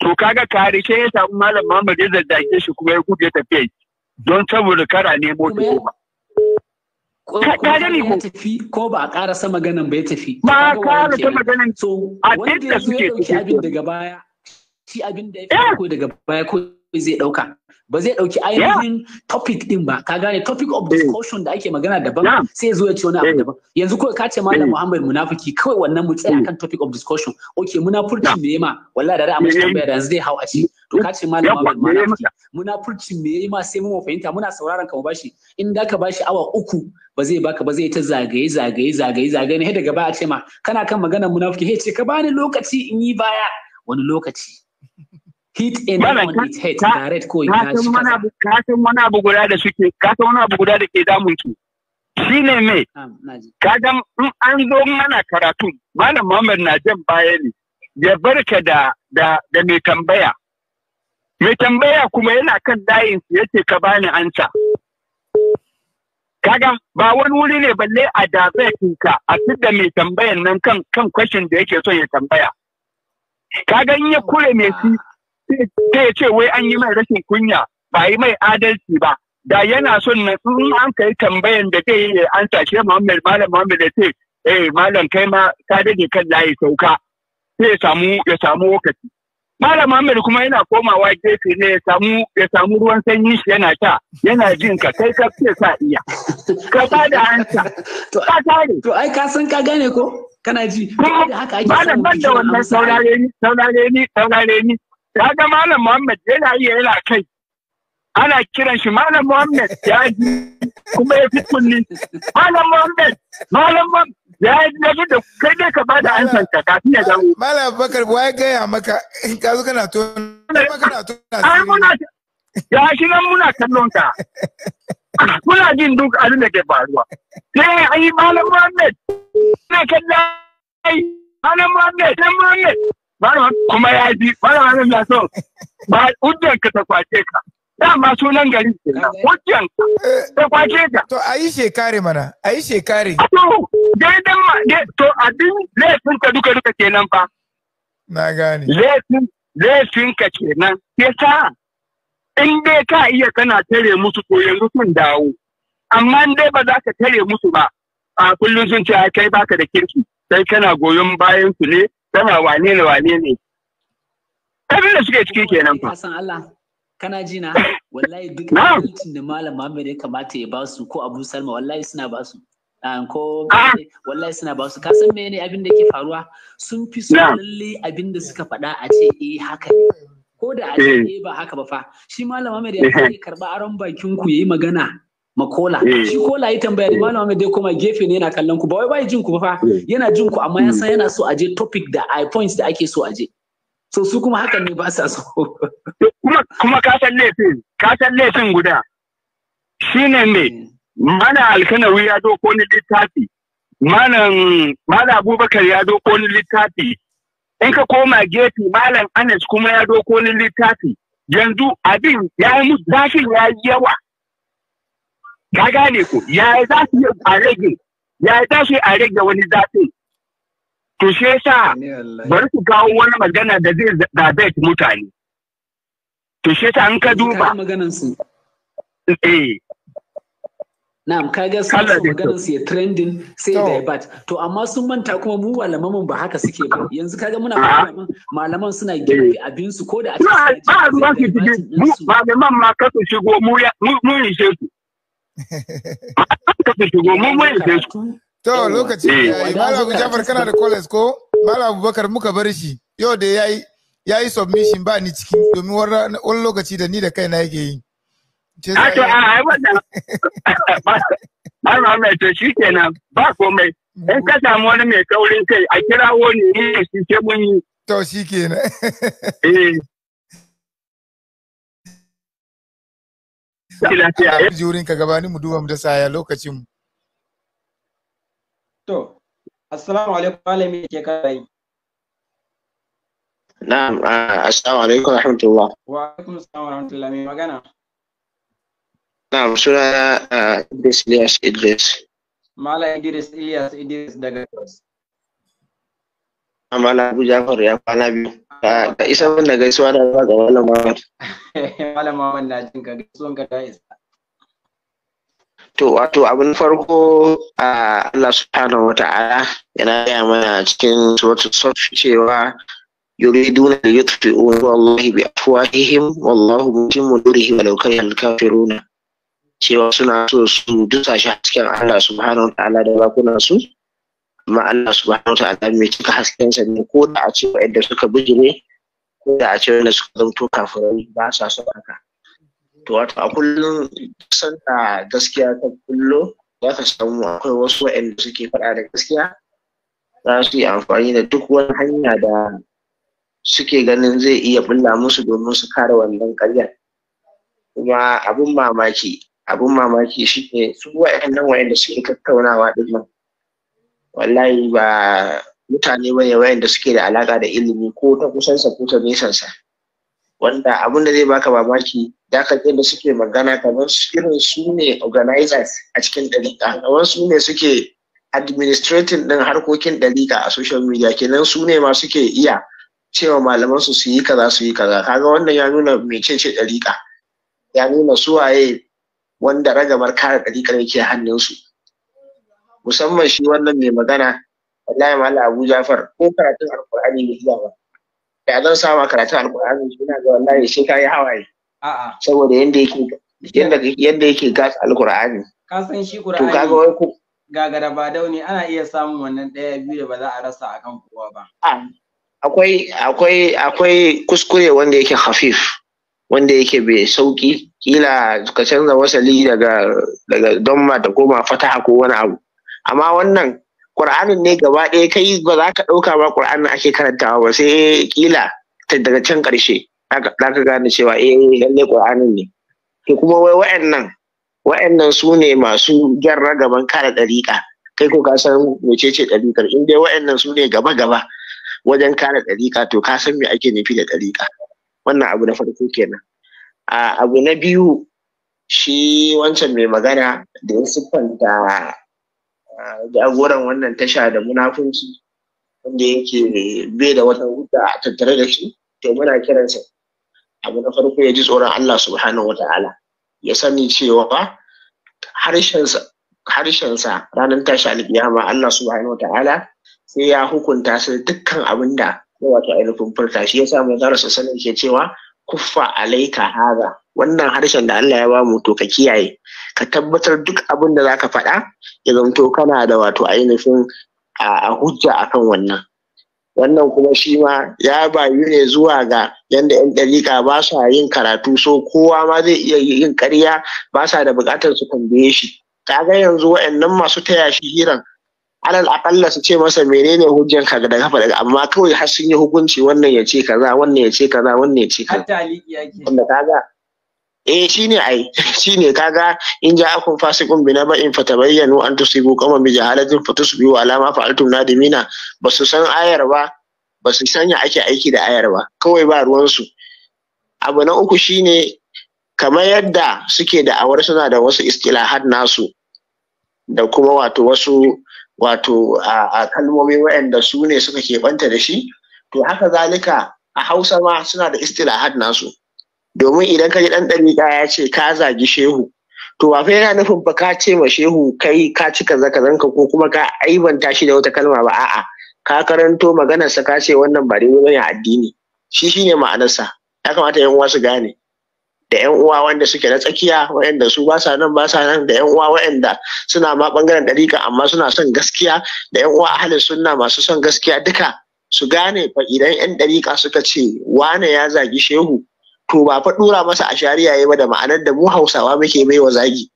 to kaga kare shi ya samu malam Muhammad ya zaddake shi kuma ya gube tafiya shi don saboda kara nemo ta koma kaga ni ko tafi ko ba a sa maganan ba ya tafi ba a karasa maganan so a dinda suke abin daga baya shi abin da ya fito eh! daga baya ko zai ɗauka ba zai ɗauki ainihin topic din ba ka gane topic of eh. discussion da ake magana daban sai zo ya ce wani abu eh. daban yanzu kawai ka ce malam eh. Muhammad munafiki kawai wannan mu tsaya kan topic of discussion okay munafurci me ma wallahi da ra'a a tambaya yanzu zai hau a ci to ka ce malam Muhammad munafiki munafurci me ma sai mu fahimta muna sauraron ka mu bashi in da ka bashi awa uku ba zai baka ba zai ta zagaye zagaye zagaye zagaye ne daga baya a ce ma kana kan maganar munafiki he ce ka bani lokaci in yi baya wani lokaci hit and on it hit direct ko ya shi kasan wani abu guda da suke kasan wani abu guda da ke damun su shine me kasan in an zo mana karatu malam Muhammad na jan baya ne ya barka da da da mai tambaya mai tambaya kuma yana kan dayin su yace ka bani ansa kaga ba wani wuri ne balle a da zai tinka a da mai tambayan nan kan kan question da yake son ya tambaya kaga in ya kure mai shi sai ya ce wai an yi mai rashin kunya ba yi mai adalci ba da yana son na in an kai tambayan da zai yi an sashe Muhammad Malam Muhammad ya ce eh malam kai ma ka dade kan layi sauka sai ya samu ya samu wakati Malam Muhammad kuma yana komawa gefe ne ya samu ya samu ruwan sanyi shi yana ta yana jin ka kai ka ce sa iya ka ba da hanta ka tare to ai ka san ka gane ko kana ji da haka ake malam ban da wannan saurare ni saurare ni saurare ni ya ga malam muhammad yana iya yana kai ana kiran shi malam muhammad ya ji kuma ya fi kulli malam muhammad malam muhammad ya yi da kai dai ka ba da san ka kafin ya dawo malam bakar wai gaya maka in ka zo kana to kana to ya shi nan muna kallon ka kuna jin duk abin da ke faruwa sai ai malam muhammad na kallon ai malam muhammad malam muhammad kuma ya ji malamin na so ba hujjan ka ta kwace ka dama sunan gari ke nan? ka ta kwace ka to a yi shekare mana a ayi shekare to daidan ma to abin laifin ka duka duka kenan fa na gane laifin laifin ka kenan sa in dai ka iya kana tare musu to yanzu sun dawo amma in dai ba za ka tare musu ba a kullum sun ce kai baka da kirki sai kana goyon bayan su ne sama wane ne wane ne abin da suke ciki kenan fa san Allah kana ji na wallahi duk mutum da malam Muhammad ya kamata ya ba su ko Abu Salma wallahi suna ba su ko ah. wallahi suna ba su ka san mene abin da ke faruwa sun fi so lalle abin da suka faɗa a ce eh haka ne ko da a ce eh, eh ba haka ba fa shi malam Muhammad ya eh. karba aron bakin ku yayi magana makola eh. shi kola yi tambaya da eh. malam dai kuma gefe ne yana kallon ku ba wai bai jin ku fa eh. yana jin ku amma ya hmm. san yana so a je topic da i points da ake so a je so su kuma hakan ne ba sa so kuma kuma ka san laifin ka san laifin guda shine me hmm. mana alkanawi ya doko ni littafi manan malam Abubakar ya doko ni littafi in ka koma gefe malam Anas kuma ya doko ni littafi yanzu abin ya yi musu zafin ya yi yawa ka gane ko ya za su yi a rage ya za su yi a rage wani zaɓe to shi yasa bari su kawo wani magana da zai zabet mutane to shi yasa in ka duba eh Na'am kaga sun maganar su ya trending sai da bat to amma sun manta kuma mu malaman ba haka suke ba yanzu ka kaga muna ah. malaman suna gina eh. abin su ko da a cikin ba a ruwa su malaman ma kasu shigo mu mu mu yi sheku ka su shigo mun mai da su to lokaci eh. yayi malam Jafar kana da college ko malam Abubakar muka bar shi yau da ya yi submission ba ni ciki domin wani lokaci da ni da kai na yake yi a ah, to a ah, wannan Allah mai to shi kenan ba komai in ka samu wani mai kaurin kai a kira kirawo ne shi ke mun yi to shi kenan eh. jurin ka gabani mu duba mu da saya lokacin to assalamu alaikum malami ke kai na'am assalamu alaikum rahmatullah wa alaikum assalam rahmatullah mai magana na'am sunana Idris Ilyas Idris Mala Idris Ilyas Idris daga Amala Abu Jafar ya kwana biyu Ah, ka isa wannan gaisuwa na ba ga malam Muhammad malam Muhammad na jin ka gaisuwan ka ta isa to wato abin farko a Allah subhanahu wata'ala yana ya mana cikin suratul saff cewa yuriduna yutfi'u wallahi bi afwahihim wallahu mutimmu nurihi walau karihal kafiruna cewa suna so su dusa shi cikin Allah subhanahu wata'ala da bakunan su amma Allah subhanahu wa ta'ala mai cika hasken sa ne ko da a ce wa'anda suka bijire ko da a ce wanda suka zamto kafirai ba sa son haka to wata a kullum da gaskiya ta kullo za ka samu akwai wasu wa'anda suke faɗa da gaskiya za su yi amfani da duk wani hanya da suke ganin zai iya bulla musu domin su kare wannan ƙaryar kuma abun mamaki abun mamaki shi ne su wa'anda suke tattaunawa ɗin nan wallahi ba mutane ba ne wayanda suke da alaka da ilimi ko ta kusansa ko ta nesansa wanda abin da zai baka mamaki ka da suke magana kamar irin su ne organizers a cikin dalika kamar su ne suke administrating ɗin harkokin dalika a social media kenan su ne ma suke iya cewa malaman su su yi kaza su yi kaza kaga wannan ya nuna mecece dalika ya nuna su waye wanda ragamar kare dalikar yake hannun su musamman shi wannan mai magana wallahi mala abu jafar ko karatun alkur'ani ne zuwa ba da zan sama karatun alkur'ani shi na ga wallahi sai ka yi hawaye saboda yanda yake yanda yanda yake gas alkur'ani ka san shi qur'ani to kaga wai ko gagara ba dauni ana iya samun wannan daya biyu da ba za a rasa akan kowa ba akwai akwai akwai kuskure wanda yake hafif wanda yake bai sauki kila ka canza wasali daga daga don ma ta koma fataha ko wani abu amma wannan ƙur'anin ne gaba ɗaya kai ba za ka ɗauka ba ƙur'anin ake karantawa ba sai kila daga can ƙarshe za ka gane cewa eh lallai ƙur'anin ne to kuma wai wa'annan wa'annan su ne masu jan ragaban kare ɗariƙa kai ko ka san mecece ɗariƙar in dai wa'annan su ne gaba gaba wajen kare ɗariƙa to ka san me ake nufi da ɗariƙa wannan abu na farko kenan a ah, abu na biyu shi wancan mai magana da ya siffanta jagoran wannan tasha da munafunci wanda yake bai da wata hudda a tattare da shi to muna kiransa abu na farko ya ji tsoron Allah subhanahu wata'ala ya sani cewa harshensa sa ranar tashi alƙiyama Allah subhanahu wata'ala sai ya hukunta su dukkan abinda da ya wato ainihin furta shi yasa mai zara su sanin ke cewa kuffa alaika haza wannan harshen da Allah ya bamu to ka kiyaye ka tabbatar duk abin da za ka faɗa ya zamto kana da wato ainihin a hujja a kan wannan wannan kuma shi ma ya bayu ne zuwa ga yadda 'yan ɗariƙa ba sa yin karatu so kowa ma zai iya yin ƙarya ba sa da buƙatar su tambaye shi ga yanzu wa'annan masu taya shi hiran alal akalla su ce masa menene hujjan ka da kafa daga amma kawai har sun yi hukunci wannan ya ce kaza wannan ya ce kaza wannan ya ce kaza eh shine ai ne kaga in ja bina ba bi fata bayyanu an tusibu kama bi jahalatin fatusbihu wa alama fa'altum nadimina su san ayar ba basu sanya ake aiki da ayar ba kawai ba ruwan su abu na uku shine kamar yadda suke da awar suna da wasu istilahat nasu da kuma wato wasu wato a kalmomi waɗanda su ne suka keɓanta da shi to haka zalika a hausa ma suna da istilahat nasu domin idan ka ji ɗan ɗaya ya ce ka zagi shehu to ba yana nufin fa ka ce ma shehu kai ka ci kaza ka ko kuma ka aibanta shi da wata kalma ba a'a ka karanto maganar sa ka ce wannan ba daidai bane addini shi shine ma'anarsa ya kamata yan uwa su gane da yan uwa wanda suke na tsakiya waɗanda su ba sa nan ba sa nan da yan uwa waɗanda suna ma bangaren dariƙa amma suna son gaskiya da yan uwa ahalin sunna masu son gaskiya duka su gane fa idan yan dariƙa suka ce wane ya zagi shehu to ba fa dura masa a shari'a yayi ba da ma'anar da mu Hausawa muke mai wa zagi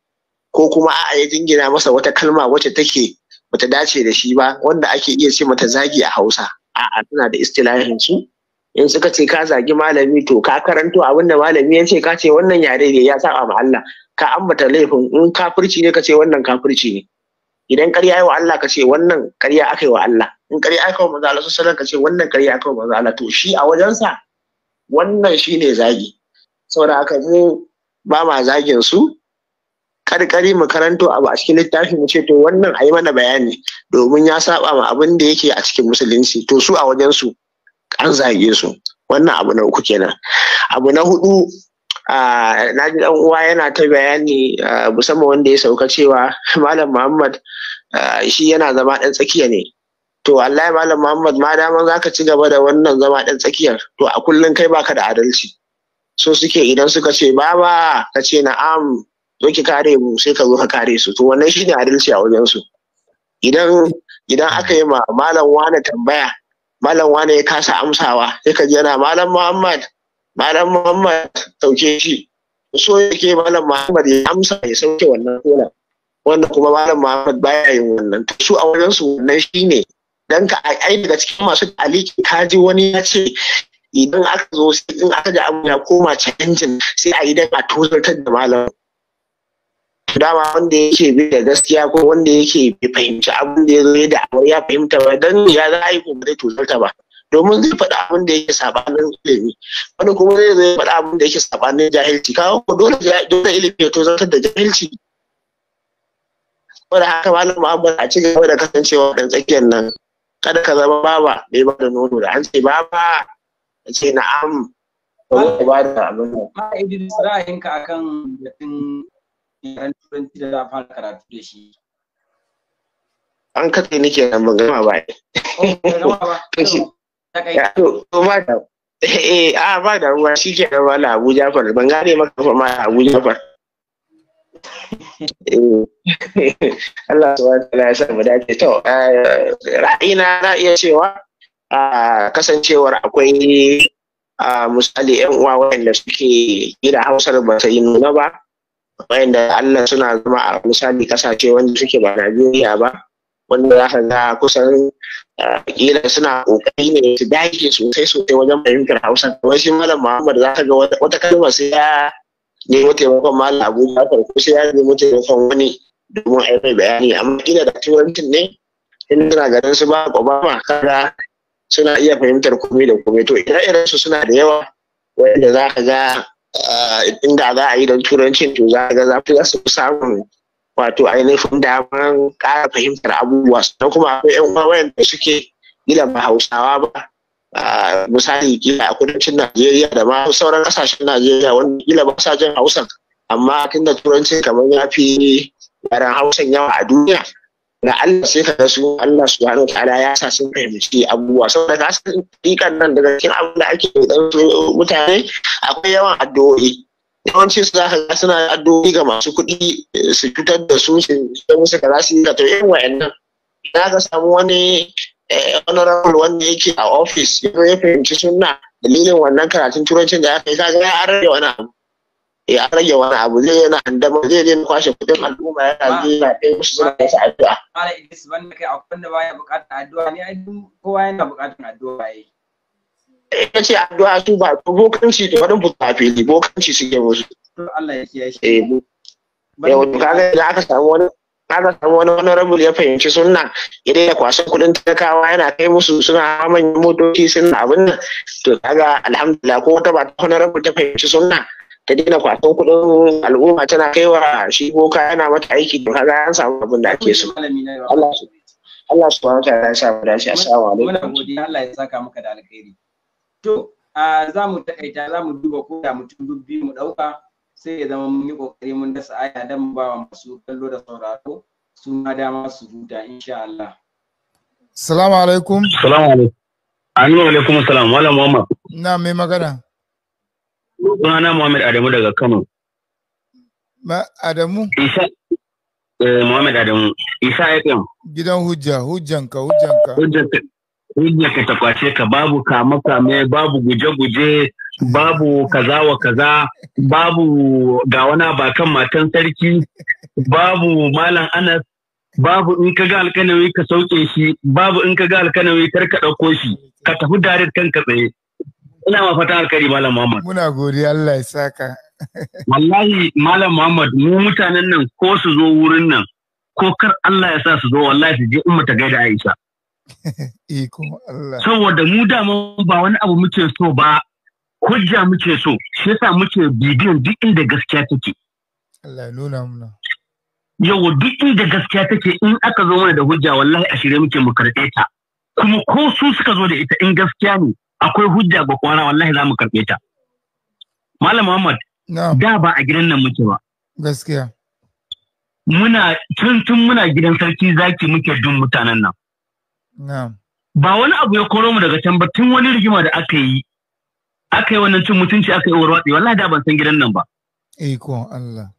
ko kuma a'a ya jingina masa wata kalma wacce take bata dace da shi ba wanda ake iya ce mata zagi a Hausa a'a tana da istilahin su in suka ce ka zagi malami to ka karanto abin da malami ya ce ka ce wannan yare ne ya saba ma Allah ka ambata laifin in kafirci ne ka ce wannan kafirci ne idan ƙarya yi wa Allah ka ce wannan ƙarya aka yi wa Allah in ƙarya aka yi wa manzo Allah sallallahu ka ce wannan ƙarya aka yi wa manzo Allah to shi a wajensa wannan shi ne zagi saboda aka zo ba ma zagin su karkari mu karanto abu a cikin littafi mu ce to wannan a yi mana bayani domin ya saba ma abin da yake a cikin musulunci to su a wajen su an zage su wannan abu na uku kenan abu na hudu na ji dan uwa yana ta bayani musamman wanda ya sauka cewa malam muhammad shi yana zama ɗan tsakiya ne to wallahi malam Muhammad ma daman zaka ci gaba da wannan zama ɗan tsakiyar to a kullum kai baka da adalci so suke idan suka ce baba ka ce na'am zo ki kare mu sai ka zo ka kare su to wannan shine adalci a wajen su idan idan aka yi ma malam wani tambaya malam wani ya kasa amsawa sai ka yana malam Muhammad malam Muhammad sauke shi so yake malam Muhammad ya amsa ya sauke wannan wannan kuma malam Muhammad baya yin wannan su a wajen su wannan shine don ka ai daga cikin masu aliki kaji wani ya ce idan aka zo sai in aka ji abu ya koma canjin sai a yi idan a tozartar da malam dama wanda yake bi da gaskiya ko wanda yake bi fahimci abin da ya zo da abu ya fahimta ba dan ya za a yi kuma zai tozarta ba domin zai faɗi abin da yake sabanin ilimi wani kuma zai zai faɗi abin da yake sabanin jahilci kawo ko dole dole ilimi ya tozartar da jahilci wanda haka malam Muhammad a ci gaba da kasancewa ɗan tsakiyar nan kada ka zama baba da ya ba da nono da an ce baba a ce na'am ba ba da abin nan a idris ra'ayinka akan batun yaran turanci da za a fara karatu da shi an katse ni ke nan magana ba ba da ruwa eh, shi ke nan ba na abuja fara ban gane maka fa ma abuja fara. Eh, Allah su wata ya sa mu dace to eh, Ra'ayi na iya cewa kasancewar akwai misali yan uwa wanda suke gida hausar ba ta yi nuna ba wanda Allah suna zama a misali kasashe wanda suke ba Najeriya ba wanda za ka ga kusan kila suna kokari ne su dage sosai sosai wajen fahimtar hausa wai shi malam muhammad za ka ga wata kalmar sai ya nemo taimakon malam abubakar ko sai ya nemo taimakon wani domin a yi mai bayani amma kila da turancin ne in suna ganin su ba obama kaga suna iya fahimtar komai da komai to ina irin su suna da yawa wanda za ka ga eh, inda za a yi don turancin to za ka ga za su samun wato ainihin daman ƙara fahimtar abubuwa sannan kuma akwai 'yan uwa wayanda suke gila ba hausawa ba misali kila a kudancin Najeriya da ma sauran kasashen Najeriya wanda kila ba sa jin hausa amma tun da turanci kamar ya fi yaran Hausan yawa a duniya da Allah sai ka su Allah subhanahu wa ta'ala ya sa sun fahimci abubuwa saboda ka san hakikan nan daga cikin abin da ake dan mutane akwai yawan addu'o'i yawanci su zaka ga suna addu'o'i ga masu kuɗi su cutar da su su musu kaza su yi ka to irin wa'annan za ka samu wani Eh, honorable wanda yake a ofis ya ya fahimci sunna dalilin wannan karatun turancin da aka yi kaga ya rage wani abu eh, ya rage wani abu zai yana andama zai je kwashe kudin al'umma yana je na ɗaya musu suna yasa addu'a idris kai akwai wanda baya addu'a ne ai kowa yana addu'a ya eh, ce addu'a su ba bokanci da wani fili bokanci suke musu Allah ya kiyaye shi eh yau kaga da aka samu wani aka samu wani honorable ya fahimci sunna ya daina kwasan kuɗin talakawa yana kai musu suna manyan motoci suna abin nan to kaga alhamdulillah ko wata ba ta wani honorable ta fahimci suna ta daina kwasan kuɗin al'umma tana kaiwa shi boka yana mata aiki to kaga an samu abin da ake so Allah su Allah su wa ta'ala ya sa mu dace assalamu alaikum muna godiya Allah ya saka maka da alkhairi to za mu taƙaita za mu duba ko da mutum duk biyu mu ɗauka sai ya zama mun yi kokari mun dasa aya dan ba wa masu kallo da sauraro su ma dama su huta insha Allah Salamu alaikum Salamu alaikum wa alaikum assalam Malam Muhammad Na mai magana Sunana Muhammad Adamu daga Kano Ma Adamu Isa eh Muhammad Adamu Isa FM Gidan hujja hujjanka hujjanka Hujjanka hujjanka ta kwace ka babu kama kame babu guje guje babu kaza wa kaza babu ga wani bakan matan sarki babu malam anas babu in ka ga alkanawi ka sauke shi babu in ka ga alkanawi kar ka ɗauko shi ka tafi darir kanka tsaye ina ma fata alkari malam muhammad muna godiya Allah ya saka wallahi malam muhammad mu mutanen nan ko su zo wurin nan ko kar Allah ya sa su zo wallahi su je umma ta gaida Aisha Saboda mu dama ba wani abu muke so ba hujja muke so shi yasa muke bidiyon duk inda gaskiya take Allah ya nuna muna yawa duk inda gaskiya take in aka zo mana da hujja wallahi a shirye muke mu karɓe ta kuma ko su suka zo da ita in gaskiya ne akwai hujja ga kwana wallahi za mu karɓe ta Malam Muhammad da ba a gidan nan muke ba gaskiya muna tuntun muna gidan sarki zaki muke dun mutanen nan ba wani abu ya koro mu daga can ba tun wani rigima da aka yi aka yi wannan cin mutunci aka yi warwatsi wallahi da ban san gidan nan ba ko Allah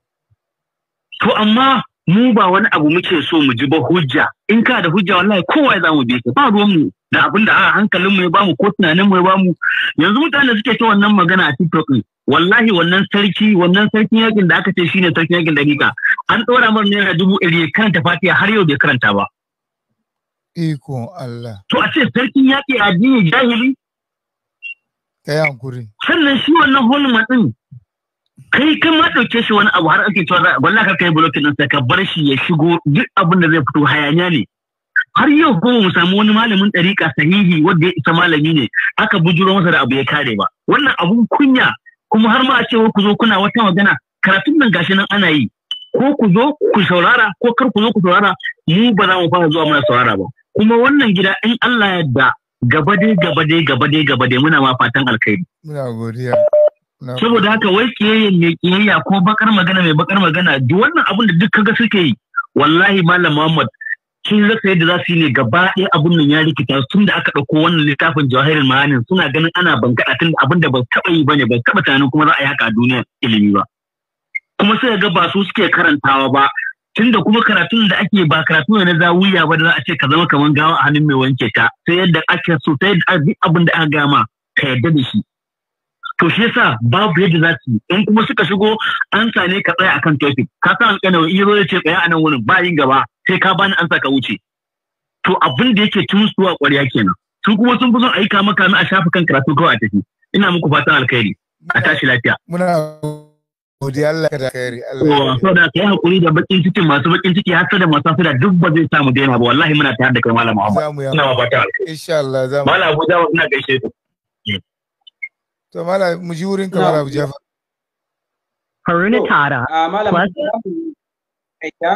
to amma mu ba wani abu muke so mu ji ba hujja in ka da hujja wallahi kowa za mu bi ka ba ruwan mu da abin da a hankalin mu ya bamu ko tunanin mu ya bamu yanzu mutane suke ta wannan magana a TikTok wallahi wannan sarki wannan sarkin yakin da aka ce shine sarkin yakin dakika an ɗora mar naira dubu ɗari ya karanta fatiha har yau bai karanta ba iko Allah to a ce sarkin yaki addini jahili kai hankuri sannan shi wannan holman din kai kai ma shi wani abu har ake cewa gwalla ka kai bulokin din sai ka bar shi ya shigo duk abin da zai fito hayaniya ne har yau kuma mu samu wani malamin ɗariƙa sahihi wanda ya isa malami ne aka bujuro masa da abu ya kare ba wannan abun kunya kuma har ma a ce ku zo kuna wata magana karatun nan gashi nan ana yi ko ku zo ku saurara ko kar ku zo ku saurara mu ba za mu fara zuwa mana saurara ba kuma wannan gida in Allah yadda gaba dai gaba dai gaba dai gaba dai muna ma fatan alkhairi muna godiya saboda haka wai kiyayya mai kiyayya ko bakar magana mai bakar magana duk wannan abin da duk kaga suke yi wallahi malam Muhammad kin rasa yadda za su yi ne gaba ɗaya abin nan ya rikita tun da aka ɗauko wannan littafin jawahirin ma'anin suna ganin ana bankaɗa tun abin da ba taɓa yi bane ba taɓa tunanin kuma za a yi haka a duniya ilimi ba kuma sai ga ba su suke karantawa ba tunda kuma karatun da ake ba karatu ne na zawiya ba da za a ce ka zama kamar gawa a hannun mai wanke ta sai yadda ake so sai yadda abin da aka gama ka yadda da shi to shi yasa babu yadda za su in kuma suka shigo an sane ka tsaya akan topic ka san kana iro ya ce tsaya a nan wurin ba yin gaba sai ka bani an ka wuce to abin da yake tun suwa ƙwarya kenan su kuma sun fi son aika maka a kan karatu kawai a tafi ina muku fatan alkhairi a tashi lafiya godi Allah da khairi Allah so da kai hakuri da bakin ciki masu bakin ciki hasa da masu hasa duk ba zai samu daina ba wallahi muna tare da kai malam Muhammad ina ba ta insha Allah za mu malam Abuja ina gaishe ta. to malam mu ji wurin ka malam Abuja Haruna Tara a malam Aisha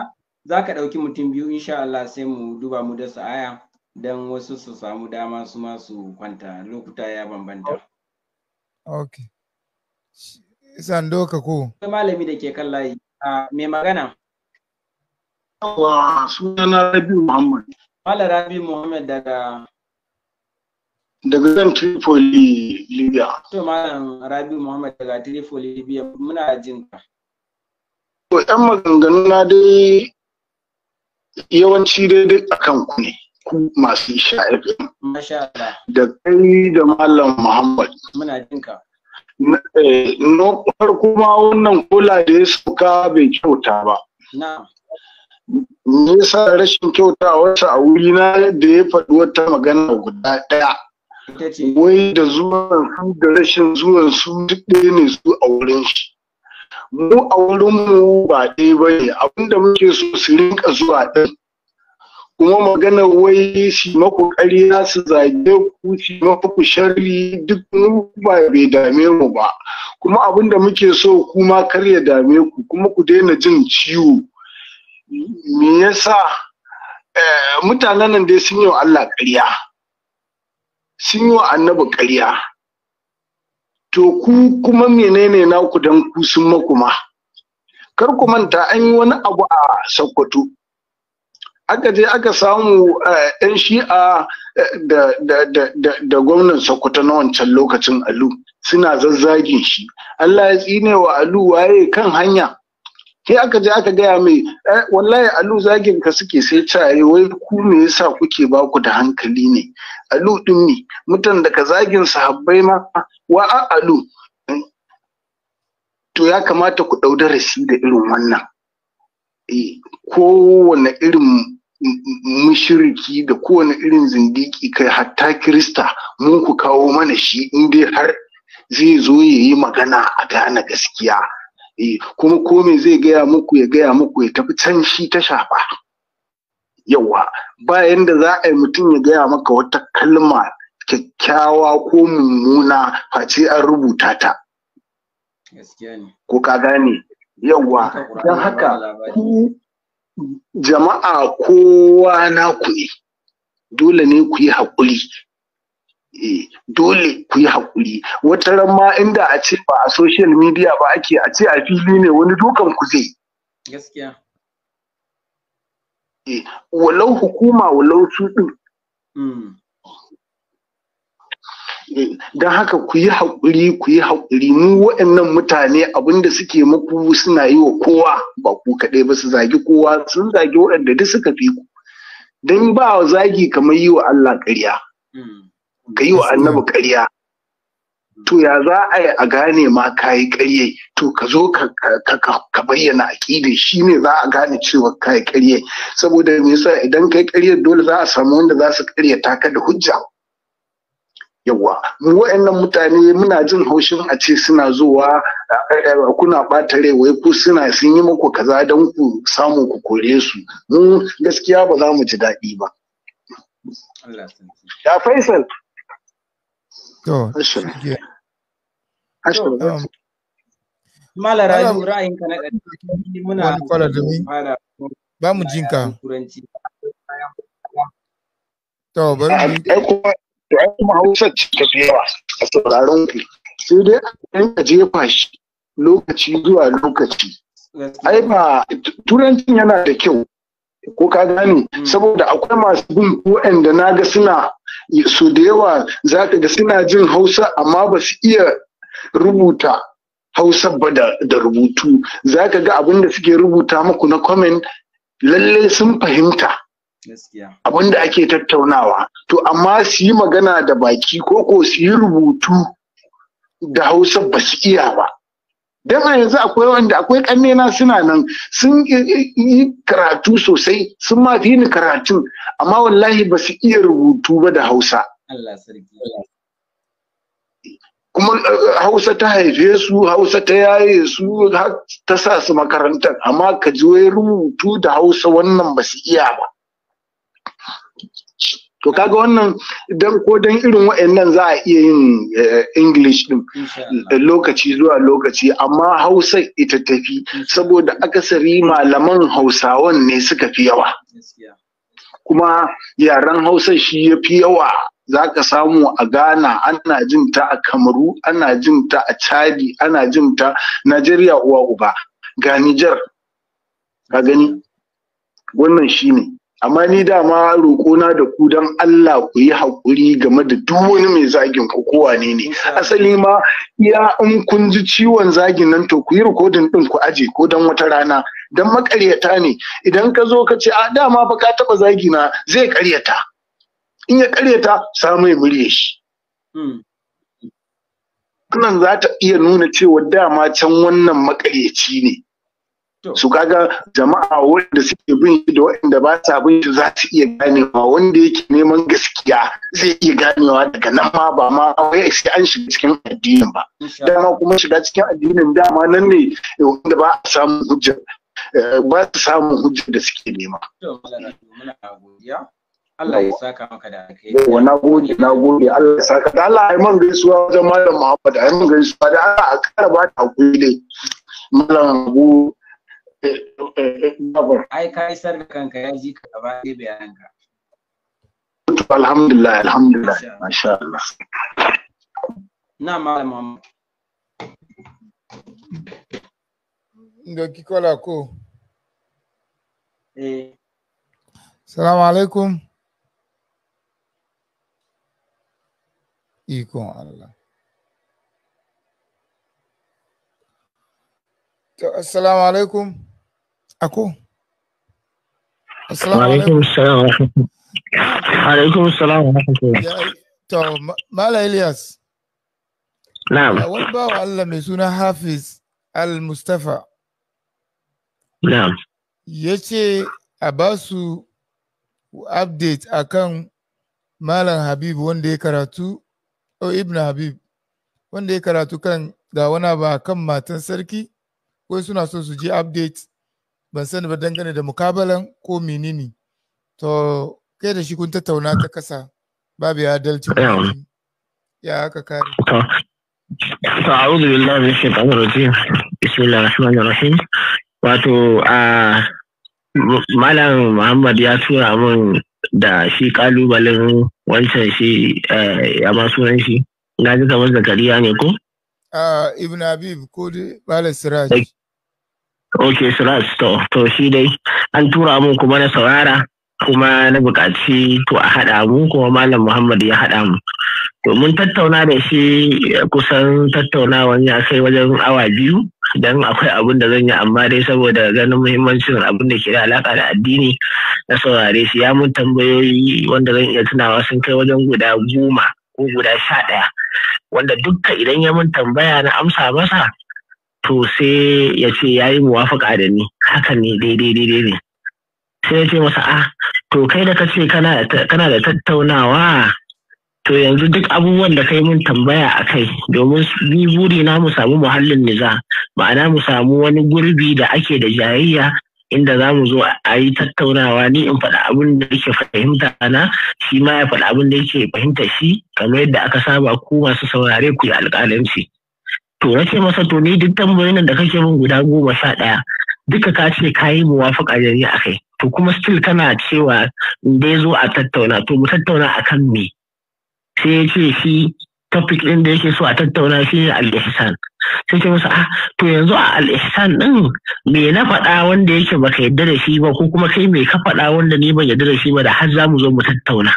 za ka ɗauki mutum biyu insha Allah sai mu duba mu da sa'aya don wasu su samu dama su ma su kwanta lokuta ya bambanta. Okay. doka ko. Kai malami da ke kan layi. Ah, mai magana. Yawa sunana Rabi Muhammad. Mala Rabi Muhammad daga. Daga zan Tripoli, Libya. To Malam Rabi Muhammad daga Tripoli, Libya muna jin ka. To ‘yan maganganu na dai yawanci daidai a kan ku ne, ku masu sha'ir. Masha Allah. Da kai da Malam Muhammad. Muna jin ka. Eh, na farko ma wannan kula da ya suka bai kyauta ba nesa rashin kyauta a wuri na da ya faɗi wata magana guda ɗaya wai da zuwan su da rashin zuwan su duk ɗaya ne su a wurin shi mu a wurin mu ba ɗaya ba ne abinda muke so su rinka zuwa ɗaya. kuma magana wai shi makokari ya su zage ku shi maku sharri duk ba bai dame mu ba kuma abin da muke so kuma kar ya dame ku kuma ku daina jin ciwo me yasa eh, mutanen nan dai sun yi wa Allah ƙarya sun yi wa annabi ƙarya to ku kuma menene naku dan ku sun makuma kar ku manta an yi wani abu a Sokoto aka je aka samu yan eh, shi'a eh, da gwamnan sokoto na wancan lokacin alu suna zazzagin shi allah ya tsine wa alu waye kan hanya sai aka je aka gaya mai eh, wallahi alu zagin ka suke sai caye wai ku me yasa kuke ba ku da hankali ne alu din ne mutan da ka zagin sahabbai ma wa a alu to ya kamata ku ɗau darasi da irin wannan kowane irin mushiriki da kowane irin zindiki kai hatta kirista mun ku kawo mana shi in dai har zai zo ya yi magana a gane gaskiya eh, kuma komai zai gaya muku ya gaya muku ya tafi can shi ta shafa yawa bayan da za a yi mutum ya gaya maka wata kalma kyakkyawa ko mummuna face an rubuta ta ko ka gane yawa don haka jama'a kowa na ne dole ne ku yi haƙuri eh, dole ku yi haƙuri wata ran ma inda a ce ba a social media ba ake a ce a fili ne wani dukan ku zai gaskiya eh, walau hukuma walau su din hmm. don haka ku yi haƙuri ku yi haƙuri mu waɗannan mutane abinda suke muku suna yi wa kowa ba ku kaɗai ba su zagi kowa sun zagi waɗanda duk suka fi ku don ba zagi kamar yi wa Allah ƙarya ga hmm. yi wa annabi hmm. ƙarya to ya za a yi a gane ma ka yi ƙarye to ka zo ka bayyana aƙide shi ne za a gane cewa ka yi ƙarye saboda me yasa idan ka yi ƙarye dole za a samu wanda za su ƙaryata ka da hujja yawa wa'annan mutane muna jin haushin a ce suna zuwa eh, kuna ɓata rai wai ku suna sun yi muku kaza don ku samu ku kore su mu gaskiya ba za mu ji daɗi ba ya faisal um, na muna ba mu jinka. To bari mu to ai hausa yawa a sauraron ku sai dai a rinka jefa shi lokaci zuwa lokaci ai ba turancin yana da kyau ko ka gane hmm. saboda akwai masu bin da na ga suna su da yawa za ka ga suna jin hausa amma ba su iya rubuta hausa ba da rubutu za ka ga abin da suke rubuta muku na comment lallai sun fahimta abin da ake tattaunawa to amma su yi magana da baki ko ko su yi rubutu da hausa ba su iya ba don a yanzu akwai wanda akwai kannena suna nan sun yi karatu sosai sun ma fi ni karatun amma wallahi ba su iya rubutu ba da hausa kuma eh, hausa ta haife su hausa ta yaye su ta sa su makarantar amma ka ji rubutu da hausa wannan ba su iya ba to kaga wannan don ko don irin waɗannan za a iya yin eh, english ɗin lokaci zuwa lokaci amma hausa ita tafi saboda akasari malaman hausawan ne suka fi yawa kuma yaren hausa shi ya fi yawa za ka samu a ghana ana jin ta a kamaru ana jin ta a chadi ana jin ta najeriya uwa uba ga nijar ka gani wannan shi ne amma ni dama roƙona da ku don Allah ku yi haƙuri game da duk wani mai zagin ku kowa ne ne asali ma ya in kun ji ciwon zagin nan to ku yi rikodin ɗin ku aje ko don wata rana don makaryata ne idan ka zo ka ce a dama baka ka taɓa zagi na zai karyata in ya karyata samu ya murye shi hmm. nan za ta iya nuna cewa dama can wannan makaryaci ne su kaga jama'a wanda suke bin shi da wanda ba sa bin shi za su iya ganewa wanda yake neman gaskiya zai iya ganewa daga nan ma ba ma wai sai an shiga cikin addinin ba dama kuma shiga cikin addinin dama nan ne eh, wanda ba a samu hujja eh, ba su samun hujja da suke nema Allah ya saka maka da alkhairi. Wa na gode na gode Allah ya saka da Allah ya man gaisuwa wajen Malam Muhammad ai man gaisuwa da Allah a kara ba ta hakuri dai. Malam Abu ai ka sarka kanka ya ji ka gaba ɗaya bayananka alhamdulillah alhamdulillah masha Allah na malam Muhammad kola ko. Eh. Salamu alaikum. Ikon Allah. To, assalamu alaikum. ako alaikum salam alaikum salam to mala ilyas na'am wani bawa Allah mai suna hafiz al-mustafa na'am ya ce a ba su update akan malam habib wanda ya karatu o ibn habib wanda ya karatu kan ga wani ba kan matan sarki wai suna so su je update ban sani ba dangane da mukabalan ko menene to kai da shi kun tattauna ta kasa babu ya dalci ya haka kare ta'awudu billahi min shaitanir rajim bismillahir rahmanir rahim wato a malam muhammad ya tura min da shi kalubalen wancan shi ya eh, ma sunan shi na ji kamar zakariya ne ko ah, ibn habib ko malam siraj ok surat to to shi dai an tura mu kuma na saurara kuma na buƙaci to a haɗa mu kuma malam muhammad ya haɗa mu to mun tattauna da shi kusan tattaunawan ya kai wajen awa biyu dan akwai abin da zan yi amma dai saboda ganin muhimmancin abin da ke da alaka da addini na saurare shi ya mun tambayoyi wanda zan iya tunawa sun kai wajen guda goma ko guda sha ɗaya wanda dukka idan ya mun tambaya na amsa masa to sai ya ce ya yi muwafaka da ni Haka ne daidai daidai ne sai ya ce masa a ah, to kai da ka ce kana da tattaunawa to yanzu duk abubuwan da kai mun tambaya a kai domin ni buri na mu samu muhallin niza ma'ana mu samu wani gurbi da ake da jayayya inda za mu zo a yi tattaunawa ni in faɗa abin da yake fahimta na shi ma ya faɗa abin da yake fahimta shi kamar yadda aka saba ku masu saurare ku yi alƙalanci to ya ce masa to ni duk tambayoyin da kake min guda goma sha ɗaya duka ka ce ka yi muwafaƙa a kai. to kuma still kana cewa da ya zo a tattauna to mu tattauna akan me sai ya ce shi topic ɗin da yake so a tattauna shi ne al-ihsan sai ce masa ah to yanzu a al ɗin me na faɗa wanda yake baka yadda da shi ba ko kuma kai me ka faɗa wanda ni ban yadda da shi ba da har za mu zo mu tattauna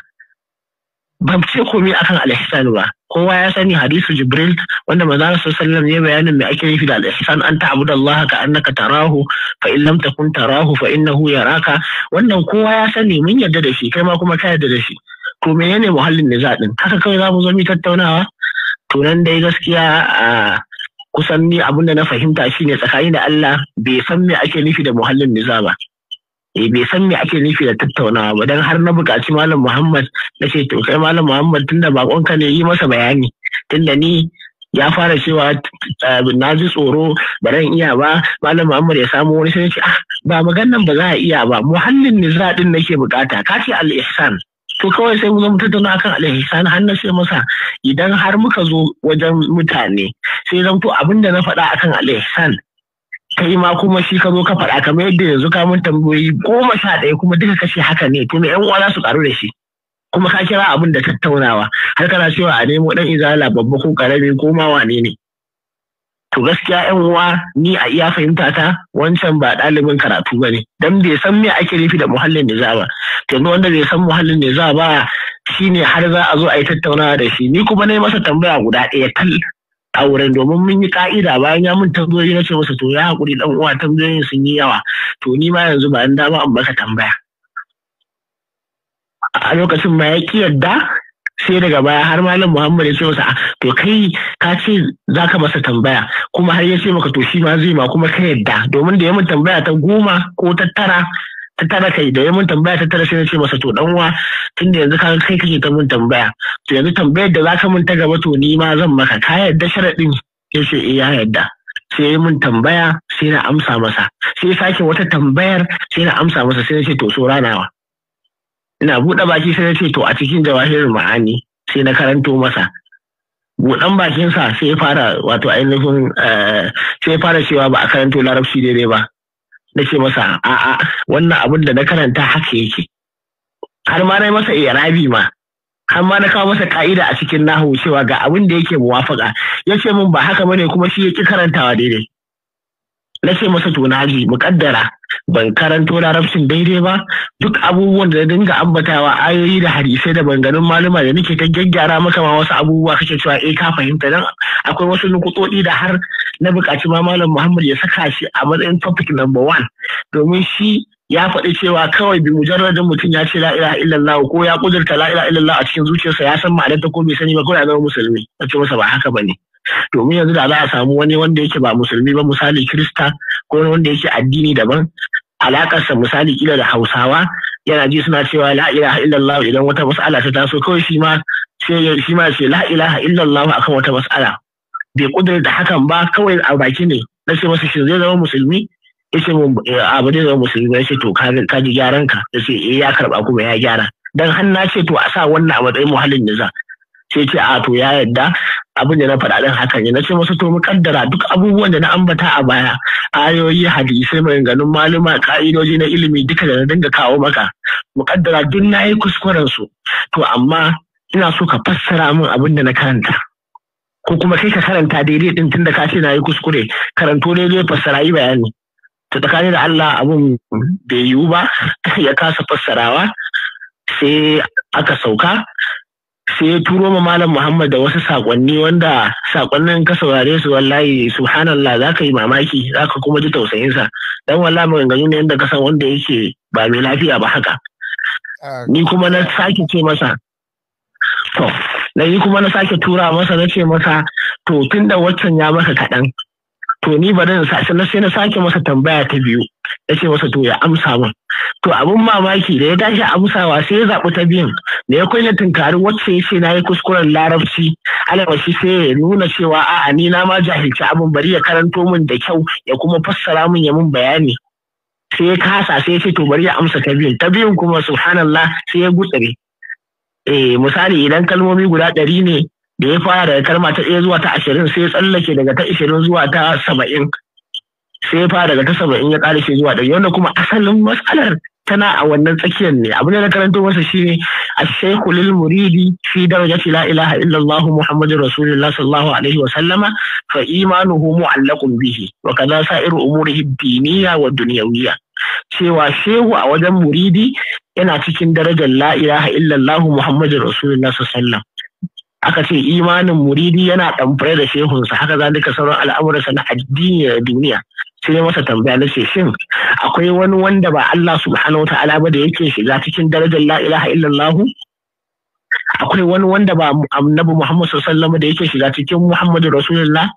ban ce komai akan al-ihsan ba kowa ya sani hadisu jibril wanda manzo sallallahu ya bayanin me ake nufi da al-ihsan an ta'budu Allah ka annaka tarahu fa in lam takun tarahu fa innahu yaraka wannan kowa ya sani mun yarda da shi kai ma kuma ka yarda da shi to menene muhallin niza din haka kawai za mu zo mu tattaunawa to nan dai gaskiya a kusan ni abin da na fahimta shine tsakani da Allah bai san me ake nufi da muhallin niza ba eh bai san me ake nufi da tattaunawa ba dan har na buƙaci malam Muhammad na ce to kai malam Muhammad tunda bakonka ne yi masa bayani tunda ni ya fara cewa na ji tsoro ba ran iya ba malam Muhammad ya samu wani sai ce ah ba maganan ba za a iya ba muhallin nizra din nake bukata ka ce al ihsan to kawai sai mu zama tattauna akan al ihsan har na ce masa idan har muka zo wajen mutane sai zan to abinda na faɗa akan al ihsan kai ma kuma shi ka zo ka faɗa kamar yadda yanzu ka mun tambayoyi goma sha ɗaya kuma duka kashe haka ne to yan uwa za su karu da shi kuma ka kira abin da tattaunawa har kana cewa a nemo dan izala babba ko karami ko ma wane ne to gaskiya yan uwa ni a iya fahimta ta wancan ba ɗalibin karatu ba ne dan bai san me ake nufi da muhallin da za ba yanzu wanda bai san muhallin da za ba shine har za a zo a yi tattaunawa da shi ni kuma na yi masa tambaya guda ɗaya tal auren domin mun yi ka'ida bayan ya mun tambayoyi na ce masa to ya haƙuri dan uwa tambayoyin sun yi yawa to ni ma yanzu ba an dama an baka tambaya a lokacin ma ya ki yadda sai daga baya har malam muhammad ya ce masa to kai ka ce za ka masa tambaya kuma har ya ce maka to shi ma zai ma kuma ka yadda domin da ya mun tambaya ta goma ko ta tara tattara kai da ya mun tambaya tattara sai na ce masa to dan uwa tun da yanzu kan kai kake ta mun tambaya to yanzu tambayar da zaka mun ta gaba to ni ma zan maka ka yarda sharaɗin ya ce eh ya yarda sai ya mun tambaya sai na amsa masa sai sake wata tambayar sai na amsa masa sai na ce to sauranawa ina buɗe baki sai na ce to a cikin jawahirin ma'ani sai na karanto masa buɗan bakinsa sai ya fara wato ainihin eh, sai ya fara cewa ba a karanto larabci daidai ba Na ce masa a'a wannan abin da na karanta haka yake har ma na masa irabi ma har ma na kawo masa ka'ida a cikin nahu cewa ga abin da yake muwafaka ya ce min ba haka bane kuma shi yake karantawa daidai na ce masa tunaji mukaddara muƙaddara ban karanto larabcin daidai ba duk abubuwan da dinga ambatawa ayoyi da hadisai da ganin maluma da nake ta gyaggyara maka ma wasu abubuwa kake cewa eh ka fahimta dan akwai wasu nukutsotsi da har na buƙaci ma malam Muhammad ya saka shi a matsayin topic number one domin shi ya faɗi cewa kawai bi mujarradin mutum ya ce la'il'a illallah ko ya kudurta la'il'a illallah a cikin zuciyarsa ya san ma'anar ko bai sani ba ko ya zama musulmi ce masa ba haka ba ne. domin yanzu da za a samu wani wanda yake ba musulmi ba misali kirista ko wanda yake addini daban alakarsa misali kila da hausawa yana ji suna cewa la ilaha illallah idan wata mas'ala ta taso kawai shi ma shi ma ce la ilaha illallah akan wata mas'ala bai kudurin da hakan ba kawai a baki ne na ce masa shi zai zama musulmi ya ce eh, abu zai zama musulmi ya ce to ka gyaran ka ya ce eh, ya karba kuma ya gyara dan har na ce to a sa wannan a matsayin muhallin niza sai ce a to ya yadda abin da na faɗa ɗin hakan ne na ce masu to mu duk abubuwan da na ambata a baya ayoyi hadisai maganganun maluma ka'idoji na ilimi duka da na dinga kawo maka mu duk na yi kuskuren su to amma ina so ka fassara min abin da na karanta ko kuma kai ka karanta daidai din tunda ka ce na yi kuskure karanto daidai fassara yi bayani to tsakanin da Allah abin bai yiwu ba ya kasa fassarawa sai aka sauka sai ya turo ma malam muhammad da wasu sakonni wanda sakonnin ka saurare su wallahi subhanallah za ka yi mamaki za ka kuma ji tausayinsa dan wallahi maganganu ne yadda ka san wanda yake ba mai lafiya ba haka ah, ni kuma na sake ce masa to na yi kuma na sake tura masa na ce masa to tun da waccan ya masa kaɗan to ni bari in sa sannan sai na sake masa tambaya ta biyu ya ce masa to ya amsa min to abin mamaki da ya tashi amsawa sai ya zaɓi ta biyun da ya kunna tunkarin wacce ya ce na yi kuskuren larabci shi sai ya nuna cewa a'a ni na ma jahilci abin bari ya karanto min da kyau ya kuma fassara min ya min bayani sai ya kasa sai ya ce to bari ya amsa ta biyun ta biyun kuma subhanallah sai ya gutsire eh misali idan kalmomi guda ɗari ne da ya fara daga kalma ta ɗaya zuwa ta ashirin sai ya tsallake daga ta ashirin zuwa ta saba'in sai ya fara daga ta saba'in ya ƙarashe zuwa ɗari wanda kuma asalin matsalar tana a wannan tsakiyar ne abin da na karanto masa shine ashaykhu lil muridi fi darajati la ilaha illallah muhammadur rasulullah sallallahu alaihi wa sallama fa imanuhu mu'allaqun bihi wa kaza sa'iru umurihi diniya wa dunyawiyya cewa shehu a wajen muridi yana cikin darajar la ilaha illallah muhammadur rasulullah sallallahu alaihi wa sallam aka ce imanin muridi yana ɗamfare da shehunsa haka za duka sauran al'amuransa na addini da duniya sai masa tambaya na ce shin akwai wani wanda ba Allah subhanahu wa ta'ala ba da yake shiga cikin darajar la ilaha illallah akwai wani wanda ba annabi Muhammad sallallahu alaihi da yake shiga cikin Muhammadu Rasulullah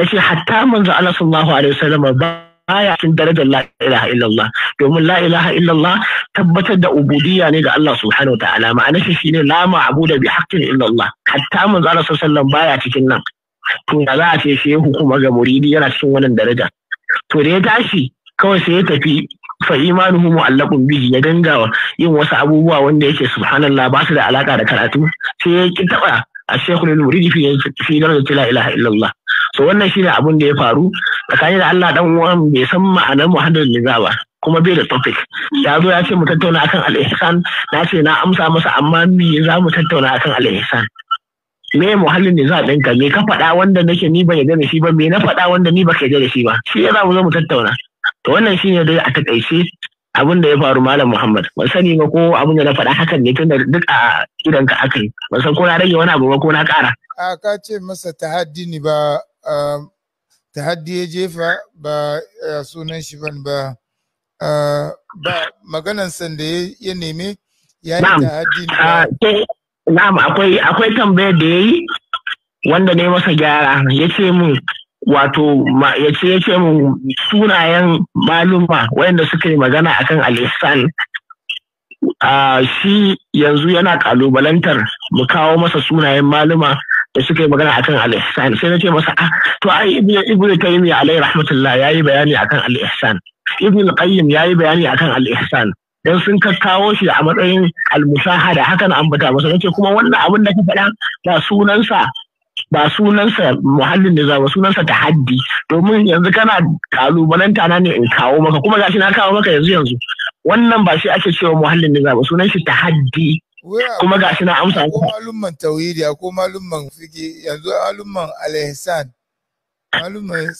yace hatta manzo Allah sallallahu alaihi wasallam ba baya cin darajar la ilaha illallah domin la ilaha illallah tabbatar da ubudiyya ne ga Allah subhanahu ta'ala ma'anar shi shine la ma'budu bi haqqin illallah hatta manzo Allah sallallahu baya cikin nan to da za a ce shehu kuma ga muridi yana cikin wannan daraja to da ya tashi kawai sai ya tafi fa imanuhu mu'allaqun bihi ya ganga yin wasu abubuwa wanda yake subhanallah ba su da alaka da karatu sai ya ki taba a shekul muridi fi fi darajar la ilaha illallah so wannan shine abin da ya faru tsakanin da Allah dan uwan bai san ma'anar muhammadu liza ba kuma bai da topic ya zo ya ce mu tattauna akan al na ce na amsa masa amma me za mu tattauna akan al me muhallin ne za ɗinka me ka faɗa wanda nake ni ba ya da shi ba me na faɗa wanda ni ba ka yarda shi ba shi ya za mu zo mu tattauna to wannan shi ne dai a takaice abin da ya faru malam Muhammad ban sani ba ko abin da na faɗa hakan ne da duk a idan ka yi ban san ko na rage wani abu ba ko na ƙara a ka ce masa ta haddini ba Um, tahaddi ya jefa ba eh, sunan shi ban ba uh, ba maganan san ya neme ya yi tahaddi ne ah, Na'am akwai akwai tambayar da ya yi wanda ne masa gyara ya ce mu wato ya ce ya ce mu sunayen maluma wayanda suka yi magana akan alisan ah, shi yanzu yana kalubalantar mu kawo masa sunayen maluma da suka yi magana akan al-ihsan sai na ce masa ah to ai ibnu taymiya alai rahmatullah yayi bayani akan al-ihsan ibnu qayyim yayi bayani akan al-ihsan dan sun kakkawo shi a matsayin al-musahada hakan ambata masa nace kuma wannan abin da ka faɗa ba sunansa ba sunansa muhallin da ba sunansa tahaddi domin yanzu kana kalubalanta na ne in kawo maka kuma gashi na kawo maka yanzu yanzu wannan ba shi ake cewa muhallin da ba sunan shi tahaddi kuma ga shi na amsa ko malumman tauhidi ko malumman fiki yanzu malumman alihsan malumman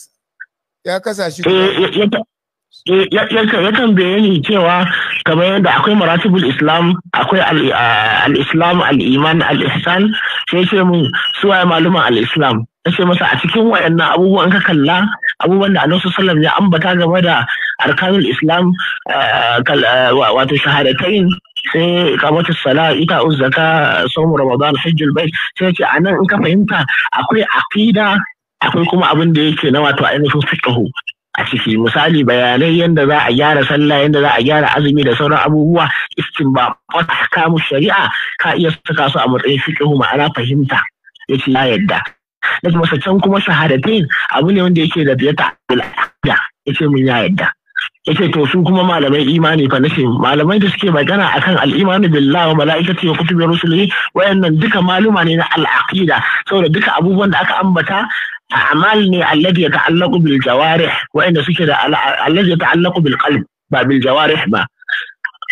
ya kasa shi eh, kan bayani cewa kamar yadda akwai maratibul islam akwai ah, al-islam al-iman al-ihsan sai ce mun suwaye maluman al-islam ce masa a cikin wayannan abubuwan ka kalla abubuwan da annabi sallam ya ambata game da arkanul islam eh, eh, wato shahadatain sai kamata sala ita uzzaka saumu ramadan hajjul bait sai ce anan in ka fahimta akwai aqida akwai kuma abin da yake na wato ainihin fiqhu a ciki misali bayanai yadda za a gyara sallah yadda za a gyara azumi da sauran abubuwa istinbat ahkamu shari'a ka iya saka su a matsayin fiqhu ma'ana fahimta yace ya yadda na ce masa can kuma shahadatain abu ne wanda yake da biyata al'ada ce mun ya yadda ce to sun kuma malamai imani fa nace malamai da suke magana akan al'imani billahi wa malaikati wa kutubi rusulihi wayannan duka maluma ne na al'aqida saboda duka abubuwan da aka ambata a'mal ne alladhi yata'allaqu bil jawarih wayanda suke da alladhi yata'allaqu bil qalb ba bil jawarih ba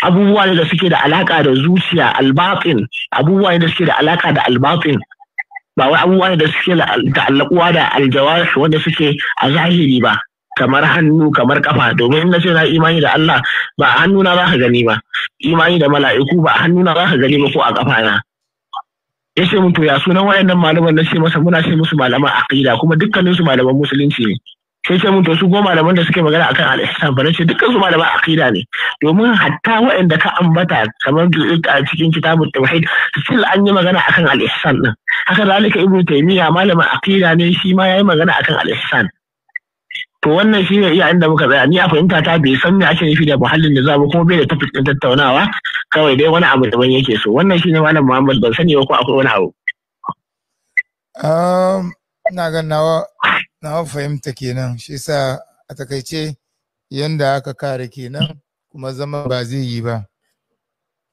abubuwa ne da suke da alaka da zuciya albatin abubuwa ne da suke da alaka da albatin ba wai abubuwa da suke da ta'allakuwa da aljawarih wanda suke a zahiri ba kamar hannu kamar kafa domin in na ce na imani da Allah ba a hannuna za ka gani ba imani da mala'iku ba a hannuna za ka gani ba ko a kafa na ya ce mutu ya sunan wayannan malaman na ce masa muna ce musu malaman aƙida kuma dukkanin su malaman musulunci ne sai ce mun to su goma malaman da suke magana akan al'islam ba ce dukkan su malaman akida ne domin hatta waɗanda ka ambata kamar a cikin kitabun tauhid still an yi magana akan al'islam din haka zalika ibnu taymiya malamin akida ne shi ma yayi magana akan al'islam to wannan shi ne iya inda muka tsaya ni a fahimta ta bai san me ake nufi da muhallin da zamu kuma bai da tafi tattaunawa kawai dai wani abu daban yake so wannan shi ne malam muhammad ban sani ba ko akwai wani abu um, ina ganawa na fahimta kenan shi sa a takaice yanda aka kare kenan kuma zama ba zai yi ba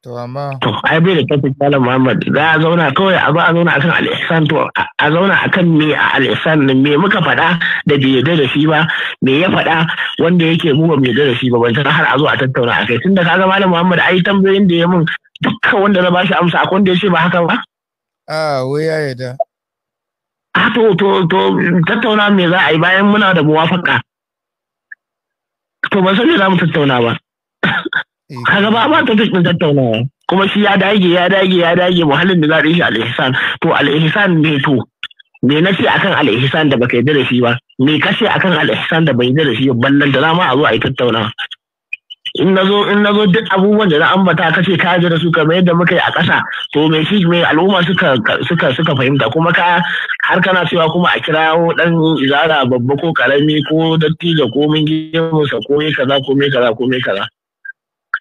to amma to ai bai da tafi malam Muhammad za a zauna kawai a ba a zauna akan al-ihsan to a zauna akan me a al-ihsan me muka faɗa da bai yarda da shi ba me ya faɗa wanda yake mu ba mu yarda da shi ba ban har a zo a tattauna kai tunda kaga malam Muhammad ai tambayoyin da ya mun dukkan wanda na bashi amsa akwai wanda ya ce ba haka ba a ah, wai ya yarda a ah, to to to tattauna me za a yi bayan muna da muwafaka to ban san me za mu tattauna ba eh. kaga ba ba ta tukin tattauna kuma shi ya dage ya dage ya dage muhallin da za a shi al-ihsan to al-ihsan ne to me na ce akan al-ihsan da baka yi da shi ba me ka ce akan al-ihsan da bai yi da shi ba ballan da ma a zo a yi tattaunawa in nazo in nazo duk abubuwan da na ambata kace ka ji da su kamar yadda muka yi a ƙasa to me shi me al'umma suka suka suka fahimta kuma ka har kana cewa kuma a kirawo dan izara babba ko karami ko dattijo ko mun musa ko me kaza ko me kaza ko me kaza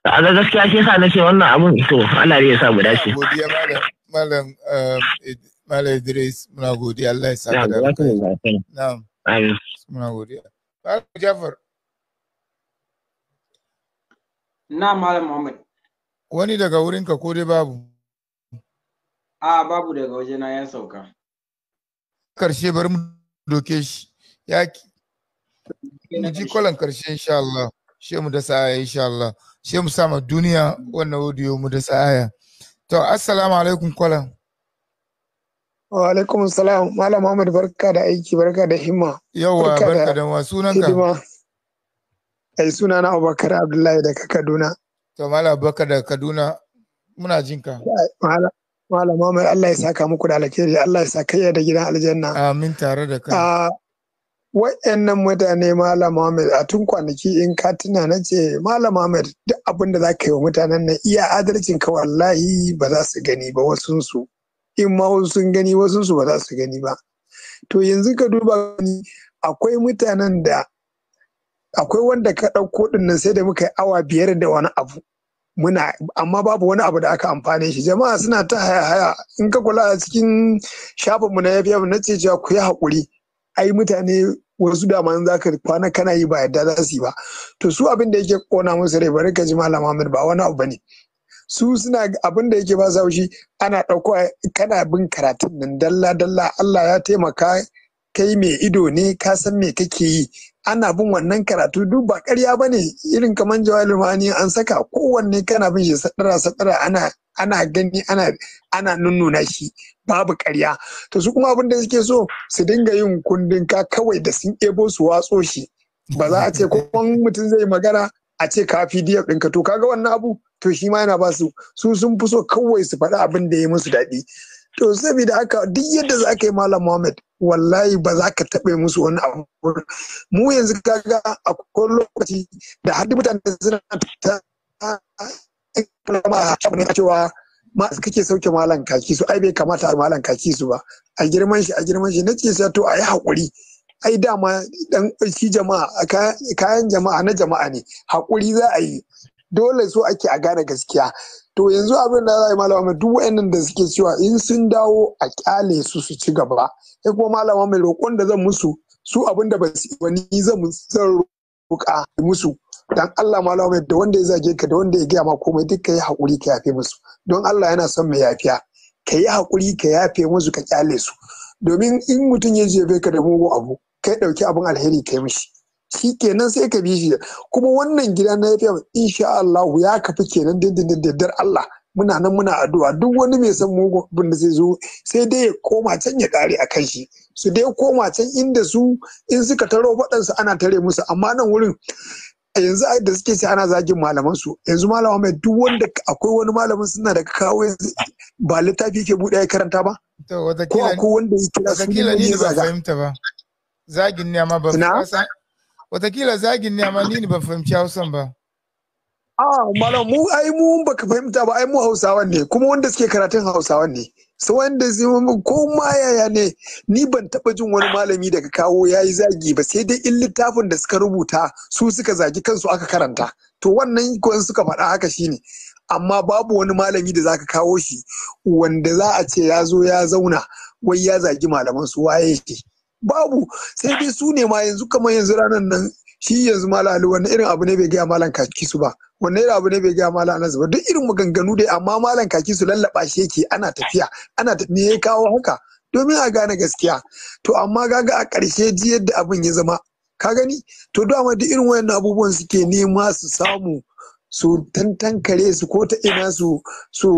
a ga gaskiya shi yasa ce wannan abun to Allah ya sa mu dace malam eh, malam Idris muna godiya Allah ya sa mu dace na'am muna godiya Jafar na malam muhammad wani daga wurinka ko dai babu a babu daga wajena ya sauka karshe bari mu doke shi ya mu ji kolon karshe insha Allah she mu da sa'aya insha Allah she mu sama duniya wannan audio mu da sa'aya to assalamu alaikum kolon wa alaikum salam malam Muhammad barka da aiki barka da himma yawa barka da wa sunanka Ai suna na Abubakar Abdullahi daga Kaduna. To Malam Abubakar daga Kaduna muna jin ka. Malam Muhammad Allah ya saka muku da alkhairi Allah ya saka yadda da gidan aljanna. Amin tare da kai. Ah, Wa'annan mutane Malam Muhammad a tun kwanaki in ka tuna na ce Malam Muhammad duk abin da za ka yi wa mutanen nan iya adalcin ka wallahi ba za su gani ba wasunsu. In ma wasu sun gani wasunsu ba za su gani ba. To yanzu ka duba akwai mutanen da akwai wanda ka ɗauko ɗin nan sai da muka yi awa biyar da wani abu muna amma babu wani abu da aka amfane shi jama'a suna ta haya haya in ka kula a cikin shafin mu na yafi na ce cewa ku yi haƙuri ai mutane wasu dama za ka kwana kana yi ba yadda za su yi ba to su abin da yake kona musu rai bari ka ji malam Ahmed ba wani abu bane su suna abin da yake ba sa shi ana ɗauko kana bin karatun nan dalla dalla Allah ya taimaka kai mai ido ne ka san me kake yi ana bin wannan karatu duk ba karya ba ne irin kamar jawalin ma'ani an saka kowanne kana bin shi sadara sadara ana ana gani ana ana nunnuna shi babu karya to su kuma abin da suke so su dinga yin kundin ka kawai da sun ebo su watso shi ba za a ce kowan mutum zai magana a ce ka diyar ɗinka to kaga wannan abu to shi ma yana ba su su sun fi so kawai su faɗi abin da ya musu daɗi to saboda haka duk yadda za ka yi malam muhammad wallahi ba za ka taɓa musu wani abu mu yanzu gaga a kowane lokaci da hadi mutane suna ta ne cewa ma kake sauke malam kaki su ai bai kamata a malam kaki su ba a girman shi a girman shi nake sai to a yi haƙuri ai dama dan shi jama'a kayan jama'a na jama'a ne Hakuri za a yi dole so ake a gane gaskiya to yanzu abin da za a yi malama duk wayannan da suke cewa in sun dawo a kyale su su ci gaba sai kuma malama mai roƙon da zan musu su abin da ba su ba ni zan roƙa musu dan Allah malama mai da wanda ya zage ka da wanda ya gaya ma komai duk ka yi haƙuri ka yafe musu don Allah yana son mai yafiya ka yi haƙuri ka yafe musu ka kyale su domin in mutum ya jefe ka da mugun abu kai ɗauki abin alheri kai mishi shi kenan sai ka bi shi kuma wannan gida na fm insha Allah ya kafi kenan dindindin da Allah muna nan muna addu'a duk wani mai san mugun abin da zai zo sai dai ya koma can ya kare a kan shi su dai koma can inda su in suka taro faɗansu ana tare musu amma nan wurin yanzu a da suke sai ana zagin malaman su yanzu malama mai duk wanda akwai wani malamin suna da kawo yanzu ba littafi ke buɗe ya karanta ba ko akwai wanda ya kira su ne ba zagin ne amma ba watakila zagin ne amma ni ban fahimci hausan ba Ah, malam mu ai mu baka fahimta ba ai mu hausawan ne kuma wanda suke karatun hausawan ne su wanda zai ko ma yaya ne ni ban taba jin wani malami daga kawo yayi zagi ba sai dai in littafin da suka rubuta su suka zagi kansu aka karanta to wannan ko suka faɗa haka shi ne, amma babu wani malami da zaka kawo shi wanda za a ce ya zo ya zauna wai ya zagi malaman su waye shi babu sai dai su ne ma yanzu kamar yanzu ranar nan shi yanzu ma ali wani irin abu ne bai gaya malam kaki su ba wani irin abu ne bai gaya malan nasu ba duk irin maganganu dai amma malan kaki su lallaba shi yake ana tafiya ana me ya kawo haka domin a gane gaskiya to amma gaga a ƙarshe ji yadda abin ya zama ka gani to dama duk irin wayannan abubuwan suke nema su samu su tantankare su ko ta ina su su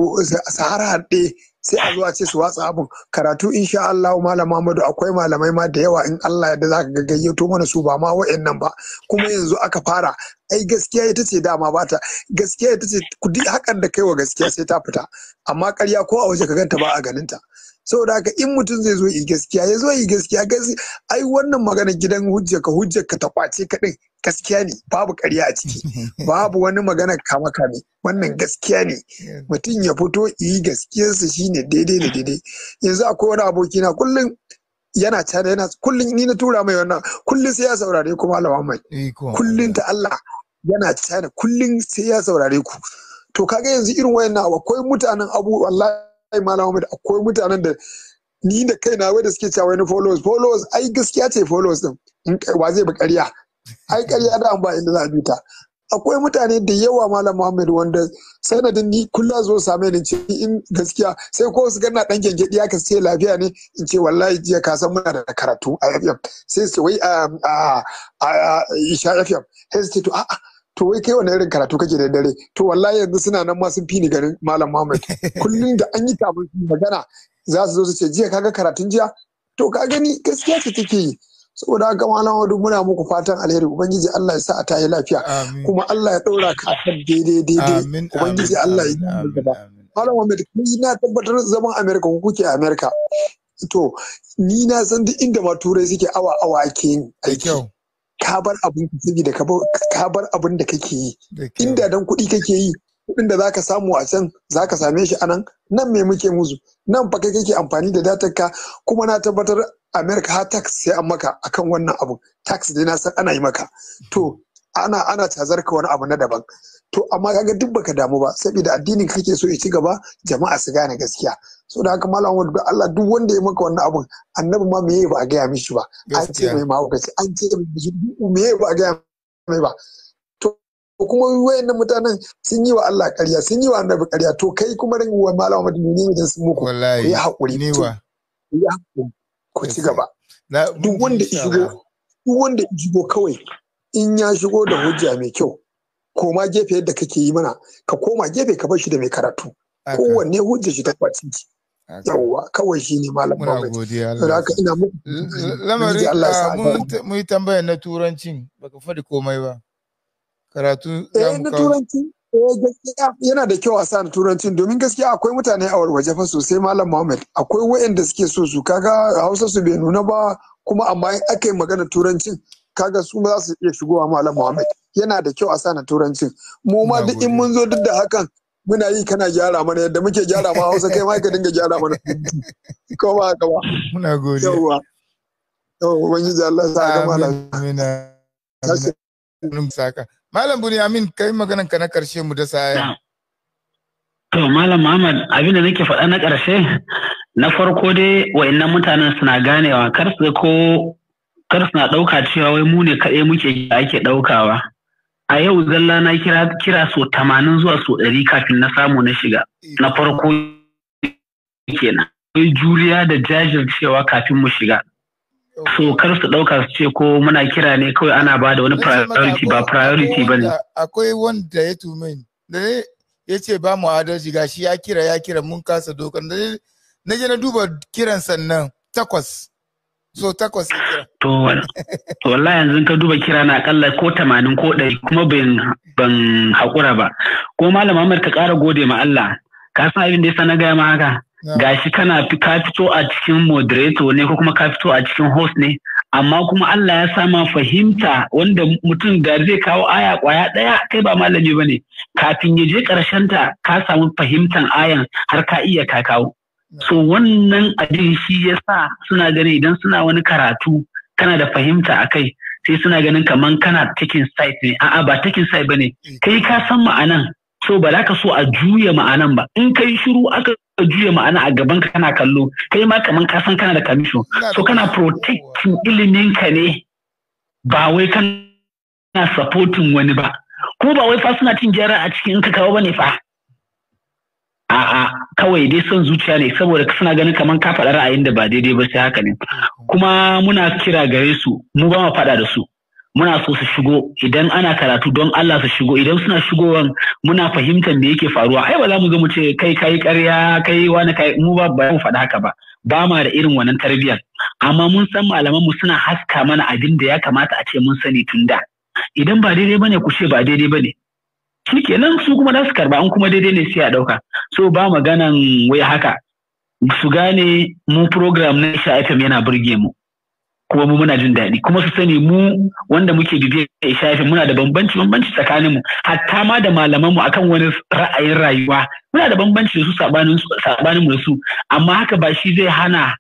harhaɗe sai a zo a ce su watsa abin karatu insha Allah malam Muhammadu akwai malamai ma da yawa in Allah yadda zaka ga gayyato mana su ba ma wa'annan ba kuma yanzu aka fara ai gaskiya ita ce dama ba ta gaskiya ita ce kudi hakan da kai wa gaskiya sai ta fita amma karya ko a waje ka ganta ba a ganinta saboda haka in mutum zai zo yi gaskiya ya zo yi gaskiya gasi ai wannan magana gidan hujja ka hujja ka ta kwace ka din gaskiya ne babu karya a ciki babu wani magana kama kame wannan gaskiya ne mutum ya fito yi gaskiyarsa shine daidai da daidai yanzu akwai wani abokina kullum yana cana. yana kullum ni na tura mai wannan kullum sai ya saurare kuma malama mai eh, kullum ta Allah yana cana. kullum sai ya saurare ku to kaga yanzu irin wayannan akwai mutanen abu wallahi wallahi malam Muhammad akwai mutanen da ni da kaina wai da suke cewa wani followers followers ai gaskiya ce followers din in wa zai ba ƙarya ai ƙarya da an ba inda za a ta akwai mutane da yawa malam Muhammad wanda sanadin ni kulla zo same ni ce in gaskiya sai ko su ganna dan gengedi aka ce lafiya ne in ce wallahi jiya ka san muna da karatu a FM sai su wai um, a a Isha FM sai su ce to a'a to wai kai wani irin karatu kake da dare to wallahi yanzu suna nan ma sun fi ni ganin malam Muhammad kullum da an yi tabin magana za su zo su ce jiya kaga karatun jiya to ka gani gaskiya ce take yi saboda haka malam wadu muna muku fatan alheri ubangiji Allah ya sa a tayi lafiya kuma Allah ya daura ka a daidai daidai ubangiji Allah ya yi gaba malam Muhammad ni na tabbatar zaman America ku kuke a America to ni na san duk inda ma turai suke awa awa ake yin aiki ka bar abin saboda ka bar abin da kake yi inda dan kuɗi kake yi kuɗin da zaka samu a can zaka same shi anan nan me muke musu nan fa kai kake amfani da datar ka kuma na tabbatar America ha tax sai an maka akan wannan abu tax dai na san ana yi maka to ana ana cazar ka wani abu na daban to amma kaga duk baka damu ba saboda addinin kake so ya ci gaba jama'a su gane gaskiya so da haka malam Ahmad da Allah duk wanda ya maka wannan abun annabi ma meye ba a gaya mishi ba an ce mai mahaukaci an ce meye ba a gaya mai ba to kuma wayannan mutanen sun yi wa Allah ƙarya sun yi wa annabi ƙarya to kai kuma rin wa malam Ahmad ne ne sun muku wallahi ya hakuri ne wa ya ku ci gaba duk wanda ya shigo duk wanda ya shigo kawai in ya shigo da hujja mai kyau koma gefe yadda kake yi mana ka koma gefe ka bar shi da mai karatu kowanne hujja shi ta kwacinci yawwa kawai shi ne malam godiya Allah ah, yi na ba karatu eh na eh, yana da kyau a sa na turancin domin gaskiya akwai mutane a warwaje fa sosai malam Muhammad akwai waɗanda suke so su kaga Hausa su bai nuna ba kuma amma in aka yi magana turancin kaga su za su iya shigowa malam Muhammad yana da kyau a sa na turancin mu ma duk in mun zo duk da hakan muna yi kana gyara mana yadda muke gyara ma hausa kai ma ka dinga gyara mana ko ba haka ba muna gode yawa yawa ubangiji Allah sa ga malam saka malam buni amin kai maganan ka na karshe mu da saya to malam Muhammad abin da nake faɗa na karshe na farko dai wa'annan mutanen suna ganewa kar su ko kar suna ɗauka cewa wai mu ne kaɗai muke ake ɗaukawa a yau zalla na kira kira so tamanin zuwa so ɗari kafin na samu na shiga na farko kenan akwai juriya da jajircewa kafin mu shiga so kar su ɗauka su ce ko muna kira ne kawai ana ba da wani priority ba priority ba ne akwai wanda ya tume da ne ya ce ba mu adalci gashi ya kira ya kira mun kasa dokar da na je na duba kiran sannan takwas so takwas kira. To wallahi yanzu ka duba kira na akalla ko tamanin ko ɗaya kuma ban hakura ba. Ko malam Ahmad ka ƙara gode ma Allah. Ka san abin da yasa na gaya ma haka. Gashi kana ka fito a cikin moderator ne ko kuma ka fito a cikin host ne. Amma kuma Allah ya sama fahimta wanda mutum da zai kawo aya kwaya ɗaya kai ba malami ba Kafin ya je ta ka samu fahimtan ayan har ka iya ka kawo. So wannan abin shi ya sa suna ganin idan suna wani karatu kana da fahimta a kai sai suna ganin kaman kana taking side ne a'a ba taking side ne. kai ka san ma'anan so ba za ka so a juya ma'anan ba in kai shiru aka juya ma'ana a gaban kana kallo kai ma kaman ka san kana da commission so kana protecting ilimin ka ne ba wai kana supporting wani ba ko ba wai fa suna cin gyara a cikin in ka kawo ne fa a'a kawai dai son zuciya ne saboda suna ganin kamar ka faɗa ra'ayin da ba daidai ba sai haka ne kuma muna kira gare su mu ba mu faɗa da su muna so su shigo idan ana karatu don Allah su shigo idan suna shigowan muna fahimtar me yake faruwa ai ba za mu zo mu ce kai kai ƙarya kai wani kai mu ba ba mu faɗa haka ba ba ma da irin wannan tarbiyyar amma mun san malaman mu suna haska mana abin da ya kamata a ce mun sani tun da idan ba daidai bane ku ce ba daidai bane nan su kuma za su karba an kuma daidai ne sai a ɗauka so ba maganan wai haka su gane mu program na Isha FM yana burge mu kuma mu muna jin daɗi kuma su sani mu wanda muke bibiyar Isha FM muna da bambanci bambanci tsakanin mu hatta ma da malaman mu akan wani ra'ayin rayuwa muna da bambanci da su sabanin mu da su amma haka ba shi zai hana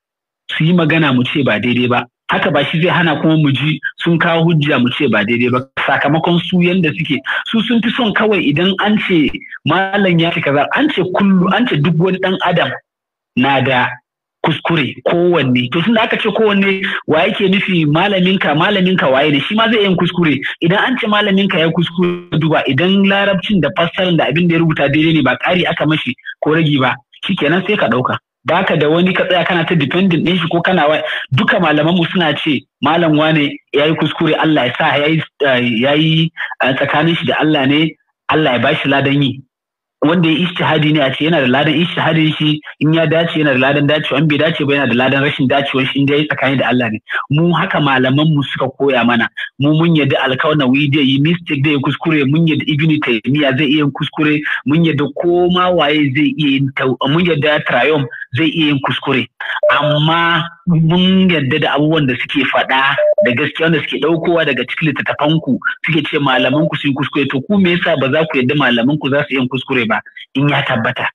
su yi magana mu ce ba daidai ba haka ba shi zai hana kuma mu ji sun kawo hujja mu ce ba daidai ba sakamakon su yanda suke su sun fi son kawai idan an ce malam ya fi kaza an ce kullu an ce duk wani dan adam na da kuskure kowanne to sun aka ce kowanne wa yake nufi malaminka malaminka waye ne shi ma zai yin kuskure idan an ce malaminka ya kuskure duba idan larabcin da fassarar da abin da ya rubuta daidai ne ba ƙari aka mashi ko ragi ba shikenan sai ka ɗauka baka da wani ka tsaya kana ta dependent ɗin shi ko kana wa duka malaman mu suna ce malam wane yayi kuskure Allah ya sa yayi eh, yayi eh, tsakanin shi da Allah ne Allah ya bashi ladan yi wanda ya ishtihadi ne a ce yana da ladan ishtihadin shi in ya dace yana da ladan dacewa in bai dace ba yana da ladan rashin dacewa shi inda ya tsakani da Allah ne mu haka malaman mu suka koya mana mu mun yadda wi zai yi mistake dai kuskure mun yadda ibnu taymiya zai iya kuskure mun yadda koma waye zai iya mun yadda trayom zai iya yin kuskure amma mun yarda da abubuwan da suke faɗa da gaskiya wanda suke ɗaukowa daga cikin littattafan ku suke ce malaman ku sun kuskure to ku me yasa ba za ku yarda malaman ku za su yin kuskure ba in ya tabbata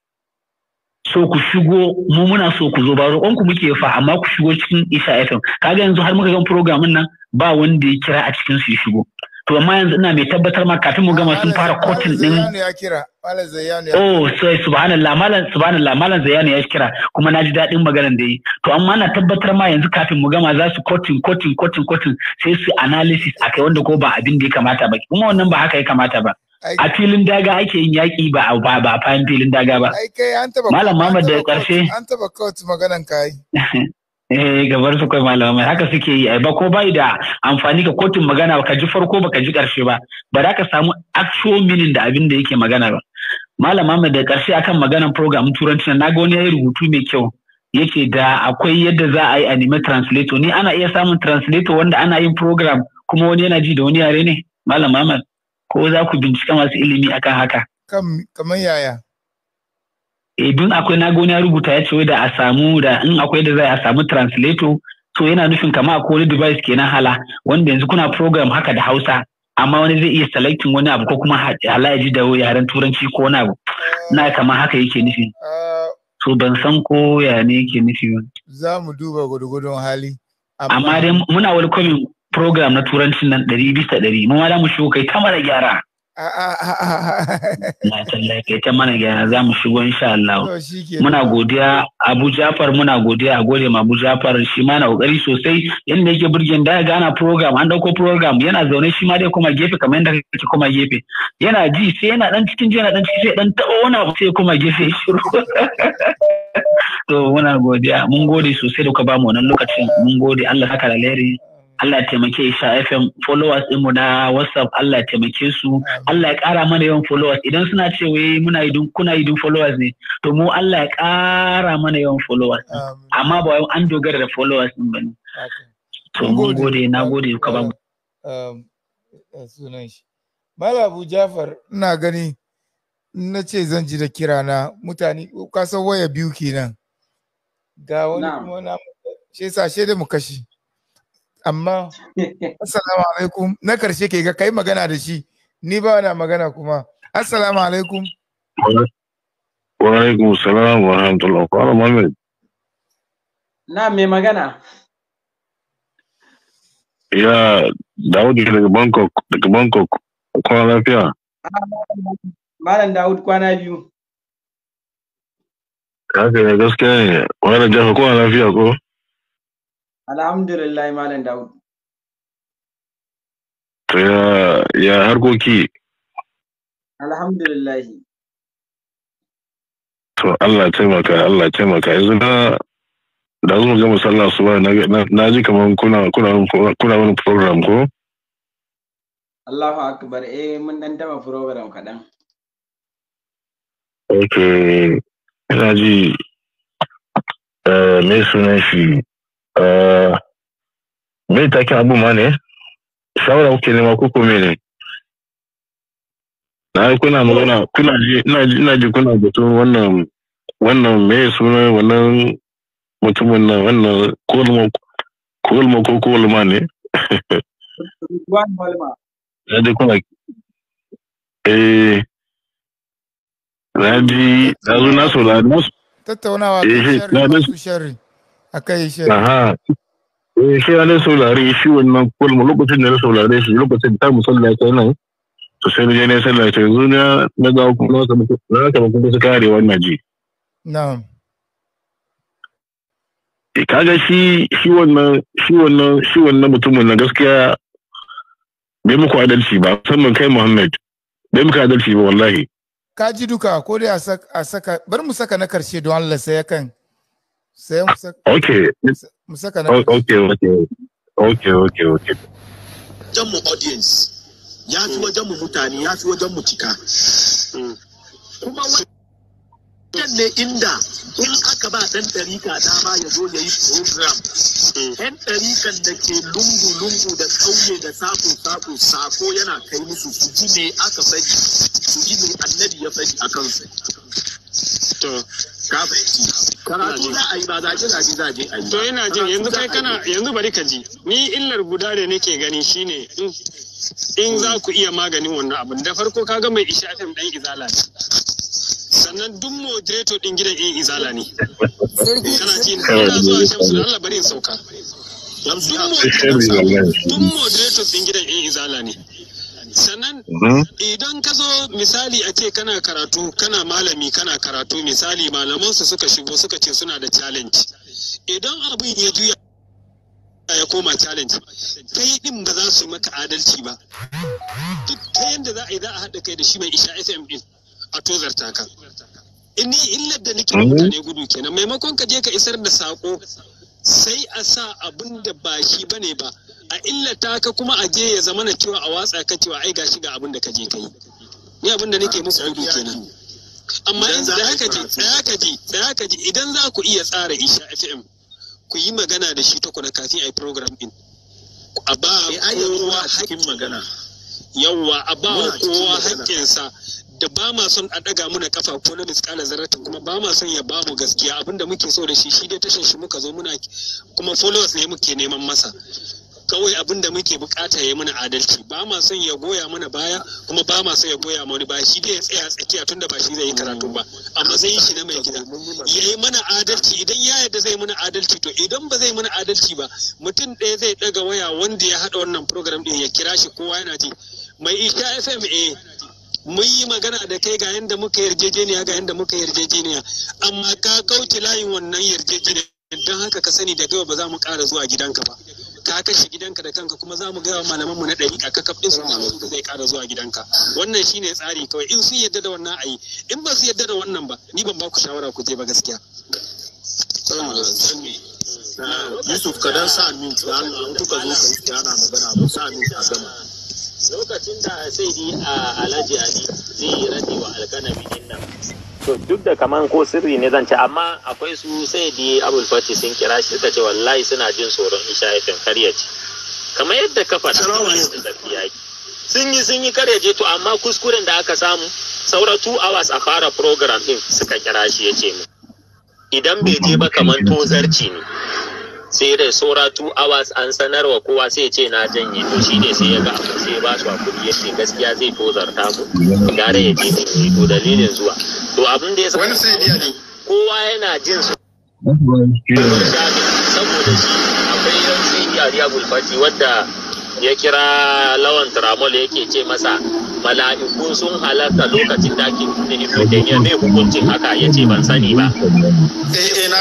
so ku shigo mu muna so ku zo ba roƙon ku muke fa amma ku shigo cikin Isha FM kaga yanzu har muka gan program nan ba wanda ya kira a cikin su ya shigo to amma yanzu ina mai tabbatar ma kafin mu gama sun fara kotun din oh so subhanallah malam subhanallah malam zayani ya kira kuma naji dadin maganar da yi to amma ina tabbatar ma yanzu kafin mu gama za su kotun, kotun, kotun, kotun, sai su analysis akai wanda ko ba abin da ya kamata ba kuma wannan ba haka ya kamata ba a filin daga ake yin yaƙi ba ba ba fayin filin daga ba malam mamad da ƙarshe an taba court maganan kai Eh gabar su kai malamai haka suke yi ai ba ko bai da amfani ga kotun magana ka ji farko ba ka ji karshe ba ba za ka samu actual meaning da abin da yake magana ba malama mai da karshe akan maganar program turanci na ga wani rubutu mai kyau yace da akwai yadda za a yi a translator ni ana iya samun translator wanda ana yin program kuma wani yana ji da wani yare ne malam ko za ku bincika masu ilimi akan haka kam kamar yaya e dun akwai na ya rubuta ya ce da a samu da in akwai da zai a samu translator to yana nufin kama a wani device kenan hala wanda yanzu kuna program haka da Hausa amma wani zai iya selecting wani abu ko kuma ji da yaren turanci ko wani abu na kama haka yake nufi ah, to ban san ko ya ne yake nufi ba za mu duba gudugudun hali amma dai muna wani program na turancin nan ɗari bisa ɗari mu ma da mu shigo kai ta mara gyara Lallai mana gyara za mu shigo insha Allah. Muna godiya Abu Jafar muna godiya a gode ma Abu Jafar shi ma na kokari sosai yanda yake burgen da gana program an dauko program yana zaune shi ma dai kuma gefe kamar yadda kake kuma gefe yana ji sai yana dan cikin ji yana dan ciki sai dan taba wani abu sai kuma gefe shiru. To muna godiya mun gode sosai da kuka ba mu wannan lokacin mun gode Allah saka da alheri. Allah ya taimake Isha FM followers ɗinmu na WhatsApp Allah ya taimake su Allah ya ƙara mana yawan followers idan suna ce wai muna idun kuna idun followers ne to mu Allah ya ƙara mana yawan followers amma ba wai an dogara da followers ɗin bane to mun gode na gode ka ba mu sunan shi Malam Abu Jafar ina gani na ce zan ji da kira na mutane ka san waya biyu kenan ga wani kuma na shi yasa shi da mu kashi amma assalamu alaikum na karshe ke ga kai magana da shi ni ba na magana kuma assalamu alaikum wa alaikum salam wa rahmatullahi wa barakatuh na mai magana ya Dawud daga Bangkok daga Bangkok kwana lafiya Malam daud kwana biyu haka ne gaskiya ne wani jaka kwana lafiya ko Alhamdulillah Malam to Ya, ya harkoki. Alhamdulillah. To Allah taimaka, Allah taimaka. Yanzu na da zuwa gama sallah ba na ji kamar kuna kuna kuna wani program ko? Allahu akbar eh mun dan taba program kaɗan. Okay. Ina ji eh, me sunan shi Eh, mai takin abin ma ne shawara kuke nema ko ko ne na kuna magana kuna ji ina ji kuna batun wannan wannan me suna wannan mutumin nan wannan kolma kolma ko kolma ne na ji kuna eh na ji na zo na saurari tattaunawa ta eh, sharri akan yi shirin aha eh shi na saurare shi wannan kulmu lokacin da ya saurare shi lokacin da ta musalla ta nan to sai na je ne sallah ta yanzu na na ga kuma na ka kuma su kare wannan ji na'am e, kaga shi shi wannan shi wannan shi wannan mutumin na gaskiya bai muku adalci ba musamman kai Muhammad bai muku adalci ba wallahi ka ji duka ko dai a saka bar mu saka na karshe don Allah sai kan. Sai mu na. Okay, okay. Okay, mu audience. Ya fi wajen mu mutane, ya fi wajen mu cika. Kuma wajen ne inda in aka ba ɗan ɗarika dama ya zo ya yi program. Ɗan ɗarikan da ke lungu-lungu da ƙauye da sako-sako sako yana kai musu su ji me aka su ji me annabi ya faɗi a kansu. to ka fahimci za a yi ba zaje zaje zaje a yi to ina jin yanzu kai kana yanzu bari ka ji ni illar guda da nake gani shine in za ku iya maganin wannan abin da farko ka ga mai isha fm dan izala ne sannan duk moderator din gidan in izala ne kana ji ina zuwa shamsu Allah bari in sauka duk moderator din gidan in izala ne sannan mhm. idan ka zo misali a ce kana karatu kana malami kana karatu misali malamansu suka shigo suka ce suna da challenge idan abin ya juya ya koma challenge yi din ba za su maka adalci ba duk ta yadda za a yi za a haɗa kai da shi mai isha fm a tozarta ka in ni illar da nake mhm. mutane gudu kenan maimakon ka je ka isar da sako sai a sa abin da ba shi bane ba a illata ka kuma a je ya zama na cewa a watsa ka cewa ai gashi ga abin da ka je ka yi ni abin da nake musu gudu kenan amma in da haka ji da haka ji da haka ji idan za ku iya tsara isha fm ku yi magana da shi takwana kafin a yi program din a ba eh, kowa haƙƙin magana yawwa a ba kowa haƙƙinsa da ba ma son a daga muna kafa ko na miskala zaratin kuma ba ma son ya ba mu gaskiya abinda muke so da shi shi dai tashin shi muka zo muna kuma followers ne muke neman masa kawai abin da muke bukata ya mana adalci ba ma son ya goya mana baya kuma ba ma son ya goya mana ba shi dai ya tsaya tsakiya tun da ba shi zai yi karatu ba amma zai yi shi na mai gida ya yi mana adalci idan ya yadda zai mana adalci to idan ba zai mana adalci ba mutum ɗaya zai ɗaga waya wanda ya haɗa wannan program ɗin ya kira shi kowa yana ji mai isha fm eh, mun yi magana da kai ga yadda muka yarjejeniya ga yadda muka yarjejeniya amma ka kauce layin wannan yarjejeniya don haka ka sani da gaba ba za mu ƙara zuwa gidanka ba ka kashe gidanka da kanka kuma za mu gaya wa malaman mu na ɗari a kakaf ɗin su da zai ƙara zuwa gidanka wannan shine tsari kawai in sun yadda da wannan ayi in ba su yadda da wannan ba ni ban ba ku shawara ku je ba gaskiya. Yusuf ka dan sa min tsaya ka zo ka yi magana ba sa min a gama. lokacin da sai a alhaji ali zai yi rade wa alkanabi din nan to duk da kaman ko sirri ne zan ce amma akwai su sai di abul fati sun kira shi suka ce wallahi suna jin tsoron isha ifin karya ce kamar yadda ka faɗa sun yi sun yi karya je to amma kuskuren da aka samu saura 2 hours a fara program din suka kira shi ya ce mu idan bai je ba kaman tozarci ne sai da saura two hours an sanarwa kowa sai ce na janye to shi ne sai ya ga abu sai ba su kudi ya ce gaskiya zai tozarta mu gare ya je ne to dalilin zuwa to abin da ya sa wani sai ne kowa yana jin su saboda shi akwai yan sai ya a fati wadda ya kira lawan tramol yake ce masa mala'iku sun halatta lokacin da ake da ibnu taymiya mai hukuncin haka ya ce ban sani ba eh eh na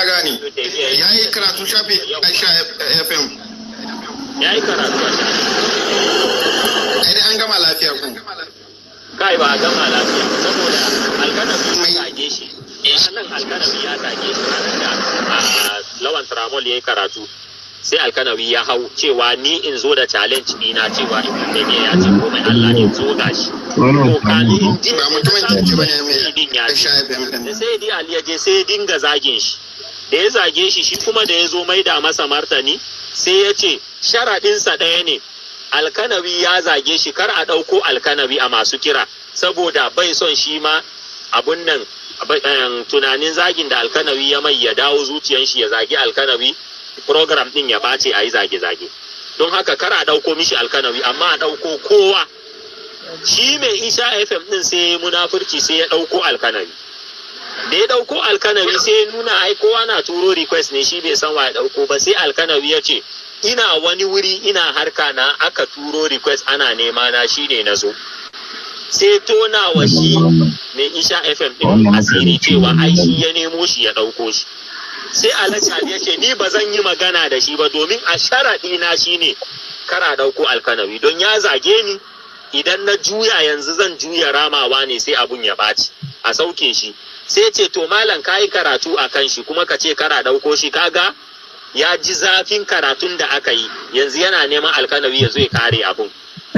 ya yi karatu shafi aisha fm ya yi karatu a ai an gama lafiya ku kai ba a gama lafiya saboda alkanar su ya tage shi ya ranar alkanabi ya tage shi ranar lawan tramol ya yi karatu sai alkanawi ya hau cewa ni in zo da challenge dina cewa in ne ya ce ko mai Allah in zo shi. ko in ji ba mai sai di ali ya je sai dinga zagin shi da ya zage shi shi kuma da ya zo "mai da masa martani sai ya ce sharaɗinsa ɗaya ne alkanawi ya zage shi kar a ɗauko alkanawi a masu kira saboda bai son shi ma abun nan eh, tunanin zagin da alkanawi ya mai ya dawo zuciyan shi ya zagi alkanawi program din ya ɓace a yi zage-zage don haka kara a ɗauko mishi alkanawi amma a ɗauko kowa shi mai isha fm ɗin sai munafurci sai ya ɗauko alkanawi da ya ɗauko alkanawi sai ya nuna ai kowa na turo request ne shi bai san wa ya ɗauko ba sai alkanawi ya ce ina wani wuri ina harka na aka turo request ana nema na shine na zo sai tona wa shi mai isha fm din asiri cewa ai shi ya nemo shi ya ɗauko shi sai alhaji ya ce ni ba zan yi magana da shi ba domin a sharaɗi na ne. kara ɗauko alkanawi don ya zage ni idan na juya yanzu zan juya ramawa ne sai abun ya ɓaci a sauke shi sai ce to malam ka yi karatu a kan shi kuma ka ce kara ɗauko shi kaga ya ji zafin karatun da aka yi yanzu yana neman alkanawi ya zo ya kare abun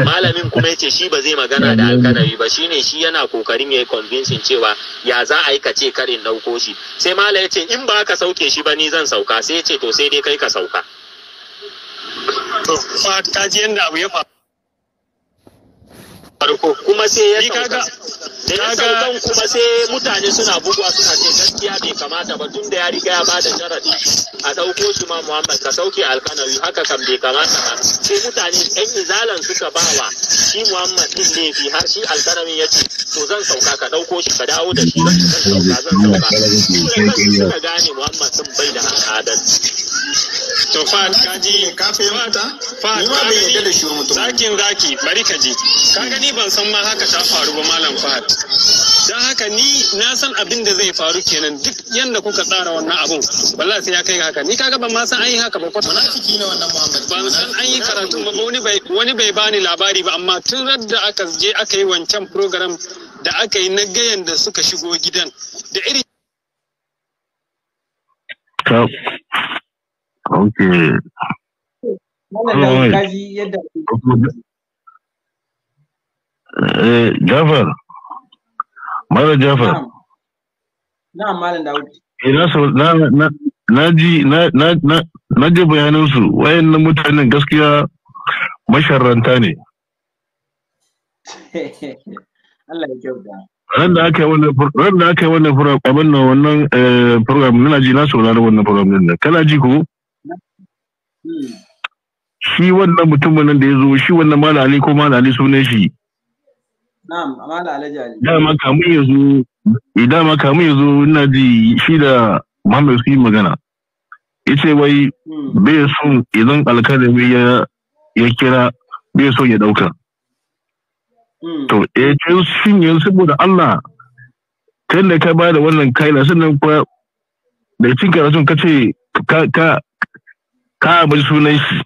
malamin kuma ya ce shi ba zai magana da alkanawi ba shine shi yana kokarin ya yi convincing cewa ya za a yi ka ce karin ɗauko shi sai malam ya ce in ba ka sauke shi ba ni zan sauka sai ya ce to sai dai kai ka sauka. farko kuma sai ya sauka da ya saukan kuma sai mutane suna bugwa suna ce gaskiya bai kamata ba tun da ya riga ya bada sharaɗi a ɗauko shi ma muhammad ka sauke alkanawi haka kan bai kamata ba sai mutane yan izalan suka ba wa shi muhammad din ne fi har shi alkanawi ya ce to zan sauka ka ɗauko shi ka dawo da shi zan sauka zan sauka su da gane muhammad sun bai da al'adar to fa kaji ka mata fa ni ma bai da shi mutum zakin zaki bari ka ji ka gani ban san ma haka ta faru ba malam Fahad dan haka ni na san abin da zai faru kenan duk yanda kuka tsara wannan abun wallahi sai ya kai haka ni kaga ban ma san an yi haka ba kwata ciki ne wannan Muhammad ban san an yi karatu ba wani bai wani bai bani labari ba amma tun radda aka je aka yi wancan program da aka yi na gayan da suka shigo gidan da iri ok wannan kaji eh, Jafar Mara Jafar eh, na malam na ji na wayannan mutanen gaskiya masharranta ne Allah ya da aka yi wannan ran da aka yi wannan program wannan program na ji na saurari wannan program din kana ji ko shi wannan mutumin nan da ya zo shi wannan malali ko malali sunan shi dama kamun ya zo eh, dama kamun ya zo ina ji shi da Muhammad su yi magana ya ce wai hmm. bai son idan alkalami ya ya kira bai son ya dauka hmm. to eh, ya ce shin yanzu saboda Allah kai da ka bada wannan kaila sannan kwa da cin karatun ka ce ka ka bar sunan shi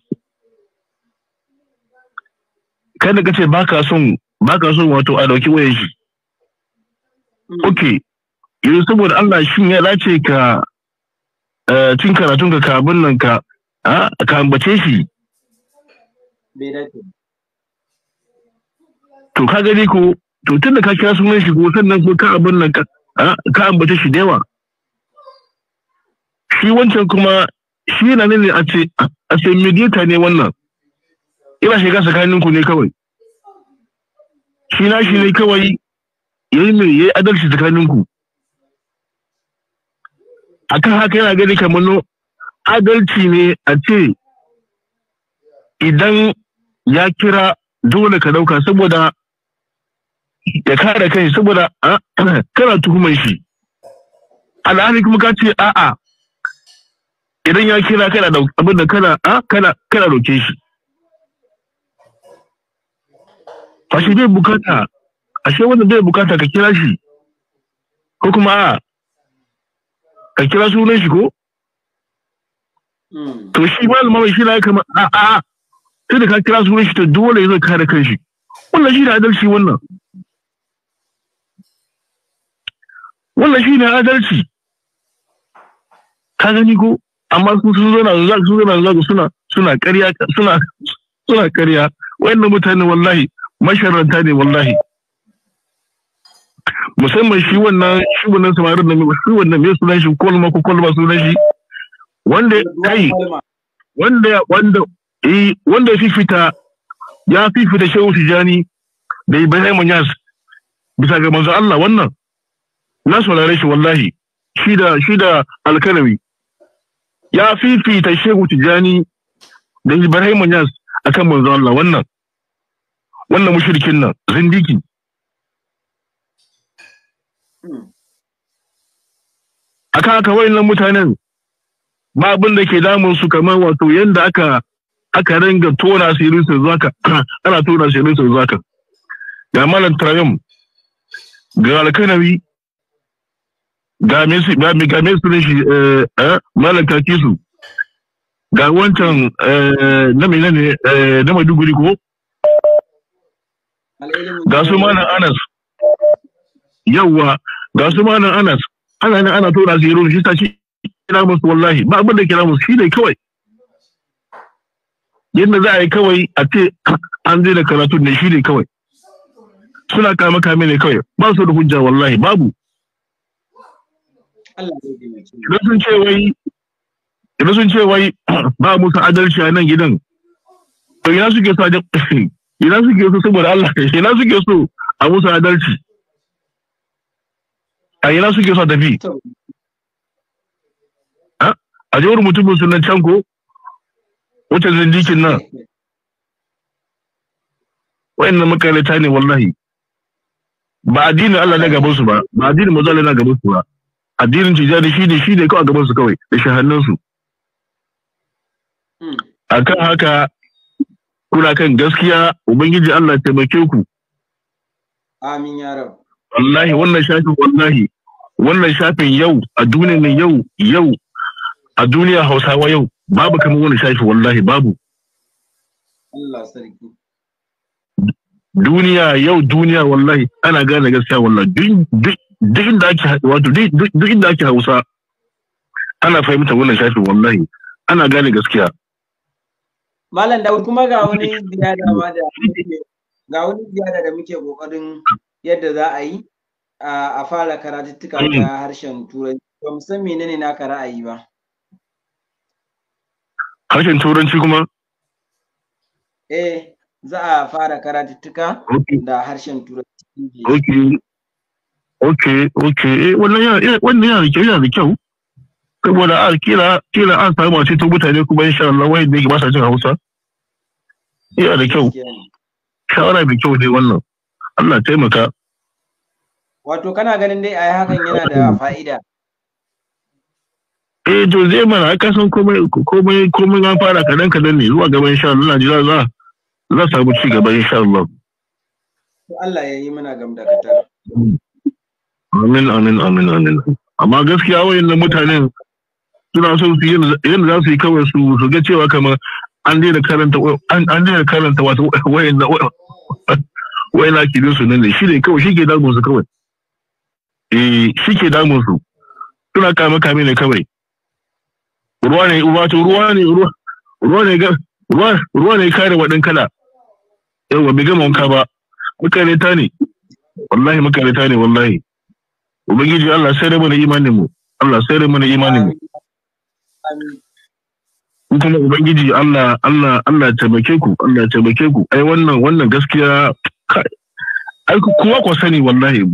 kada ka ce baka son baka son wato a dauki wayar shi mm. okay yanzu saboda Allah shin ya dace ka eh, cin karatun ka kabin nan ka ka ambace shi to ka gani ko to tun da ka kira sunan shi ko sannan ko ka abin nan ka ambace shi da yawa shi wancan kuma shi na ne a ce a ce mediator ne wannan ina shiga tsakanin ku ne kawai shi na shi ne kawai yi mai yi adalci tsakanin ku kan haka yana gani kamar no adalci ne a ce idan ya kira dole ka dauka saboda ya kare kai saboda ah, kana tuhumar shi al'adun kuma ka ce a'a idan ya kira kana da abin da kana a ah, kana kana roke shi ashe bai bukata ashe wanda bai bukata ka kira shi ko kuma a ah, ka kira sunan shi ko hmm. to shi malama mai shi na kama a ah, a sai da ka kira sunan shi to dole zai kare kan shi. wannan shi da adalci wannan wannan shi ne adalci ka gani ko amma su sun zo na zaga sun zo na zaga suna suna ƙarya suna suna ƙarya wayannan mutane wallahi masharanta ne wallahi musamman shi wannan shi wannan samarin da shi wannan mai sunan shi kolma ko kolma sunan shi wanda kai wanda wanda eh wanda fifita ya fifita shehu tijani da ibrahim munyas bisa ga manzo Allah wannan na saurare shi wallahi shi da shi da alkanawi ya fifita shehu tijani da ibrahim yas akan manzo Allah wannan wannan mushrikin nan zindiki akan haka wayannan mutanen ba abin da ke damun su kamar wato yadda aka aka ringa tona sirrin su zaka ana tona sirrin su zaka ga malam trayum ga alkanawi game su ga ne shi eh, eh malaka kisu ga wancan eh, na mina ne eh, na Maiduguri ko ga su malam Anas yawa ga su malam Anas ana ne ana tura su yaro shi ta shi kira musu wallahi ba abin da kira musu shi ne kawai yadda za a yi kawai a ce an zai da karatu ne shi ne kawai suna kama kame ne kawai ba su da hujja wallahi babu Allah idan sun ce wai idan sun ce wai ba musu adalci a nan gidan to ina suke so ina suke so saboda Allah ina suke so a musu adalci a ina suke so tafi a jawar mutumin sunan can ko wacce zindikin nan wayannan makarata ne wallahi ba addinin Allah na gaban su ba ba addinin manzo Allah na gaban su ba addinin tijjani shi ne shi ne kawai gaban su kawai da shahannun su hmm. kan haka kuna kan gaskiya ubangiji Allah taimake ku amin ya rab wallahi wannan shafin wallahi wannan shafin yau a duniyar nan yau yau a duniya Hausawa yau babu kamar wannan shafi wallahi babu Allah sarki duniya yau duniya wallahi ana gane gaskiya wallahi duk duk inda ake wato duk inda ake Hausa ana fahimtar wannan shafin wallahi ana gane gaskiya Malam da kuma ga wani ziyara ma da ga wani ziyara da muke kokarin yadda za a yi a fara karatuttuka mm. ta harshen turanci ba mu san menene naka ra'ayi ba harshen turanci kuma eh za a fara karatuttuka da harshen turanci ok ok eh, eh wannan yana da kyau yana da kyau saboda a kila kila an samu masu to mutane kuma insha Allah wai ne ba sa jin Hausa yana da kyau shawara mai kyau ne wannan Allah taimaka wato kana ganin dai ai hakan yana da fa'ida eh to zai mana aka san komai komai komai an fara kadan kadan ne zuwa gaban insha Allah za za za samu ci gaba insha Allah Allah ya yi mana gamdakatar mm. Amin, amin, amin, amin. Amma gaskiya na mutanen suna son su yadda za su yi kawai su su ga cewa kamar an daina karanta an daina karanta wato wayan na akidin su nan ne shi ne kawai shi ke damun su kawai. Eh shi ke damun su. Suna kame kame ne kawai. Ruwa ne wato ruwa ne ruwa ne ga ruwa ne kare waɗin kala. Yawwa bai gama wanka ba. Makareta ne. Wallahi ta ne wallahi. ubangiji Allah sai rai mana imanin mu Allah sai rai mana imanin mu kuma ubangiji Allah Allah Allah taimake ku Allah taimake ku ai wannan wannan gaskiya ai kowa ku sani wallahi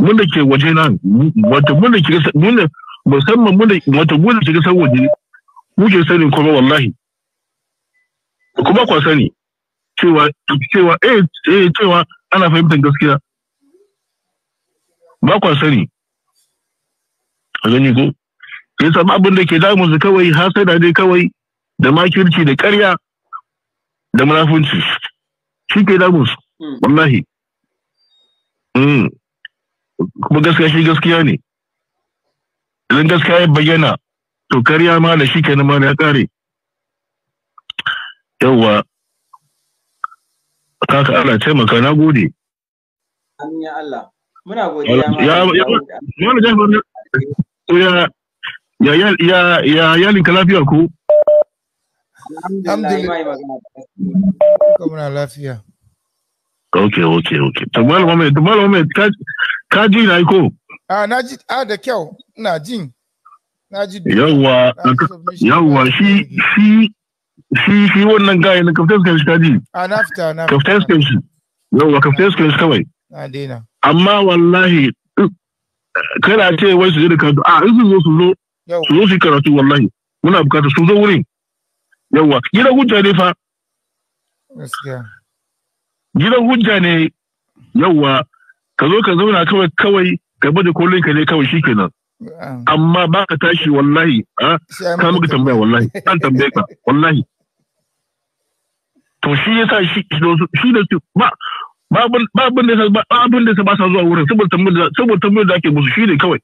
mun da ke waje nan wato mun da ke mun da musamman mun da wato mun da ke san waje muke sani kuma wallahi kuma ku sani cewa cewa eh eh cewa ana fahimtar gaskiya ba kwa sani gani ko ya samu abin da ke damun su kawai hasada dai kawai da makirci da karya da munafunci shi ke damun su hmm. wallahi hmm. kuma gaskiya shi gaskiya ne idan gaskiya ya bayyana to karya ma da shi kenan ma ya kare yawwa kaka Allah taimaka na gode ya Allah muna godiya ya ya ya ya ya ya yalin ka lafiya ko alhamdulillah muna lafiya ya ok ok to malama mai ya ka ji na ya a na ji a da kyau ina jin na ji yawa ya shi shi shi shi wannan gaya na kaftan shi ka ji a na fita na kaftan shi ya kaftan shi kawai na daina amma wallahi kana ce wai su je da karatu a in su zo su zo su zo su karatu wallahi muna bukatar su zo wurin yawa gidan hujja ne fa gidan hujja ne yawa ka zo ka zauna kawai kawai ka bada kullun ka ne kawai shikenan amma ba ka tashi wallahi ka muka tambaya wallahi kan tambaye ka wallahi to shi yasa shi shi da ba ba abin da ba abin da ba sa zuwa wurin saboda tambayar saboda tambayar da ake musu shine kawai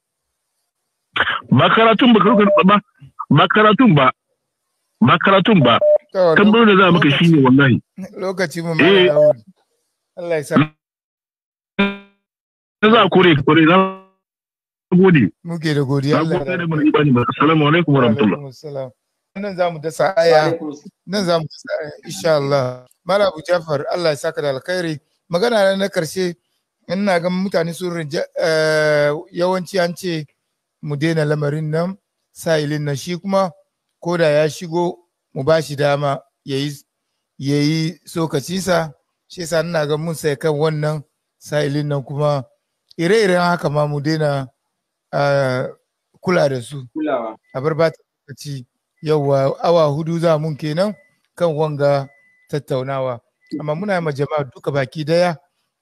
ba karatun ba ba ba karatun ba ba karatun ba tambayar da za maka shine wallahi lokaci mu mai eh. Allah ya sa za a kore kore na gode muke da godiya Allah ya rahama assalamu alaikum wa rahmatullah nan za mu dasa aya nan za mu dasa aya insha Allah Mala Abu Jafar Allah ya saka da alkhairi magana na karshe ina ga mutane sun rinja eh, yawanci an ce mu daina lamarin nan sa'ilin nan shi kuma ko da ya shigo mu ba shi dama ya yi sokacinsa shi yasa ina ga mun sai kan wannan sa'ilin nan kuma ire-iren haka ma mu daina eh, kula da su a bar yawa awa hudu za mun kenan kan wanga tattaunawa amma muna ma jama'a duka baki daya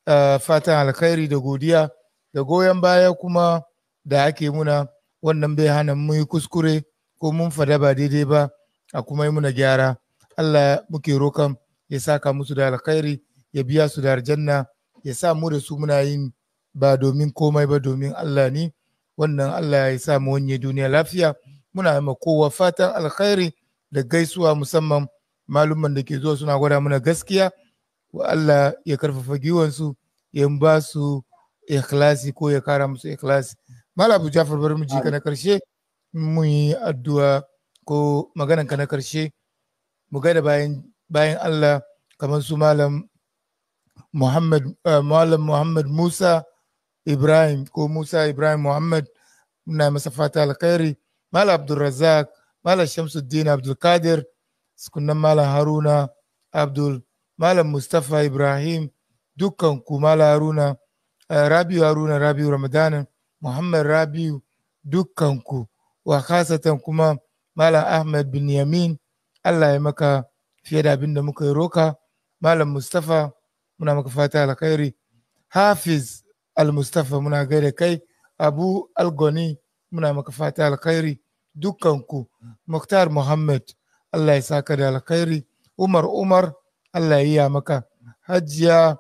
eh, fatan alkhairi da godiya da goyon baya kuma da ake muna wannan bai hana mun yi kuskure ko mun fada ba daidai ba a kuma yi muna gyara Allah muke rokan ya saka musu da alkhairi ya biya su da aljanna ya sa mu da su muna yin ba domin komai ba domin Allah ne wannan Allah ya sa mu wanye duniya lafiya muna ma kowa fatan alkhairi da gaisuwa musamman malumman da ke zuwa suna gwada mana gaskiya wa Allah ya karfafa giwansu ya ba su ikhlasi ko ya kara musu ikhlasi malam abu jafar bari mu ka na karshe Mun yi addu'a ko maganan ka na karshe mu gaida bayan bayan Allah kamar su malam Muhammad eh, malam Muhammad Musa Ibrahim ko Musa Ibrahim Muhammad muna masa fata alkhairi malam Abdulrazak malam Shamsuddin Abdulkadir sukunan malam haruna abdul malam mustapha ibrahim dukkan ku malam haruna eh, rabiu haruna rabiu ramadanin muhammad rabiu dukkan ku wa kasatan kuma malam ahmed bin yamin allah ya maka fiye da abin da muka yi roka malam mustapha muna maka fata alkhairi hafiz al-mustapha muna gaida kai abu algoni muna maka fata alkhairi dukkanku muktar muhammad Allah ya saka da alkhairi Umar Umar Allah ya yi maka Hajiya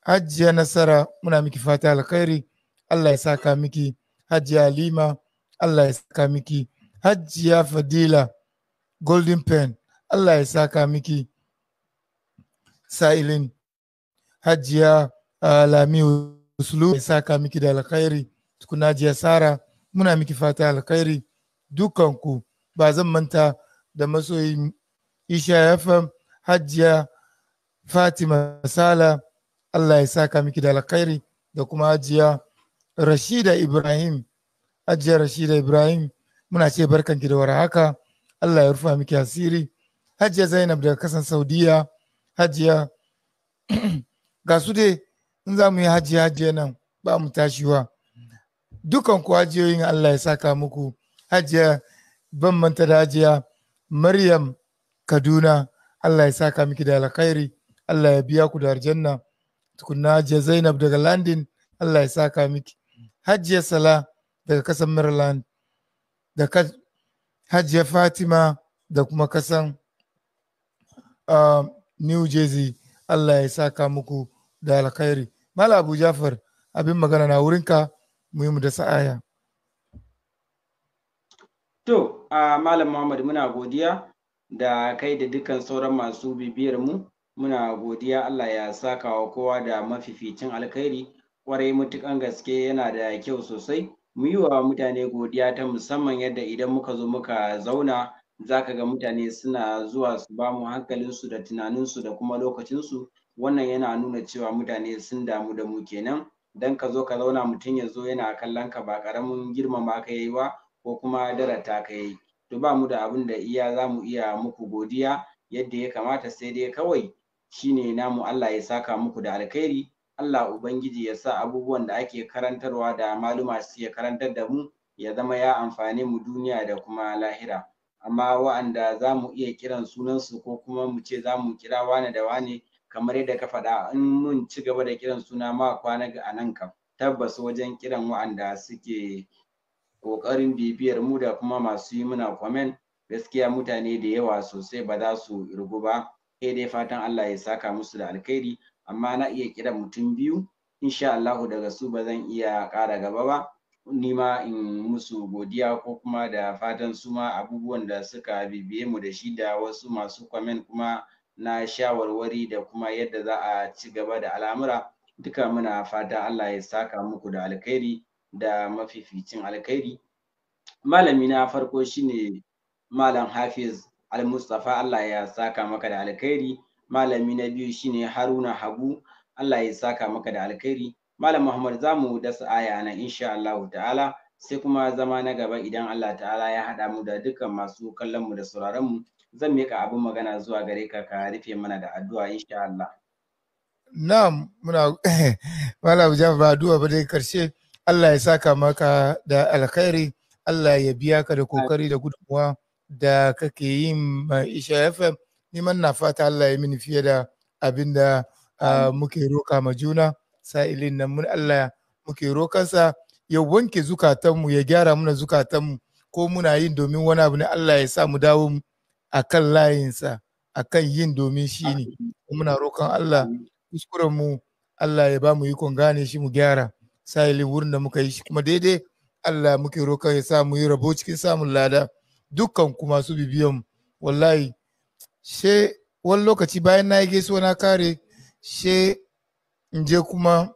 Hajiya Nasara muna miki fata alkhairi Allah ya saka miki Hajiya Halima Allah ya saka miki Hajiya Fadila Golden Pen Allah ya saka miki Sa'ilin Hajiya uh, Lami Uslu ya saka miki da alkhairi tukuna jiya Sara muna miki fata alkhairi dukanku ba zan manta da masoyin Isha FM Hajiya Fatima Sala Allah ya saka miki da alkhairi da kuma Hajiya Rashida Ibrahim Hajiya Rashida Ibrahim muna ce barkanki da warhaka Allah ya rufa miki asiri Hajiya Zainab daga kasan Saudiya Hajiya ga su dai in za mu yi hajiya hajiya nan ba mu tashiwa dukan ku hajiyoyin Allah ya saka muku hajiya ban manta da hajiya Maryam Kaduna Allah ya saka miki da alkhairi Allah ya biya ku da aljanna tukunna Hajiya Zainab daga Landin Allah ya saka miki Hajiya Sala daga kasan Maryland da Hajiya Fatima da kuma kasan ah, New Jersey Allah ya saka muku da alkhairi Mala Abu Jafar abin magana na wurinka mu yi mu da sa'aya. To, a Malam Muhammad muna godiya da kai da dukkan sauran masu bibiyar mu muna godiya Allah ya saka wa kowa da mafificin alkhairi kwarai mutukan gaske yana da kyau sosai mu yi wa mutane godiya ta musamman yadda idan muka zo muka zauna za ka ga mutane suna zuwa su ba mu hankalinsu da tunaninsu da kuma lokacinsu wannan yana nuna cewa mutane sun damu da mu kenan dan ka zo ka zauna mutum ya zo yana kallon ka ba ƙaramin girmama ka yi ba ko kuma dara ta kai to ba mu da abin da iya za mu iya muku godiya yadda ya kamata sai dai kawai shine namu Allah ya saka muku da alkhairi Allah ubangiji ya sa abubuwan da ake karantarwa da maluma su ya karantar da mu ya zama ya amfane mu duniya da kuma lahira amma wa'anda za mu iya kiran sunansu ko kuma mu ce za mu kira wane da wane kamar yadda ka faɗa in mun ci gaba da kiran suna ma kwana a nan kam tabbas wajen kiran wa'anda suke ƙoƙarin bibiyar mu da kuma masu yi muna comment gaskiya mutane da yawa sosai ba za su rugu ba sai dai fatan Allah ya saka musu da alkhairi amma na iya kira mutum biyu insha Allah daga su ba zan iya ƙara gaba ba ni ma in musu godiya ko kuma da fatan su ma abubuwan da suka bibiye mu da shi da wasu masu comment kuma na shawarwari da kuma yadda za a ci gaba da al'amura duka muna fata Allah ya saka muku da alkhairi da mafificin alkhairi malami na farko shine malam hafiz al-mustafa Allah ya saka maka da alkhairi malami na biyu shine haruna habu Allah ya saka maka da alkhairi malam muhammad zamu dasa aya nan insha Allah ta'ala sai kuma zama na gaba idan Allah ta'ala ya haɗa mu da dukkan masu kallon mu da sauraron mu zan mika abin magana zuwa gare ka ka rufe mana da addu'a insha Allah na'am muna malam jafar addu'a ba dai karshe Allah ya saka maka da alkhairi Allah ya biya ka da kokari da gudunmuwa da kake ma Isha FM niman na fata Allah ya mini fiye da abin da ah, muke roka ma juna sa'ilin nan mun Allah muke rokansa ya wanke zukatanmu ya gyara muna zukatanmu ko muna yin domin wani abu ne Allah ya sa mu dawo a kan layinsa a kan yin domin shi ne muna roƙon Allah kuskuren mu Allah ya ba mu ikon gane shi mu gyara sahili wurin da muka yi shi kuma daidai Allah muke roƙa ya sa mu yi rabo cikin samun lada dukkan ku masu bibiyan wallahi she wani lokaci bayan na yi gaisuwa na kare she in je kuma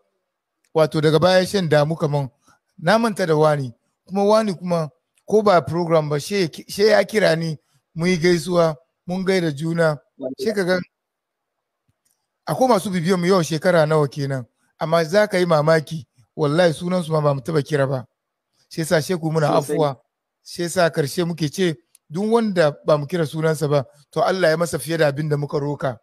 wato daga baya shan damu kaman na manta da wani kuma wani kuma ko ba program ba she ya kira ni mun yi gaisuwa mun gaida juna she ka gan akwai masu bibiyan mu yau shekara nawa kenan amma za ka yi mamaki wallahi sunan su ma ba mu taba kira ba shi yasa sheku muna afuwa shi yasa karshe muke ce duk wanda ba mu kira sunansa ba to Allah ya masa fiye da abin da muka roka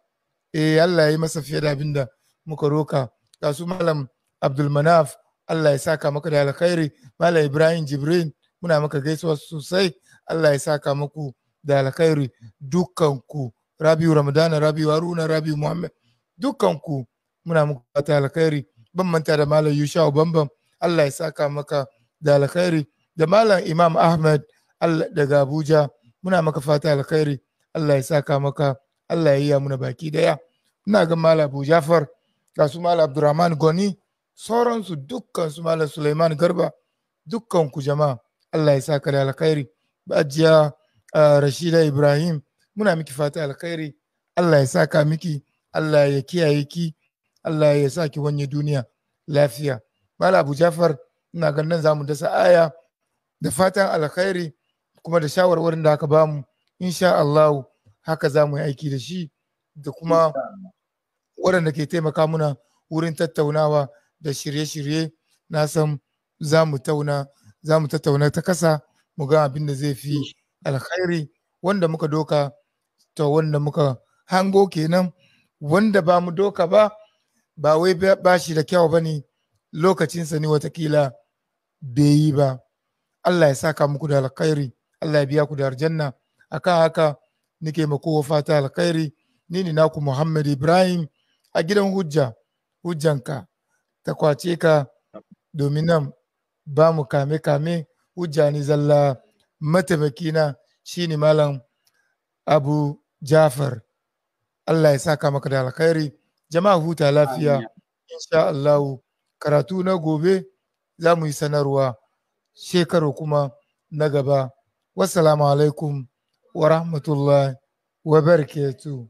eh Allah ya yi masa fiye da abin da muka roka ga su malam Abdul Manaf Allah ya saka maka da alkhairi malam Ibrahim Jibrin muna maka gaisuwa sosai Allah ya saka muku da alkhairi dukkanku Rabiu Ramadana Rabiu Haruna Rabiu Muhammad dukkanku muna muku da alkhairi ban manta da malam Yusha Bambam Allah ya saka maka da alkhairi da malam Imam Ahmad Allah daga Abuja muna maka fata alkhairi Allah ya saka maka Allah ya yi muna baki daya ina ga malam Abu Jafar ga su malam Abdurrahman Goni sauransu dukkan su malam Suleiman Garba dukkan ku jama'a Allah ya saka da alkhairi ajiya Rashida Ibrahim muna miki fata alkhairi Allah ya saka miki Allah ya kiyaye ki Allah ya sa ki wanye duniya lafiya mala abu jafar ina ganin nan zamu dasa aya da fatan alkhairi kuma da shawarwarin da aka bamu insha Allah haka za mu yi aiki da shi da kuma waɗanda ke taimaka muna wurin tattaunawa da shirye-shirye na san za mu tauna za mu tattauna ta kasa mu ga abin da zai fi alkhairi wanda muka doka ta wanda muka hango kenan wanda ba mu doka ba ba wai ba shi da kyau ba ne lokacinsa ne watakila bai yi ba allah ya saka muku da alkhairi allah ya biya ku da aljanna kan haka nike makowa fata alkhairi ni ne naku muhammad ibrahim a gidan hujja hujjanka ta kwace ka domin nan ba mu kame kame hujja ne zalla mataimakina ne malam abu jafar allah ya saka maka da alkhairi Jama'a huta lafiya, insha Allahu. Karatu na gobe za mu yi sanarwa shekaru kuma na gaba. Wassalamu alaikum wa rahmatullahi wa barakatuh.